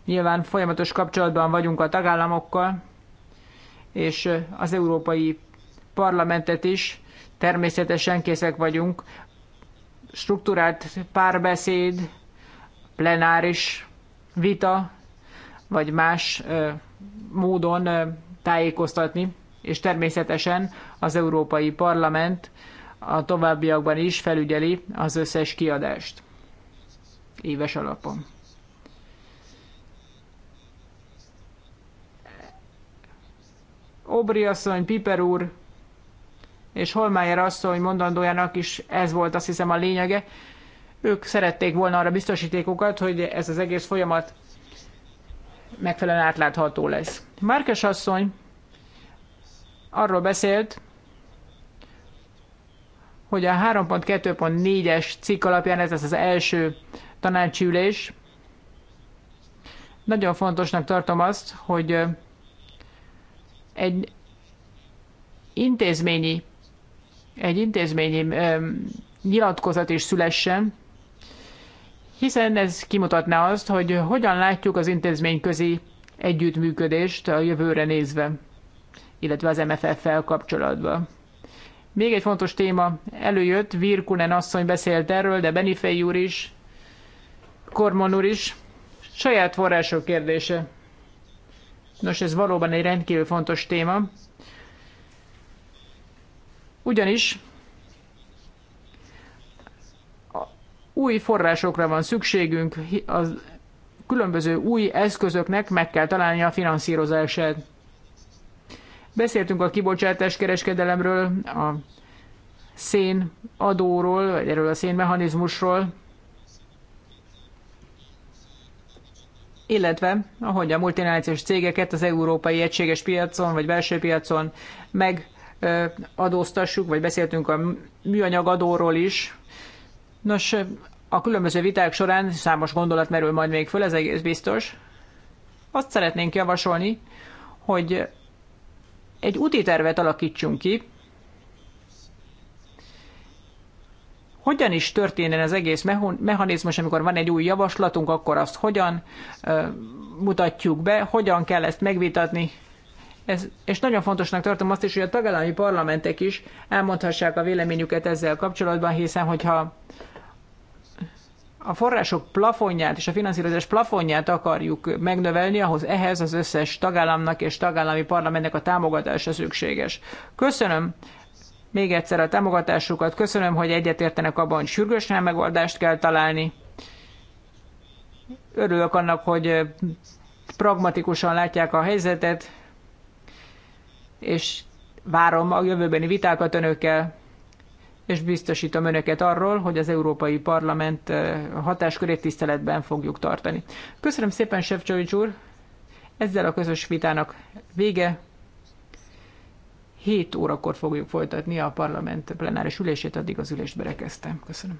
Nyilván folyamatos kapcsolatban vagyunk a tagállamokkal, és az Európai Parlamentet is. Természetesen készek vagyunk struktúrált párbeszéd, plenáris vita, vagy más módon tájékoztatni, és természetesen az Európai Parlament a továbbiakban is felügyeli az összes kiadást éves alapon. Obri asszony, Piper úr és Holmeyer asszony mondandójának is ez volt azt hiszem a lényege. Ők szerették volna arra biztosítékokat, hogy ez az egész folyamat megfelelően átlátható lesz. Márkes asszony arról beszélt, hogy a 3.2.4-es cikk alapján ez lesz az első tanácsi ülés. Nagyon fontosnak tartom azt, hogy egy intézményi, egy intézményi nyilatkozat is szülessen, hiszen ez kimutatná azt, hogy hogyan látjuk az intézményközi együttműködést a jövőre nézve, illetve az MFF-fel kapcsolatban. Még egy fontos téma előjött, Virkunen asszony beszélt erről, de Benifei úr is, Kormon úr is, saját források kérdése. Nos, ez valóban egy rendkívül fontos téma. Ugyanis új forrásokra van szükségünk, az különböző új eszközöknek meg kell találni a finanszírozását. Beszéltünk a kibocsátás kereskedelemről, a szén adóról, vagy erről a szén mechanizmusról, illetve ahogy a multinációs cégeket az európai egységes piacon vagy belső piacon megadóztassuk, vagy beszéltünk a műanyag adóról is. Nos, a különböző viták során számos gondolat merül majd még föl, ez egész biztos. Azt szeretnénk javasolni, hogy egy úti tervet alakítsunk ki, hogyan is történne az egész mechanizmus, amikor van egy új javaslatunk, akkor azt hogyan uh, mutatjuk be, hogyan kell ezt megvitatni. Ez, és nagyon fontosnak tartom azt is, hogy a tagállami parlamentek is elmondhassák a véleményüket ezzel kapcsolatban, hiszen hogyha a források plafonját és a finanszírozás plafonját akarjuk megnövelni, ahhoz ehhez az összes tagállamnak és tagállami parlamentnek a támogatása szükséges. Köszönöm még egyszer a támogatásukat, köszönöm, hogy egyetértenek abban, hogy sürgősen megoldást kell találni. Örülök annak, hogy pragmatikusan látják a helyzetet, és várom a jövőbeni vitákat önökkel és biztosítom önöket arról, hogy az Európai Parlament eh, hatáskörét tiszteletben fogjuk tartani. Köszönöm szépen, Sefcsovics úr! Ezzel a közös vitának vége. 7 órakor fogjuk folytatni a parlament plenáris ülését, addig az ülést berekeztem. Köszönöm.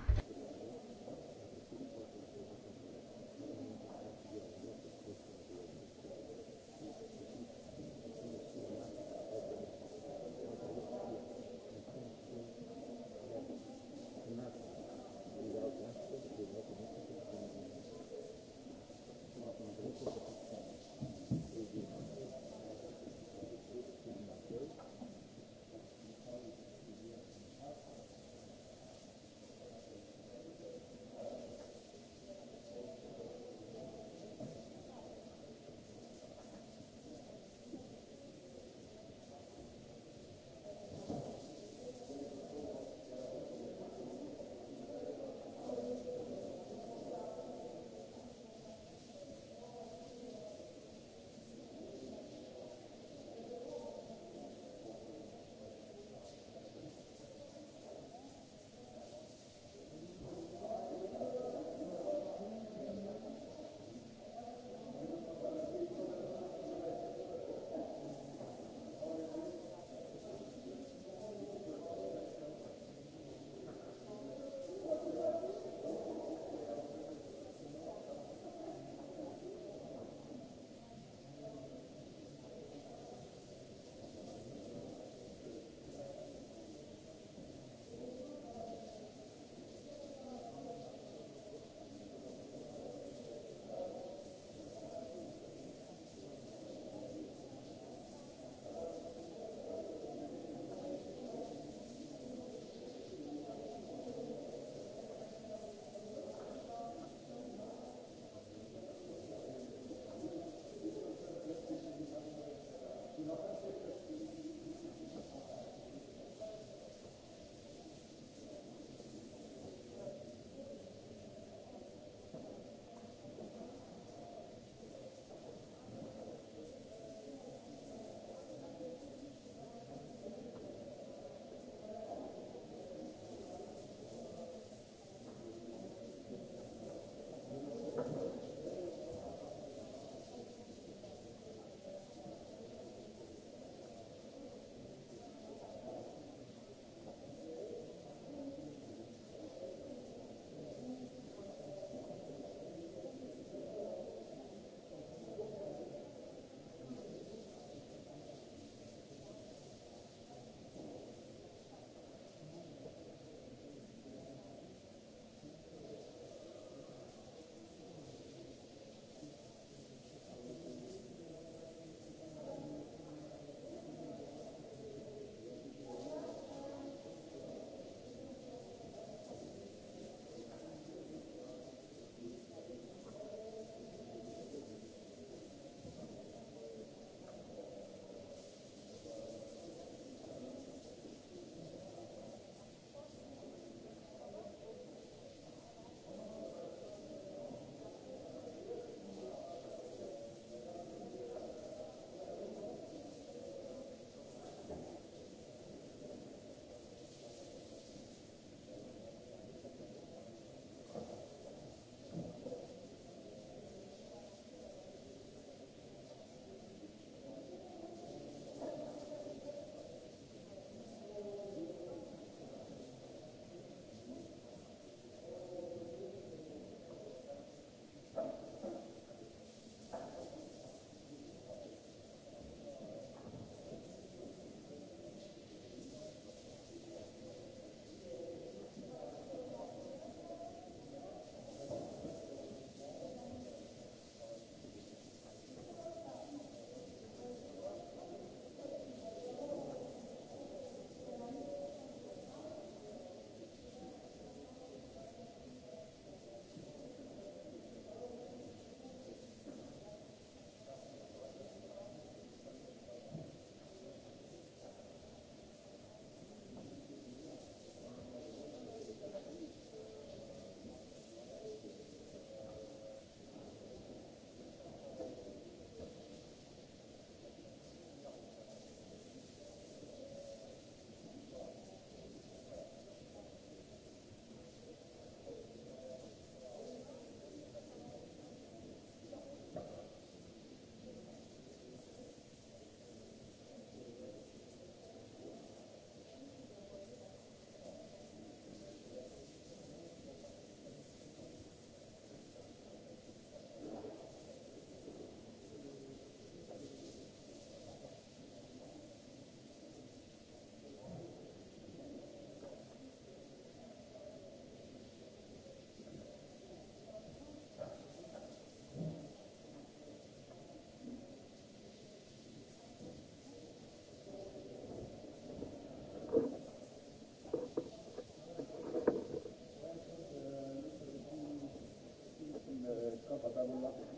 Kaphatában lakott.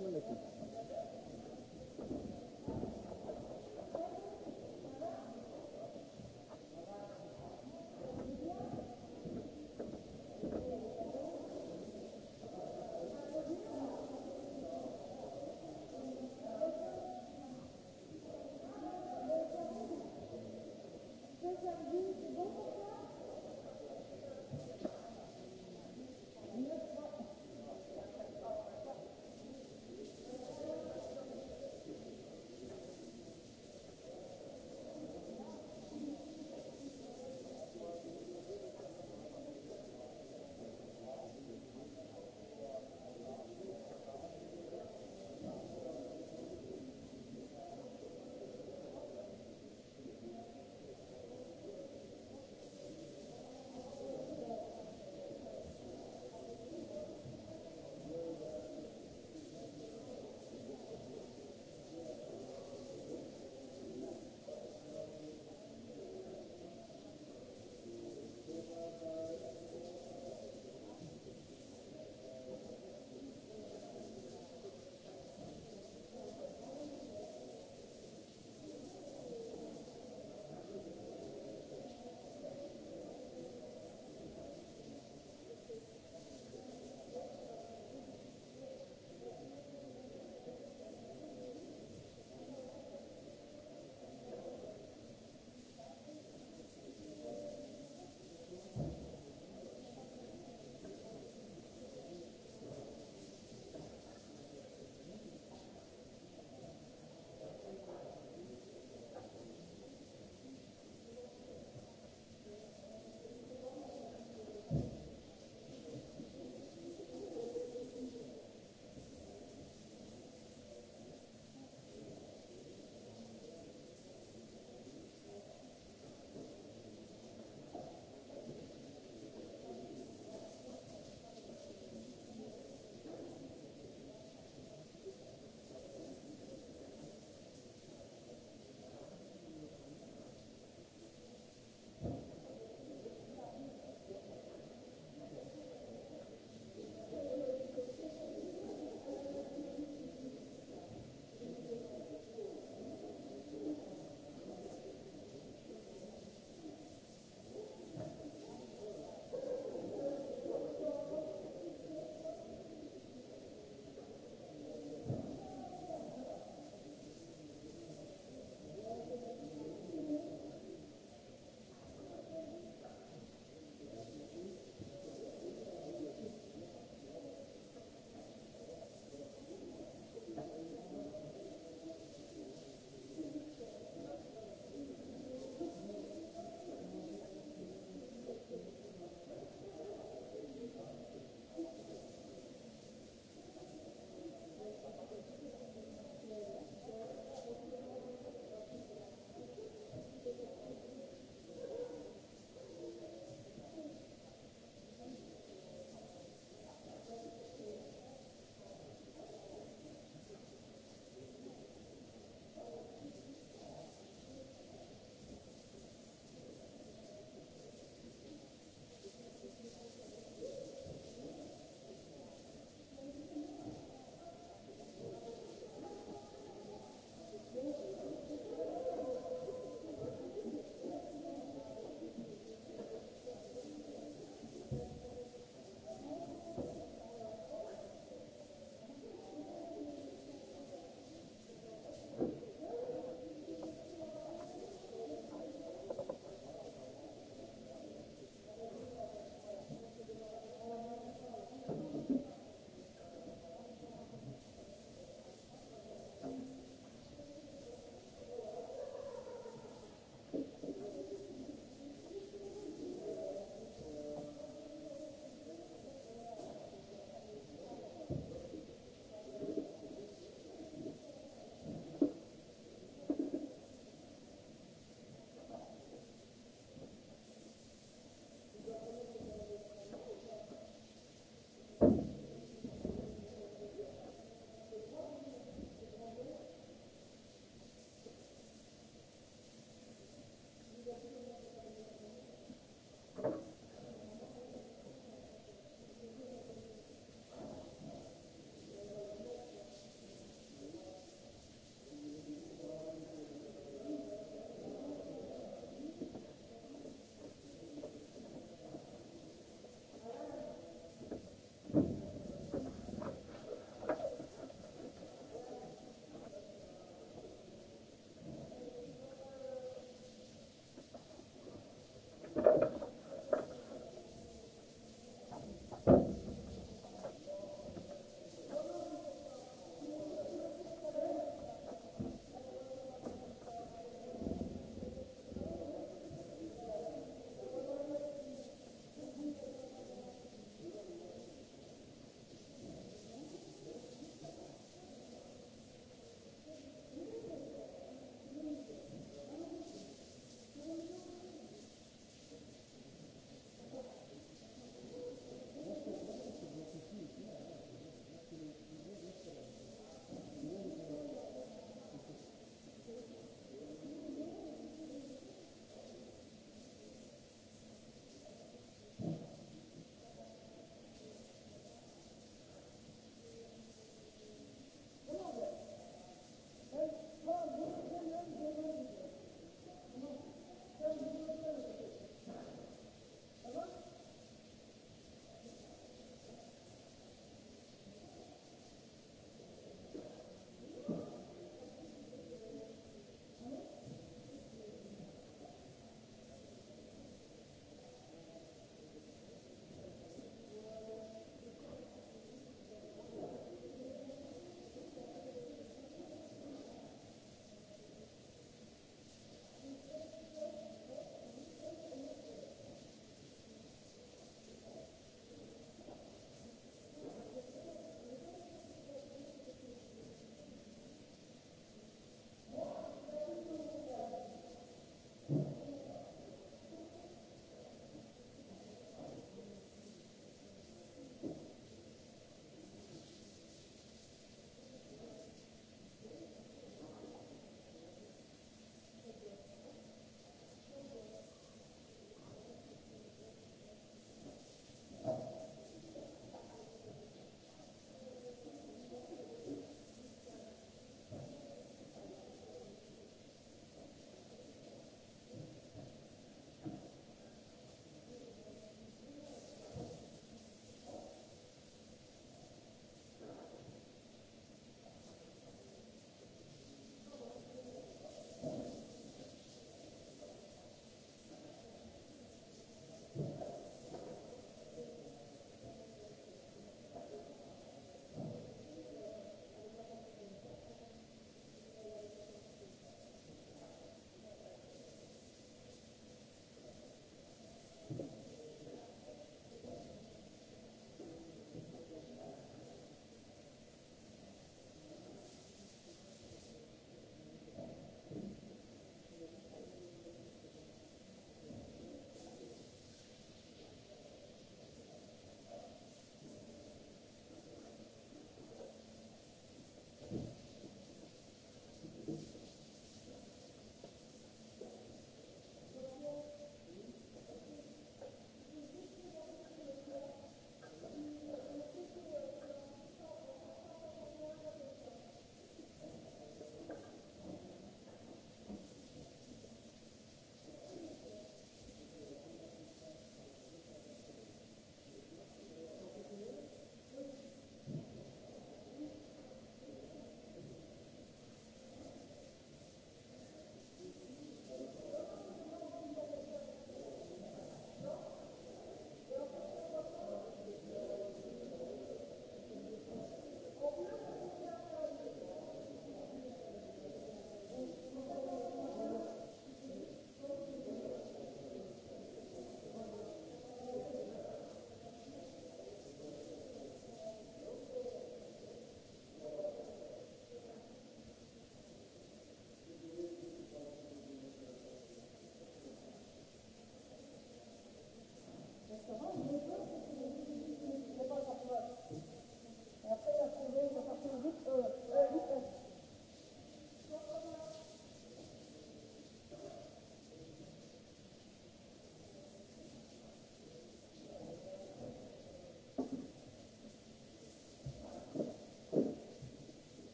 Köszönöm nekünk.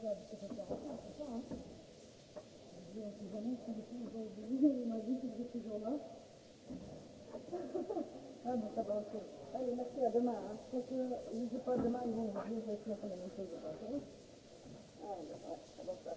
Allez, merci, à demain. Hein. Je crois que je ne sais pas demain, ils vont ouvrir les clés pour les messieurs, je pense. Allez, ouais, ça va faire.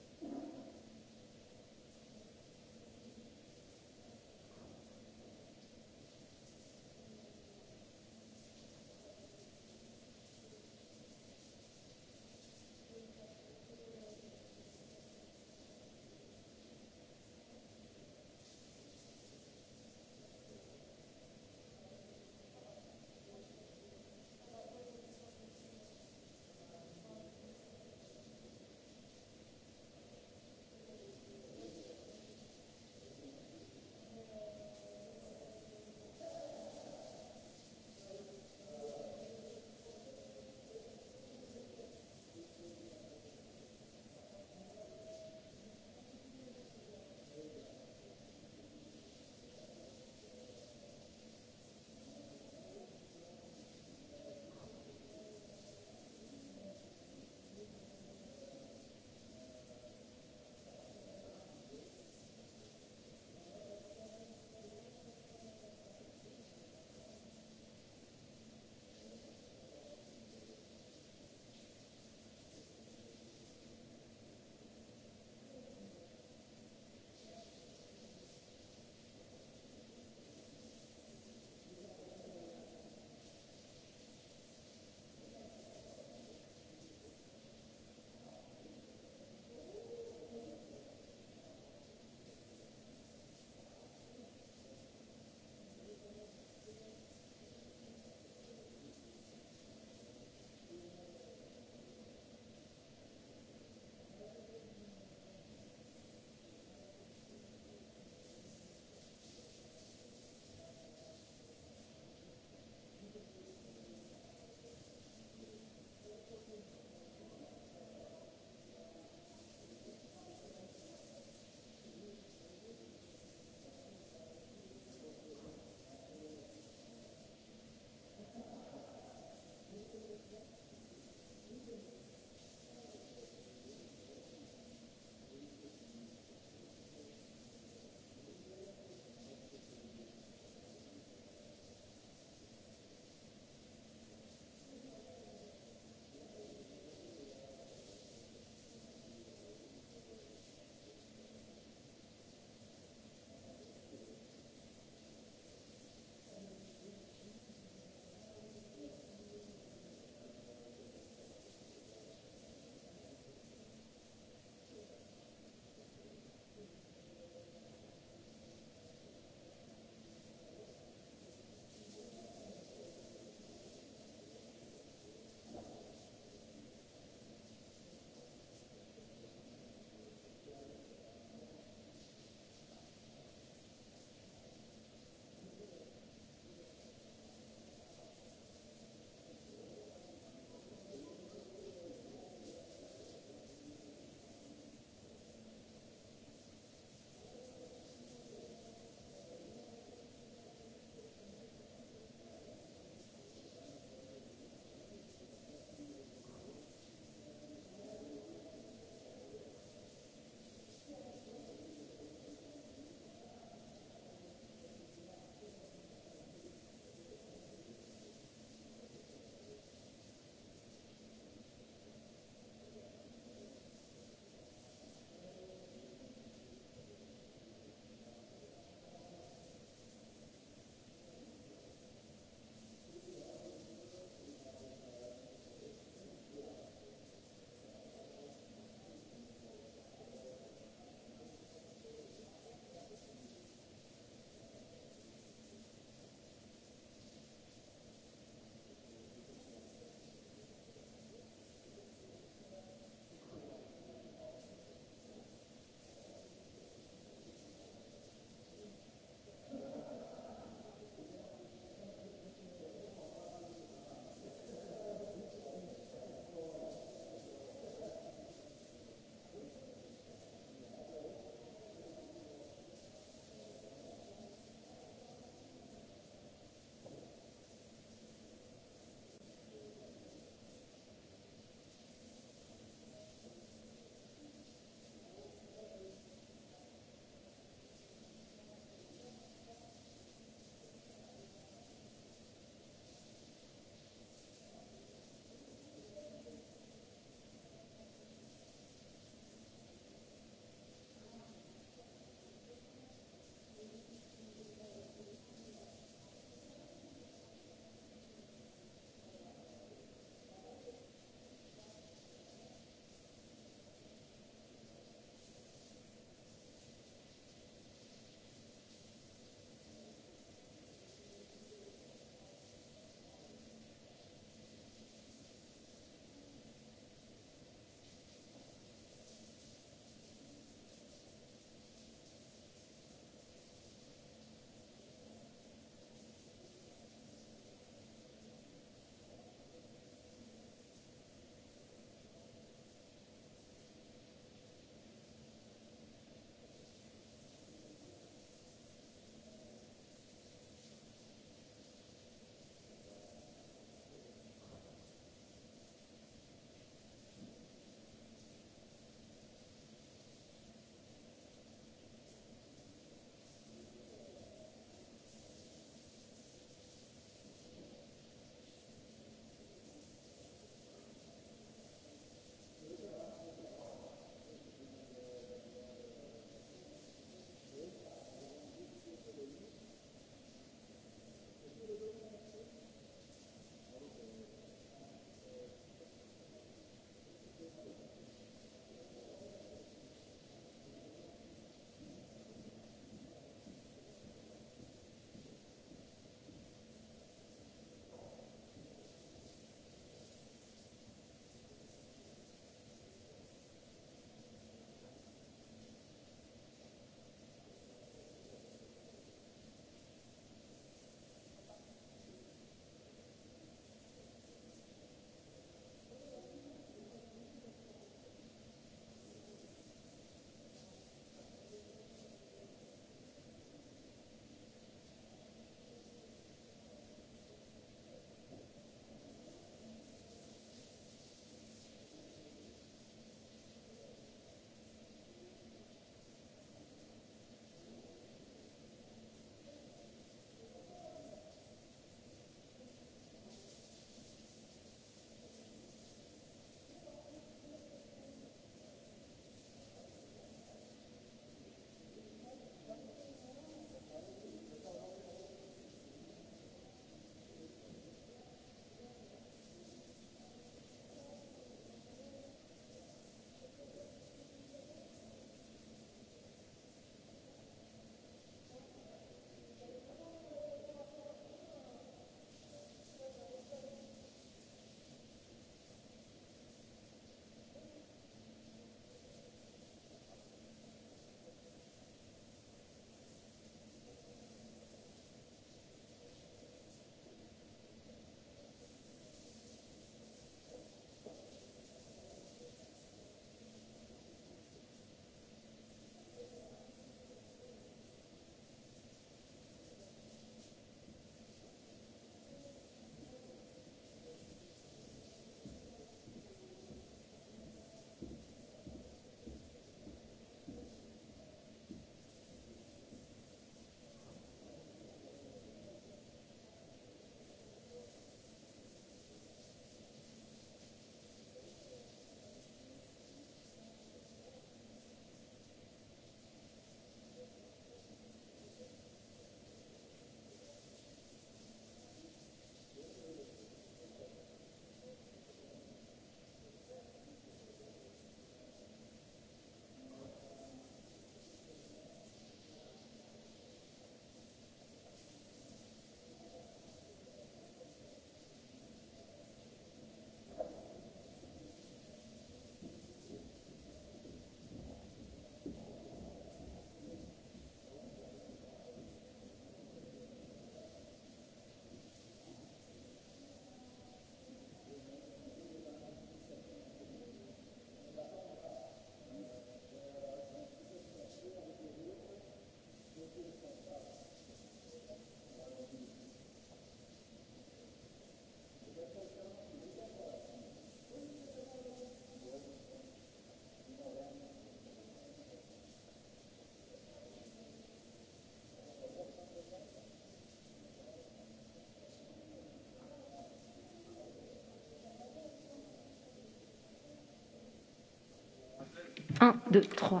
1, 2, 3.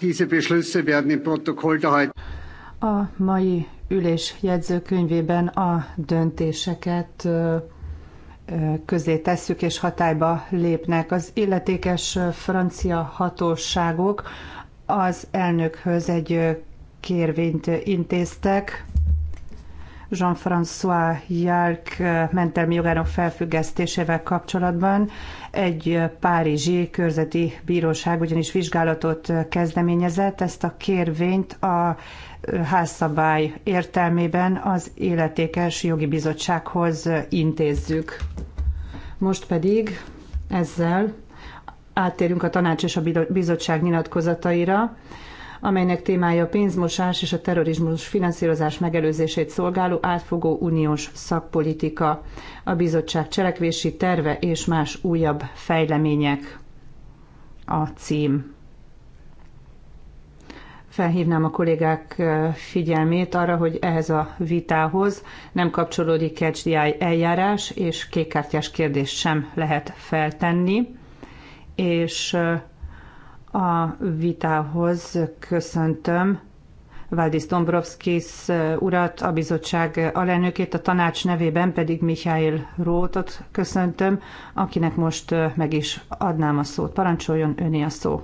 Diese Beschlüsse werden im Protokoll der a mai ülés jegyzőkönyvében a döntéseket közé tesszük és hatályba lépnek. Az illetékes francia hatóságok az elnökhöz egy kérvényt intéztek, Jean-François Jark eh, mentelmi jogának felfüggesztésével kapcsolatban egy eh, párizsi körzeti bíróság ugyanis vizsgálatot eh, kezdeményezett. Ezt a kérvényt a házszabály értelmében az Életékes Jogi Bizottsághoz intézzük. Most pedig ezzel áttérünk a tanács és a bizottság nyilatkozataira amelynek témája a pénzmosás és a terrorizmus finanszírozás megelőzését szolgáló átfogó uniós szakpolitika, a bizottság cselekvési terve és más újabb fejlemények a cím felhívnám a kollégák figyelmét arra, hogy ehhez a vitához nem kapcsolódik CatchDI eljárás, és kékkártyás kérdést sem lehet feltenni, és a vitához köszöntöm Valdis Dombrovskis urat, a bizottság alelnökét, a tanács nevében pedig Mihály Rótot köszöntöm, akinek most meg is adnám a szót. Parancsoljon öné a szó.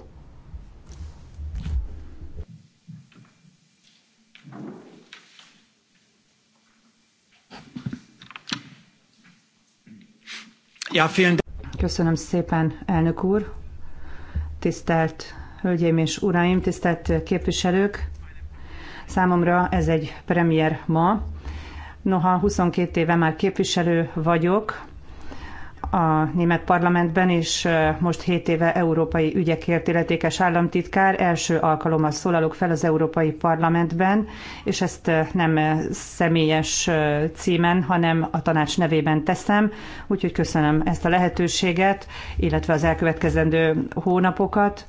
Ja, Köszönöm szépen, elnök úr tisztelt Hölgyeim és Uraim, tisztelt képviselők! Számomra ez egy premier ma. Noha 22 éve már képviselő vagyok, a német parlamentben, és most 7 éve európai ügyekért illetékes államtitkár. Első alkalommal szólalok fel az Európai Parlamentben, és ezt nem személyes címen, hanem a tanács nevében teszem. Úgyhogy köszönöm ezt a lehetőséget, illetve az elkövetkezendő hónapokat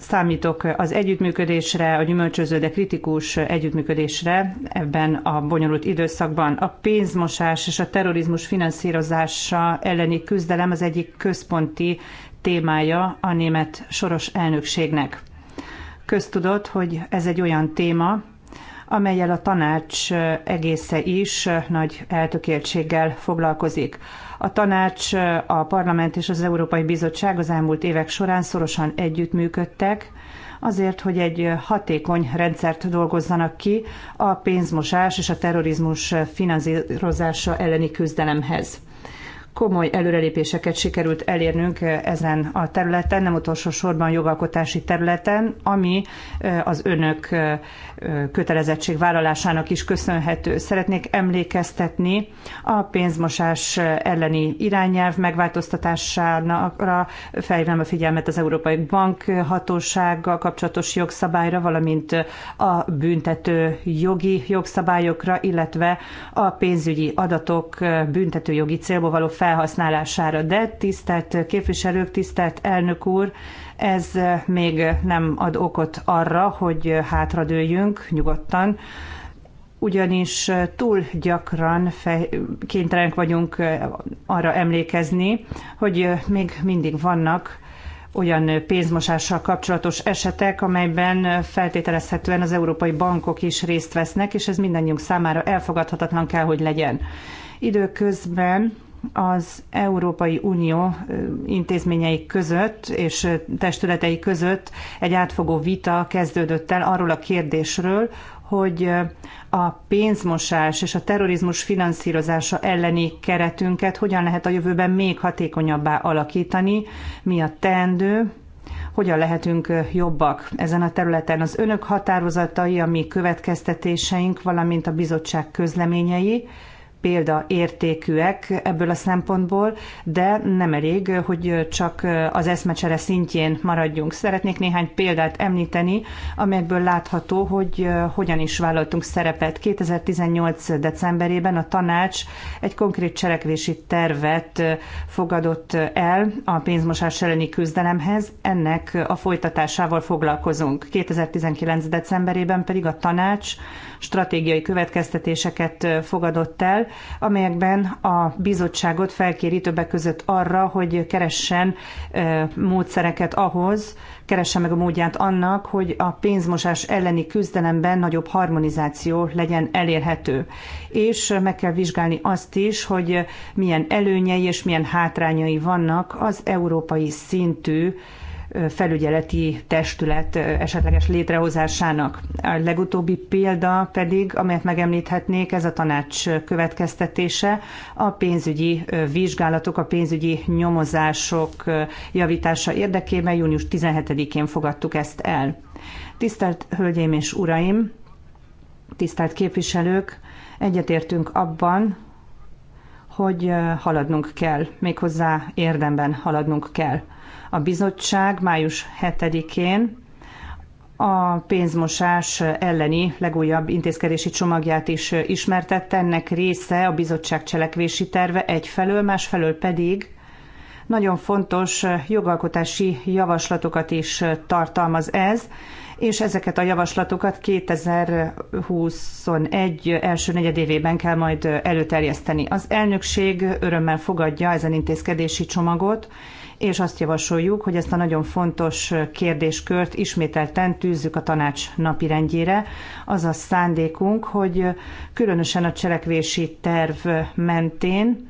Számítok az együttműködésre, a gyümölcsöző, de kritikus együttműködésre ebben a bonyolult időszakban. A pénzmosás és a terrorizmus finanszírozása elleni küzdelem az egyik központi témája a német soros elnökségnek. Köztudott, hogy ez egy olyan téma, amelyel a tanács egésze is nagy eltökéltséggel foglalkozik. A tanács, a parlament és az Európai Bizottság az elmúlt évek során szorosan együttműködtek, azért, hogy egy hatékony rendszert dolgozzanak ki a pénzmosás és a terrorizmus finanszírozása elleni küzdelemhez komoly előrelépéseket sikerült elérnünk eh, ezen a területen, nem utolsó sorban jogalkotási területen, ami eh, az önök eh, kötelezettségvállalásának is köszönhető. Szeretnék emlékeztetni a pénzmosás elleni irányelv megváltoztatására, felhívnám a figyelmet az Európai Bank hatósággal kapcsolatos jogszabályra, valamint a büntető jogi jogszabályokra, illetve a pénzügyi adatok büntető jogi célból való fel felhasználására. De tisztelt képviselők, tisztelt elnök úr, ez még nem ad okot arra, hogy hátradőljünk nyugodtan, ugyanis túl gyakran fej, kénytelenek vagyunk arra emlékezni, hogy még mindig vannak olyan pénzmosással kapcsolatos esetek, amelyben feltételezhetően az európai bankok is részt vesznek, és ez mindannyiunk számára elfogadhatatlan kell, hogy legyen. Időközben az Európai Unió intézményei között és testületei között egy átfogó vita kezdődött el arról a kérdésről, hogy a pénzmosás és a terrorizmus finanszírozása elleni keretünket hogyan lehet a jövőben még hatékonyabbá alakítani, mi a teendő, hogyan lehetünk jobbak ezen a területen. Az önök határozatai, a mi következtetéseink, valamint a bizottság közleményei, példaértékűek ebből a szempontból, de nem elég, hogy csak az eszmecsere szintjén maradjunk. Szeretnék néhány példát említeni, amelyekből látható, hogy eh, hogyan is vállaltunk szerepet. 2018. decemberében a tanács egy konkrét cselekvési tervet eh, fogadott el a pénzmosás elleni küzdelemhez. Ennek a folytatásával foglalkozunk. 2019. decemberében pedig a tanács stratégiai következtetéseket fogadott el, amelyekben a bizottságot felkéri többek között arra, hogy keressen módszereket ahhoz, keresse meg a módját annak, hogy a pénzmosás elleni küzdelemben nagyobb harmonizáció legyen elérhető. És meg kell vizsgálni azt is, hogy milyen előnyei és milyen hátrányai vannak az európai szintű felügyeleti testület esetleges létrehozásának. A legutóbbi példa pedig, amelyet megemlíthetnék, ez a tanács következtetése, a pénzügyi vizsgálatok, a pénzügyi nyomozások javítása érdekében június 17-én fogadtuk ezt el. Tisztelt Hölgyeim és Uraim, tisztelt képviselők, egyetértünk abban, hogy haladnunk kell, méghozzá érdemben haladnunk kell. A bizottság május 7-én a pénzmosás elleni legújabb intézkedési csomagját is ismertette. Ennek része a bizottság cselekvési terve egyfelől, másfelől pedig nagyon fontos jogalkotási javaslatokat is tartalmaz ez, és ezeket a javaslatokat 2021 első negyedévében kell majd előterjeszteni. Az elnökség örömmel fogadja ezen intézkedési csomagot, és azt javasoljuk, hogy ezt a nagyon fontos kérdéskört ismételten tűzzük a tanács napirendjére. Az a szándékunk, hogy különösen a cselekvési terv mentén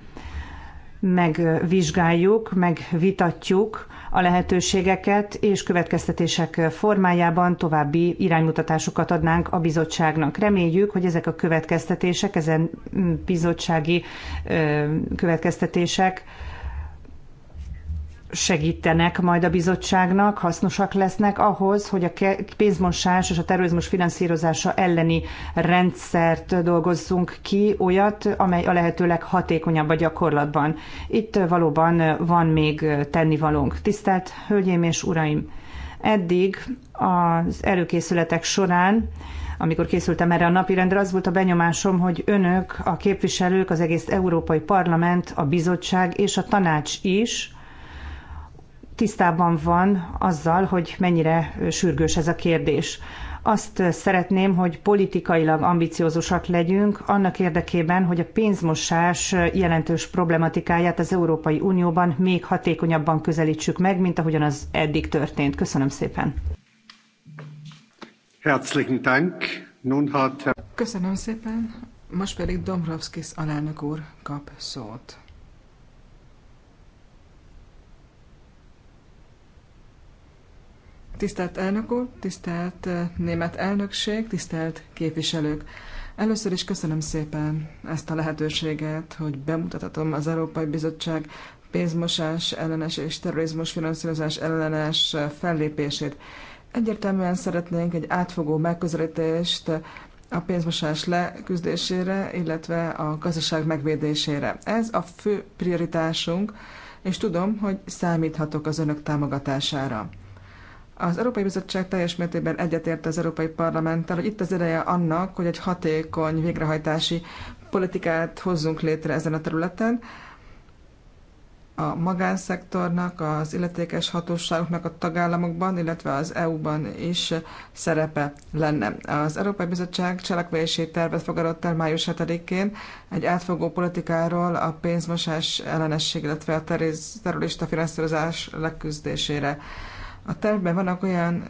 megvizsgáljuk, megvitatjuk a lehetőségeket, és következtetések formájában további iránymutatásokat adnánk a bizottságnak. Reméljük, hogy ezek a következtetések, ezen bizottsági következtetések segítenek majd a bizottságnak, hasznosak lesznek ahhoz, hogy a pénzmosás és a terrorizmus finanszírozása elleni rendszert dolgozzunk ki, olyat, amely a lehető leghatékonyabb a gyakorlatban. Itt valóban van még tennivalónk. Tisztelt Hölgyeim és Uraim! Eddig az előkészületek során amikor készültem erre a napirendre, az volt a benyomásom, hogy önök, a képviselők, az egész Európai Parlament, a bizottság és a tanács is tisztában van azzal, hogy mennyire sürgős ez a kérdés. Azt szeretném, hogy politikailag ambiciózusak legyünk annak érdekében, hogy a pénzmosás jelentős problematikáját az Európai Unióban még hatékonyabban közelítsük meg, mint ahogyan az eddig történt. Köszönöm szépen. Herzlichen Dank. Nun hat... Köszönöm szépen. Most pedig Dombrovskis alelnök úr kap szót. Tisztelt elnök úr, tisztelt eh, német elnökség, tisztelt képviselők! Először is köszönöm szépen ezt a lehetőséget, hogy bemutathatom az Európai Bizottság pénzmosás ellenes és terrorizmus finanszírozás ellenes eh, fellépését. Egyértelműen szeretnénk egy átfogó megközelítést eh, a pénzmosás leküzdésére, illetve a gazdaság megvédésére. Ez a fő prioritásunk, és tudom, hogy számíthatok az önök támogatására. Az Európai Bizottság teljes mértékben egyetért az Európai Parlamenttel, hogy itt az ideje annak, hogy egy hatékony végrehajtási politikát hozzunk létre ezen a területen. A magánszektornak, az illetékes hatóságoknak a tagállamokban, illetve az EU-ban is szerepe lenne. Az Európai Bizottság cselekvési tervet fogadott el május 7-én egy átfogó politikáról a pénzmosás ellenesség, illetve a terrorista finanszírozás leküzdésére a tervben vannak olyan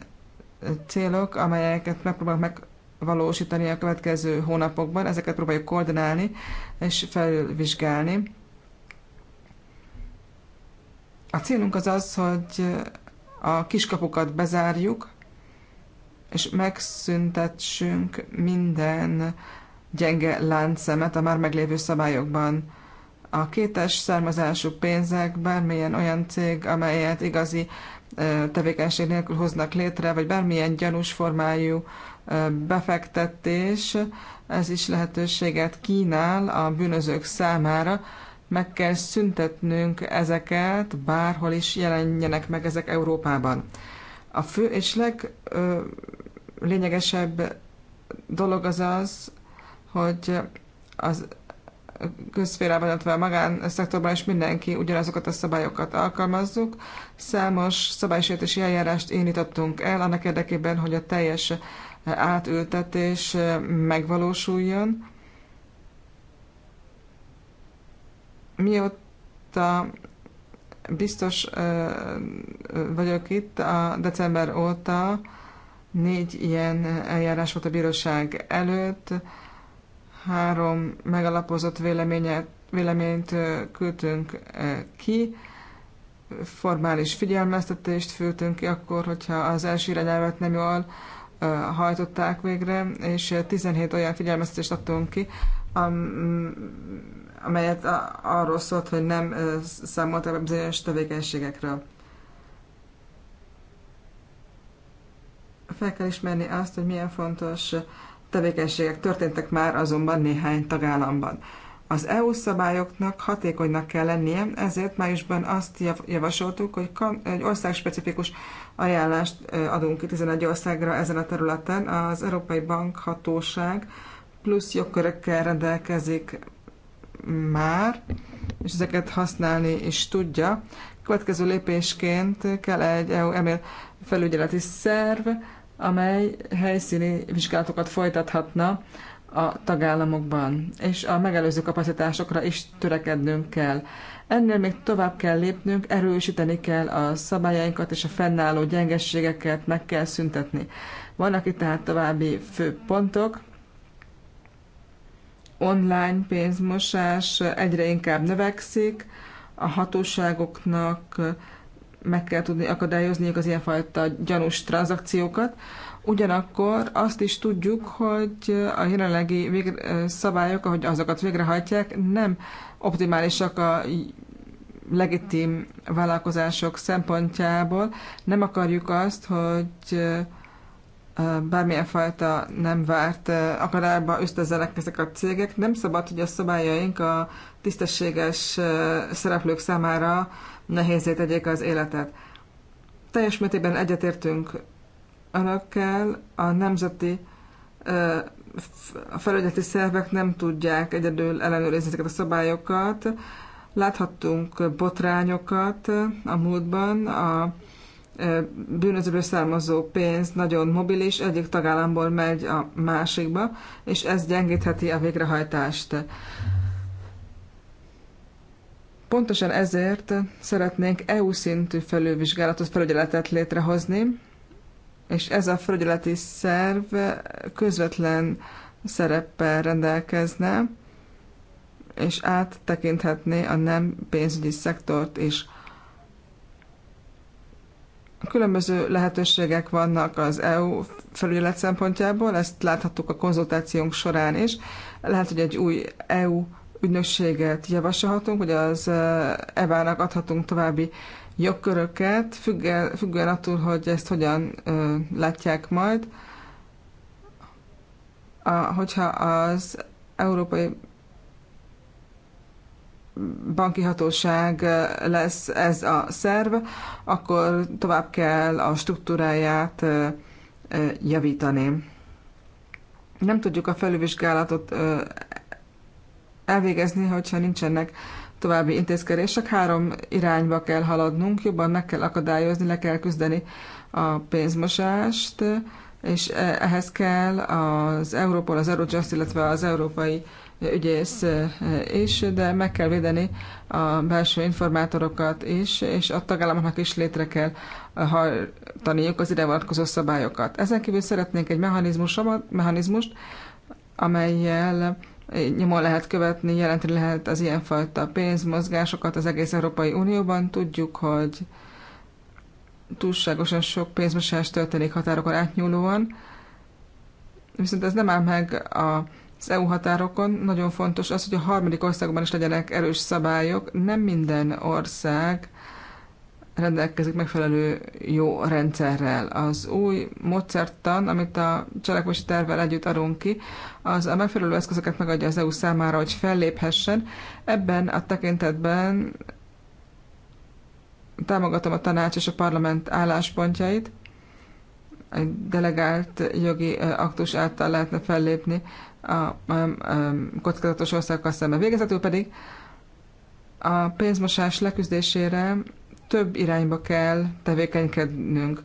célok, amelyeket megpróbálok megvalósítani a következő hónapokban, ezeket próbáljuk koordinálni és felvizsgálni. A célunk az az, hogy a kiskapukat bezárjuk, és megszüntetsünk minden gyenge láncszemet a már meglévő szabályokban. A kétes származású pénzek bármilyen olyan cég, amelyet igazi tevékenység nélkül hoznak létre, vagy bármilyen gyanús formájú befektetés, ez is lehetőséget kínál a bűnözők számára. Meg kell szüntetnünk ezeket, bárhol is jelenjenek meg ezek Európában. A fő és leglényegesebb dolog az az, hogy az közférában, illetve a magánszektorban is mindenki ugyanazokat a szabályokat alkalmazzuk. Számos szabálysértési eljárást indítottunk el annak érdekében, hogy a teljes átültetés megvalósuljon. Mióta biztos vagyok itt, a december óta négy ilyen eljárás volt a bíróság előtt, három megalapozott véleményet, véleményt küldtünk ki, formális figyelmeztetést fültünk ki akkor, hogyha az első irányelvet nem jól hajtották végre, és 17 olyan figyelmeztetést adtunk ki, mm, amelyet arról szólt, hogy nem számoltak be bizonyos tevékenységekről. Fel kell ismerni azt, hogy milyen fontos tevékenységek történtek már azonban néhány tagállamban. Az EU szabályoknak hatékonynak kell lennie, ezért májusban azt javasoltuk, hogy egy országspecifikus ajánlást adunk 11 országra ezen a területen. Az Európai Bankhatóság plusz jogkörökkel rendelkezik már, és ezeket használni is tudja. Következő lépésként kell egy EU emél felügyeleti szerv, amely helyszíni vizsgálatokat folytathatna a tagállamokban, és a megelőző kapacitásokra is törekednünk kell. Ennél még tovább kell lépnünk, erősíteni kell a szabályainkat, és a fennálló gyengességeket meg kell szüntetni. Vannak itt tehát további fő pontok. Online pénzmosás egyre inkább növekszik, a hatóságoknak meg kell tudni akadályozniuk az ilyenfajta gyanús tranzakciókat. Ugyanakkor azt is tudjuk, hogy a jelenlegi végre, szabályok, ahogy azokat végrehajtják, nem optimálisak a legitim vállalkozások szempontjából. Nem akarjuk azt, hogy bármilyen fajta nem várt akadályba ösztözzenek ezek a cégek. Nem szabad, hogy a szabályaink a tisztességes szereplők számára nehézé tegyék az életet. Teljes mértékben egyetértünk önökkel, a nemzeti a felügyeleti szervek nem tudják egyedül ellenőrizni ezeket a szabályokat. Láthattunk botrányokat a múltban, a bűnözőből származó pénz nagyon mobilis, egyik tagállamból megy a másikba, és ez gyengítheti a végrehajtást. Pontosan ezért szeretnénk EU szintű felülvizsgálatot, felügyeletet létrehozni, és ez a felügyeleti szerv közvetlen szereppel rendelkezne, és áttekinthetné a nem pénzügyi szektort is. Különböző lehetőségek vannak az EU felügyelet szempontjából, ezt láthattuk a konzultációnk során is. Lehet, hogy egy új EU ügynökséget javasolhatunk, hogy az eh, EVA-nak adhatunk további jogköröket, függően, függően attól, hogy ezt hogyan ö, eh, látják majd. A, hogyha az Európai Banki Hatóság eh, lesz ez a szerv, akkor tovább kell a struktúráját ö, ö, javítani. Nem tudjuk a felülvizsgálatot ö, elvégezni, hogyha nincsenek további intézkedések. Három irányba kell haladnunk, jobban meg kell akadályozni, le kell küzdeni a pénzmosást, és e- ehhez kell az Európol, az Eurojust, illetve az Európai Ügyész e, is, de meg kell védeni a belső informátorokat is, és a tagállamoknak is létre kell hajtaniuk az ide vonatkozó szabályokat. Ezen kívül szeretnénk egy mechanizmust, mechanizmust amelyel nyomon lehet követni, jelenteni lehet az ilyenfajta pénzmozgásokat az egész Európai Unióban. Tudjuk, hogy túlságosan sok pénzmosás történik határokon átnyúlóan, viszont ez nem áll meg a az EU határokon nagyon fontos az, hogy a harmadik országban is legyenek erős szabályok. Nem minden ország rendelkezik megfelelő jó rendszerrel. Az új módszertan, amit a cselekvési tervvel együtt adunk ki, az a megfelelő eszközöket megadja az EU számára, hogy felléphessen. Ebben a tekintetben támogatom a tanács és a parlament álláspontjait. Egy delegált jogi aktus által lehetne fellépni a kockázatos országokkal szemben. Végezetül pedig a pénzmosás leküzdésére több irányba kell tevékenykednünk.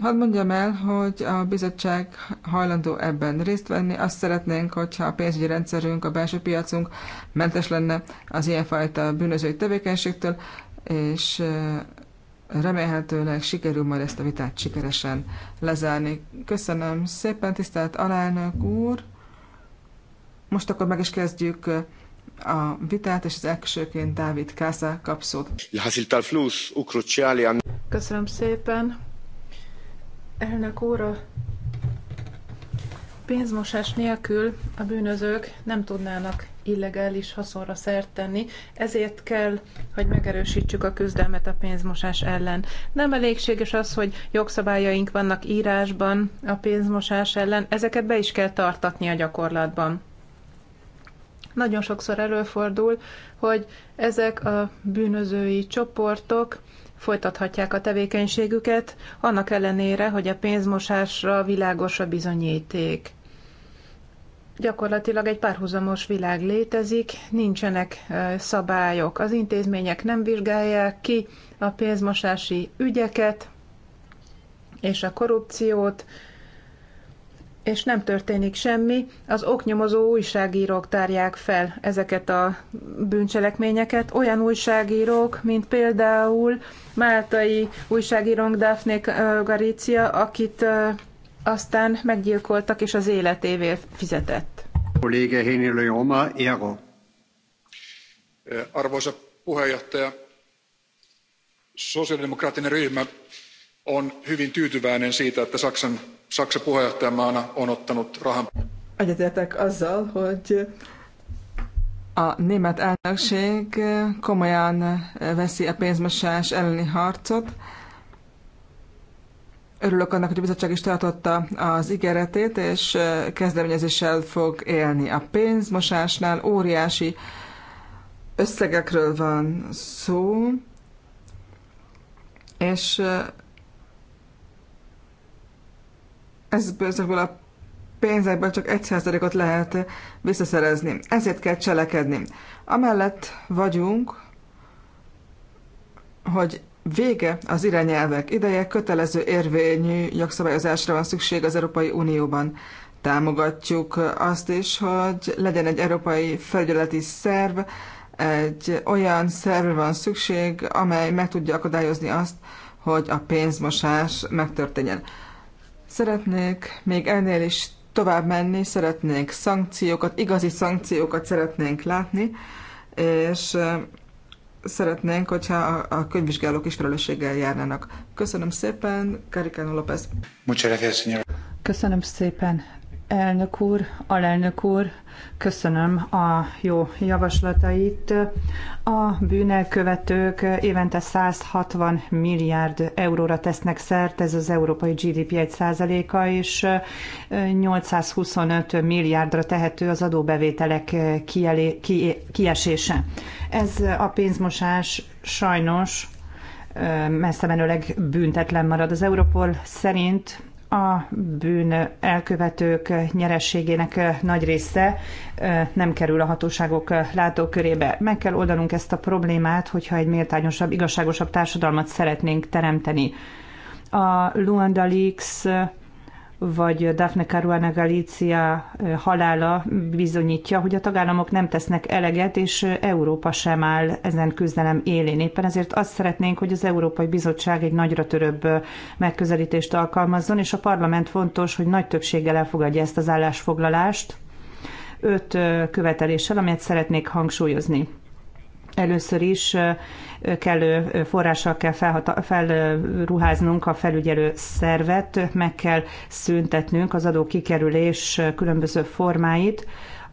Hadd mondjam el, hogy a bizottság hajlandó ebben részt venni. Azt szeretnénk, hogyha a pénzügyi rendszerünk, a belső piacunk mentes lenne az ilyenfajta bűnözői tevékenységtől, és eh, remélhetőleg sikerül majd ezt a vitát sikeresen lezárni. Köszönöm szépen, tisztelt alelnök úr! Most akkor meg is kezdjük eh, a vitát, és az elsőként Dávid Káza kap szót. Hát Köszönöm szépen. Elnök úr, a pénzmosás nélkül a bűnözők nem tudnának illegális haszonra szert tenni, ezért kell, hogy megerősítsük a küzdelmet a pénzmosás ellen. Nem elégséges az, hogy jogszabályaink vannak írásban a pénzmosás ellen, ezeket be is kell tartatni a gyakorlatban. Nagyon sokszor előfordul, hogy ezek a bűnözői csoportok folytathatják a tevékenységüket, annak ellenére, hogy a pénzmosásra világos a bizonyíték. Gyakorlatilag egy párhuzamos világ létezik, nincsenek szabályok. Az intézmények nem vizsgálják ki a pénzmosási ügyeket és a korrupciót, és nem történik semmi, az oknyomozó újságírók tárják fel ezeket a bűncselekményeket, olyan újságírók, mint például máltai újságírónk Daphne Garícia, akit aztán meggyilkoltak, és az életével fizetett. Kollége Hénilő Oma, Jero. Arvoisa puheenjohtaja, sosiaalidemokraattinen ryhmä on hyvin tyytyväinen siitä, että Saksan Saksa puheenjohtajamaana on ottanut rahan... Egyetértek azzal, hogy a német elnökség komolyan veszi a pénzmosás elleni harcot. Örülök annak, hogy a bizottság is tartotta az ígéretét, és kezdeményezéssel fog élni. A pénzmosásnál óriási összegekről van szó, és ezekből a pénzekből csak egy százalékot lehet visszaszerezni. Ezért kell cselekedni. Amellett vagyunk, hogy vége az irányelvek ideje, kötelező érvényű jogszabályozásra van szükség az Európai Unióban. Támogatjuk azt is, hogy legyen egy európai felügyeleti szerv, egy olyan szerv van szükség, amely meg tudja akadályozni azt, hogy a pénzmosás megtörténjen. Szeretnék még ennél is tovább menni, szeretnénk szankciókat, igazi szankciókat szeretnénk látni, és szeretnénk, hogyha a könyvvizsgálók is felelősséggel járnának. Köszönöm szépen, Karikán López. Köszönöm szépen, Elnök úr, alelnök úr, köszönöm a jó javaslatait. A bűnelkövetők évente 160 milliárd euróra tesznek szert, ez az európai GDP 1%-a, és 825 milliárdra tehető az adóbevételek kielé, ki, kiesése. Ez a pénzmosás sajnos messze menőleg büntetlen marad. Az Europol szerint a bűn elkövetők nyerességének nagy része nem kerül a hatóságok látókörébe. Meg kell oldanunk ezt a problémát, hogyha egy méltányosabb, igazságosabb társadalmat szeretnénk teremteni. A Luanda Leaks vagy Daphne Caruana Galizia halála bizonyítja, hogy a tagállamok nem tesznek eleget, és Európa sem áll ezen küzdelem élén. Éppen ezért azt szeretnénk, hogy az Európai Bizottság egy nagyra törőbb megközelítést alkalmazzon, és a parlament fontos, hogy nagy többséggel elfogadja ezt az állásfoglalást, öt követeléssel, amelyet szeretnék hangsúlyozni. Először is kellő forrással kell felruháznunk a felügyelő szervet, meg kell szüntetnünk az adókikerülés különböző formáit,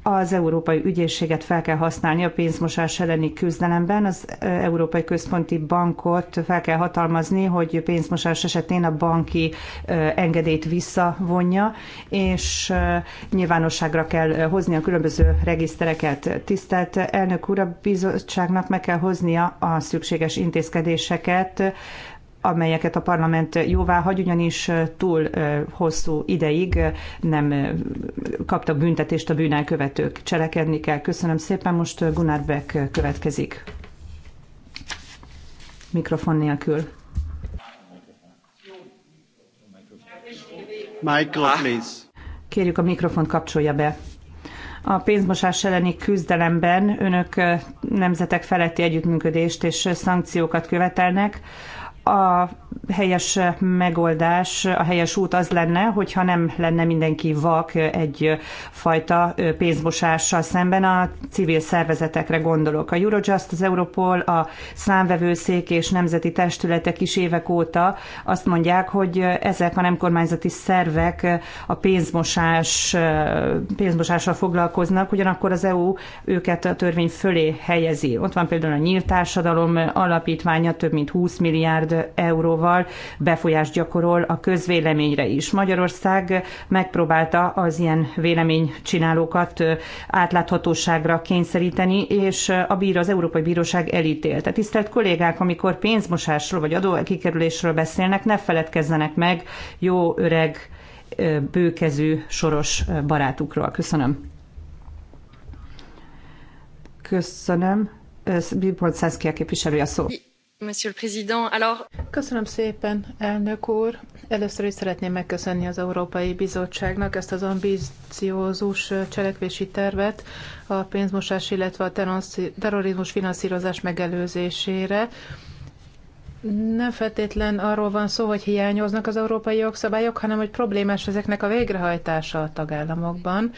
az Európai Ügyészséget fel kell használni a pénzmosás elleni küzdelemben, az e, Európai Központi Bankot fel kell hatalmazni, hogy pénzmosás esetén a banki e, engedélyt visszavonja, és e, nyilvánosságra kell hozni a különböző regisztereket. Tisztelt elnök úr, a bizottságnak meg kell hoznia a szükséges intézkedéseket amelyeket a parlament jóvá hagy, ugyanis túl hosszú ideig nem kaptak büntetést a bűnelkövetők. Cselekedni kell. Köszönöm szépen, most Gunnar Beck következik. Mikrofon nélkül. Michael, ah. please. Kérjük a mikrofont kapcsolja be. A pénzmosás elleni küzdelemben önök nemzetek feletti együttműködést és szankciókat követelnek a helyes megoldás, a helyes út az lenne, hogyha nem lenne mindenki vak egyfajta pénzmosással szemben, a civil szervezetekre gondolok. A Eurojust, az Europol, a számvevőszék és nemzeti testületek is évek óta azt mondják, hogy ezek a nem kormányzati szervek a pénzmosás, pénzmosással foglalkoznak, ugyanakkor az EU őket a törvény fölé helyezi. Ott van például a nyílt társadalom alapítványa több mint 20 milliárd euró szóval befolyást gyakorol a közvéleményre is. Magyarország megpróbálta az ilyen véleménycsinálókat átláthatóságra kényszeríteni, és a bír, az Európai Bíróság elítélte. Tisztelt kollégák, amikor pénzmosásról vagy adókikerülésről beszélnek, ne feledkezzenek meg jó öreg bőkezű soros barátukról. Köszönöm. Köszönöm. Bíró Szeszki a képviselője szó. Köszönöm szépen, elnök úr. Először is szeretném megköszönni az Európai Bizottságnak ezt az ambiciózus cselekvési tervet a pénzmosás, illetve a terrorizmus finanszírozás megelőzésére. Nem feltétlen arról van szó, hogy hiányoznak az európai jogszabályok, hanem hogy problémás ezeknek a végrehajtása a tagállamokban.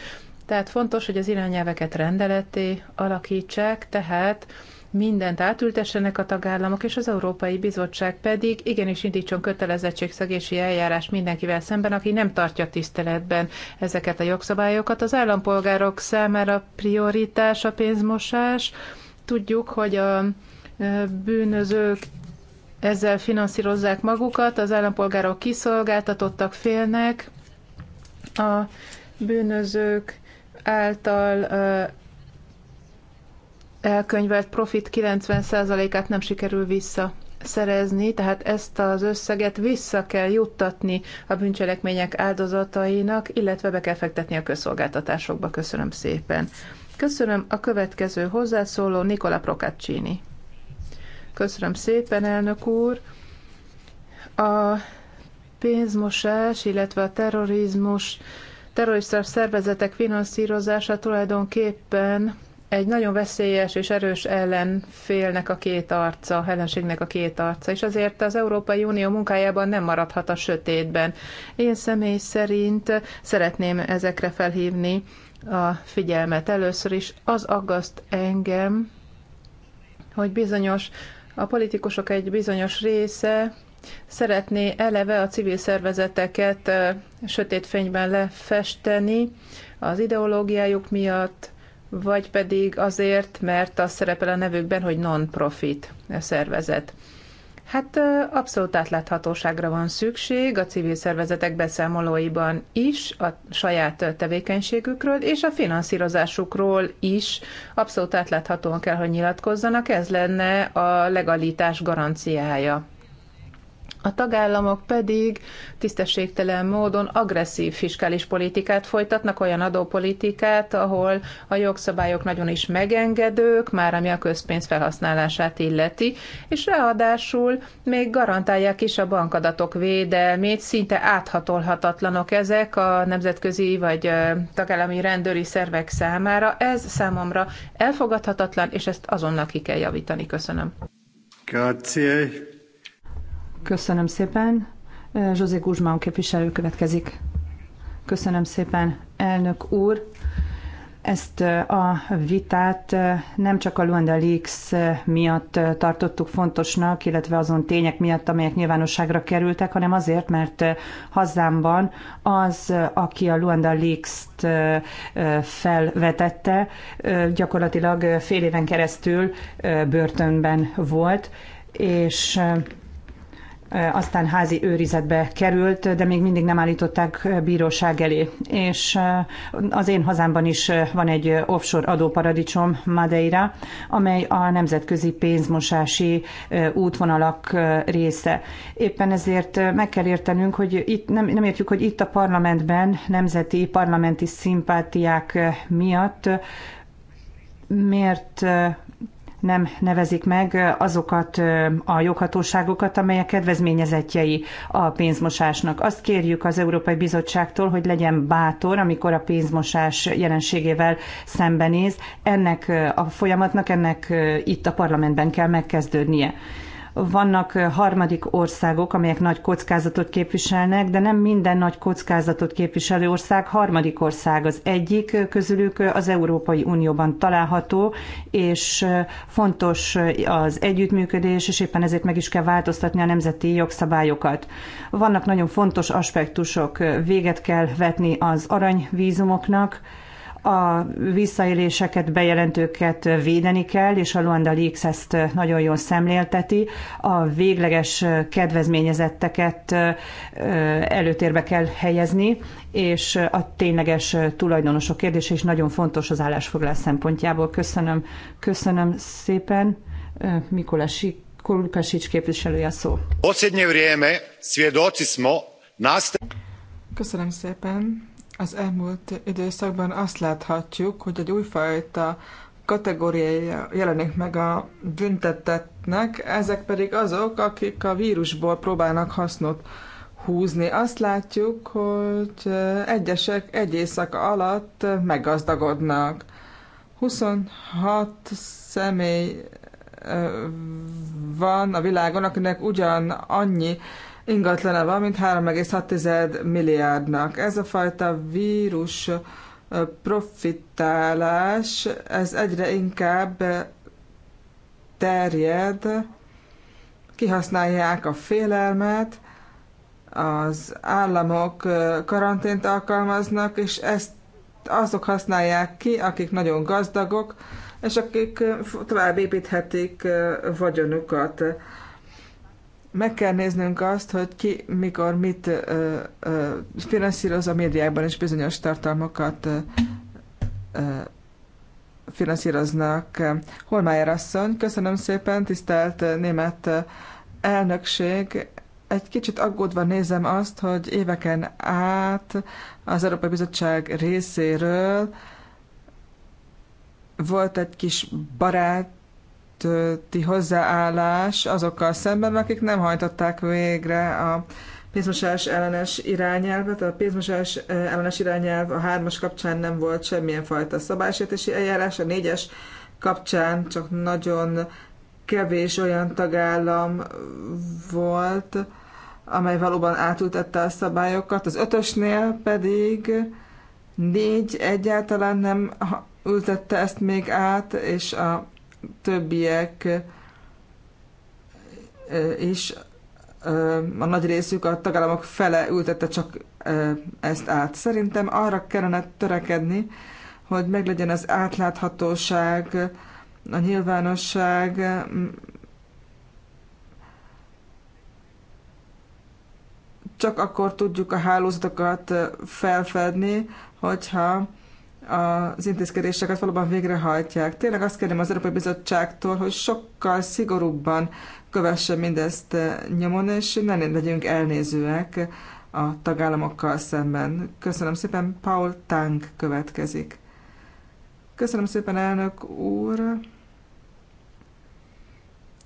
Tehát fontos, hogy az irányelveket rendeletté alakítsák, tehát mindent átültessenek a tagállamok, és az Európai Bizottság pedig igenis indítson kötelezettségszegési eljárás mindenkivel szemben, aki nem tartja tiszteletben ezeket a jogszabályokat. Az állampolgárok számára prioritás a pénzmosás. Tudjuk, hogy a bűnözők ezzel finanszírozzák magukat, az állampolgárok kiszolgáltatottak félnek, a bűnözők által elkönyvelt profit 90%-át nem sikerül vissza szerezni, tehát ezt az összeget vissza kell juttatni a bűncselekmények áldozatainak, illetve be kell fektetni a közszolgáltatásokba. Köszönöm szépen. Köszönöm a következő hozzászóló Nikola Procaccini. Köszönöm szépen, elnök úr. A pénzmosás, illetve a terrorizmus, terrorista szervezetek finanszírozása tulajdonképpen egy nagyon veszélyes és erős ellenfélnek a két arca, ellenségnek a két arca, és azért az Európai Unió munkájában nem maradhat a sötétben. Én személy szerint szeretném ezekre felhívni a figyelmet. Először is az aggaszt engem, hogy bizonyos a politikusok egy bizonyos része szeretné eleve a civil szervezeteket sötét fényben lefesteni az ideológiájuk miatt, vagy pedig azért, mert az szerepel a nevükben, hogy non-profit szervezet. Hát abszolút átláthatóságra van szükség a civil szervezetek beszámolóiban is, a saját tevékenységükről és a finanszírozásukról is abszolút átláthatóan kell, hogy nyilatkozzanak. Ez lenne a legalitás garanciája. A tagállamok pedig tisztességtelen módon agresszív fiskális politikát folytatnak, olyan adópolitikát, ahol a jogszabályok nagyon is megengedők, már ami a közpénz felhasználását illeti, és ráadásul még garantálják is a bankadatok védelmét, szinte áthatolhatatlanok ezek a nemzetközi vagy tagállami rendőri szervek számára. Ez számomra elfogadhatatlan, és ezt azonnal ki kell javítani. Köszönöm. Grazie. Köszönöm szépen. Eh, José Guzmán képviselő következik. Köszönöm szépen, elnök úr. Ezt eh, a vitát eh, nem csak a Luanda Leaks miatt tartottuk fontosnak, illetve azon tények miatt, amelyek nyilvánosságra kerültek, hanem azért, mert hazámban az, aki a Luanda Leaks-t felvetette, gyakorlatilag fél éven keresztül börtönben volt, és aztán házi őrizetbe került, de még mindig nem állították bíróság elé. És az én hazámban is van egy offshore adóparadicsom, Madeira, amely a nemzetközi pénzmosási útvonalak része. Éppen ezért meg kell értenünk, hogy itt nem, nem értjük, hogy itt a parlamentben nemzeti parlamenti szimpátiák miatt miért nem nevezik meg azokat a joghatóságokat, amelyek kedvezményezettjei a pénzmosásnak. Azt kérjük az Európai Bizottságtól, hogy legyen bátor, amikor a pénzmosás jelenségével szembenéz. Ennek a folyamatnak, ennek itt a parlamentben kell megkezdődnie. Vannak harmadik országok, amelyek nagy kockázatot képviselnek, de nem minden nagy kockázatot képviselő ország harmadik ország. Az egyik közülük az Európai Unióban található, és fontos az együttműködés, és éppen ezért meg is kell változtatni a nemzeti jogszabályokat. Vannak nagyon fontos aspektusok, véget kell vetni az aranyvízumoknak, a visszaéléseket, bejelentőket védeni kell, és a Luanda Leaks ezt nagyon jól szemlélteti. A végleges kedvezményezetteket előtérbe kell helyezni, és a tényleges tulajdonosok kérdése is nagyon fontos az állásfoglalás szempontjából. Köszönöm, köszönöm szépen. Mikolási Kulkasics képviselője a szó. Köszönöm szépen. Az elmúlt időszakban azt láthatjuk, hogy egy újfajta kategóriája jelenik meg a büntetettnek, ezek pedig azok, akik a vírusból próbálnak hasznot húzni. Azt látjuk, hogy egyesek egy éjszaka alatt meggazdagodnak. 26 személy van a világon, akinek ugyan annyi ingatlana van, mint 3,6 milliárdnak. Ez a fajta vírus profitálás, ez egyre inkább terjed, kihasználják a félelmet, az államok karantént alkalmaznak, és ezt azok használják ki, akik nagyon gazdagok, és akik tovább építhetik vagyonukat meg kell néznünk azt, hogy ki mikor mit ö, ö, finanszíroz a médiákban, és bizonyos tartalmakat ö, ö, finanszíroznak. Holmájer asszony, köszönöm szépen, tisztelt német elnökség. Egy kicsit aggódva nézem azt, hogy éveken át az Európai Bizottság részéről volt egy kis barát közötti hozzáállás azokkal szemben, akik nem hajtották végre a pénzmosás ellenes irányelvet. A pénzmosás eh, ellenes irányelv a hármas kapcsán nem volt semmilyen fajta szabálysértési eljárás, a négyes kapcsán csak nagyon kevés olyan tagállam volt, amely valóban átültette a szabályokat. Az ötösnél pedig négy egyáltalán nem ültette ezt még át, és a többiek is, a nagy részük, a tagállamok fele ültette csak ezt át. Szerintem arra kellene törekedni, hogy meglegyen az átláthatóság, a nyilvánosság, csak akkor tudjuk a hálózatokat felfedni, hogyha az intézkedéseket valóban végrehajtják. Tényleg azt kérném az Európai Bizottságtól, hogy sokkal szigorúbban kövesse mindezt nyomon, és ne legyünk elnézőek a tagállamokkal szemben. Köszönöm szépen, Paul Tang következik. Köszönöm szépen, elnök úr.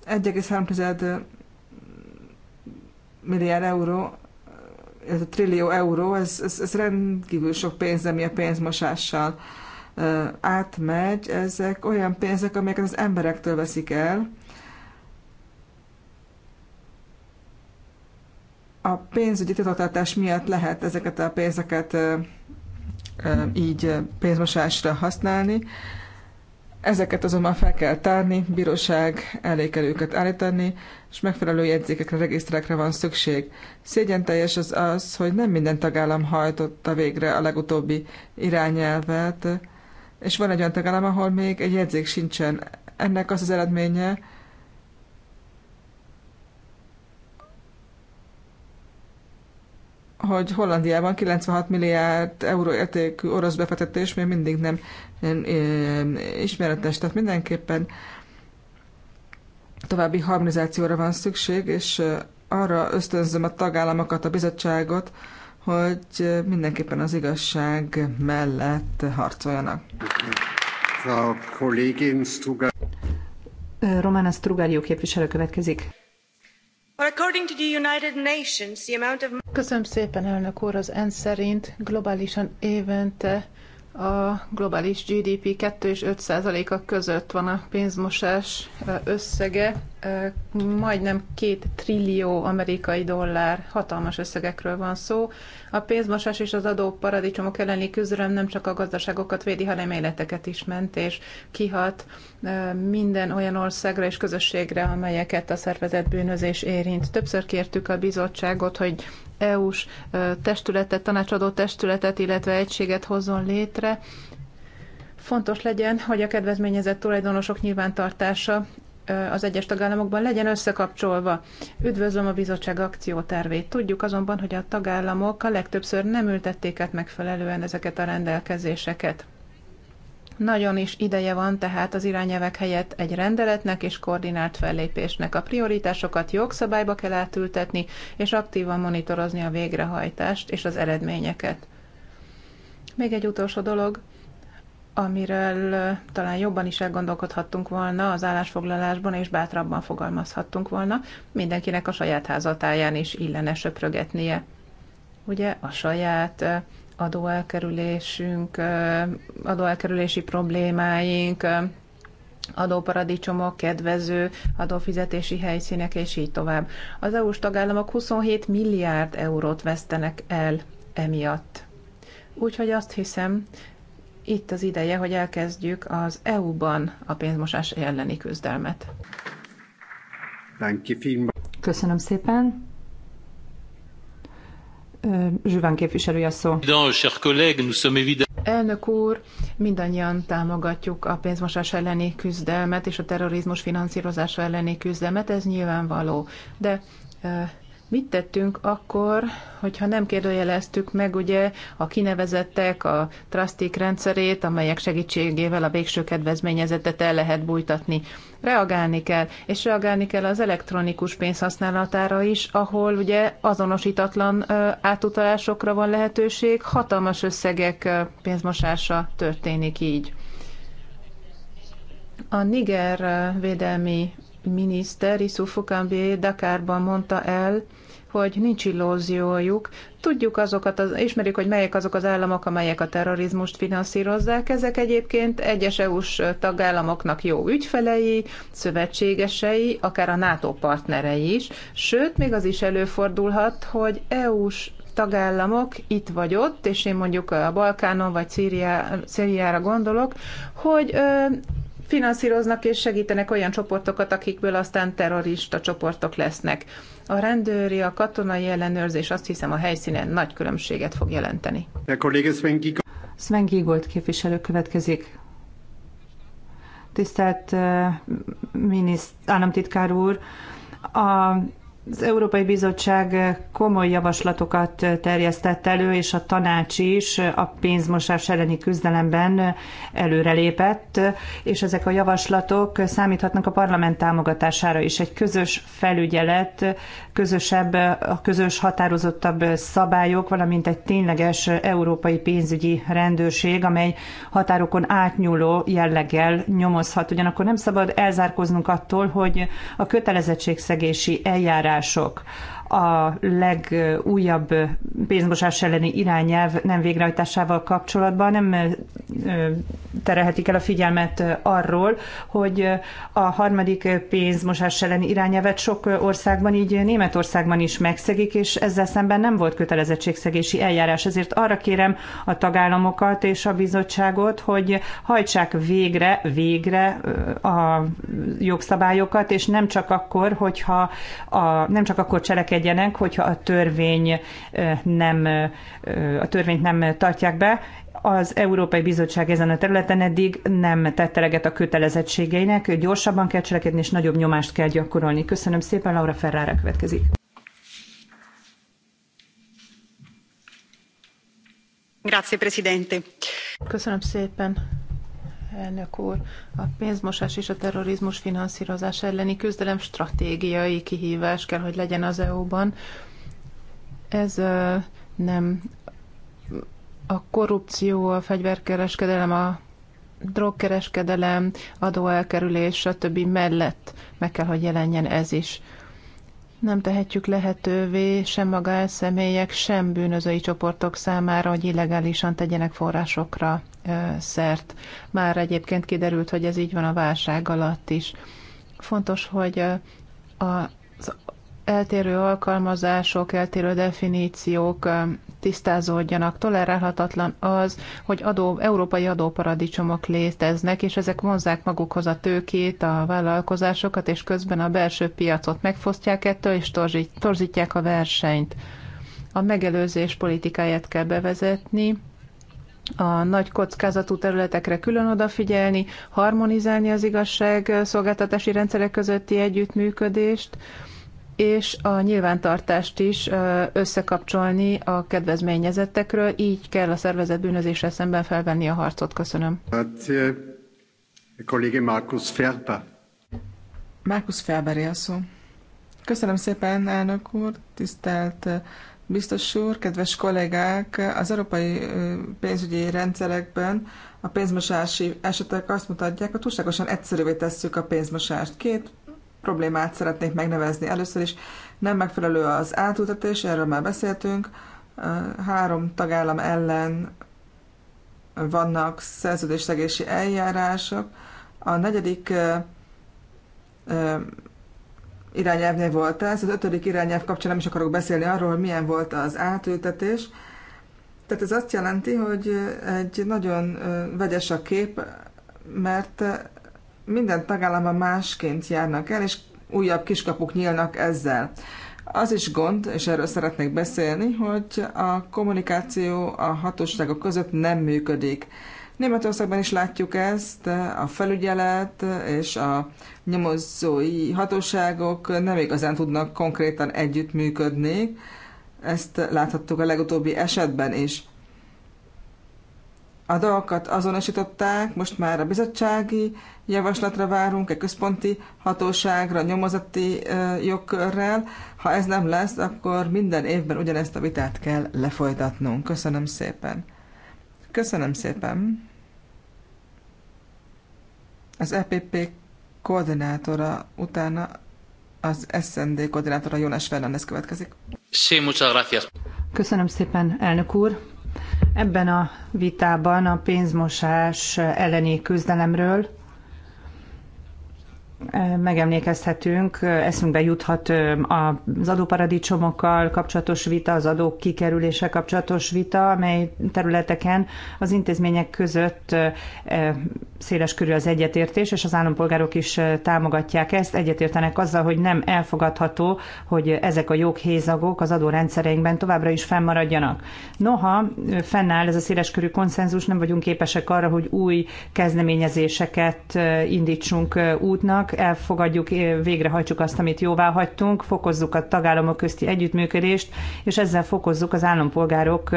1,3 milliárd euró ez a trillió euró, ez, ez, ez rendkívül sok pénz, ami a pénzmosással átmegy. Ezek olyan pénzek, amelyeket az emberektől veszik el. A pénzügyi titoktartás miatt lehet ezeket a pénzeket így pénzmosásra használni. Ezeket azonban fel kell tárni, bíróság elé kell őket állítani, és megfelelő jegyzékekre, regisztrákra van szükség. Szégyen teljes az az, hogy nem minden tagállam hajtotta végre a legutóbbi irányelvet, és van egy olyan tagállam, ahol még egy jegyzék sincsen. Ennek az az eredménye, hogy Hollandiában 96 milliárd euró értékű orosz befektetés még mindig nem ismeretes. Tehát mindenképpen további harmonizációra van szükség, és arra ösztönzöm a tagállamokat, a bizottságot, hogy mindenképpen az igazság mellett harcoljanak. A kollégin Strugar... Romana Strugario képviselő következik. Köszönöm szépen, elnök úr, az ENSZ szerint globálisan évente a globális GDP 2 és 5 százaléka között van a pénzmosás összege, majdnem két trillió amerikai dollár, hatalmas összegekről van szó. A pénzmosás és az adóparadicsomok elleni küzdelem nem csak a gazdaságokat védi, hanem életeket is ment, és kihat minden olyan országra és közösségre, amelyeket a szervezett bűnözés érint. Többször kértük a bizottságot, hogy EU-s testületet, tanácsadó testületet, illetve egységet hozzon létre, fontos legyen, hogy a kedvezményezett tulajdonosok nyilvántartása az egyes tagállamokban legyen összekapcsolva. Üdvözlöm a bizottság akciótervét. Tudjuk azonban, hogy a tagállamok a legtöbbször nem ültették át megfelelően ezeket a rendelkezéseket. Nagyon is ideje van tehát az irányelvek helyett egy rendeletnek és koordinált fellépésnek. A prioritásokat jogszabályba kell átültetni, és aktívan monitorozni a végrehajtást és az eredményeket. Még egy utolsó dolog, amiről talán jobban is elgondolkodhattunk volna az állásfoglalásban, és bátrabban fogalmazhattunk volna, mindenkinek a saját házatáján is illene söprögetnie. Ugye a saját adóelkerülésünk, adóelkerülési problémáink, adóparadicsomok, kedvező adófizetési helyszínek, és így tovább. Az EU-s tagállamok 27 milliárd eurót vesztenek el emiatt. Úgyhogy azt hiszem, itt az ideje, hogy elkezdjük az EU-ban a pénzmosás elleni küzdelmet. Köszönöm szépen. Zsüván képviselője a szó. Elnök úr, mindannyian támogatjuk a pénzmosás elleni küzdelmet és a terrorizmus finanszírozása elleni küzdelmet, ez nyilvánvaló. De Mit tettünk akkor, hogyha nem kérdőjeleztük meg ugye a kinevezettek, a trustik rendszerét, amelyek segítségével a végső kedvezményezetet el lehet bújtatni? Reagálni kell, és reagálni kell az elektronikus pénz használatára is, ahol ugye azonosítatlan átutalásokra van lehetőség, hatalmas összegek pénzmosása történik így. A Niger védelmi miniszter Isufukambi Dakárban mondta el, hogy nincs illóziójuk, Tudjuk azokat, az, ismerjük, hogy melyek azok az államok, amelyek a terrorizmust finanszírozzák. Ezek egyébként egyes EU-s tagállamoknak jó ügyfelei, szövetségesei, akár a NATO partnerei is. Sőt, még az is előfordulhat, hogy EU-s tagállamok itt vagy ott, és én mondjuk a Balkánon vagy Szíriá, Szíriára gondolok, hogy ö, finanszíroznak és segítenek olyan csoportokat, akikből aztán terrorista csoportok lesznek. A rendőri, a katonai ellenőrzés azt hiszem a helyszínen nagy különbséget fog jelenteni. A Sven Gigold. Sven képviselő következik. Tisztelt eh, miniszt, államtitkár úr, a az Európai Bizottság komoly javaslatokat terjesztett elő, és a tanács is a pénzmosás elleni küzdelemben előrelépett, és ezek a javaslatok számíthatnak a parlament támogatására is. Egy közös felügyelet, közösebb, a közös határozottabb szabályok, valamint egy tényleges európai pénzügyi rendőrség, amely határokon átnyúló jelleggel nyomozhat. Ugyanakkor nem szabad elzárkoznunk attól, hogy a kötelezettségszegési eljárás források a legújabb pénzmosás elleni irányelv nem végrehajtásával kapcsolatban nem terelhetik el a figyelmet arról, hogy a harmadik pénzmosás elleni irányelvet sok országban, így Németországban is megszegik, és ezzel szemben nem volt kötelezettségszegési eljárás. Ezért arra kérem a tagállamokat és a bizottságot, hogy hajtsák végre, végre a jogszabályokat, és nem csak akkor, hogyha a, nem csak akkor cselekedjenek, viselkedjenek, hogyha a törvény nem, a törvényt nem tartják be. Az Európai Bizottság ezen a területen eddig nem tette eleget a kötelezettségeinek, gyorsabban kell cselekedni, és nagyobb nyomást kell gyakorolni. Köszönöm szépen, Laura Ferrara következik. Grazie, Presidente. Köszönöm szépen, elnök úr. A pénzmosás és a terrorizmus finanszírozás elleni küzdelem stratégiai kihívás kell, hogy legyen az EU-ban. Ez nem a korrupció, a fegyverkereskedelem, a drogkereskedelem, adóelkerülés, stb. mellett meg kell, hogy jelenjen ez is nem tehetjük lehetővé sem magánszemélyek, sem bűnözői csoportok számára, hogy illegálisan tegyenek forrásokra szert. Már egyébként kiderült, hogy ez így van a válság alatt is. Fontos, hogy a eltérő alkalmazások, eltérő definíciók tisztázódjanak. Tolerálhatatlan az, hogy adó, európai adóparadicsomok léteznek, és ezek vonzák magukhoz a tőkét, a vállalkozásokat, és közben a belső piacot megfosztják ettől, és torzítják a versenyt. A megelőzés politikáját kell bevezetni, a nagy kockázatú területekre külön odafigyelni, harmonizálni az igazságszolgáltatási rendszerek közötti együttműködést, és a nyilvántartást is összekapcsolni a kedvezményezettekről, így kell a szervezet bűnözéssel szemben felvenni a harcot. Köszönöm. Markus Ferber. Markus Ferberé a szó. Köszönöm szépen, elnök úr, tisztelt biztos úr, kedves kollégák! Az európai pénzügyi rendszerekben a pénzmosási esetek azt mutatják, hogy túlságosan egyszerűvé tesszük a pénzmosást. Két problémát szeretnék megnevezni. Először is nem megfelelő az átültetés, erről már beszéltünk. Három tagállam ellen vannak szerződésszegési eljárások. A negyedik irányelvnél volt ez, az ötödik irányelv kapcsán nem is akarok beszélni arról, hogy milyen volt az átültetés. Tehát ez azt jelenti, hogy egy nagyon vegyes a kép, mert minden tagállamban másként járnak el, és újabb kiskapuk nyílnak ezzel. Az is gond, és erről szeretnék beszélni, hogy a kommunikáció a hatóságok között nem működik. Németországban is látjuk ezt, a felügyelet és a nyomozói hatóságok nem igazán tudnak konkrétan együttműködni, ezt láthattuk a legutóbbi esetben is a dolgokat azonosították, most már a bizottsági javaslatra várunk, egy központi hatóságra, nyomozati jogkörrel. Ha ez nem lesz, akkor minden évben ugyanezt a vitát kell lefolytatnunk. Köszönöm szépen. Köszönöm szépen. Az EPP koordinátora utána az SND koordinátora Jónas Fernández következik. Sí, muchas gracias. Köszönöm szépen, elnök úr. Ebben a vitában a pénzmosás elleni küzdelemről megemlékezhetünk, eszünkbe juthat az adóparadicsomokkal kapcsolatos vita, az adók kikerülése kapcsolatos vita, amely területeken az intézmények között széles körül az egyetértés, és az állampolgárok is támogatják ezt, egyetértenek azzal, hogy nem elfogadható, hogy ezek a joghézagok az adórendszereinkben továbbra is fennmaradjanak. Noha fennáll ez a széles körű konszenzus, nem vagyunk képesek arra, hogy új kezdeményezéseket indítsunk útnak, csak elfogadjuk, végrehajtsuk azt, amit jóvá hagytunk, fokozzuk a tagállamok közti együttműködést, és ezzel fokozzuk az állampolgárok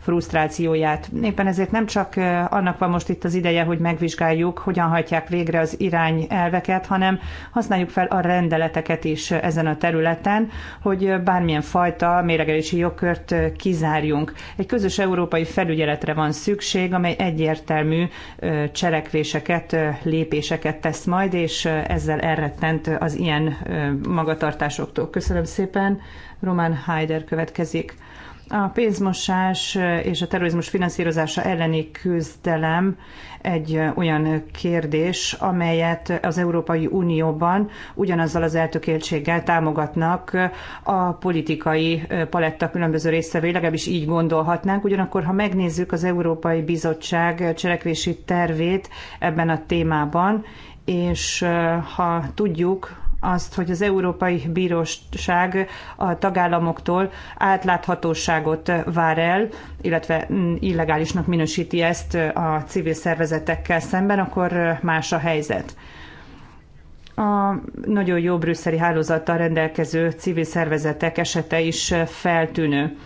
frusztrációját. Éppen ezért nem csak annak van most itt az ideje, hogy megvizsgáljuk, hogyan hajtják végre az irányelveket, hanem használjuk fel a rendeleteket is ezen a területen, hogy bármilyen fajta méregelési jogkört kizárjunk. Egy közös európai felügyeletre van szükség, amely egyértelmű cselekvéseket, lépéseket tesz majd, és ezzel elrettent az ilyen magatartásoktól. Köszönöm szépen. Román Haider következik. A pénzmosás és a terrorizmus finanszírozása elleni küzdelem egy olyan kérdés, amelyet az Európai Unióban ugyanazzal az eltökéltséggel támogatnak a politikai paletta különböző résztvevői, legalábbis így gondolhatnánk. Ugyanakkor, ha megnézzük az Európai Bizottság cselekvési tervét ebben a témában, és ha tudjuk, azt, hogy az Európai Bíróság a tagállamoktól átláthatóságot vár el, illetve mm, illegálisnak minősíti ezt a civil szervezetekkel szemben, akkor más a helyzet. A nagyon jó brüsszeli hálózattal rendelkező civil szervezetek esete is feltűnő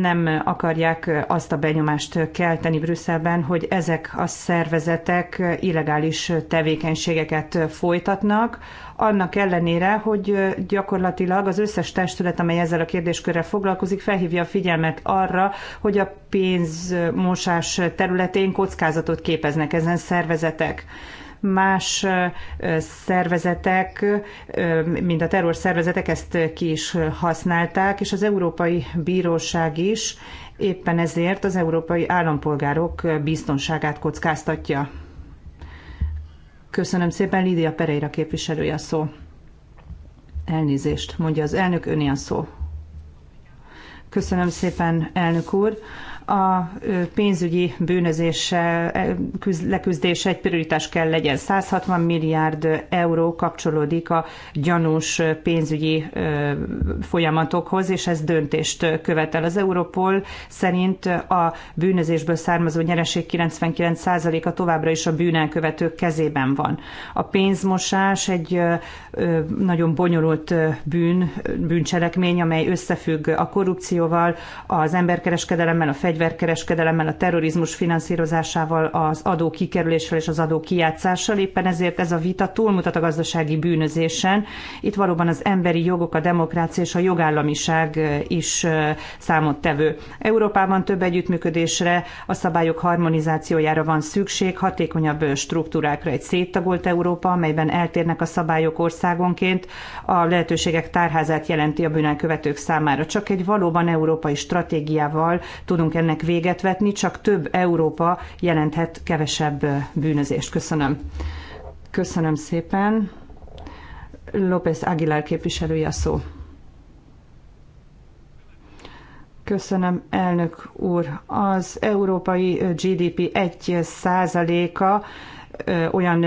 nem akarják azt a benyomást kelteni Brüsszelben, hogy ezek a szervezetek illegális tevékenységeket folytatnak, annak ellenére, hogy gyakorlatilag az összes testület, amely ezzel a kérdéskörrel foglalkozik, felhívja a figyelmet arra, hogy a pénzmosás területén kockázatot képeznek ezen szervezetek más szervezetek, mint a terrorszervezetek ezt ki is használták, és az Európai Bíróság is éppen ezért az európai állampolgárok biztonságát kockáztatja. Köszönöm szépen, Lídia Pereira képviselője a szó. Elnézést, mondja az elnök, öné a szó. Köszönöm szépen, elnök úr a pénzügyi bűnözéssel leküzdése egy prioritás kell legyen. 160 milliárd euró kapcsolódik a gyanús pénzügyi folyamatokhoz, és ez döntést követel. Az Europol szerint a bűnözésből származó nyereség 99%-a továbbra is a bűnelkövetők kezében van. A pénzmosás egy nagyon bonyolult bűn, bűncselekmény, amely összefügg a korrupcióval, az emberkereskedelemmel, a fegyver fegyverkereskedelemmel, a terrorizmus finanszírozásával, az adó kikerüléssel és az adó kijátszással. Éppen ezért ez a vita túlmutat a gazdasági bűnözésen. Itt valóban az emberi jogok, a demokrácia és a jogállamiság is számottevő. Európában több együttműködésre, a szabályok harmonizációjára van szükség, hatékonyabb struktúrákra egy széttagolt Európa, amelyben eltérnek a szabályok országonként, a lehetőségek tárházát jelenti a bűnelkövetők számára. Csak egy valóban európai stratégiával tudunk ennek ennek véget vetni, csak több Európa jelenthet kevesebb bűnözést. Köszönöm. Köszönöm szépen. López Aguilar képviselője a szó. Köszönöm, elnök úr. Az európai GDP 1 százaléka olyan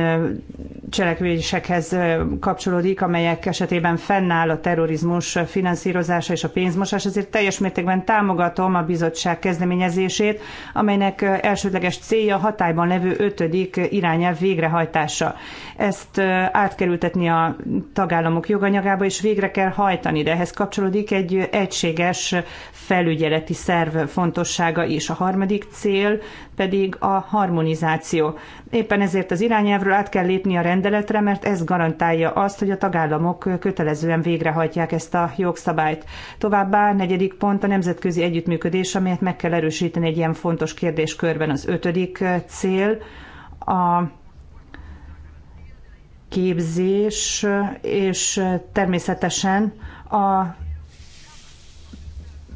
cselekvésekhez kapcsolódik, amelyek esetében fennáll a terrorizmus finanszírozása és a pénzmosás, ezért teljes mértékben támogatom a bizottság kezdeményezését, amelynek elsődleges célja a hatályban levő ötödik irányelv végrehajtása. Ezt át kell ültetni a tagállamok joganyagába, és végre kell hajtani, de ehhez kapcsolódik egy egységes felügyeleti szerv fontossága is. A harmadik cél pedig a harmonizáció. Éppen ezért az irányelvről át kell lépni a rendeletre, mert ez garantálja azt, hogy a tagállamok kötelezően végrehajtják ezt a jogszabályt. Továbbá negyedik pont a nemzetközi együttműködés, amelyet meg kell erősíteni egy ilyen fontos kérdéskörben. Az ötödik cél a képzés, és természetesen a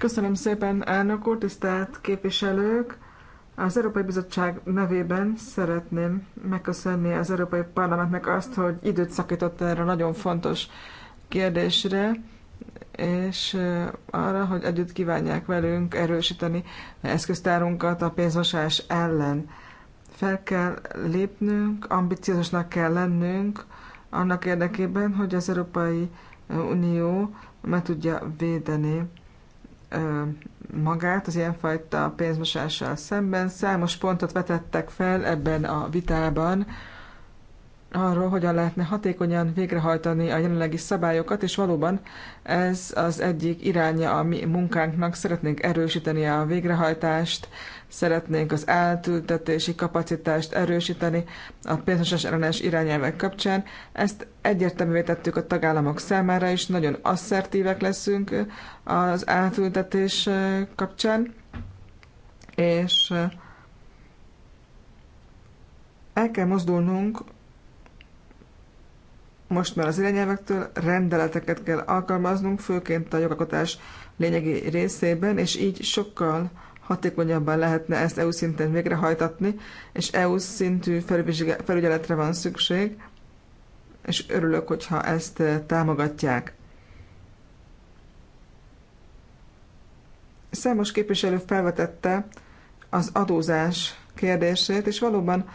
Köszönöm szépen, elnök úr, tisztelt képviselők! Az Európai Bizottság nevében szeretném megköszönni az Európai Parlamentnek azt, hogy időt szakított erre nagyon fontos kérdésre, és arra, hogy együtt kívánják velünk erősíteni eszköztárunkat a pénzmosás ellen. Fel kell lépnünk, ambiciózusnak kell lennünk annak érdekében, hogy az Európai Unió meg tudja védeni magát az ilyenfajta pénzmosással szemben. Számos pontot vetettek fel ebben a vitában arról, hogyan lehetne hatékonyan végrehajtani a jelenlegi szabályokat, és valóban ez az egyik iránya a mi munkánknak. Szeretnénk erősíteni a végrehajtást, szeretnénk az eltültetési kapacitást erősíteni a pénzmosás ellenes irányelvek kapcsán. Ezt egyértelművé tettük a tagállamok számára is, nagyon asszertívek leszünk az eltültetés kapcsán, és el kell mozdulnunk most már az irányelvektől rendeleteket kell alkalmaznunk, főként a jogalkotás lényegi részében, és így sokkal hatékonyabban lehetne ezt EU szinten végrehajtatni, és EU szintű felügyeletre van szükség, és örülök, hogyha ezt eh, támogatják. Számos képviselő felvetette az adózás kérdését, és valóban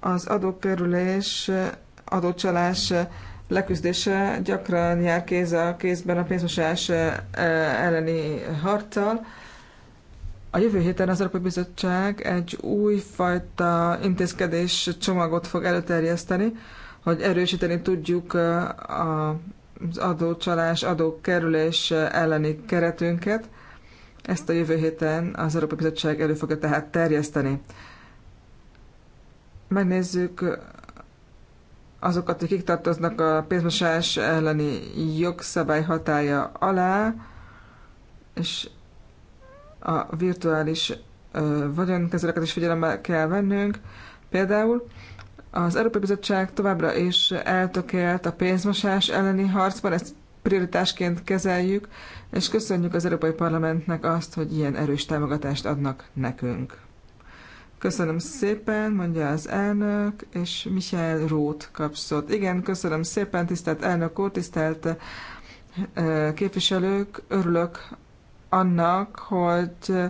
az adókerülés, eh, adócsalás eh, leküzdése gyakran jár kéz a kézben a pénzmosás elleni harccal, a jövő héten az Európai Bizottság egy újfajta intézkedés csomagot fog előterjeszteni, hogy erősíteni tudjuk az adócsalás, adókerülés elleni keretünket. Ezt a jövő héten az Európai Bizottság elő fogja tehát terjeszteni. Megnézzük azokat, akik tartoznak a pénzmosás elleni jogszabály hatája alá, és a virtuális vagyonkezelőket is figyelembe kell vennünk. Például az Európai Bizottság továbbra is eltökélt a pénzmosás elleni harcban, ezt prioritásként kezeljük, és köszönjük az Európai Parlamentnek azt, hogy ilyen erős támogatást adnak nekünk. Köszönöm szépen, mondja az elnök, és Michel Rót kapszott. Igen, köszönöm szépen, tisztelt elnök úr, tisztelt képviselők, örülök annak, hogy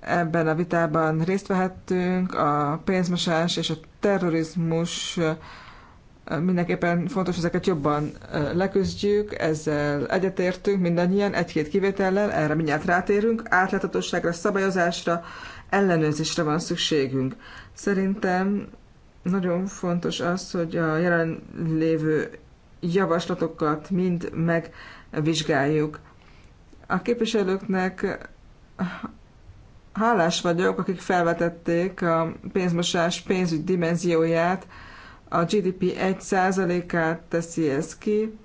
ebben a vitában részt vehettünk, a pénzmosás és a terrorizmus mindenképpen fontos, ezeket jobban leküzdjük, ezzel egyetértünk mindannyian, egy-két kivétellel, erre mindjárt rátérünk, átláthatóságra, szabályozásra, ellenőrzésre van szükségünk. Szerintem nagyon fontos az, hogy a jelenlévő javaslatokat mind megvizsgáljuk. A képviselőknek hálás vagyok, akik felvetették a pénzmosás pénzügy dimenzióját, a GDP 1%-át teszi ez ki,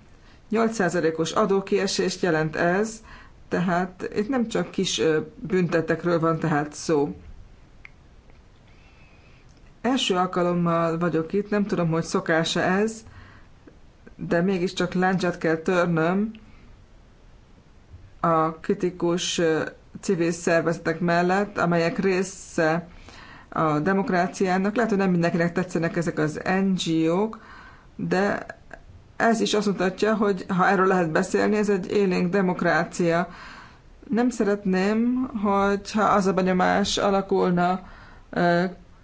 8%-os adókiesést jelent ez, tehát itt nem csak kis büntetekről van tehát szó. Első alkalommal vagyok itt, nem tudom, hogy szokása ez, de mégiscsak láncsát kell törnöm a kritikus civil szervezetek mellett, amelyek része a demokráciának. Lehet, hogy nem mindenkinek tetszenek ezek az NGO-k, de ez is azt mutatja, hogy ha erről lehet beszélni, ez egy élénk demokrácia. Nem szeretném, hogyha az a benyomás alakulna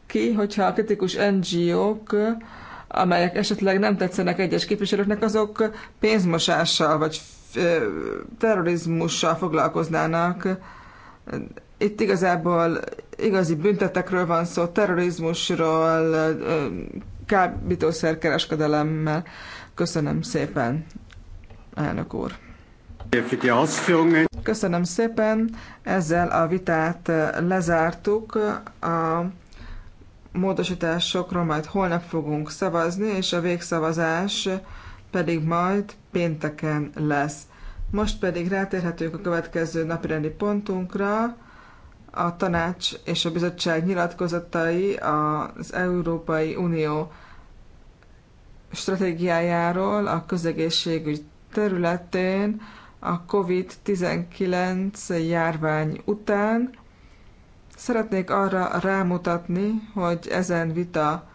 ki, hogyha a kritikus NGO-k, amelyek esetleg nem tetszenek egyes képviselőknek, azok pénzmosással vagy terrorizmussal foglalkoznának. Itt igazából igazi büntetekről van szó, terrorizmusról, kábítószerkereskedelemmel. Köszönöm szépen, elnök úr. Köszönöm szépen, ezzel a vitát lezártuk. A módosításokról majd holnap fogunk szavazni, és a végszavazás pedig majd pénteken lesz. Most pedig rátérhetünk a következő napirendi pontunkra, a tanács és a bizottság nyilatkozatai az Európai Unió stratégiájáról a közegészségügy területén a COVID-19 járvány után. Szeretnék arra rámutatni, hogy ezen vita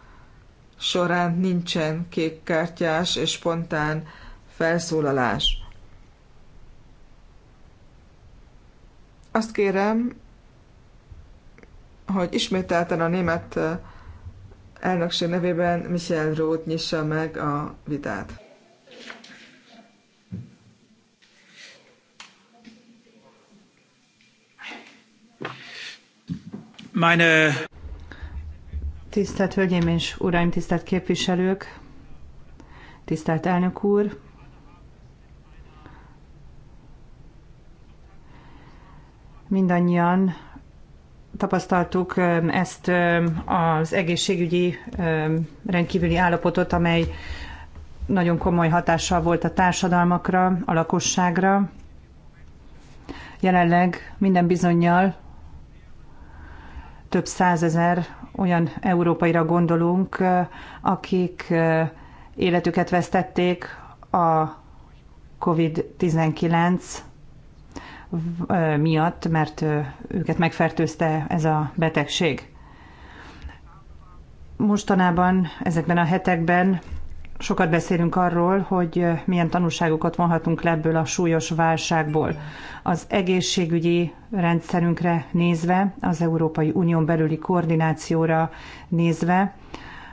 során nincsen kékkártyás és spontán felszólalás. Azt kérem, hogy ismételten a német eh, elnökség nevében Michel Roth nyissa meg a vitát. Meine Tisztelt Hölgyeim és Uraim, tisztelt képviselők, tisztelt elnök úr, mindannyian tapasztaltuk um, ezt um, az egészségügyi um, rendkívüli állapotot, amely nagyon komoly hatással volt a társadalmakra, a lakosságra. Jelenleg minden bizonyal több százezer olyan európaira gondolunk, akik életüket vesztették a COVID-19 miatt, mert őket megfertőzte ez a betegség. Mostanában, ezekben a hetekben sokat beszélünk arról, hogy milyen tanulságokat vonhatunk le ebből a súlyos válságból. Az egészségügyi rendszerünkre nézve, az Európai Unión belüli koordinációra nézve,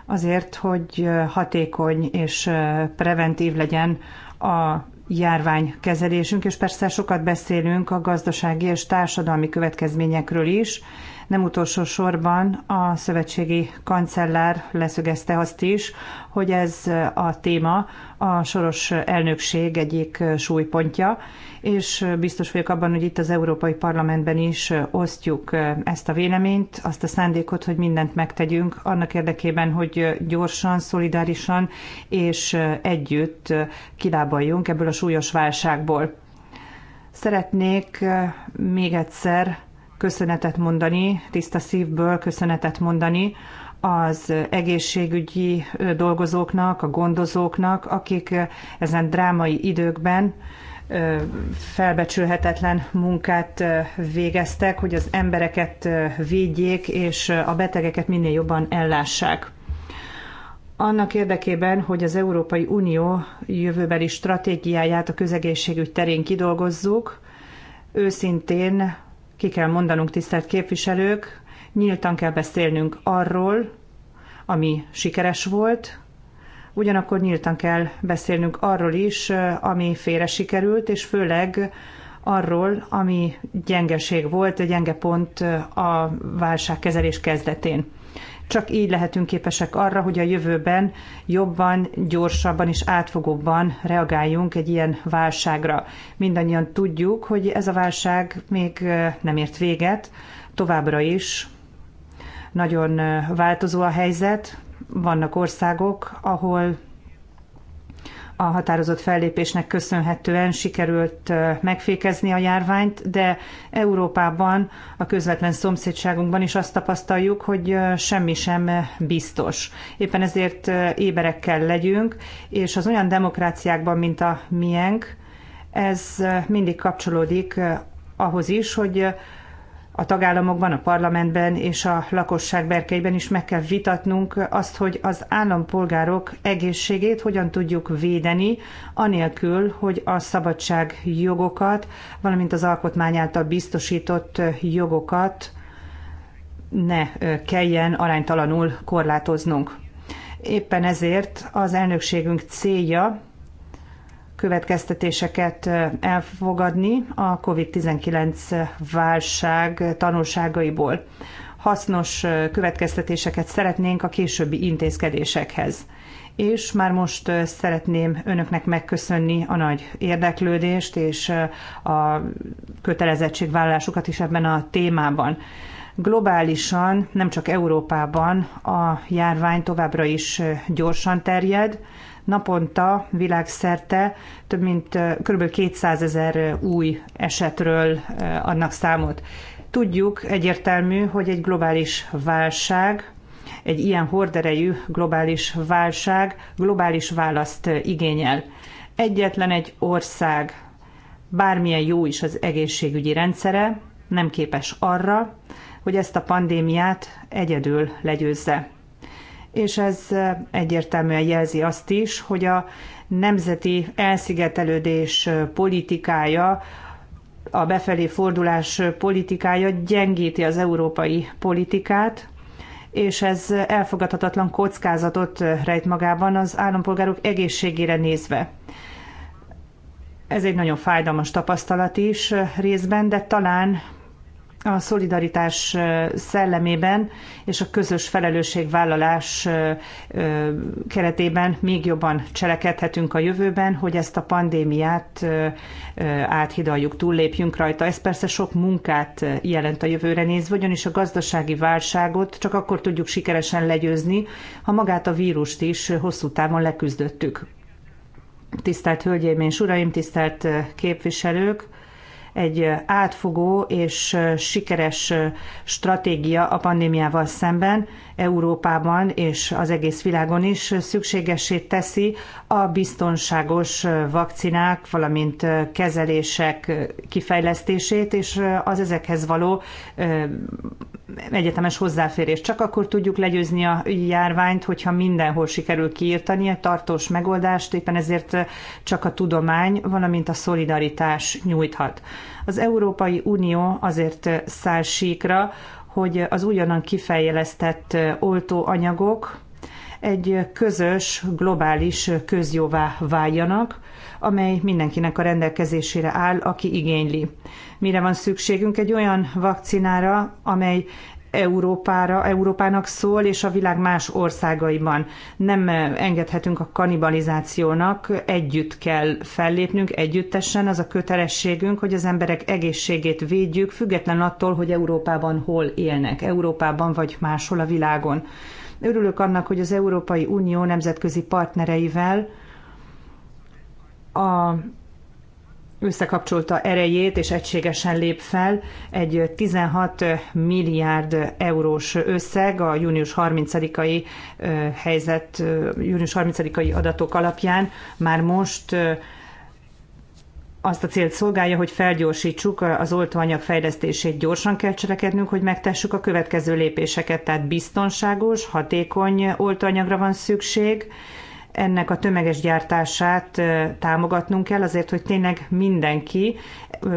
azért, hogy hatékony és preventív legyen a járvány kezelésünk, és persze sokat beszélünk a gazdasági és társadalmi következményekről is, nem utolsó sorban a szövetségi kancellár leszögezte azt is, hogy ez a téma a soros elnökség egyik súlypontja, és biztos vagyok abban, hogy itt az Európai Parlamentben is osztjuk ezt a véleményt, azt a szándékot, hogy mindent megtegyünk annak érdekében, hogy gyorsan, szolidárisan és együtt kilábaljunk ebből a súlyos válságból. Szeretnék még egyszer köszönetet mondani, tiszta szívből köszönetet mondani az egészségügyi dolgozóknak, a gondozóknak, akik ezen drámai időkben felbecsülhetetlen munkát végeztek, hogy az embereket védjék, és a betegeket minél jobban ellássák. Annak érdekében, hogy az Európai Unió jövőbeli stratégiáját a közegészségügy terén kidolgozzuk, őszintén ki kell mondanunk, tisztelt képviselők, nyíltan kell beszélnünk arról, ami sikeres volt, ugyanakkor nyíltan kell beszélnünk arról is, ami félre sikerült, és főleg arról, ami gyengeség volt, gyenge pont a válságkezelés kezdetén. Csak így lehetünk képesek arra, hogy a jövőben jobban, gyorsabban és átfogóbban reagáljunk egy ilyen válságra. Mindannyian tudjuk, hogy ez a válság még nem ért véget, továbbra is nagyon változó a helyzet, vannak országok, ahol a határozott fellépésnek köszönhetően sikerült megfékezni a járványt, de Európában, a közvetlen szomszédságunkban is azt tapasztaljuk, hogy semmi sem biztos. Éppen ezért éberekkel legyünk, és az olyan demokráciákban, mint a miénk, ez mindig kapcsolódik ahhoz is, hogy a tagállamokban, a parlamentben és a lakosság berkeiben is meg kell vitatnunk azt, hogy az állampolgárok egészségét hogyan tudjuk védeni, anélkül, hogy a szabadság jogokat, valamint az alkotmány által biztosított jogokat ne kelljen aránytalanul korlátoznunk. Éppen ezért az elnökségünk célja következtetéseket elfogadni a COVID-19 válság tanulságaiból. Hasznos következtetéseket szeretnénk a későbbi intézkedésekhez. És már most szeretném önöknek megköszönni a nagy érdeklődést és a kötelezettségvállalásukat is ebben a témában globálisan, nem csak Európában a járvány továbbra is gyorsan terjed, naponta világszerte több mint kb. 200 ezer új esetről adnak számot. Tudjuk egyértelmű, hogy egy globális válság, egy ilyen horderejű globális válság globális választ igényel. Egyetlen egy ország, bármilyen jó is az egészségügyi rendszere, nem képes arra, hogy ezt a pandémiát egyedül legyőzze és ez egyértelműen jelzi azt is, hogy a nemzeti elszigetelődés politikája, a befelé fordulás politikája gyengíti az európai politikát, és ez elfogadhatatlan kockázatot rejt magában az állampolgárok egészségére nézve. Ez egy nagyon fájdalmas tapasztalat is részben, de talán a szolidaritás szellemében és a közös felelősségvállalás keretében még jobban cselekedhetünk a jövőben, hogy ezt a pandémiát áthidaljuk, túllépjünk rajta. Ez persze sok munkát jelent a jövőre nézve, ugyanis a gazdasági válságot csak akkor tudjuk sikeresen legyőzni, ha magát a vírust is hosszú távon leküzdöttük. Tisztelt Hölgyeim és Uraim, tisztelt képviselők! egy átfogó és sikeres stratégia a pandémiával szemben, Európában és az egész világon is szükségessé teszi a biztonságos vakcinák, valamint kezelések kifejlesztését és az ezekhez való egyetemes hozzáférés. Csak akkor tudjuk legyőzni a járványt, hogyha mindenhol sikerül kiírtani a tartós megoldást, éppen ezért csak a tudomány, valamint a szolidaritás nyújthat. Az Európai Unió azért száll síkra, hogy az újonnan kifejlesztett oltóanyagok egy közös, globális közjóvá váljanak, amely mindenkinek a rendelkezésére áll, aki igényli. Mire van szükségünk? Egy olyan vakcinára, amely Európára, Európának szól, és a világ más országaiban. Nem engedhetünk a kanibalizációnak, együtt kell fellépnünk, együttesen az a kötelességünk, hogy az emberek egészségét védjük, független attól, hogy Európában hol élnek, Európában vagy máshol a világon. Örülök annak, hogy az Európai Unió nemzetközi partnereivel a összekapcsolta erejét és egységesen lép fel. Egy 16 milliárd eurós összeg a június 30-ai helyzet, június 30-ai adatok alapján már most azt a célt szolgálja, hogy felgyorsítsuk az oltóanyag fejlesztését, gyorsan kell cselekednünk, hogy megtessük a következő lépéseket, tehát biztonságos, hatékony oltóanyagra van szükség, ennek a tömeges gyártását támogatnunk kell azért, hogy tényleg mindenki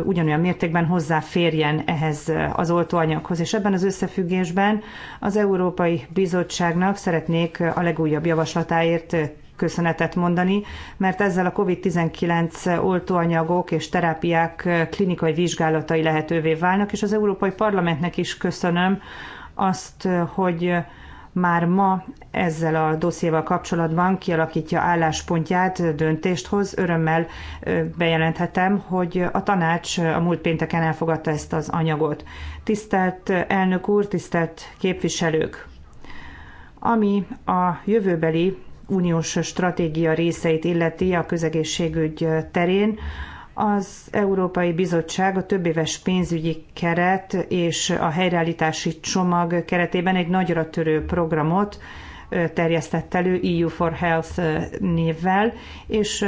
ugyanolyan mértékben hozzáférjen ehhez az oltóanyaghoz. És ebben az összefüggésben az Európai Bizottságnak szeretnék a legújabb javaslatáért köszönetet mondani, mert ezzel a COVID-19 oltóanyagok és terápiák klinikai vizsgálatai lehetővé válnak, és az Európai Parlamentnek is köszönöm azt, hogy már ma ezzel a dossziéval kapcsolatban kialakítja álláspontját, döntést hoz. Örömmel bejelenthetem, hogy a tanács a múlt pénteken elfogadta ezt az anyagot. Tisztelt elnök úr, tisztelt képviselők! Ami a jövőbeli uniós stratégia részeit illeti a közegészségügy terén, az Európai Bizottság a többéves pénzügyi keret és a helyreállítási csomag keretében egy nagyra törő programot terjesztett elő EU for Health névvel, és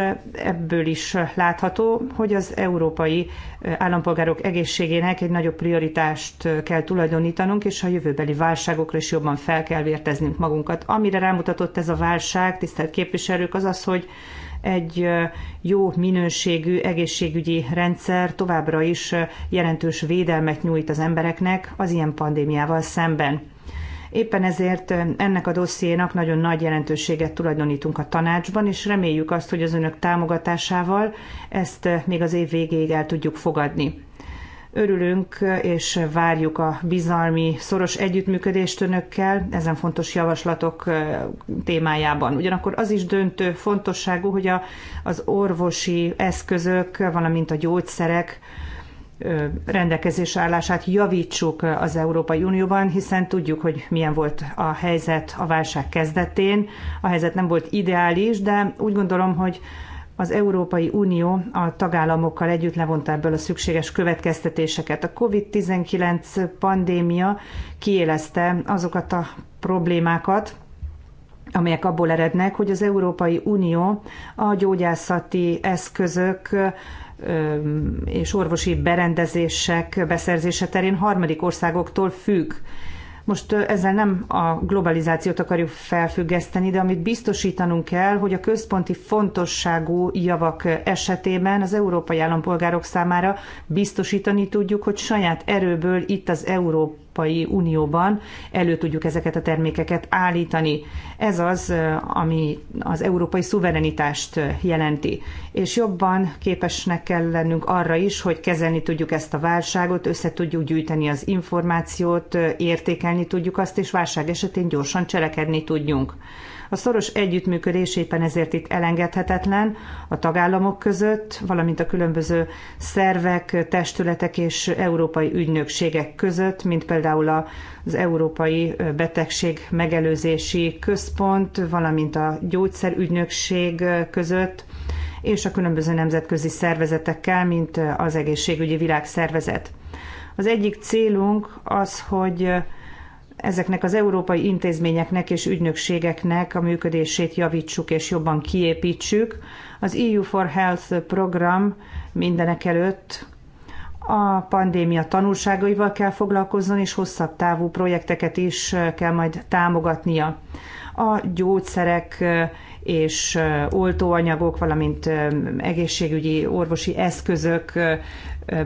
ebből is látható, hogy az európai állampolgárok egészségének egy nagyobb prioritást kell tulajdonítanunk, és a jövőbeli válságokra is jobban fel kell vérteznünk magunkat. Amire rámutatott ez a válság, tisztelt képviselők, az az, hogy egy jó minőségű egészségügyi rendszer továbbra is jelentős védelmet nyújt az embereknek az ilyen pandémiával szemben. Éppen ezért ennek a dossziénak nagyon nagy jelentőséget tulajdonítunk a tanácsban, és reméljük azt, hogy az önök támogatásával ezt még az év végéig el tudjuk fogadni. Örülünk és várjuk a bizalmi szoros együttműködést önökkel ezen fontos javaslatok témájában. Ugyanakkor az is döntő fontosságú, hogy a, az orvosi eszközök, valamint a gyógyszerek rendelkezés állását javítsuk az Európai Unióban, hiszen tudjuk, hogy milyen volt a helyzet a válság kezdetén. A helyzet nem volt ideális, de úgy gondolom, hogy az Európai Unió a tagállamokkal együtt levonta ebből a szükséges következtetéseket. A COVID-19 pandémia kiélezte azokat a problémákat, amelyek abból erednek, hogy az Európai Unió a gyógyászati eszközök és orvosi berendezések beszerzése terén harmadik országoktól függ. Most ezzel nem a globalizációt akarjuk felfüggeszteni, de amit biztosítanunk kell, hogy a központi fontosságú javak esetében az európai állampolgárok számára biztosítani tudjuk, hogy saját erőből itt az Európa Európai Unióban elő tudjuk ezeket a termékeket állítani. Ez az, ami az európai szuverenitást jelenti. És jobban képesnek kell lennünk arra is, hogy kezelni tudjuk ezt a válságot, össze tudjuk gyűjteni az információt, értékelni tudjuk azt, és válság esetén gyorsan cselekedni tudjunk. A szoros együttműködés éppen ezért itt elengedhetetlen a tagállamok között, valamint a különböző szervek, testületek és európai ügynökségek között, mint például az Európai Betegség Megelőzési Központ, valamint a Gyógyszerügynökség között, és a különböző nemzetközi szervezetekkel, mint az Egészségügyi Világszervezet. Az egyik célunk az, hogy ezeknek az európai intézményeknek és ügynökségeknek a működését javítsuk és jobban kiépítsük. Az EU for Health program mindenekelőtt a pandémia tanulságaival kell foglalkozzon, és hosszabb távú projekteket is kell majd támogatnia. A gyógyszerek eh, és eh, oltóanyagok, valamint eh, egészségügyi orvosi eszközök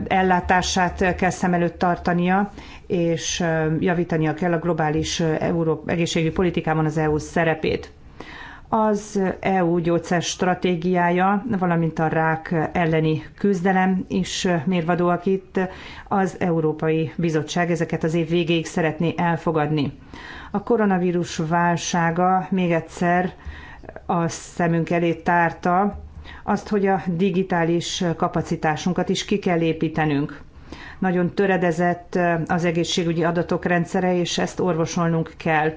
ellátását kell szem előtt tartania, és javítania kell a globális Európa egészségügyi politikában az EU szerepét. Az EU gyógyszer stratégiája, valamint a rák elleni küzdelem is mérvadóak itt. Az Európai Bizottság ezeket az év végéig szeretné elfogadni. A koronavírus válsága még egyszer a szemünk elé tárta azt, hogy a digitális kapacitásunkat is ki kell építenünk nagyon töredezett az egészségügyi adatok rendszere, és ezt orvosolnunk kell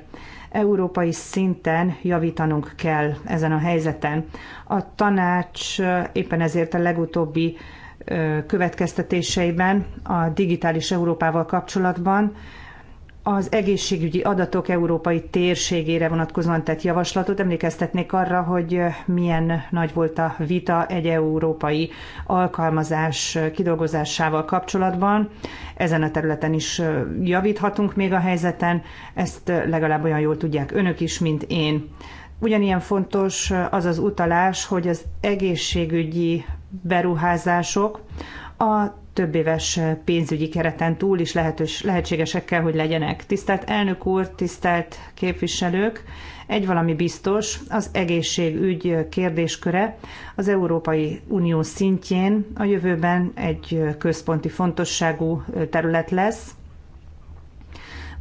európai szinten javítanunk kell ezen a helyzeten. A tanács éppen ezért a legutóbbi következtetéseiben a digitális Európával kapcsolatban az egészségügyi adatok európai térségére vonatkozóan tett javaslatot. Emlékeztetnék arra, hogy milyen nagy volt a vita egy európai alkalmazás kidolgozásával kapcsolatban. Ezen a területen is javíthatunk még a helyzeten, ezt legalább olyan jól tudják önök is, mint én. Ugyanilyen fontos az az utalás, hogy az egészségügyi beruházások a több éves pénzügyi kereten túl is lehetős, lehetségesek kell, hogy legyenek. Tisztelt elnök úr, tisztelt képviselők, egy valami biztos, az egészségügy kérdésköre az Európai Unió szintjén a jövőben egy központi fontosságú terület lesz,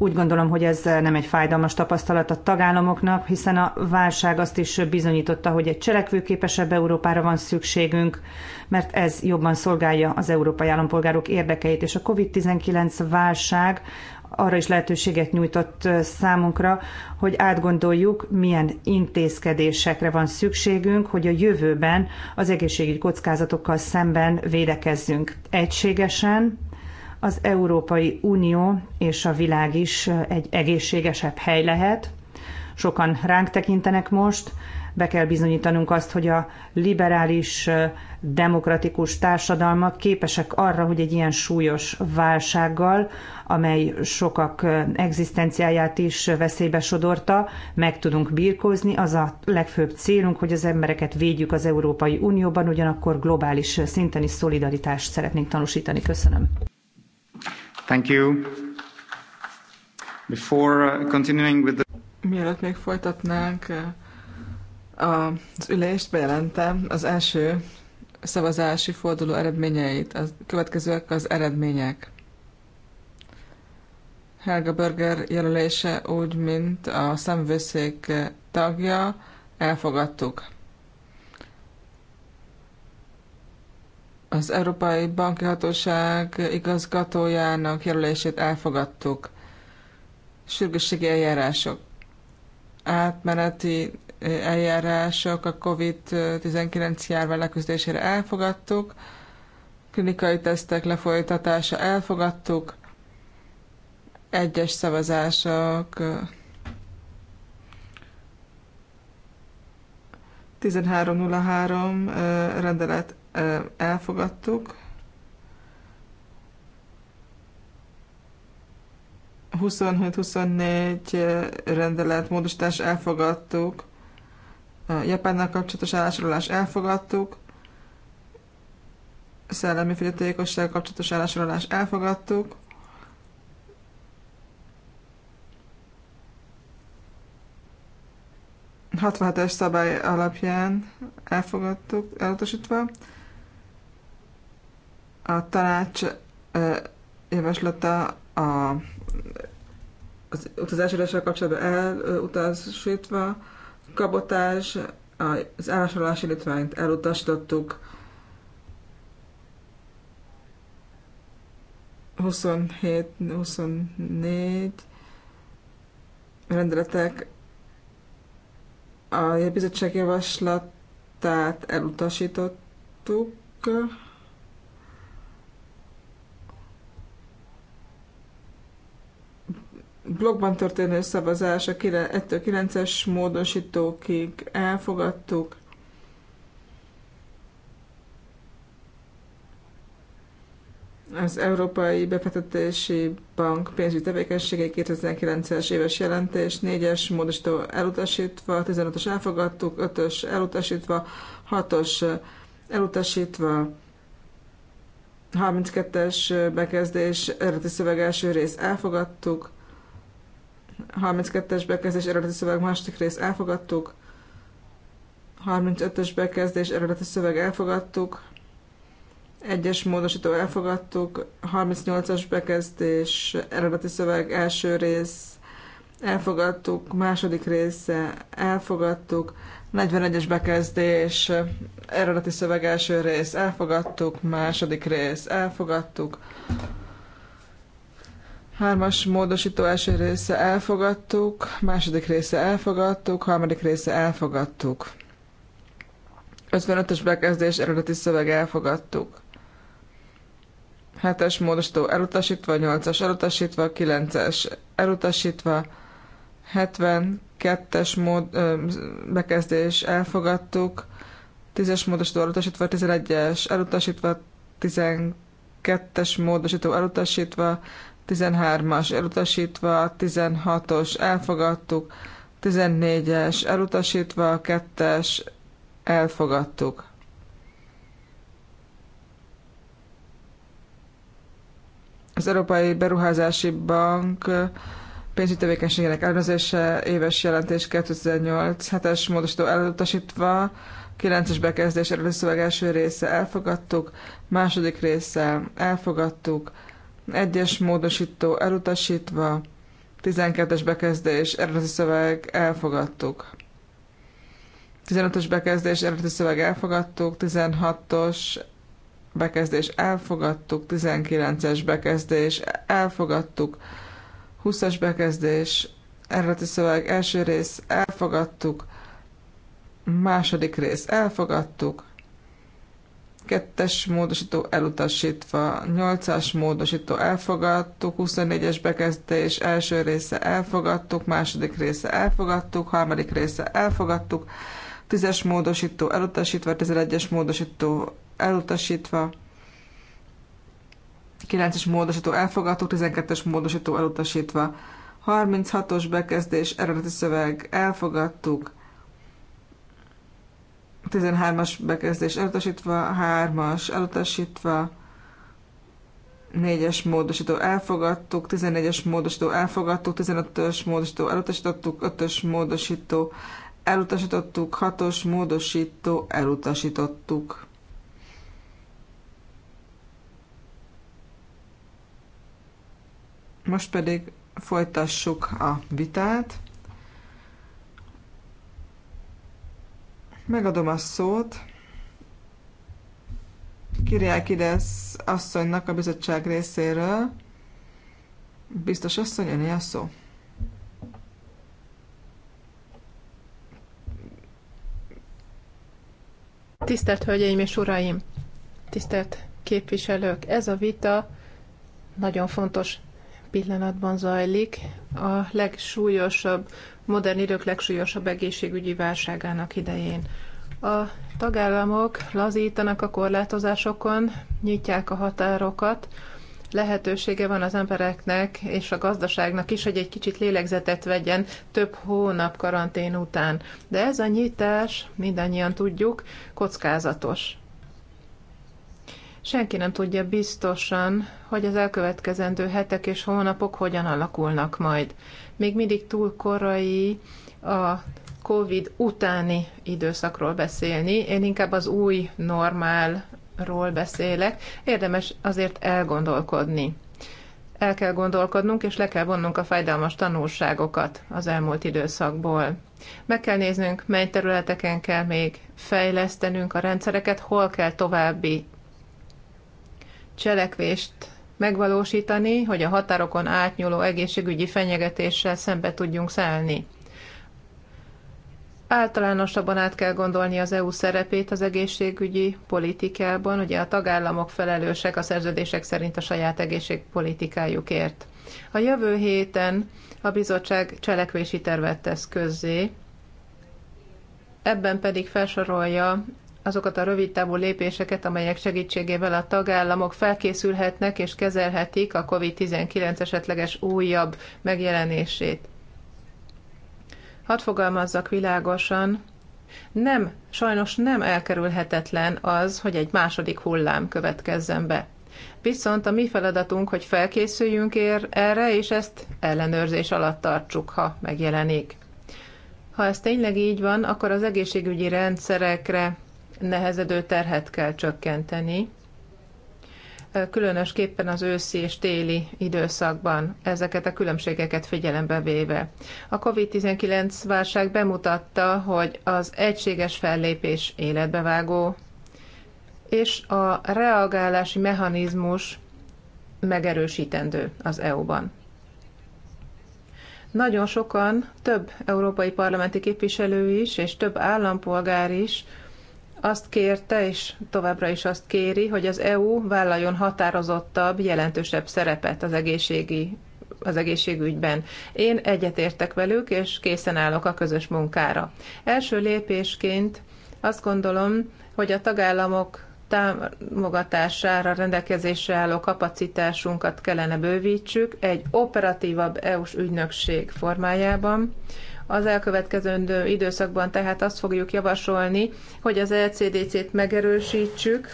úgy gondolom, hogy ez nem egy fájdalmas tapasztalat a tagállamoknak, hiszen a válság azt is bizonyította, hogy egy cselekvőképesebb Európára van szükségünk, mert ez jobban szolgálja az európai állampolgárok érdekeit, és a COVID-19 válság arra is lehetőséget nyújtott számunkra, hogy átgondoljuk, milyen intézkedésekre van szükségünk, hogy a jövőben az egészségügyi kockázatokkal szemben védekezzünk egységesen, az Európai Unió és a világ is egy egészségesebb hely lehet. Sokan ránk tekintenek most, be kell bizonyítanunk azt, hogy a liberális, demokratikus társadalmak képesek arra, hogy egy ilyen súlyos válsággal, amely sokak egzisztenciáját is veszélybe sodorta, meg tudunk birkózni. Az a legfőbb célunk, hogy az embereket védjük az Európai Unióban, ugyanakkor globális szinten is szolidaritást szeretnénk tanúsítani. Köszönöm. Uh, Mielőtt még folytatnánk uh, az ülést, bejelentem az első szavazási forduló eredményeit. A következőek az eredmények. Helga Berger jelölése úgy, mint a szemvőszék tagja, elfogadtuk. az Európai Banki Hatóság igazgatójának jelölését elfogadtuk. Sürgősségi eljárások. Átmeneti eljárások a COVID-19 járvány leküzdésére elfogadtuk. Klinikai tesztek lefolytatása elfogadtuk. Egyes szavazások 1303 rendelet elfogadtuk. 25 24 rendelet módosítás elfogadtuk. A Japánnal kapcsolatos állásolás elfogadtuk. Szellemi fogyatékosság kapcsolatos állásolás elfogadtuk. es szabály alapján elfogadtuk, elutasítva. A tanács javaslata a, az utazásodással kapcsolatban elutasítva, kabotás, az állásolási litványt elutasítottuk, 27-24 rendeletek a bizottság javaslatát elutasítottuk, blogban történő szavazás a 1-9-es módosítókig elfogadtuk. Az Európai Befektetési Bank pénzügyi tevékenysége 2009-es éves jelentés, 4-es módosító elutasítva, 15-ös elfogadtuk, 5-ös elutasítva, 6-os elutasítva, 32-es bekezdés eredeti szöveg első rész elfogadtuk, 32-es bekezdés eredeti szöveg második rész elfogadtuk. 35-ös bekezdés eredeti szöveg elfogadtuk. Egyes módosító elfogadtuk. 38-as bekezdés eredeti szöveg első rész elfogadtuk. Második része elfogadtuk. 41-es bekezdés eredeti szöveg első rész elfogadtuk. Második rész elfogadtuk. Hármas módosító első része elfogadtuk, második része elfogadtuk, harmadik része elfogadtuk. 55-ös bekezdés eredeti szöveg elfogadtuk. 7-es módosító elutasítva, 8-as elutasítva, 9-es elutasítva, 72-es mód, ö, bekezdés elfogadtuk, 10-es módosító elutasítva, 11-es elutasítva, 12-es módosító elutasítva, 13-as elutasítva, 16-os elfogadtuk, 14-es elutasítva, 2-es elfogadtuk. Az Európai Beruházási Bank pénzügyi tevékenységének ellenőrzése éves jelentés 2008 7-es módosító elutasítva, 9-es bekezdés előszöveg első része elfogadtuk, második része elfogadtuk, egyes módosító elutasítva, 12-es bekezdés, eredeti szöveg elfogadtuk. 15-ös bekezdés, eredeti szöveg elfogadtuk, 16-os bekezdés elfogadtuk, 19-es bekezdés elfogadtuk, 20-as bekezdés, eredeti szöveg első rész elfogadtuk, második rész elfogadtuk, kettes módosító elutasítva, 8-as módosító elfogadtuk, 24-es bekezdés első része elfogadtuk, második része elfogadtuk, harmadik része elfogadtuk, 10-es módosító elutasítva, 11-es módosító elutasítva, 9-es módosító elfogadtuk, 12-es módosító elutasítva, 36-os bekezdés eredeti szöveg elfogadtuk, 13-as bekezdés elutasítva, 3-as elutasítva, 4-es módosító elfogadtuk, 14-es módosító elfogadtuk, 15-ös módosító elutasítottuk, 5-ös módosító elutasítottuk, 6-os módosító elutasítottuk. Most pedig folytassuk a vitát. Megadom a szót Kiriák Idesz asszonynak a bizottság részéről. Biztos asszony, a szó. Tisztelt Hölgyeim és Uraim! Tisztelt képviselők! Ez a vita nagyon fontos pillanatban zajlik. A legsúlyosabb modern idők legsúlyosabb egészségügyi válságának idején. A tagállamok lazítanak a korlátozásokon, nyitják a határokat, lehetősége van az embereknek és a gazdaságnak is, hogy egy kicsit lélegzetet vegyen több hónap karantén után. De ez a nyitás, mindannyian tudjuk, kockázatos. Senki nem tudja biztosan, hogy az elkövetkezendő hetek és hónapok hogyan alakulnak majd. Még mindig túl korai a COVID utáni időszakról beszélni, én inkább az új normálról beszélek. Érdemes azért elgondolkodni. El kell gondolkodnunk, és le kell vonnunk a fájdalmas tanulságokat az elmúlt időszakból. Meg kell néznünk, mely területeken kell még fejlesztenünk a rendszereket, hol kell további cselekvést megvalósítani, hogy a határokon átnyúló egészségügyi fenyegetéssel szembe tudjunk szállni. Általánosabban át kell gondolni az EU szerepét az egészségügyi politikában, ugye a tagállamok felelősek a szerződések szerint a saját egészségpolitikájukért. A jövő héten a bizottság cselekvési tervet tesz közzé, ebben pedig felsorolja azokat a rövid távú lépéseket, amelyek segítségével a tagállamok felkészülhetnek és kezelhetik a COVID-19 esetleges újabb megjelenését. Hadd fogalmazzak világosan, nem, sajnos nem elkerülhetetlen az, hogy egy második hullám következzen be. Viszont a mi feladatunk, hogy felkészüljünk ér erre, és ezt ellenőrzés alatt tartsuk, ha megjelenik. Ha ez tényleg így van, akkor az egészségügyi rendszerekre nehezedő terhet kell csökkenteni, különösképpen az őszi és téli időszakban ezeket a különbségeket figyelembe véve. A COVID-19 válság bemutatta, hogy az egységes fellépés életbevágó, és a reagálási mechanizmus megerősítendő az EU-ban. Nagyon sokan, több európai parlamenti képviselő is, és több állampolgár is azt kérte, és továbbra is azt kéri, hogy az EU vállaljon határozottabb, jelentősebb szerepet az egészségi az egészségügyben. Én egyetértek velük, és készen állok a közös munkára. Első lépésként azt gondolom, hogy a tagállamok támogatására rendelkezésre álló kapacitásunkat kellene bővítsük egy operatívabb EU-s ügynökség formájában, az elkövetkező időszakban tehát azt fogjuk javasolni, hogy az LCDC-t e megerősítsük,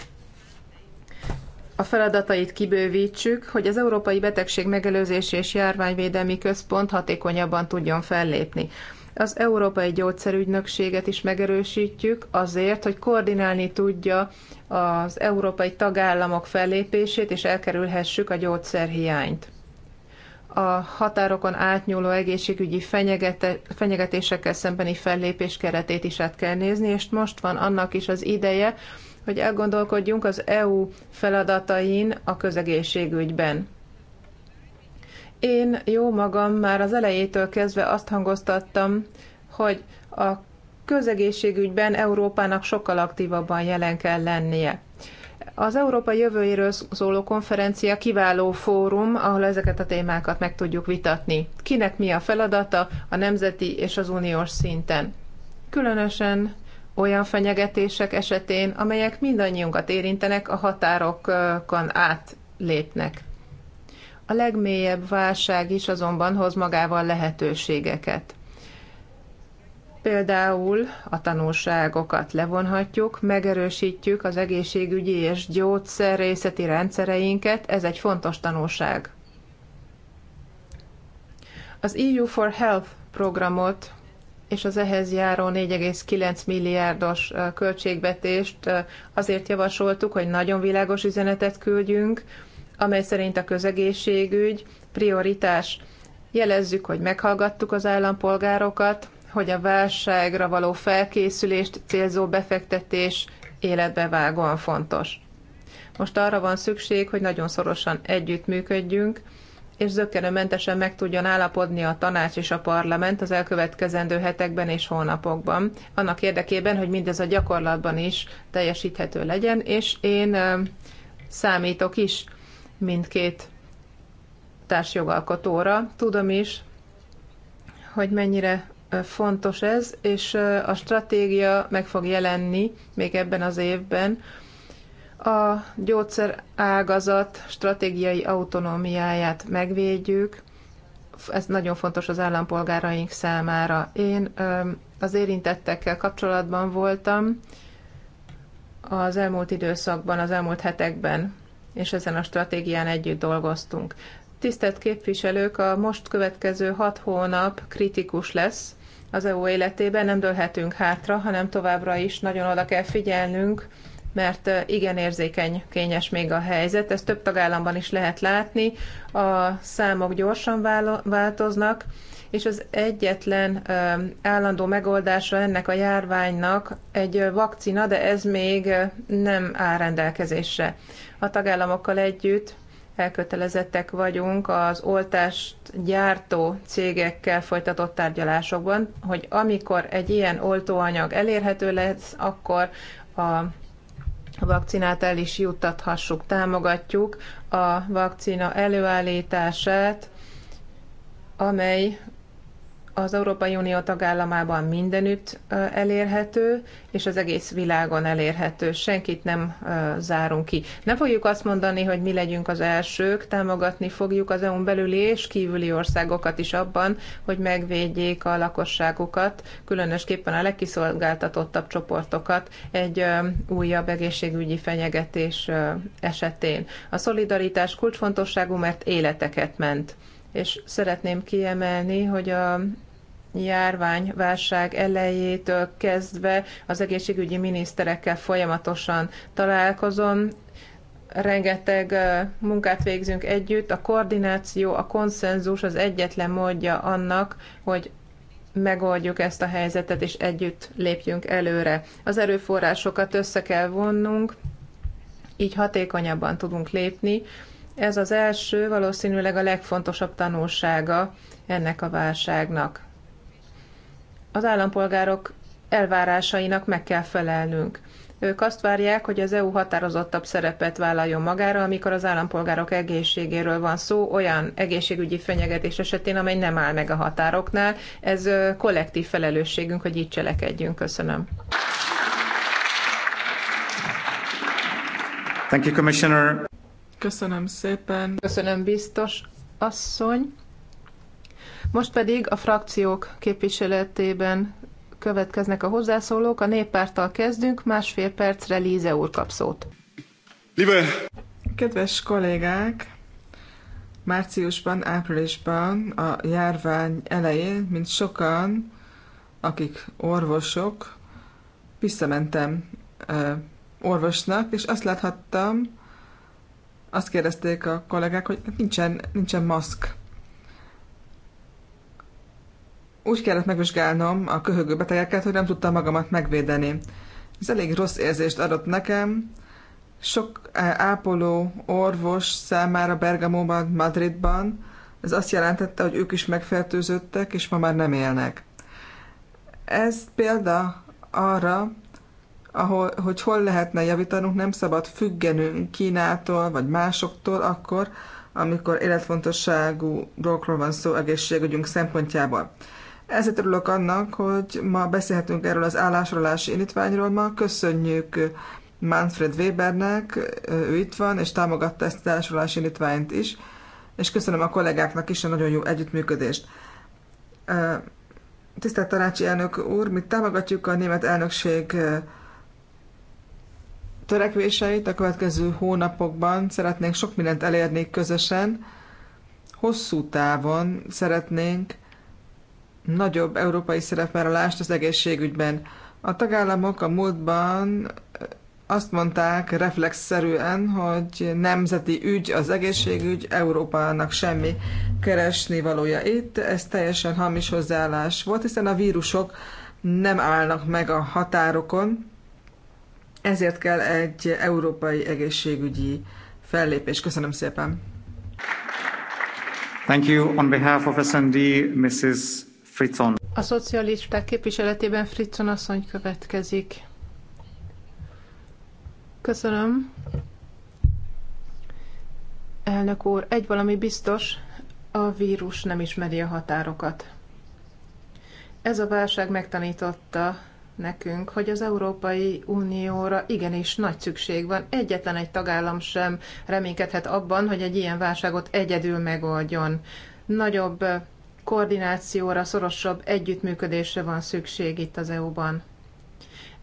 a feladatait kibővítsük, hogy az Európai Betegség Megelőzési és Járványvédelmi Központ hatékonyabban tudjon fellépni. Az Európai Gyógyszerügynökséget is megerősítjük azért, hogy koordinálni tudja az európai tagállamok fellépését, és elkerülhessük a gyógyszerhiányt a határokon átnyúló egészségügyi fenyegetésekkel szembeni fellépés keretét is át kell nézni, és most van annak is az ideje, hogy elgondolkodjunk az EU feladatain a közegészségügyben. Én jó magam már az elejétől kezdve azt hangoztattam, hogy a közegészségügyben Európának sokkal aktívabban jelen kell lennie. Az Európa jövőjéről szóló konferencia kiváló fórum, ahol ezeket a témákat meg tudjuk vitatni. Kinek mi a feladata a nemzeti és az uniós szinten? Különösen olyan fenyegetések esetén, amelyek mindannyiunkat érintenek, a határokon átlépnek. A legmélyebb válság is azonban hoz magával lehetőségeket. Például a tanulságokat levonhatjuk, megerősítjük az egészségügyi és gyógyszerészeti rendszereinket, ez egy fontos tanulság. Az EU for Health programot és az ehhez járó 4,9 milliárdos költségvetést azért javasoltuk, hogy nagyon világos üzenetet küldjünk, amely szerint a közegészségügy prioritás. Jelezzük, hogy meghallgattuk az állampolgárokat, hogy a válságra való felkészülést célzó befektetés életbe vágóan fontos. Most arra van szükség, hogy nagyon szorosan együttműködjünk, és zöggenőmentesen meg tudjon állapodni a tanács és a parlament az elkövetkezendő hetekben és hónapokban, annak érdekében, hogy mindez a gyakorlatban is teljesíthető legyen, és én számítok is mindkét társjogalkotóra. Tudom is, hogy mennyire fontos ez, és a stratégia meg fog jelenni még ebben az évben. A gyógyszer ágazat stratégiai autonómiáját megvédjük, ez nagyon fontos az állampolgáraink számára. Én az érintettekkel kapcsolatban voltam az elmúlt időszakban, az elmúlt hetekben, és ezen a stratégián együtt dolgoztunk. Tisztelt képviselők, a most következő hat hónap kritikus lesz, az EU életében, nem dőlhetünk hátra, hanem továbbra is nagyon oda kell figyelnünk, mert eh, igen érzékeny, kényes még a helyzet. Ezt több tagállamban is lehet látni. A számok gyorsan változnak, és az egyetlen eh, állandó megoldása ennek a járványnak egy eh, vakcina, de ez még nem áll rendelkezésre. A tagállamokkal együtt elkötelezettek vagyunk az oltást gyártó cégekkel folytatott tárgyalásokban, hogy amikor egy ilyen oltóanyag elérhető lesz, akkor a vakcinát el is juttathassuk, támogatjuk a vakcina előállítását, amely az Európai Unió tagállamában mindenütt elérhető, és az egész világon elérhető. Senkit nem zárunk ki. Nem fogjuk azt mondani, hogy mi legyünk az elsők, támogatni fogjuk az EU-n belüli és kívüli országokat is abban, hogy megvédjék a lakosságukat, különösképpen a legkiszolgáltatottabb csoportokat egy újabb egészségügyi fenyegetés esetén. A szolidaritás kulcsfontosságú, mert életeket ment és szeretném kiemelni, hogy a járványválság elejétől kezdve az egészségügyi miniszterekkel folyamatosan találkozom, rengeteg munkát végzünk együtt. A koordináció, a konszenzus az egyetlen módja annak, hogy megoldjuk ezt a helyzetet, és együtt lépjünk előre. Az erőforrásokat össze kell vonnunk, így hatékonyabban tudunk lépni. Ez az első, valószínűleg a legfontosabb tanulsága ennek a válságnak az állampolgárok elvárásainak meg kell felelnünk. Ők azt várják, hogy az EU határozottabb szerepet vállaljon magára, amikor az állampolgárok egészségéről van szó, olyan egészségügyi fenyegetés esetén, amely nem áll meg a határoknál. Ez kollektív felelősségünk, hogy így cselekedjünk. Köszönöm. Thank you, Commissioner. Köszönöm szépen. Köszönöm, biztos asszony. Most pedig a frakciók képviseletében következnek a hozzászólók. A néppárttal kezdünk, másfél percre Líze úr kap szót. Liebe. Kedves kollégák, márciusban, áprilisban, a járvány elején, mint sokan, akik orvosok, visszamentem ö, orvosnak, és azt láthattam, azt kérdezték a kollégák, hogy nincsen, nincsen maszk úgy kellett megvizsgálnom a köhögő betegeket, hogy nem tudtam magamat megvédeni. Ez elég rossz érzést adott nekem. Sok e, ápoló orvos számára Bergamóban, Madridban, ez azt jelentette, hogy ők is megfertőzöttek, és ma már nem élnek. Ez példa arra, ahol, hogy hol lehetne javítanunk, nem szabad függenünk Kínától vagy másoktól akkor, amikor életfontosságú dolgokról van szó egészségügyünk szempontjából. Ezért örülök annak, hogy ma beszélhetünk erről az állásolási indítványról ma. Köszönjük Manfred Webernek, ő itt van, és támogatta ezt az állásolási indítványt is, és köszönöm a kollégáknak is a nagyon jó együttműködést. Tisztelt Tanácsi elnök úr, mi támogatjuk a német elnökség törekvéseit a következő hónapokban. Szeretnénk sok mindent elérni közösen. Hosszú távon szeretnénk nagyobb európai szerepvállalást az egészségügyben. A tagállamok a múltban eh, azt mondták reflexzerűen, hogy nemzeti ügy az egészségügy, Európának semmi keresni valója itt. Ez teljesen hamis hozzáállás volt, hiszen a vírusok nem állnak meg a határokon, ezért kell egy európai egészségügyi fellépés. Köszönöm szépen! Thank you. On behalf of SND, Mrs. Fritzon. A szocialisták képviseletében Fritzon asszony következik. Köszönöm. Elnök úr, egy valami biztos, a vírus nem ismeri a határokat. Ez a válság megtanította nekünk, hogy az Európai Unióra igenis nagy szükség van. Egyetlen egy tagállam sem reménykedhet abban, hogy egy ilyen válságot egyedül megoldjon. Nagyobb koordinációra, szorosabb együttműködésre van szükség itt az EU-ban.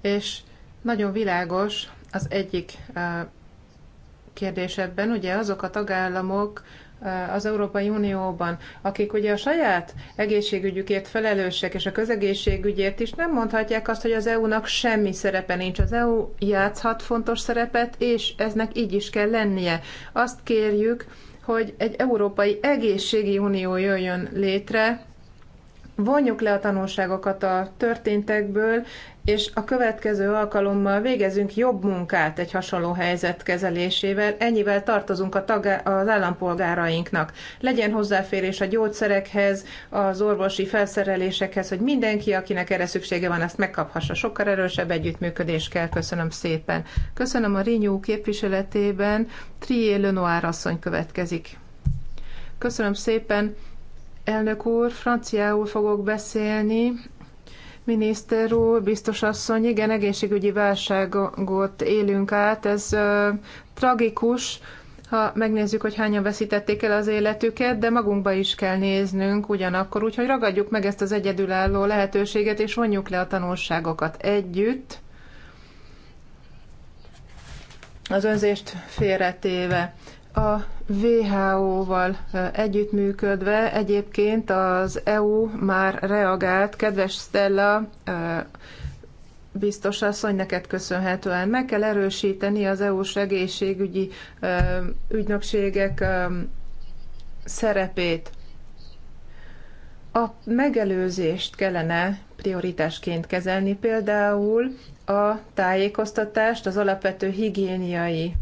És nagyon világos az egyik kérdés ebben, ugye azok a tagállamok, az Európai Unióban, akik ugye a saját egészségügyükért felelősek, és a közegészségügyért is nem mondhatják azt, hogy az EU-nak semmi szerepe nincs. Az EU játszhat fontos szerepet, és eznek így is kell lennie. Azt kérjük, hogy egy európai egészségi unió jöjjön létre, vonjuk le a tanulságokat a történtekből, és a következő alkalommal végezünk jobb munkát egy hasonló helyzet kezelésével, ennyivel tartozunk a tag, az állampolgárainknak. Legyen hozzáférés a gyógyszerekhez, az orvosi felszerelésekhez, hogy mindenki, akinek erre szüksége van, ezt megkaphassa. Sokkal erősebb együttműködés kell. Köszönöm szépen. Köszönöm a Rinyú képviseletében. Trié Lenoir asszony következik. Köszönöm szépen. Elnök úr, franciául fogok beszélni, Miniszter úr, biztos asszony, igen, egészségügyi válságot élünk át, ez ö, tragikus, ha megnézzük, hogy hányan veszítették el az életüket, de magunkba is kell néznünk ugyanakkor, úgyhogy ragadjuk meg ezt az egyedülálló lehetőséget, és vonjuk le a tanulságokat együtt, az önzést félretéve a WHO-val együttműködve egyébként az EU már reagált. Kedves Stella, biztos asszony, neked köszönhetően meg kell erősíteni az EU-s egészségügyi ügynökségek szerepét. A megelőzést kellene prioritásként kezelni, például a tájékoztatást, az alapvető higiéniai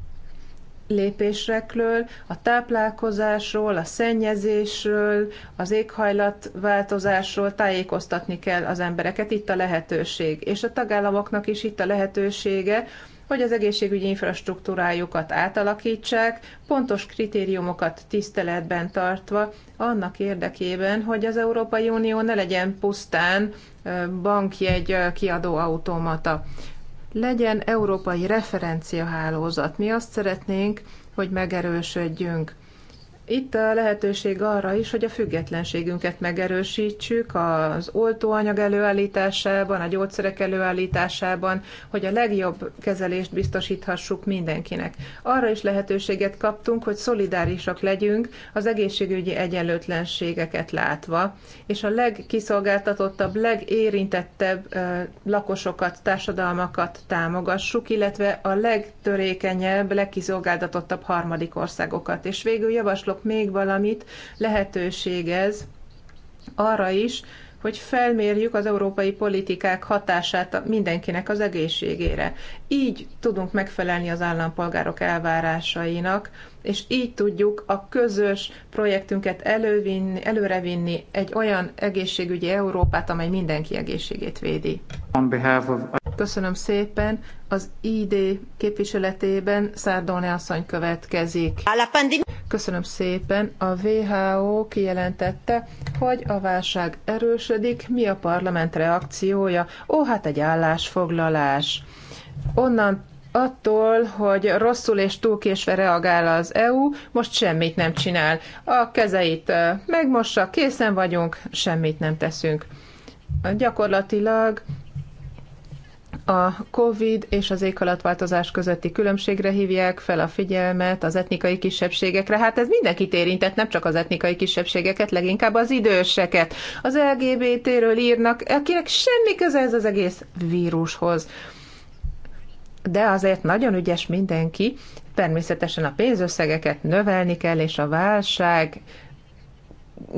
lépésekről, a táplálkozásról, a szennyezésről, az éghajlatváltozásról tájékoztatni kell az embereket. Itt a lehetőség. És a tagállamoknak is itt a lehetősége, hogy az egészségügyi infrastruktúrájukat átalakítsák, pontos kritériumokat tiszteletben tartva, annak érdekében, hogy az Európai Unió ne legyen pusztán bankjegy kiadó automata legyen európai referenciahálózat. Mi azt szeretnénk, hogy megerősödjünk. Itt a lehetőség arra is, hogy a függetlenségünket megerősítsük az oltóanyag előállításában, a gyógyszerek előállításában, hogy a legjobb kezelést biztosíthassuk mindenkinek. Arra is lehetőséget kaptunk, hogy szolidárisak legyünk az egészségügyi egyenlőtlenségeket látva, és a legkiszolgáltatottabb, legérintettebb lakosokat, társadalmakat támogassuk, illetve a legtörékenyebb, legkiszolgáltatottabb harmadik országokat. És végül javaslom javaslok még valamit, lehetőség ez arra is, hogy felmérjük az európai politikák hatását mindenkinek az egészségére. Így tudunk megfelelni az állampolgárok elvárásainak, és így tudjuk a közös projektünket elővinni, előrevinni egy olyan egészségügyi Európát, amely mindenki egészségét védi. Of... Köszönöm szépen. Az ID képviseletében Szárdóni asszony következik. Köszönöm szépen. A WHO kijelentette, hogy a válság erősödik. Mi a parlament reakciója? Ó, hát egy állásfoglalás. Onnan attól, hogy rosszul és túl késve reagál az EU, most semmit nem csinál. A kezeit megmossa, készen vagyunk, semmit nem teszünk. Gyakorlatilag a COVID és az éghalatváltozás közötti különbségre hívják fel a figyelmet az etnikai kisebbségekre. Hát ez mindenkit érintett, nem csak az etnikai kisebbségeket, leginkább az időseket. Az LGBT-ről írnak, akinek semmi köze ez az egész vírushoz de azért nagyon ügyes mindenki, természetesen a pénzösszegeket növelni kell, és a válság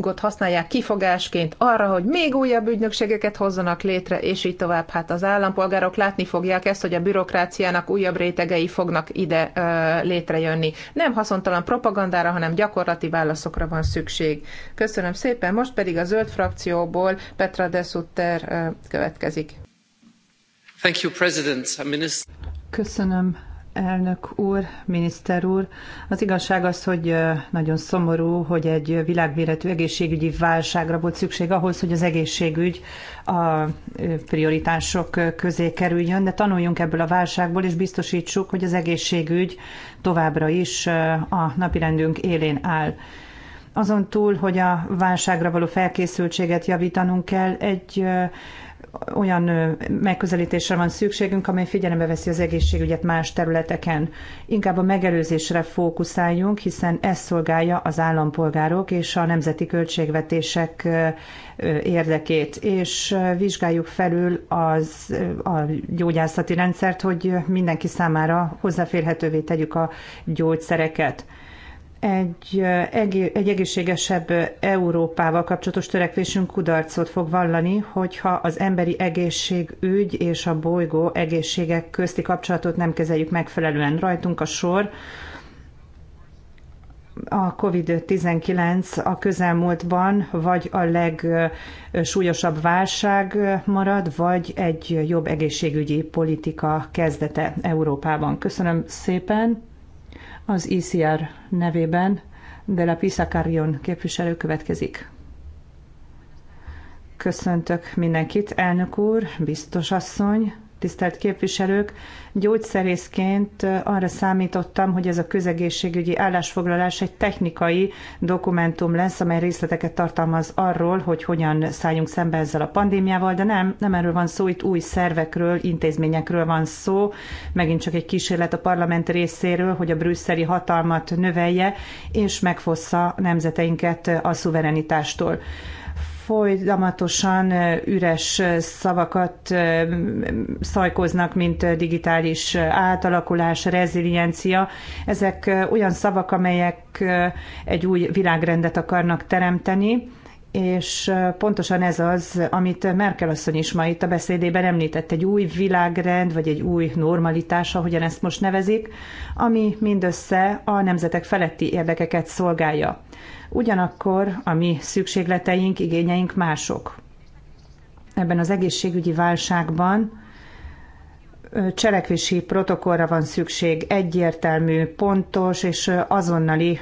ott használják kifogásként arra, hogy még újabb ügynökségeket hozzanak létre, és így tovább. Hát az állampolgárok látni fogják ezt, hogy a bürokráciának újabb rétegei fognak ide ö, létrejönni. Nem haszontalan propagandára, hanem gyakorlati válaszokra van szükség. Köszönöm szépen, most pedig a zöld frakcióból Petra Desutter következik. Thank you, President. Köszönöm, elnök úr, miniszter úr. Az igazság az, hogy nagyon szomorú, hogy egy világméretű egészségügyi válságra volt szükség ahhoz, hogy az egészségügy a prioritások közé kerüljön, de tanuljunk ebből a válságból, és biztosítsuk, hogy az egészségügy továbbra is a napirendünk élén áll. Azon túl, hogy a válságra való felkészültséget javítanunk kell, egy olyan megközelítésre van szükségünk, amely figyelembe veszi az egészségügyet más területeken. Inkább a megelőzésre fókuszáljunk, hiszen ez szolgálja az állampolgárok és a nemzeti költségvetések érdekét, és vizsgáljuk felül az, a gyógyászati rendszert, hogy mindenki számára hozzáférhetővé tegyük a gyógyszereket egy, egy egészségesebb Európával kapcsolatos törekvésünk kudarcot fog vallani, hogyha az emberi egészségügy és a bolygó egészségek közti kapcsolatot nem kezeljük megfelelően. Rajtunk a sor, a COVID-19 a közelmúltban vagy a legsúlyosabb válság marad, vagy egy jobb egészségügyi politika kezdete Európában. Köszönöm szépen! Az ICR e nevében de la Pisa Carrion képviselő következik. Köszöntök mindenkit, elnök úr, biztos asszony, tisztelt képviselők, gyógyszerészként arra számítottam, hogy ez a közegészségügyi állásfoglalás egy technikai dokumentum lesz, amely részleteket tartalmaz arról, hogy hogyan szálljunk szembe ezzel a pandémiával, de nem, nem erről van szó, itt új szervekről, intézményekről van szó, megint csak egy kísérlet a parlament részéről, hogy a brüsszeli hatalmat növelje, és megfossza nemzeteinket a szuverenitástól folyamatosan üres szavakat szajkoznak, mint digitális átalakulás, reziliencia. Ezek olyan szavak, amelyek egy új világrendet akarnak teremteni, és pontosan ez az, amit Merkel asszony is ma itt a beszédében említett, egy új világrend, vagy egy új normalitás, ahogyan ezt most nevezik, ami mindössze a nemzetek feletti érdekeket szolgálja. Ugyanakkor a mi szükségleteink, igényeink mások. Ebben az egészségügyi válságban cselekvési protokollra van szükség, egyértelmű, pontos és azonnali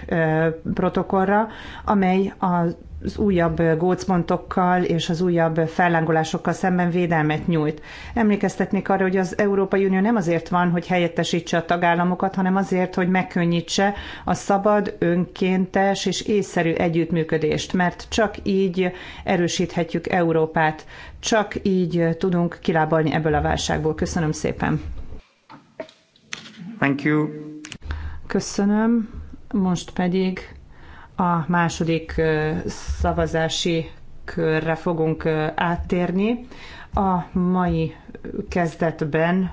protokollra, amely a az újabb gócpontokkal és az újabb fellángolásokkal szemben védelmet nyújt. Emlékeztetnék arra, hogy az Európai Unió nem azért van, hogy helyettesítse a tagállamokat, hanem azért, hogy megkönnyítse a szabad, önkéntes és észszerű együttműködést, mert csak így erősíthetjük Európát, csak így tudunk kilábalni ebből a válságból. Köszönöm szépen! Thank you. Köszönöm. Most pedig a második szavazási körre fogunk áttérni. A mai kezdetben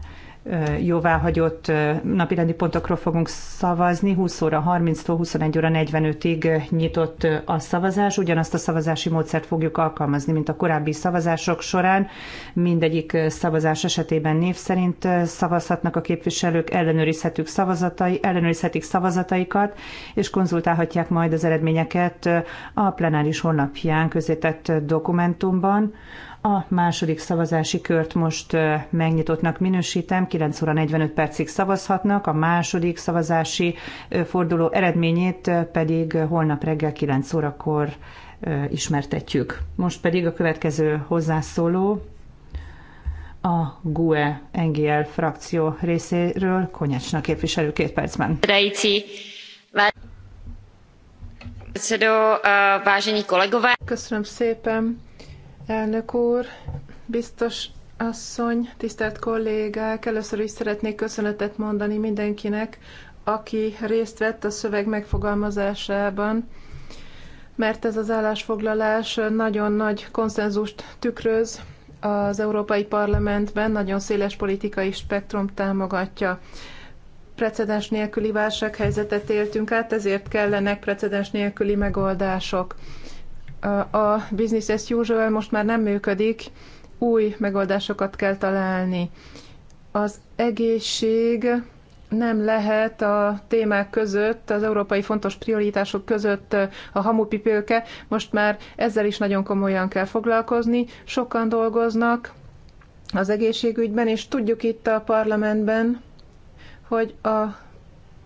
jóváhagyott napirendi pontokról fogunk szavazni. 20 óra 30-tól 21 óra 45-ig nyitott a szavazás. Ugyanazt a szavazási módszert fogjuk alkalmazni, mint a korábbi szavazások során. Mindegyik szavazás esetében név szerint szavazhatnak a képviselők, ellenőrizhetők szavazatai, ellenőrizhetik szavazataikat, és konzultálhatják majd az eredményeket a plenáris honlapján közétett dokumentumban. A második szavazási kört most megnyitottnak minősítem, 9 óra 45 percig szavazhatnak, a második szavazási forduló eredményét pedig holnap reggel 9 órakor ismertetjük. Most pedig a következő hozzászóló a GUE NGL frakció részéről Konyecsna képviselő két percben. Köszönöm szépen. Elnök úr, biztos asszony, tisztelt kollégák, először is szeretnék köszönetet mondani mindenkinek, aki részt vett a szöveg megfogalmazásában, mert ez az állásfoglalás nagyon nagy konszenzust tükröz az Európai Parlamentben, nagyon széles politikai spektrum támogatja precedens nélküli válsághelyzetet éltünk át, ezért kellenek precedens nélküli megoldások a business as usual most már nem működik, új megoldásokat kell találni. Az egészség nem lehet a témák között, az európai fontos prioritások között a hamupipőke. Most már ezzel is nagyon komolyan kell foglalkozni. Sokan dolgoznak az egészségügyben, és tudjuk itt a parlamentben, hogy, a,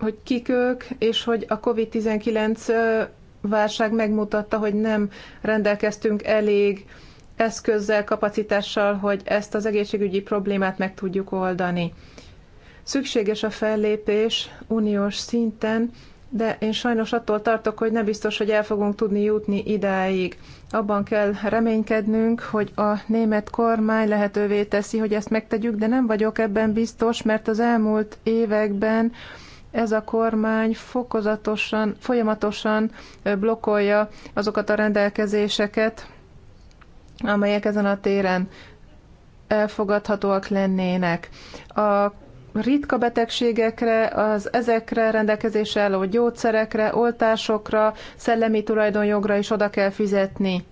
hogy kik ők, és hogy a COVID-19 válság megmutatta, hogy nem rendelkeztünk elég eszközzel, kapacitással, hogy ezt az egészségügyi problémát meg tudjuk oldani. Szükséges a fellépés uniós szinten, de én sajnos attól tartok, hogy nem biztos, hogy el fogunk tudni jutni idáig. Abban kell reménykednünk, hogy a német kormány lehetővé teszi, hogy ezt megtegyük, de nem vagyok ebben biztos, mert az elmúlt években ez a kormány fokozatosan, folyamatosan blokkolja azokat a rendelkezéseket, amelyek ezen a téren elfogadhatóak lennének. A ritka betegségekre, az ezekre rendelkezésre álló gyógyszerekre, oltásokra, szellemi tulajdonjogra is oda kell fizetni.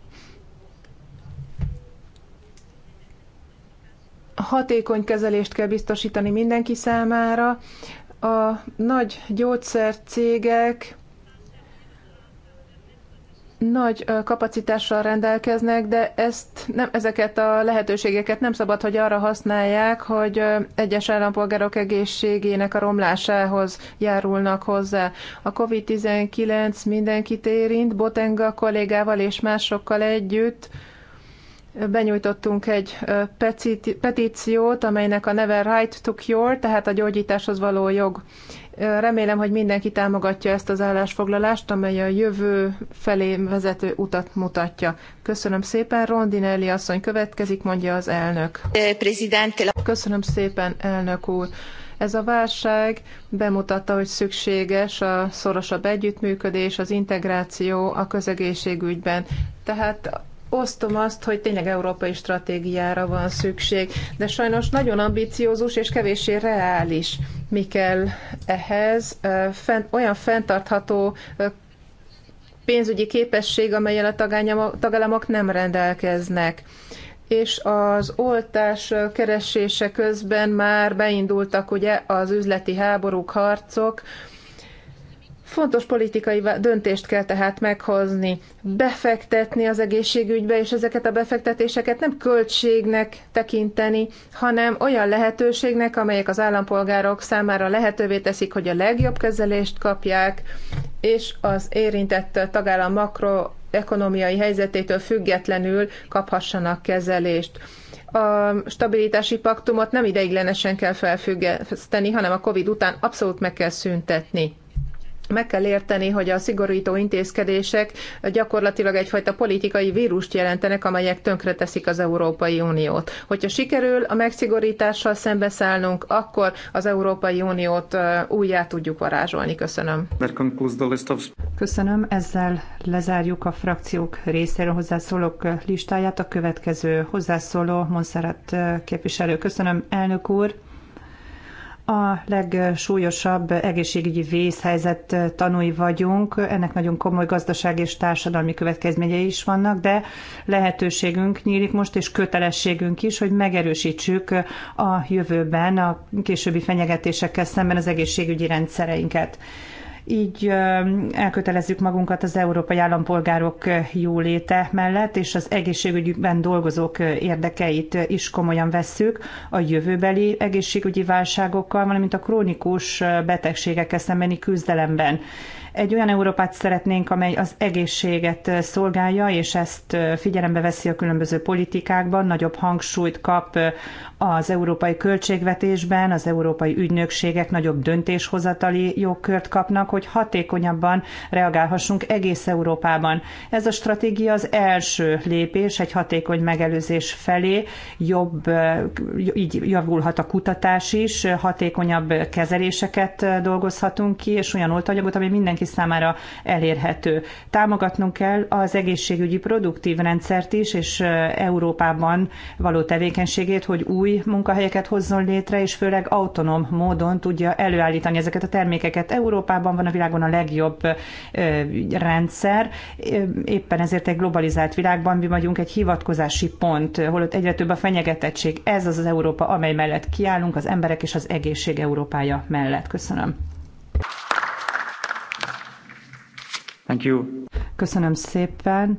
Hatékony kezelést kell biztosítani mindenki számára, a nagy gyógyszercégek nagy kapacitással rendelkeznek, de ezt nem, ezeket a lehetőségeket nem szabad, hogy arra használják, hogy egyes állampolgárok egészségének a romlásához járulnak hozzá. A COVID-19 mindenkit érint, Botenga kollégával és másokkal együtt benyújtottunk egy petíciót, amelynek a neve Right to Cure, tehát a gyógyításhoz való jog. Remélem, hogy mindenki támogatja ezt az állásfoglalást, amely a jövő felé vezető utat mutatja. Köszönöm szépen, Rondinelli asszony következik, mondja az elnök. Köszönöm szépen, elnök úr. Ez a válság bemutatta, hogy szükséges a szorosabb együttműködés, az integráció a közegészségügyben. Tehát osztom azt, hogy tényleg európai stratégiára van szükség, de sajnos nagyon ambiciózus és kevéssé reális. Mi kell ehhez? Olyan fenntartható pénzügyi képesség, amelyen a tagállamok nem rendelkeznek és az oltás keresése közben már beindultak ugye az üzleti háborúk, harcok, Fontos politikai döntést kell tehát meghozni, befektetni az egészségügybe, és ezeket a befektetéseket nem költségnek tekinteni, hanem olyan lehetőségnek, amelyek az állampolgárok számára lehetővé teszik, hogy a legjobb kezelést kapják, és az érintett tagállam makroekonomiai helyzetétől függetlenül kaphassanak kezelést a stabilitási paktumot nem ideiglenesen kell felfüggeszteni, hanem a COVID után abszolút meg kell szüntetni meg kell érteni, hogy a szigorító intézkedések gyakorlatilag egyfajta politikai vírust jelentenek, amelyek tönkreteszik az Európai Uniót. Hogyha sikerül a megszigorítással szembeszállnunk, akkor az Európai Uniót újjá tudjuk varázsolni. Köszönöm. Köszönöm. Ezzel lezárjuk a frakciók részéről hozzászólók listáját. A következő hozzászóló Monserrat képviselő. Köszönöm, elnök úr a legsúlyosabb egészségügyi vészhelyzet tanúi vagyunk. Ennek nagyon komoly gazdaság és társadalmi következményei is vannak, de lehetőségünk nyílik most, és kötelességünk is, hogy megerősítsük a jövőben a későbbi fenyegetésekkel szemben az egészségügyi rendszereinket. Így elkötelezzük magunkat az európai állampolgárok jóléte mellett, és az egészségügyben dolgozók érdekeit is komolyan vesszük a jövőbeli egészségügyi válságokkal, valamint a krónikus betegségekkel szembeni küzdelemben egy olyan Európát szeretnénk, amely az egészséget szolgálja, és ezt figyelembe veszi a különböző politikákban, nagyobb hangsúlyt kap az európai költségvetésben az európai ügynökségek nagyobb döntéshozatali jogkört kapnak, hogy hatékonyabban reagálhassunk egész Európában. Ez a stratégia az első lépés egy hatékony megelőzés felé, jobb, így javulhat a kutatás is, hatékonyabb kezeléseket dolgozhatunk ki, és olyan oltanyagot, ami mindenki számára elérhető. Támogatnunk kell az egészségügyi produktív rendszert is, és Európában való tevékenységét, hogy új új munkahelyeket hozzon létre, és főleg autonóm módon tudja előállítani ezeket a termékeket. Európában van a világon a legjobb rendszer, éppen ezért egy globalizált világban mi vagyunk egy hivatkozási pont, holott egyre több a fenyegetettség. Ez az az Európa, amely mellett kiállunk, az emberek és az egészség Európája mellett. Köszönöm. Thank you. Köszönöm szépen.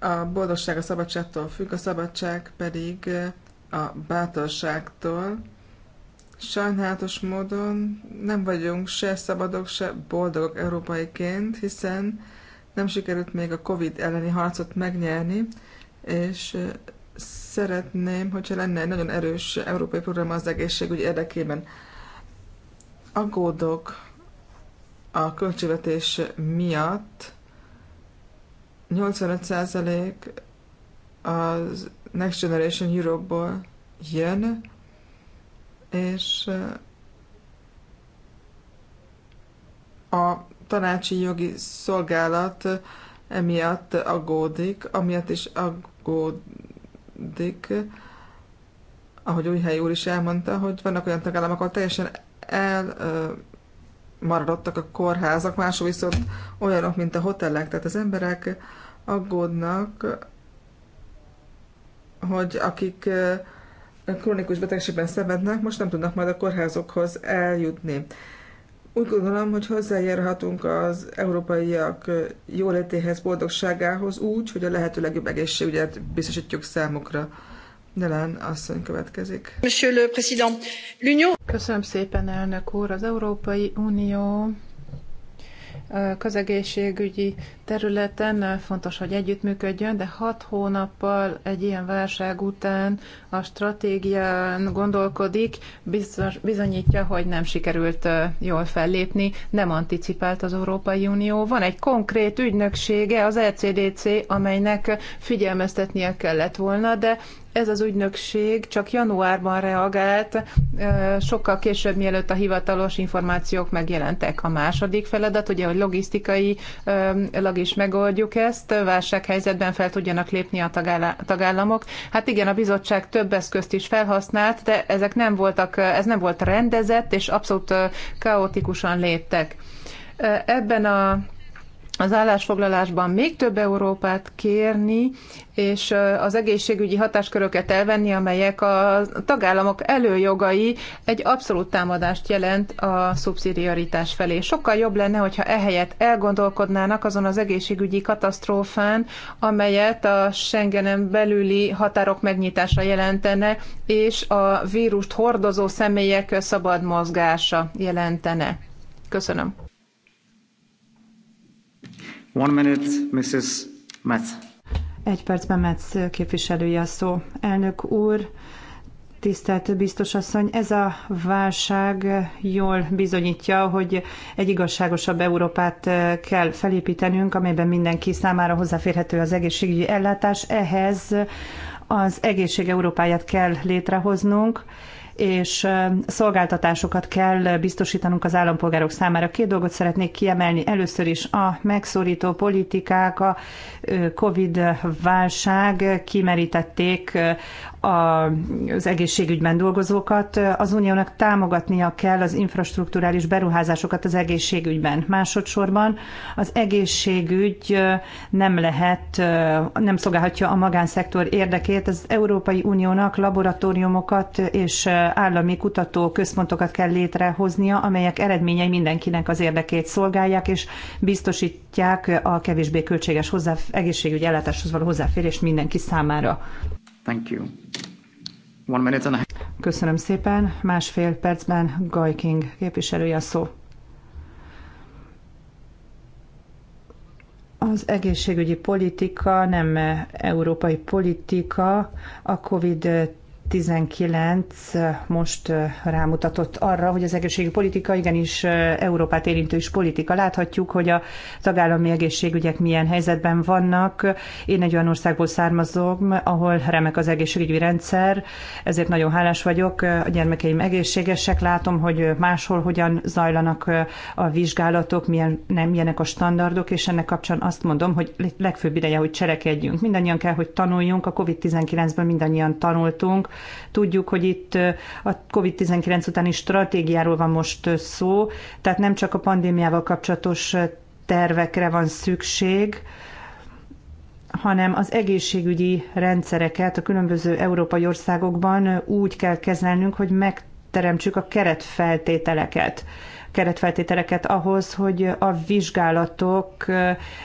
a boldogság a szabadságtól függ, a szabadság pedig a bátorságtól. Sajnálatos módon nem vagyunk se szabadok, se boldogok európaiként, hiszen nem sikerült még a COVID elleni harcot megnyerni, és szeretném, hogyha lenne egy nagyon erős európai program az egészségügy érdekében. Aggódok a költségvetés miatt, 85% az Next Generation Europe-ból jön, és eh, a tanácsi jogi szolgálat emiatt aggódik, amiatt is aggódik, ahogy Újhely úr is elmondta, hogy vannak olyan tagállamok, ahol teljesen el eh, maradottak a kórházak, mások viszont olyanok, mint a hotelek. Tehát az emberek aggódnak, hogy akik krónikus betegségben szenvednek, most nem tudnak majd a kórházokhoz eljutni. Úgy gondolom, hogy hozzájárhatunk az európaiak jólétéhez, boldogságához úgy, hogy a lehető legjobb egészségügyet biztosítjuk számukra. Delán asszony következik. Monsieur le Président, l'Union... Köszönöm szépen, elnök úr. Az Európai Unió közegészségügyi területen fontos, hogy együttműködjön, de hat hónappal egy ilyen válság után a stratégián gondolkodik, bizonyítja, hogy nem sikerült jól fellépni, nem anticipált az Európai Unió. Van egy konkrét ügynöksége, az ECDC, amelynek figyelmeztetnie kellett volna, de ez az ügynökség csak januárban reagált, sokkal később, mielőtt a hivatalos információk megjelentek. A második feladat, ugye, hogy logisztikai lag is megoldjuk ezt, válsághelyzetben fel tudjanak lépni a tagállamok. Hát igen, a bizottság több eszközt is felhasznált, de ezek nem voltak, ez nem volt rendezett, és abszolút kaotikusan léptek. Ebben a az állásfoglalásban még több Európát kérni, és az egészségügyi hatásköröket elvenni, amelyek a tagállamok előjogai egy abszolút támadást jelent a szubszidiaritás felé. Sokkal jobb lenne, hogyha ehelyett elgondolkodnának azon az egészségügyi katasztrófán, amelyet a Schengenen belüli határok megnyitása jelentene, és a vírust hordozó személyek szabad mozgása jelentene. Köszönöm. One minute, Mrs. Metz. Egy percben Metz képviselője a szó. Elnök úr, Tisztelt biztos asszony, ez a válság jól bizonyítja, hogy egy igazságosabb Európát eh, kell felépítenünk, amelyben mindenki számára hozzáférhető az egészségügyi ellátás. Ehhez az egészség Európáját kell létrehoznunk és szolgáltatásokat kell biztosítanunk az állampolgárok számára. Két dolgot szeretnék kiemelni. Először is a megszorító politikák, a COVID-válság kimerítették az egészségügyben dolgozókat. Az uniónak támogatnia kell az infrastruktúrális beruházásokat az egészségügyben. Másodszorban az egészségügy nem lehet, nem szolgálhatja a magánszektor érdekét. Az Európai Uniónak laboratóriumokat és állami kutató központokat kell létrehoznia, amelyek eredményei mindenkinek az érdekét szolgálják, és biztosítják a kevésbé költséges hozzáférés egészségügyi ellátáshoz való hozzáférés mindenki számára. Thank you. One minute and a... Köszönöm szépen. Másfél percben King képviselője a szó. Az egészségügyi politika nem európai politika, a COVID 19 most rámutatott arra, hogy az egészségügyi politika igenis Európát érintő is politika. Láthatjuk, hogy a tagállami egészségügyek milyen helyzetben vannak. Én egy olyan országból származom, ahol remek az egészségügyi rendszer, ezért nagyon hálás vagyok. A gyermekeim egészségesek, látom, hogy máshol hogyan zajlanak a vizsgálatok, milyen, nem, milyenek a standardok, és ennek kapcsán azt mondom, hogy legfőbb ideje, hogy cselekedjünk. Mindannyian kell, hogy tanuljunk, a COVID-19-ben mindannyian tanultunk, Tudjuk, hogy itt a COVID-19 utáni stratégiáról van most szó, tehát nem csak a pandémiával kapcsolatos tervekre van szükség, hanem az egészségügyi rendszereket a különböző európai országokban úgy kell kezelnünk, hogy megteremtsük a keretfeltételeket keretfeltételeket ahhoz, hogy a vizsgálatok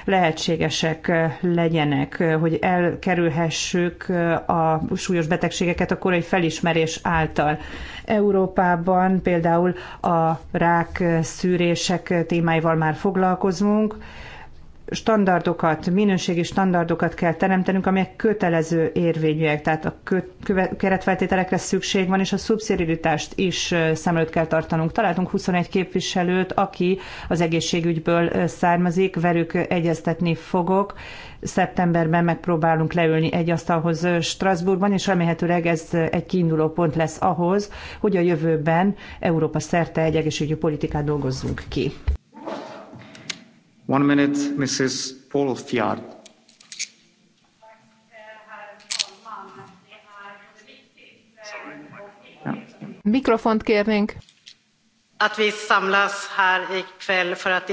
lehetségesek legyenek, hogy elkerülhessük a súlyos betegségeket a korai felismerés által. Európában például a rák szűrések témáival már foglalkozunk, standardokat, minőségi standardokat kell teremtenünk, amelyek kötelező érvényűek, tehát a kö- köve- keretfeltételekre szükség van, és a szubszidiaritást is szem előtt kell tartanunk. Találtunk 21 képviselőt, aki az egészségügyből származik, velük egyeztetni fogok. Szeptemberben megpróbálunk leülni egy asztalhoz Strasbourgban, és remélhetőleg ez egy kiinduló pont lesz ahhoz, hogy a jövőben Európa szerte egy egészségügyi politikát dolgozzunk ki. Minute, Mrs. Mikrofont kérnénk. Att vi samlas här ikväll för att...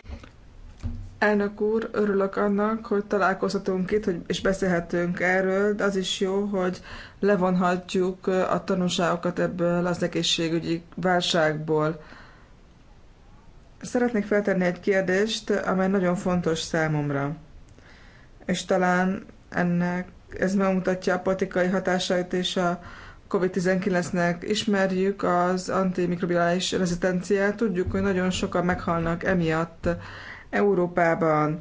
Elnök úr, örülök annak, hogy találkozhatunk itt, hogy, és beszélhetünk erről, de az is jó, hogy levonhatjuk a tanulságokat ebből az egészségügyi válságból Szeretnék feltenni egy kérdést, amely nagyon fontos számomra. És talán ennek ez megmutatja a politikai hatásait és a COVID-19-nek. Ismerjük az antimikrobiális rezitenciát, tudjuk, hogy nagyon sokan meghalnak emiatt Európában.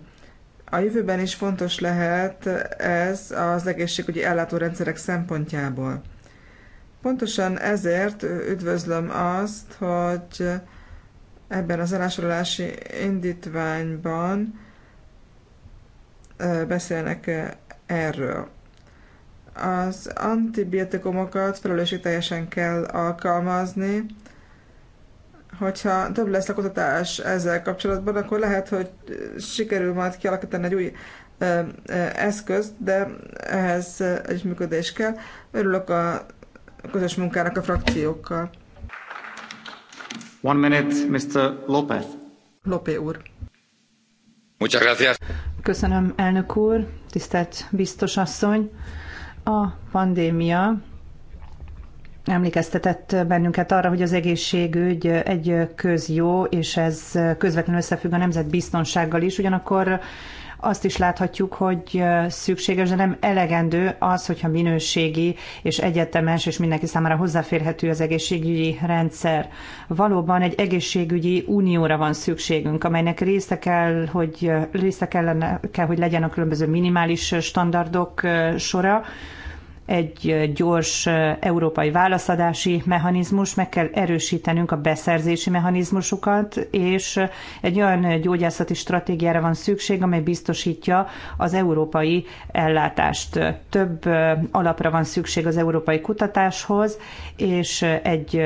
A jövőben is fontos lehet ez az egészségügyi ellátórendszerek szempontjából. Pontosan ezért üdvözlöm azt, hogy ebben az elásolási indítványban beszélnek erről. Az antibiotikumokat felelősségteljesen kell alkalmazni, hogyha több lesz a kutatás ezzel kapcsolatban, akkor lehet, hogy sikerül majd kialakítani egy új eszközt, de ehhez egy működés kell. Örülök a közös munkának a frakciókkal. One minute, Mr. López. López úr. Muchas gracias. Köszönöm, elnök úr, tisztelt biztos asszony. A pandémia emlékeztetett bennünket arra, hogy az egészségügy egy közjó, és ez közvetlenül összefügg a nemzetbiztonsággal is, ugyanakkor azt is láthatjuk, hogy szükséges, de nem elegendő az, hogyha minőségi és egyetemes és mindenki számára hozzáférhető az egészségügyi rendszer. Valóban egy egészségügyi unióra van szükségünk, amelynek része kell, hogy része kellene, kell, hogy legyen a különböző minimális standardok sora, egy gyors európai válaszadási mechanizmus, meg kell erősítenünk a beszerzési mechanizmusukat, és egy olyan gyógyászati stratégiára van szükség, amely biztosítja az európai ellátást. Több alapra van szükség az európai kutatáshoz, és egy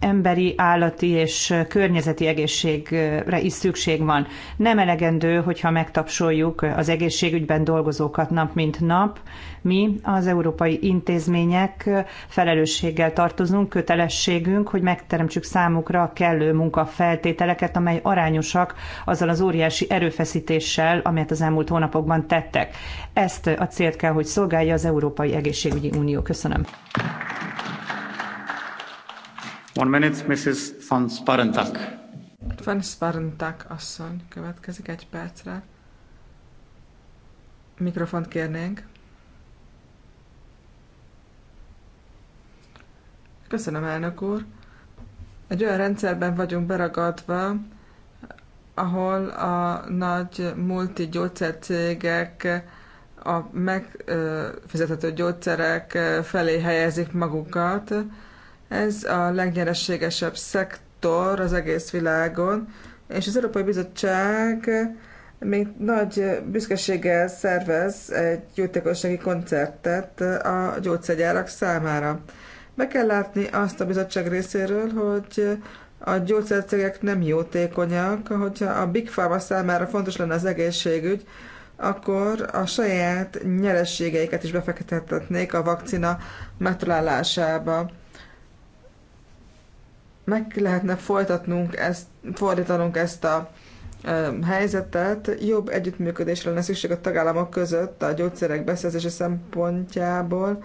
emberi, állati és környezeti egészségre is szükség van. Nem elegendő, hogyha megtapsoljuk az egészségügyben dolgozókat nap mint nap, mi az európai intézmények felelősséggel tartozunk, kötelességünk, hogy megteremtsük számukra a kellő munkafeltételeket, amely arányosak azzal az óriási erőfeszítéssel, amelyet az elmúlt hónapokban tettek. Ezt a célt kell, hogy szolgálja az Európai Egészségügyi Unió. Köszönöm. One minute, Mrs. von Sparentak. Van Sparentak asszony következik egy percre. Mikrofont kérnénk. Köszönöm, elnök úr. Egy olyan rendszerben vagyunk beragadva, ahol a nagy multi gyógyszercégek a megfizethető gyógyszerek felé helyezik magukat. Ez a legnyereségesebb szektor az egész világon, és az Európai Bizottság még nagy büszkeséggel szervez egy jótékonysági koncertet a gyógyszergyárak számára. Be kell látni azt a bizottság részéről, hogy a gyógyszercégek nem jótékonyak, hogyha a Big Pharma számára fontos lenne az egészségügy, akkor a saját nyerességeiket is befektethetnék a vakcina megtalálásába. Meg lehetne folytatnunk ezt, fordítanunk ezt a helyzetet, jobb együttműködésre lenne szükség a tagállamok között a gyógyszerek beszerzése szempontjából,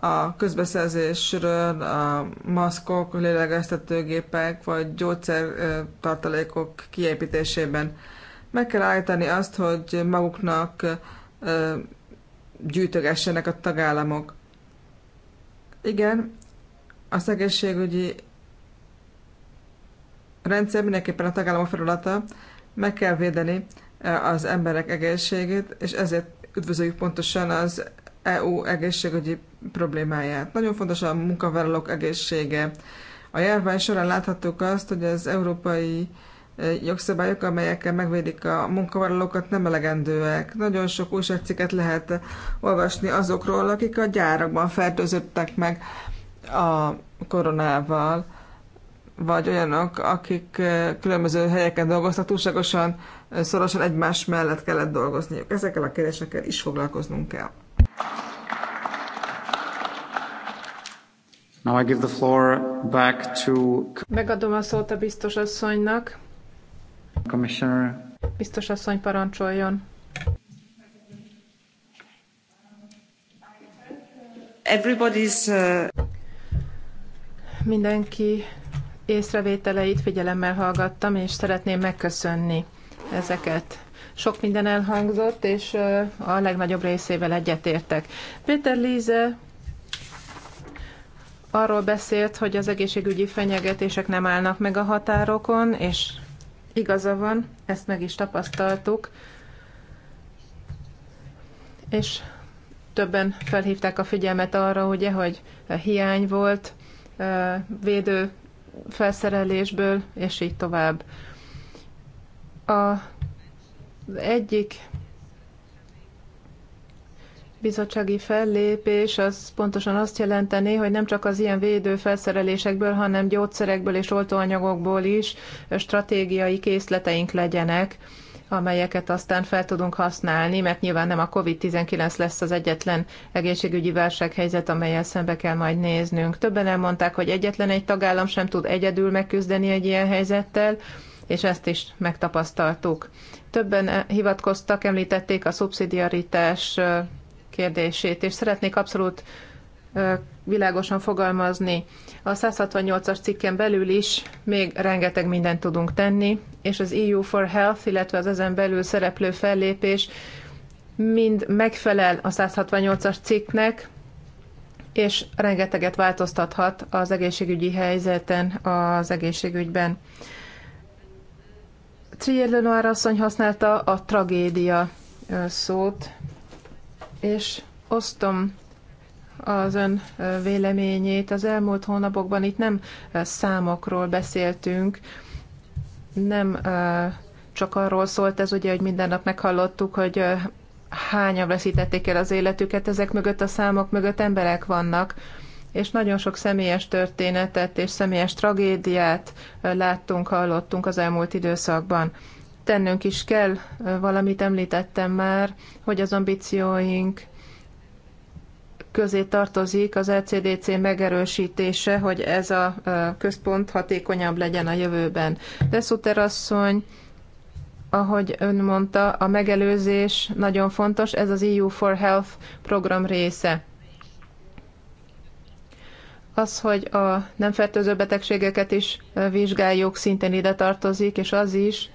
a közbeszerzésről, a maszkok, lélegeztetőgépek vagy gyógyszertartalékok kiépítésében. Meg kell állítani azt, hogy maguknak gyűjtögessenek a tagállamok. Igen, a szegészségügyi rendszer mindenképpen a tagállamok feladata, meg kell védeni az emberek egészségét, és ezért üdvözöljük pontosan az EU egészségügyi problémáját. Nagyon fontos a munkavállalók egészsége. A járvány során láthattuk azt, hogy az európai e, jogszabályok, amelyekkel megvédik a munkavállalókat, nem elegendőek. Nagyon sok újságcikket lehet olvasni azokról, akik a gyárakban fertőzöttek meg a koronával, vagy olyanok, akik e, különböző helyeken dolgoztak, túlságosan szorosan egymás mellett kellett dolgozniuk. Ezekkel a kérdésekkel is foglalkoznunk kell. Now I give the floor back to... Megadom a szót a biztos asszonynak. Commissioner. Biztos asszony parancsoljon. Everybody's, uh... Mindenki észrevételeit figyelemmel hallgattam, és szeretném megköszönni ezeket. Sok minden elhangzott, és a legnagyobb részével egyetértek. Péter Líze arról beszélt, hogy az egészségügyi fenyegetések nem állnak meg a határokon, és igaza van, ezt meg is tapasztaltuk. És többen felhívták a figyelmet arra, ugye, hogy hiány volt védő felszerelésből, és így tovább. A egyik bizottsági fellépés az pontosan azt jelenteni, hogy nem csak az ilyen felszerelésekből, hanem gyógyszerekből és oltóanyagokból is stratégiai készleteink legyenek amelyeket aztán fel tudunk használni, mert nyilván nem a COVID-19 lesz az egyetlen egészségügyi válsághelyzet, amelyel szembe kell majd néznünk. Többen elmondták, hogy egyetlen egy tagállam sem tud egyedül megküzdeni egy ilyen helyzettel, és ezt is megtapasztaltuk. Többen eh, hivatkoztak, említették a szubszidiaritás eh, kérdését, és szeretnék abszolút eh, világosan fogalmazni. A 168-as cikken belül is még rengeteg mindent tudunk tenni, és az EU for Health, illetve az ezen belül szereplő fellépés mind megfelel a 168-as cikknek, és rengeteget változtathat az egészségügyi helyzeten, az egészségügyben. Trier Lenoir asszony használta a tragédia szót, és osztom az ön véleményét. Az elmúlt hónapokban itt nem számokról beszéltünk, nem csak arról szólt ez, ugye, hogy minden nap meghallottuk, hogy hányan veszítették el az életüket, ezek mögött a számok mögött emberek vannak, és nagyon sok személyes történetet és személyes tragédiát láttunk, hallottunk az elmúlt időszakban. Tennünk is kell, valamit említettem már, hogy az ambícióink közé tartozik az LCDC e megerősítése, hogy ez a központ hatékonyabb legyen a jövőben. De Szuter asszony, ahogy ön mondta, a megelőzés nagyon fontos, ez az EU for Health program része az, hogy a nem fertőző betegségeket is vizsgáljuk, szintén ide tartozik, és az is,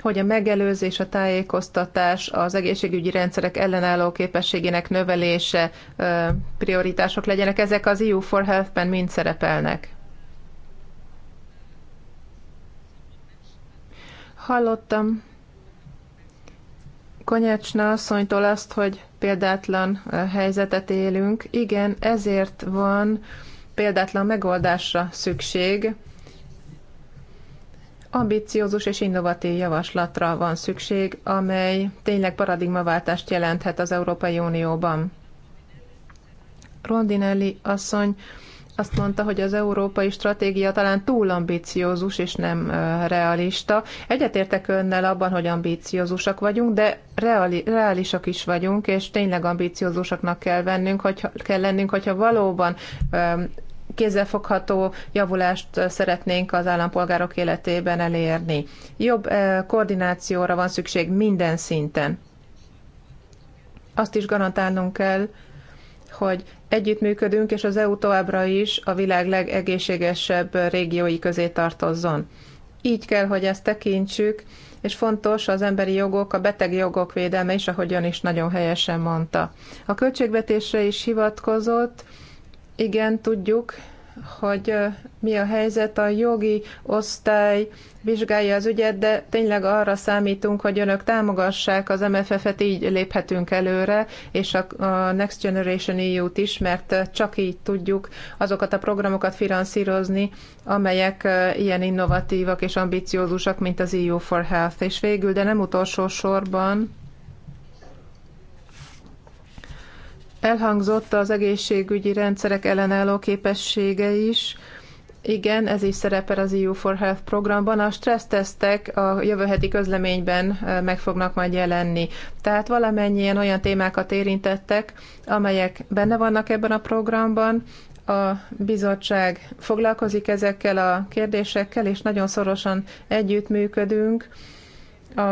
hogy a megelőzés, a tájékoztatás, az egészségügyi rendszerek ellenálló képességének növelése prioritások legyenek. Ezek az EU for Health-ben mind szerepelnek. Hallottam Konyecsna asszonytól azt, hogy példátlan helyzetet élünk. Igen, ezért van példátlan megoldásra szükség, ambiciózus és innovatív javaslatra van szükség, amely tényleg paradigmaváltást jelenthet az Európai Unióban. Rondinelli asszony azt mondta, hogy az európai stratégia talán túl ambiciózus és nem realista. Egyetértek önnel abban, hogy ambiciózusak vagyunk, de reali, reálisak is vagyunk, és tényleg ambiciózusaknak kell, vennünk, hogyha, kell lennünk, hogyha valóban kézzelfogható javulást szeretnénk az állampolgárok életében elérni. Jobb koordinációra van szükség minden szinten. Azt is garantálnunk kell, hogy együttműködünk, és az EU továbbra is a világ legegészségesebb régiói közé tartozzon. Így kell, hogy ezt tekintsük, és fontos az emberi jogok, a beteg jogok védelme is, ahogy ön is nagyon helyesen mondta. A költségvetésre is hivatkozott, igen, tudjuk, hogy mi a helyzet, a jogi osztály vizsgálja az ügyet, de tényleg arra számítunk, hogy önök támogassák az MFF-et, így léphetünk előre, és a Next Generation EU-t is, mert csak így tudjuk azokat a programokat finanszírozni, amelyek ilyen innovatívak és ambiciózusak, mint az EU for Health. És végül, de nem utolsó sorban, Elhangzott az egészségügyi rendszerek ellenálló képessége is, igen, ez is szerepel az EU for Health programban. A stressztesztek a jövő heti közleményben meg fognak majd jelenni. Tehát valamennyien olyan témákat érintettek, amelyek benne vannak ebben a programban. A bizottság foglalkozik ezekkel a kérdésekkel, és nagyon szorosan együttműködünk a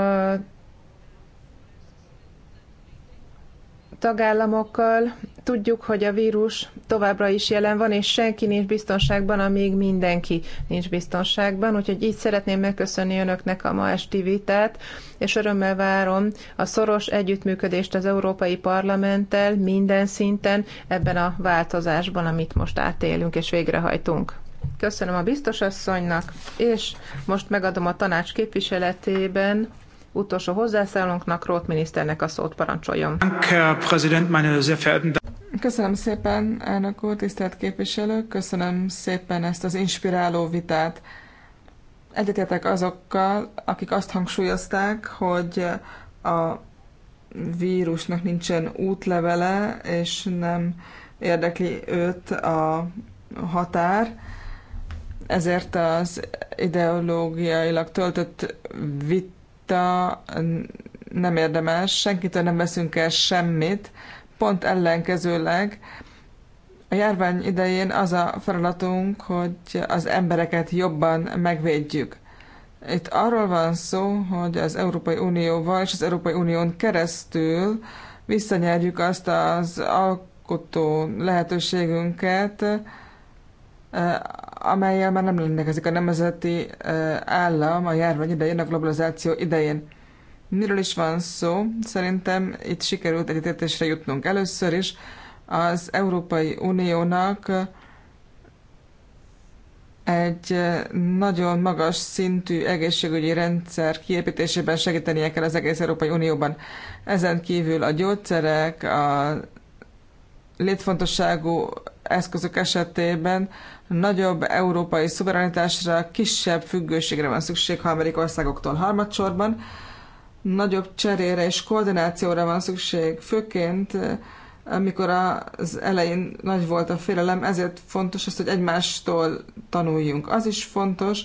tagállamokkal. Tudjuk, hogy a vírus továbbra is jelen van, és senki nincs biztonságban, amíg mindenki nincs biztonságban. Úgyhogy így szeretném megköszönni önöknek a ma esti vitát, és örömmel várom a szoros együttműködést az Európai Parlamenttel minden szinten ebben a változásban, amit most átélünk és végrehajtunk. Köszönöm a biztosasszonynak, és most megadom a tanács képviseletében utolsó hozzászállónknak, Rót miniszternek a szót parancsoljon. Köszönöm szépen, elnök úr, tisztelt képviselők, köszönöm szépen ezt az inspiráló vitát. Egyetértek azokkal, akik azt hangsúlyozták, hogy a vírusnak nincsen útlevele, és nem érdekli őt a határ, ezért az ideológiailag töltött vit a nem érdemes, senkitől nem veszünk el semmit, pont ellenkezőleg a járvány idején az a feladatunk, hogy az embereket jobban megvédjük. Itt arról van szó, hogy az Európai Unióval és az Európai Unión keresztül visszanyerjük azt az alkotó lehetőségünket, amelyel már nem rendelkezik a nemzeti állam a járvány idején, a globalizáció idején. Miről is van szó? Szerintem itt sikerült egyetértésre jutnunk. Először is az Európai Uniónak egy nagyon magas szintű egészségügyi rendszer kiépítésében segítenie kell az egész Európai Unióban. Ezen kívül a gyógyszerek, a létfontosságú eszközök esetében Nagyobb európai szuverenitásra, kisebb függőségre van szükség harmadik országoktól harmadsorban. Nagyobb cserére és koordinációra van szükség, főként eh, amikor az elején nagy volt a félelem, ezért fontos az, hogy egymástól tanuljunk. Az is fontos,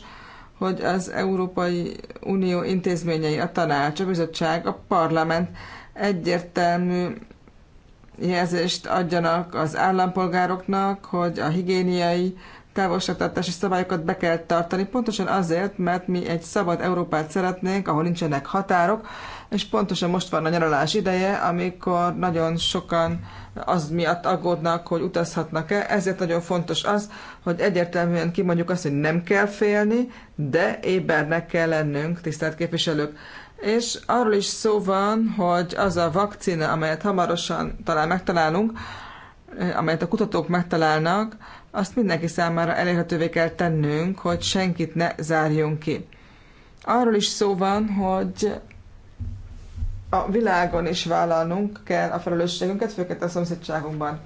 hogy az Európai Unió intézményei, a tanács, a bizottság, a parlament egyértelmű jelzést adjanak az állampolgároknak, hogy a higiéniai távolságtartási szabályokat be kell tartani, pontosan azért, mert mi egy szabad Európát szeretnénk, ahol nincsenek határok, és pontosan most van a nyaralás ideje, amikor nagyon sokan az miatt aggódnak, hogy utazhatnak-e, ezért nagyon fontos az, hogy egyértelműen kimondjuk azt, hogy nem kell félni, de ébernek kell lennünk, tisztelt képviselők. És arról is szó van, hogy az a vakcina, amelyet hamarosan talán megtalálunk, amelyet a kutatók megtalálnak, azt mindenki számára elérhetővé kell tennünk, hogy senkit ne zárjunk ki. Arról is szó van, hogy a világon is vállalnunk kell a felelősségünket, főként a szomszédságunkban.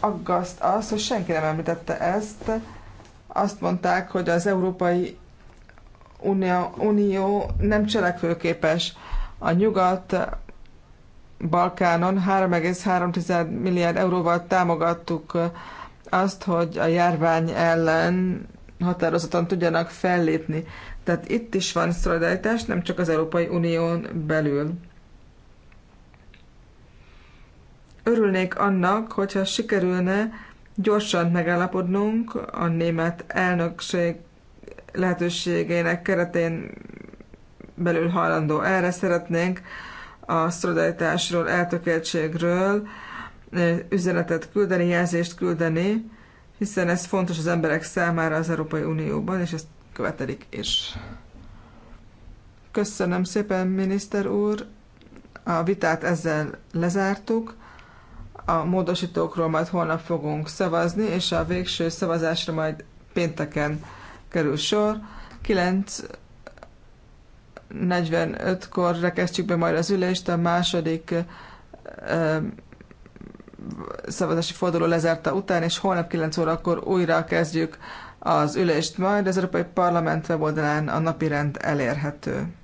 Aggaszt az, hogy senki nem említette ezt. Azt mondták, hogy az Európai Unió, nem cselekvőképes. A nyugat Balkánon 3,3 milliárd euróval támogattuk azt, hogy a járvány ellen határozottan tudjanak fellépni. Tehát itt is van szolidaritás, nem csak az Európai Unión belül. Örülnék annak, hogyha sikerülne gyorsan megállapodnunk a német elnökség lehetőségeinek keretén belül hajlandó. Erre szeretnénk a szolidaritásról, eltökéltségről üzenetet küldeni, jelzést küldeni, hiszen ez fontos az emberek számára az Európai Unióban, és ezt követelik is. Köszönöm szépen, miniszter úr! A vitát ezzel lezártuk. A módosítókról majd holnap fogunk szavazni, és a végső szavazásra majd pénteken kerül sor. 9 45-kor rekesztjük be majd az ülést, a második szavazási forduló lezárta után, és holnap 9 órakor újra kezdjük az ülést majd. Az Európai Parlament weboldalán a napirend elérhető.